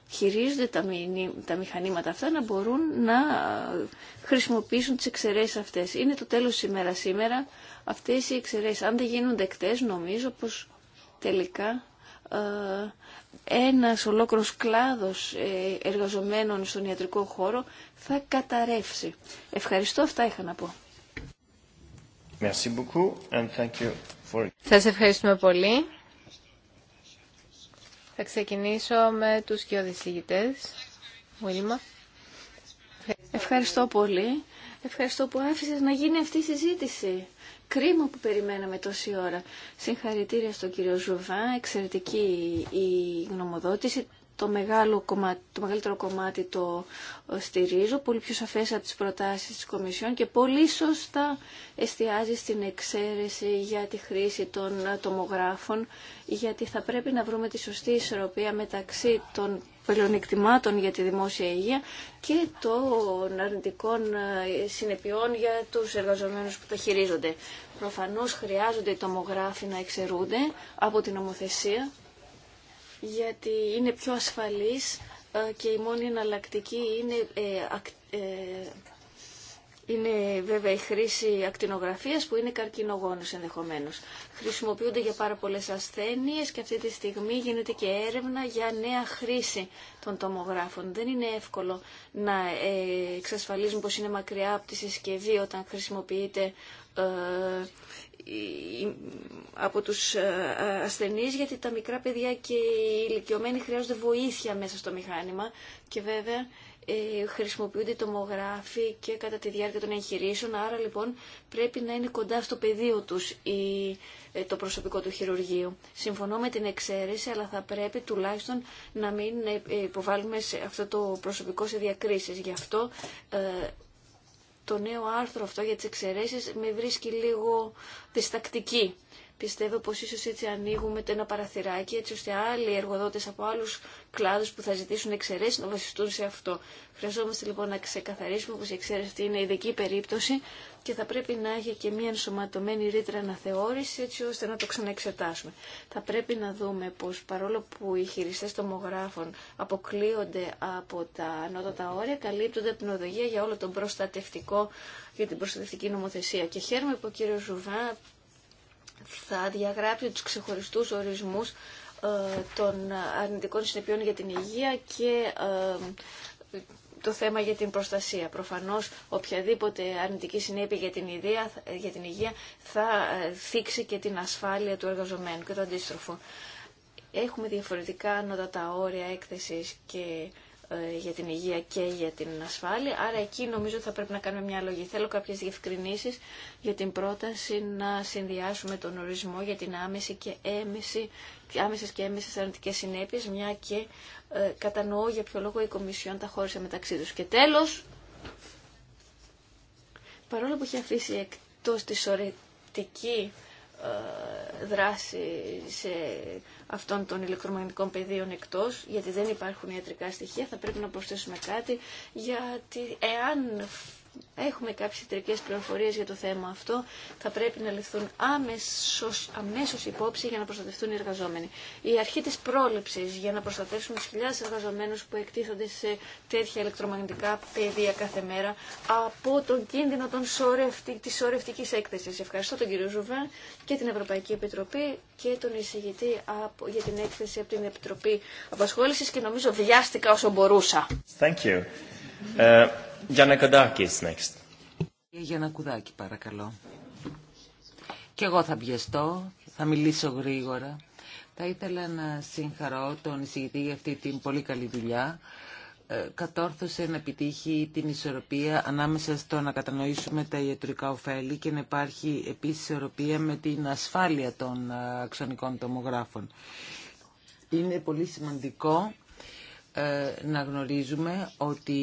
χειρίζονται τα μηχανήματα αυτά να μπορούν να ε, χρησιμοποιήσουν τις εξαιρέσεις αυτές. Είναι το τέλος σήμερα σήμερα αυτές οι εξαιρέσεις. Αν δεν γίνουν δεκτές νομίζω πως τελικά ε, ένας ολόκληρος κλάδος ε, εργαζομένων στον ιατρικό χώρο θα καταρρεύσει. Ευχαριστώ, αυτά είχα να πω. Merci and thank you for... Σας ευχαριστούμε πολύ. Θα ξεκινήσω με τους και Μουρίμα. Ευχαριστώ πολύ. Ευχαριστώ που άφησες να γίνει αυτή η συζήτηση. Κρίμα που περιμέναμε τόση ώρα. Συγχαρητήρια στον κύριο Ζουβά, εξαιρετική η γνωμοδότηση. Το, μεγάλο κομμάτι, το μεγαλύτερο κομμάτι το ε, στηρίζω, πολύ πιο σαφές από τις προτάσεις της Κομισιόν και πολύ σωστά εστιάζει στην εξαίρεση για τη χρήση των τομογράφων, γιατί θα πρέπει να βρούμε τη σωστή ισορροπία μεταξύ των πλεονεκτημάτων για τη δημόσια υγεία και των αρνητικών ε, συνεπειών για τους εργαζομένους που τα χειρίζονται. Προφανώς χρειάζονται οι τομογράφοι να εξαιρούνται από την νομοθεσία γιατί είναι πιο ασφαλής ε, και η μόνη εναλλακτική είναι ε, είναι βέβαια η χρήση ακτινογραφίας που είναι καρκινογόνος ενδεχομένως. Χρησιμοποιούνται για πάρα πολλές ασθένειες και αυτή τη στιγμή γίνεται και έρευνα για νέα χρήση των τομογράφων. Δεν είναι εύκολο να ε, εξασφαλίζουν πως είναι μακριά από τη συσκευή όταν χρησιμοποιείται ε, από τους ε, ασθενείς γιατί τα μικρά παιδιά και οι ηλικιωμένοι χρειάζονται βοήθεια μέσα στο μηχάνημα και βέβαια ε, χρησιμοποιούνται τομογράφοι και κατά τη διάρκεια των εγχειρήσεων, άρα λοιπόν πρέπει να είναι κοντά στο πεδίο τους η, ε, το προσωπικό του χειρουργείου. Συμφωνώ με την εξαίρεση, αλλά θα πρέπει τουλάχιστον να μην ε, υποβάλουμε σε αυτό το προσωπικό σε διακρίσεις. Γι' αυτό το νέο άρθρο αυτό για τις εξαιρέσεις με βρίσκει λίγο διστακτική. Πιστεύω πως ίσως έτσι ανοίγουμε το ένα παραθυράκι έτσι ώστε άλλοι εργοδότες από άλλους κλάδους που θα ζητήσουν εξαιρέσεις να βασιστούν σε αυτό. Χρειαζόμαστε λοιπόν να ξεκαθαρίσουμε πως η εξαίρεση αυτή είναι ειδική περίπτωση και θα πρέπει να έχει και μια ενσωματωμένη ρήτρα αναθεώρηση έτσι ώστε να το ξαναεξετάσουμε. Θα πρέπει να δούμε πως παρόλο που οι χειριστές τομογράφων αποκλείονται από τα ανώτατα όρια, καλύπτονται από την οδηγία για όλο τον προστατευτικό, για την προστατευτική νομοθεσία. Και χαίρομαι που ο κύριος Ζουβά θα διαγράψει τους ξεχωριστούς ορισμούς ε, των αρνητικών συνεπειών για την υγεία και ε, το θέμα για την προστασία. Προφανώς οποιαδήποτε αρνητική συνέπεια για την, υγεία, για την υγεία θα ε, θίξει και την ασφάλεια του εργαζομένου και το αντίστροφο. Έχουμε διαφορετικά ανώτατα όρια έκθεσης και ε, για την υγεία και για την ασφάλεια. Άρα εκεί νομίζω θα πρέπει να κάνουμε μια λόγη Θέλω κάποιες διευκρινήσεις για την πρόταση να συνδυάσουμε τον ορισμό για την άμεση και έμεση, άμεσες και αρνητικές συνέπειες, μια και ε, κατανοώ για ποιο λόγο η Κομισιόν τα χώρισε μεταξύ τους. Και τέλος, παρόλο που έχει αφήσει εκτός τη ορετική δράση σε αυτών των ηλεκτρομαγνητικών πεδίων εκτός, γιατί δεν υπάρχουν ιατρικά στοιχεία, θα πρέπει να προσθέσουμε κάτι, γιατί εάν έχουμε κάποιες ιατρικές πληροφορίες για το θέμα αυτό, θα πρέπει να ληφθούν αμέσως, αμέσως υπόψη για να προστατευτούν οι εργαζόμενοι. Η αρχή της πρόληψης για να προστατεύσουμε τους χιλιάδες εργαζομένους που εκτίθονται σε τέτοια ηλεκτρομαγνητικά πεδία κάθε μέρα από τον κίνδυνο των σωρευτικ, της σωρευτικής έκθεσης. Ευχαριστώ τον κύριο Ζουβέν και την Ευρωπαϊκή Επιτροπή και τον εισηγητή από, για την έκθεση από την Επιτροπή Απασχόλησης και νομίζω βιάστηκα όσο μπορούσα. Thank you. Ε, Γιάννα Κοντάκη, next. Γιάννα Κουδάκη, παρακαλώ. Και εγώ θα βιαστώ, θα μιλήσω γρήγορα. Θα ήθελα να συγχαρώ τον εισηγητή για αυτή την πολύ καλή δουλειά. Ε, κατόρθωσε να επιτύχει την ισορροπία ανάμεσα στο να κατανοήσουμε τα ιατρικά ωφέλη και να υπάρχει επίσης ισορροπία με την ασφάλεια των ε, αξονικών τομογράφων. Είναι πολύ σημαντικό ε, να γνωρίζουμε ότι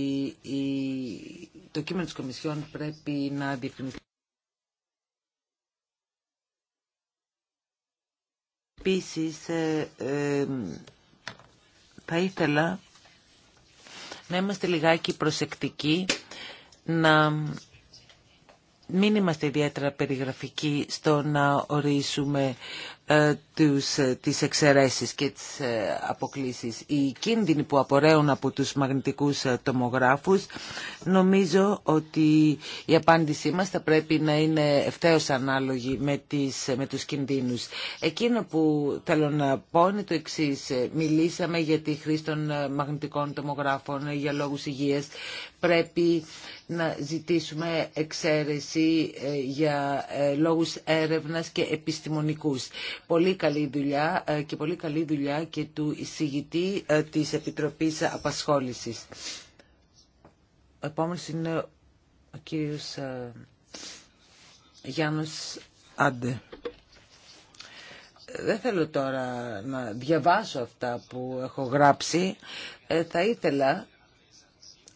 το κείμενο της Κομισιόν πρέπει να διευκρινιστεί. Επίσης, ε, ε, θα ήθελα να είμαστε λιγάκι προσεκτικοί, να μην είμαστε ιδιαίτερα περιγραφικοί στο να ορίσουμε ε, τους, ε, τις εξαιρέσεις και τις ε, αποκλήσεις. Οι κίνδυνοι που απορρέουν από τους μαγνητικούς τομογράφους νομίζω ότι η απάντησή μας θα πρέπει να είναι ευθέως ανάλογη με, τις, με τους κινδύνους. Εκείνο που θέλω να πω είναι το εξή. Μιλήσαμε για τη χρήση των μαγνητικών τομογράφων για λόγους υγείας. Πρέπει να ζητήσουμε εξαίρεση για λόγους έρευνας και επιστημονικούς. Πολύ καλή δουλειά ε, και πολύ καλή δουλειά και του εισηγητή ε, της Επιτροπής Απασχόλησης. Ο επόμενος είναι ο κύριος ε, Γιάννος Άντε. Δεν θέλω τώρα να διαβάσω αυτά που έχω γράψει. Θα ήθελα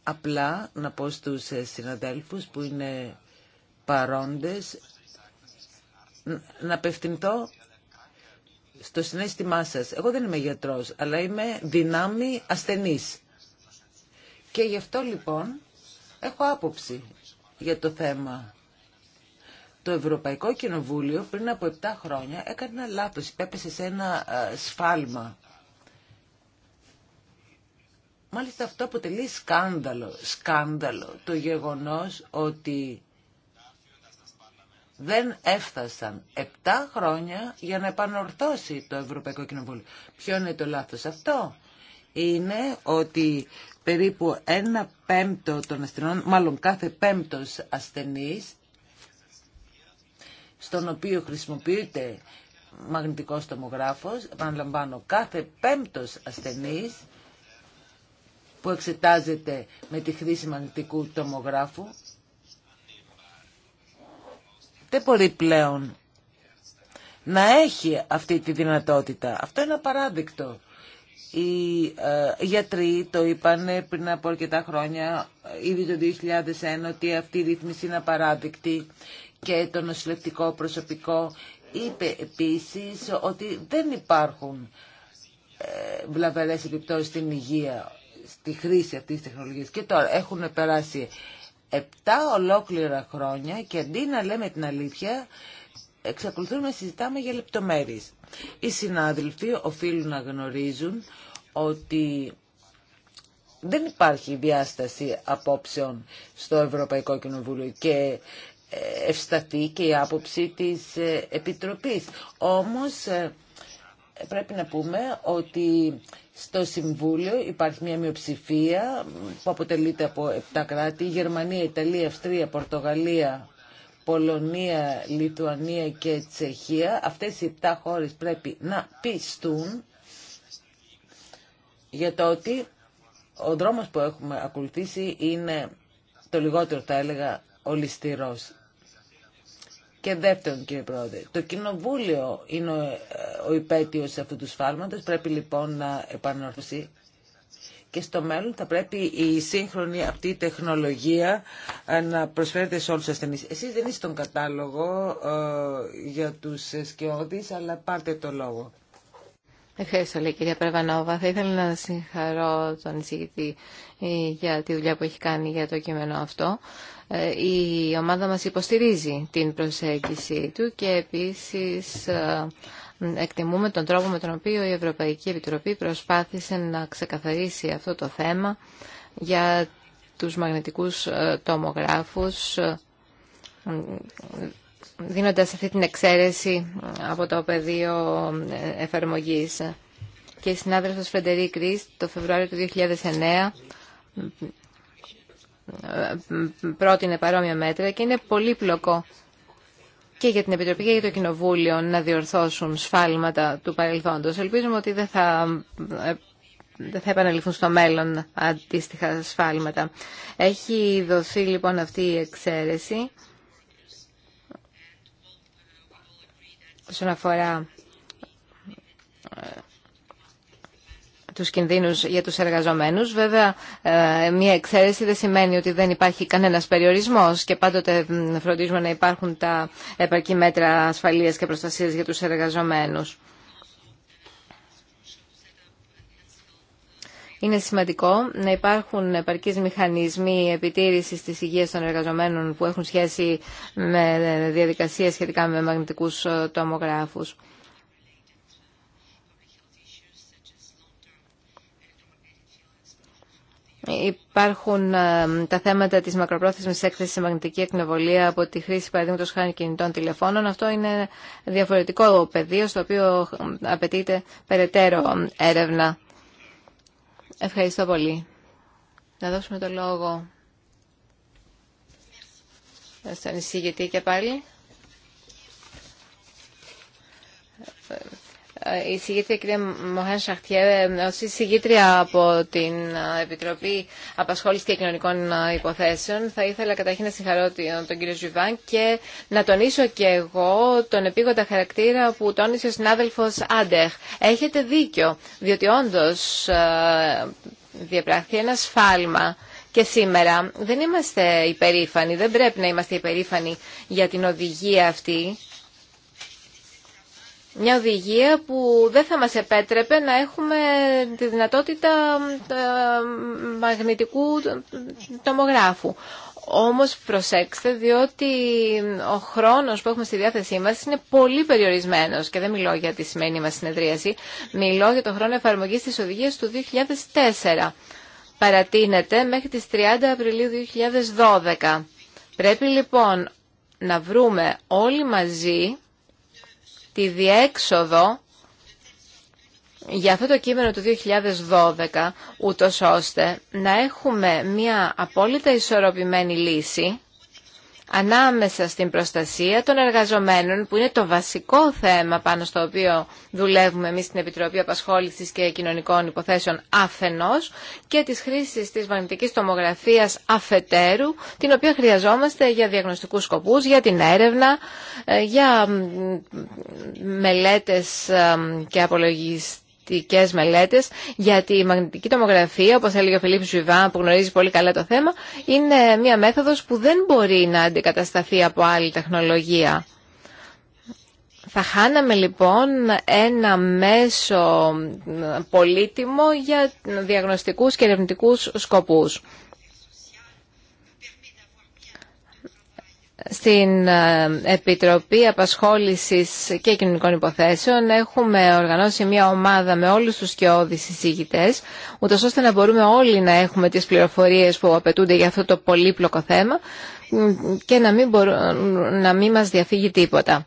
απλά να πω στους συναδέλφους που είναι παρόντες να απευθυνθώ στο συνέστημά σας. Εγώ δεν είμαι γιατρός, αλλά είμαι δυνάμι ασθενής. Και γι' αυτό λοιπόν έχω άποψη για το θέμα. Το Ευρωπαϊκό Κοινοβούλιο πριν από 7 χρόνια έκανε ένα λάθος, υπέπεσε σε ένα σφάλμα. Μάλιστα αυτό αποτελεί σκάνδαλο, σκάνδαλο το γεγονός ότι δεν έφτασαν 7 χρόνια για να επανορθώσει το Ευρωπαϊκό Κοινοβούλιο. Ποιο είναι το λάθος αυτό. Είναι ότι περίπου ένα πέμπτο των ασθενών, μάλλον κάθε πέμπτος ασθενής, στον οποίο χρησιμοποιείται μαγνητικός τομογράφος, επαναλαμβάνω, κάθε πέμπτος ασθενής που εξετάζεται με τη χρήση μαγνητικού τομογράφου, δεν μπορεί πλέον να έχει αυτή τη δυνατότητα. Αυτό είναι απαράδεικτο. Οι ε, γιατροί το είπαν πριν από αρκετά χρόνια, ήδη το 2001, ότι αυτή η ρύθμιση είναι απαράδεικτη και το νοσηλευτικό προσωπικό είπε επίσης ότι δεν υπάρχουν ε, βλαβερές επιπτώσεις στην υγεία, στη χρήση αυτής της τεχνολογίας. Και τώρα έχουν περάσει Επτά ολόκληρα χρόνια και αντί να λέμε την αλήθεια, εξακολουθούμε να συζητάμε για λεπτομέρειες. Οι συνάδελφοι οφείλουν να γνωρίζουν ότι δεν υπάρχει διάσταση απόψεων στο Ευρωπαϊκό Κοινοβούλιο και ε, ευσταθεί και η άποψη της ε, Επιτροπής. Όμως ε, πρέπει να πούμε ότι στο Συμβούλιο υπάρχει μια μειοψηφία που αποτελείται από 7 κράτη, Γερμανία, Ιταλία, Αυστρία, Πορτογαλία, Πολωνία, Λιτουανία και Τσεχία. Αυτές οι 7 χώρες πρέπει να πιστούν για το ότι ο δρόμος που έχουμε ακολουθήσει είναι το λιγότερο θα έλεγα ολιστηρός. Και δεύτερον, κύριε Πρόεδρε, το Κοινοβούλιο είναι ο ε, υπέτειο αυτού του σφάλματο. πρέπει λοιπόν να επανορθωθεί και στο μέλλον θα πρέπει η σύγχρονη αυτή τεχνολογία ε, να προσφέρεται σε όλους τους ασθενεί. Εσείς δεν είστε στον κατάλογο ε, για του σκιώδει, αλλά πάρτε το λόγο. Ευχαριστώ, λέει κυρία Περβανόβα. Θα ήθελα να συγχαρώ τον εισηγητή για τη δουλειά που έχει κάνει για το κείμενο αυτό. Ε, η ομάδα μας υποστηρίζει την προσέγγιση του και επίσης ε, εκτιμούμε τον τρόπο με τον οποίο η Ευρωπαϊκή Επιτροπή προσπάθησε να ξεκαθαρίσει αυτό το θέμα για τους μαγνητικούς ε, τομογράφους δίνοντας αυτή την εξαίρεση από το πεδίο εφαρμογής. Και η συνάδελφος Φρεντερή Κρίστ το Φεβρουάριο του 2009 ε, πρότεινε παρόμοια μέτρα και είναι πολύ πλοκό και για την Επιτροπή και για το Κοινοβούλιο να διορθώσουν σφάλματα του παρελθόντος. Ελπίζουμε ότι δεν θα, ε, δεν θα επαναληφθούν στο μέλλον αντίστοιχα σφάλματα. Έχει δοθεί λοιπόν αυτή η εξαίρεση όσον αφορά ε, τους κινδύνους για τους εργαζομένους. Βέβαια, ε, μια εξαίρεση δεν σημαίνει ότι δεν υπάρχει κανένας περιορισμός και πάντοτε φροντίζουμε να υπάρχουν τα επαρκή μέτρα ασφαλείας και προστασίας για τους εργαζομένους. Είναι σημαντικό να υπάρχουν επαρκείς μηχανισμοί επιτήρησης της υγείας των εργαζομένων που έχουν σχέση με διαδικασίες σχετικά με μαγνητικούς ε, τομογράφους. Υπάρχουν ε, τα θέματα της μακροπρόθεσμης έκθεσης σε μαγνητική εκνοβολία από τη χρήση παραδείγματο χάρη κινητών τηλεφώνων. Αυτό είναι διαφορετικό πεδίο στο οποίο ε, απαιτείται περαιτέρω έρευνα. Ευχαριστώ πολύ. Να δώσουμε το λόγο στον εισηγητή και πάλι. Ε, η συγγήτρια κυρία Μοχάν Σαχτιέ ε, ως συγγήτρια από την ε, Επιτροπή Απασχόλησης και Κοινωνικών Υποθέσεων θα ήθελα καταρχήν να συγχαρώ τον κύριο Ζουβάν και να τονίσω και εγώ τον επίγοντα χαρακτήρα που τόνισε ο συνάδελφο Άντεχ. Έχετε δίκιο, διότι όντω διαπράχθηκε ένα σφάλμα και σήμερα δεν είμαστε υπερήφανοι, δεν πρέπει να είμαστε υπερήφανοι για την οδηγία αυτή μια οδηγία που δεν θα μας επέτρεπε να έχουμε τη δυνατότητα μαγνητικού τομογράφου. Όμως προσέξτε διότι ο χρόνος που έχουμε στη διάθεσή μας είναι πολύ περιορισμένος και δεν μιλώ για τη σημαίνη μας συνεδρίαση, μιλώ για το χρόνο εφαρμογής της οδηγίας του 2004. Παρατείνεται μέχρι τις 30 Απριλίου 2012. Πρέπει λοιπόν να βρούμε όλοι μαζί τη διέξοδο για αυτό το κείμενο του 2012, ούτως ώστε να έχουμε μια απόλυτα ισορροπημένη λύση ανάμεσα στην προστασία των εργαζομένων, που είναι το βασικό θέμα πάνω στο οποίο δουλεύουμε εμείς στην Επιτροπή Απασχόλησης και Κοινωνικών Υποθέσεων αφενός και της χρήσης της μαγνητικής τομογραφίας αφετέρου, την οποία χρειαζόμαστε για διαγνωστικούς σκοπούς, για την έρευνα, ε, για μελέτες ε, και απολογιστές σχετικές μελέτες γιατί η μαγνητική τομογραφία, όπως έλεγε ο Φιλίπ Ζουιβά, που γνωρίζει πολύ καλά το θέμα, είναι μια μέθοδος που δεν μπορεί να αντικατασταθεί από άλλη τεχνολογία. Θα χάναμε λοιπόν ένα μέσο πολύτιμο για διαγνωστικούς και ερευνητικούς σκοπούς. Στην ε, Επιτροπή Απασχόλησης και Κοινωνικών Υποθέσεων έχουμε οργανώσει μια ομάδα με όλους τους σκιώδεις συζήτητες, ούτως ώστε να μπορούμε όλοι να έχουμε τις πληροφορίες που απαιτούνται για αυτό το πολύπλοκο θέμα και να μην, να μην μας διαφύγει τίποτα.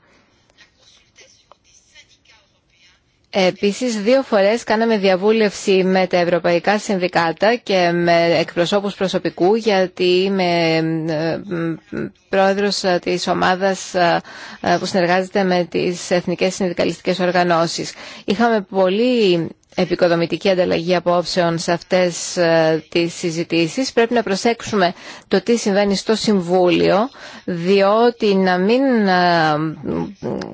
Επίσης, δύο φορές κάναμε διαβούλευση με τα ευρωπαϊκά συνδικάτα και με εκπροσώπους προσωπικού, γιατί είμαι ε, πρόεδρος της ομάδας ε, ε, που συνεργάζεται με τις εθνικές συνδικαλιστικές οργανώσεις. Είχαμε πολύ επικοδομητική ανταλλαγή απόψεων σε αυτές ε, τις συζητήσεις. Πρέπει να προσέξουμε το τι συμβαίνει στο Συμβούλιο, διότι να μην ε,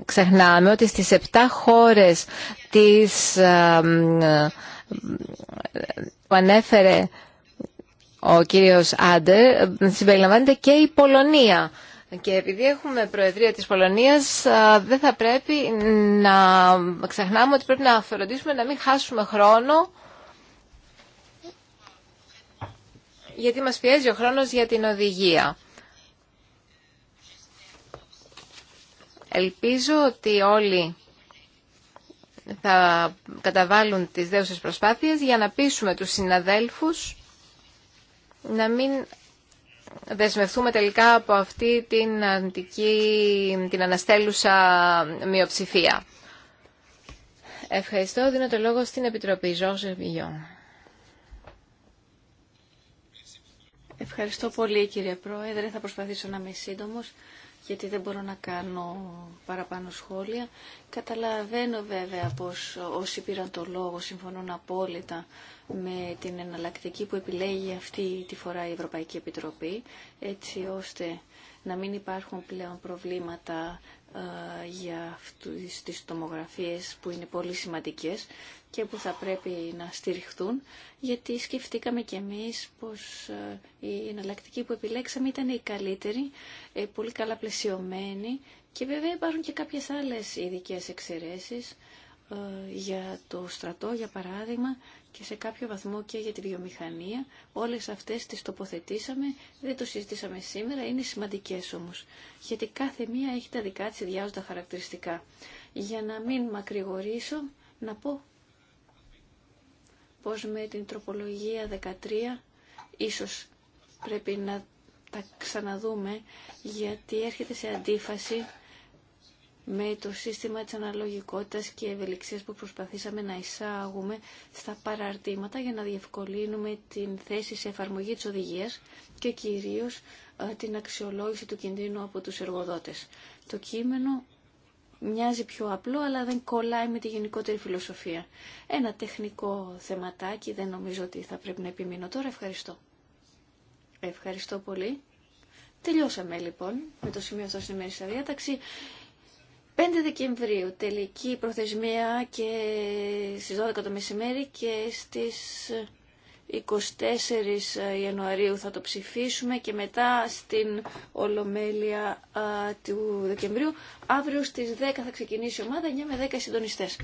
ξεχνάμε ότι στις 7 χώρες της, ε, που ανέφερε ο κύριος Άντερ, συμπεριλαμβάνεται και η Πολωνία. Και επειδή έχουμε Προεδρία της Πολωνίας, δεν θα πρέπει να ξεχνάμε ότι πρέπει να φροντίσουμε να μην χάσουμε χρόνο γιατί μας πιέζει ο χρόνος για την οδηγία. Ελπίζω ότι όλοι θα καταβάλουν τις δέουσες προσπάθειες για να πείσουμε τους συναδέλφους να μην δεσμευτούμε τελικά από αυτή την αντική, την αναστέλουσα μειοψηφία. Ευχαριστώ. Δίνω το λόγο στην Επιτροπή. Ζώζε Ευχαριστώ πολύ κύριε Πρόεδρε. Θα προσπαθήσω να είμαι σύντομο γιατί δεν μπορώ να κάνω παραπάνω σχόλια. Καταλαβαίνω βέβαια πως όσοι πήραν το λόγο συμφωνούν απόλυτα με την εναλλακτική που επιλέγει αυτή τη φορά η Ευρωπαϊκή Επιτροπή, έτσι ώστε να μην υπάρχουν πλέον προβλήματα ε, για αυτούς τις τομογραφίες που είναι πολύ σημαντικές και που θα πρέπει να στηριχτούν, γιατί σκεφτήκαμε κι εμείς πως ε, η εναλλακτική που επιλέξαμε ήταν η καλύτερη, ε, πολύ καλά πλαισιωμένη και βέβαια υπάρχουν και κάποιες άλλες ειδικέ εξαιρέσεις ε, για το στρατό, για παράδειγμα, και σε κάποιο βαθμό και για τη βιομηχανία. Όλες αυτές τις τοποθετήσαμε, δεν το συζητήσαμε σήμερα, είναι σημαντικές όμως, γιατί κάθε μία έχει τα δικά της ιδιάζοντα χαρακτηριστικά. Για να μην μακρηγορήσω, να πω πως με την τροπολογία 13 ίσως πρέπει να τα ξαναδούμε γιατί έρχεται σε αντίφαση με το σύστημα της αναλογικότητας και ευελιξίας που προσπαθήσαμε να εισάγουμε στα παραρτήματα για να διευκολύνουμε την θέση σε εφαρμογή της οδηγίας και κυρίως ε, την αξιολόγηση του κινδύνου από τους εργοδότες. Το κείμενο μοιάζει πιο απλό αλλά δεν κολλάει με τη γενικότερη φιλοσοφία. Ένα τεχνικό θεματάκι, δεν νομίζω ότι θα πρέπει να επιμείνω τώρα. Ευχαριστώ. Ευχαριστώ πολύ. Τελειώσαμε λοιπόν με το σημείο αυτό στην ημερήσια διάταξη. 5 Δεκεμβρίου, τελική προθεσμία και στις 12 το μεσημέρι και στις 24 Ιανουαρίου θα το ψηφίσουμε και μετά στην Ολομέλεια του Δεκεμβρίου. Αύριο στις 10 θα ξεκινήσει η ομάδα, 9 με 10 συντονιστές.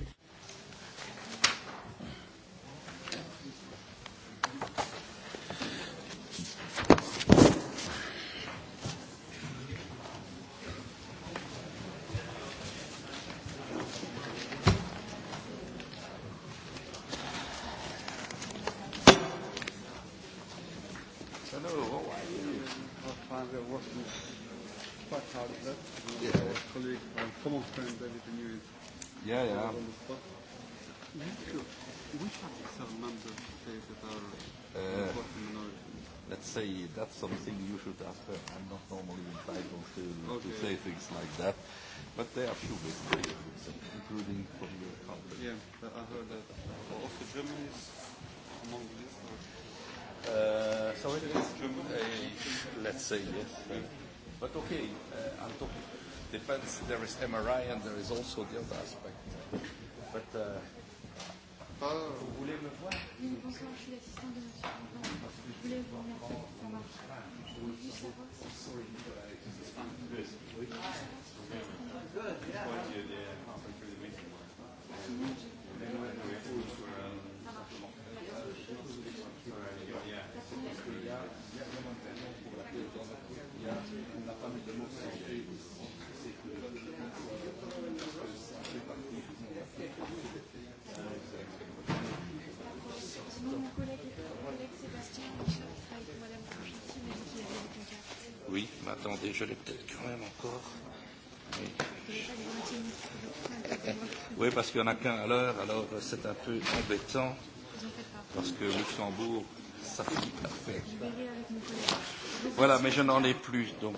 there is MRI and there is also the other aspect. But, uh, je l'ai peut-être quand même encore. Oui, parce qu'il n'y en a qu'un à l'heure, alors c'est un peu embêtant, parce que Luxembourg, ça fait. Voilà, mais je n'en ai plus, donc.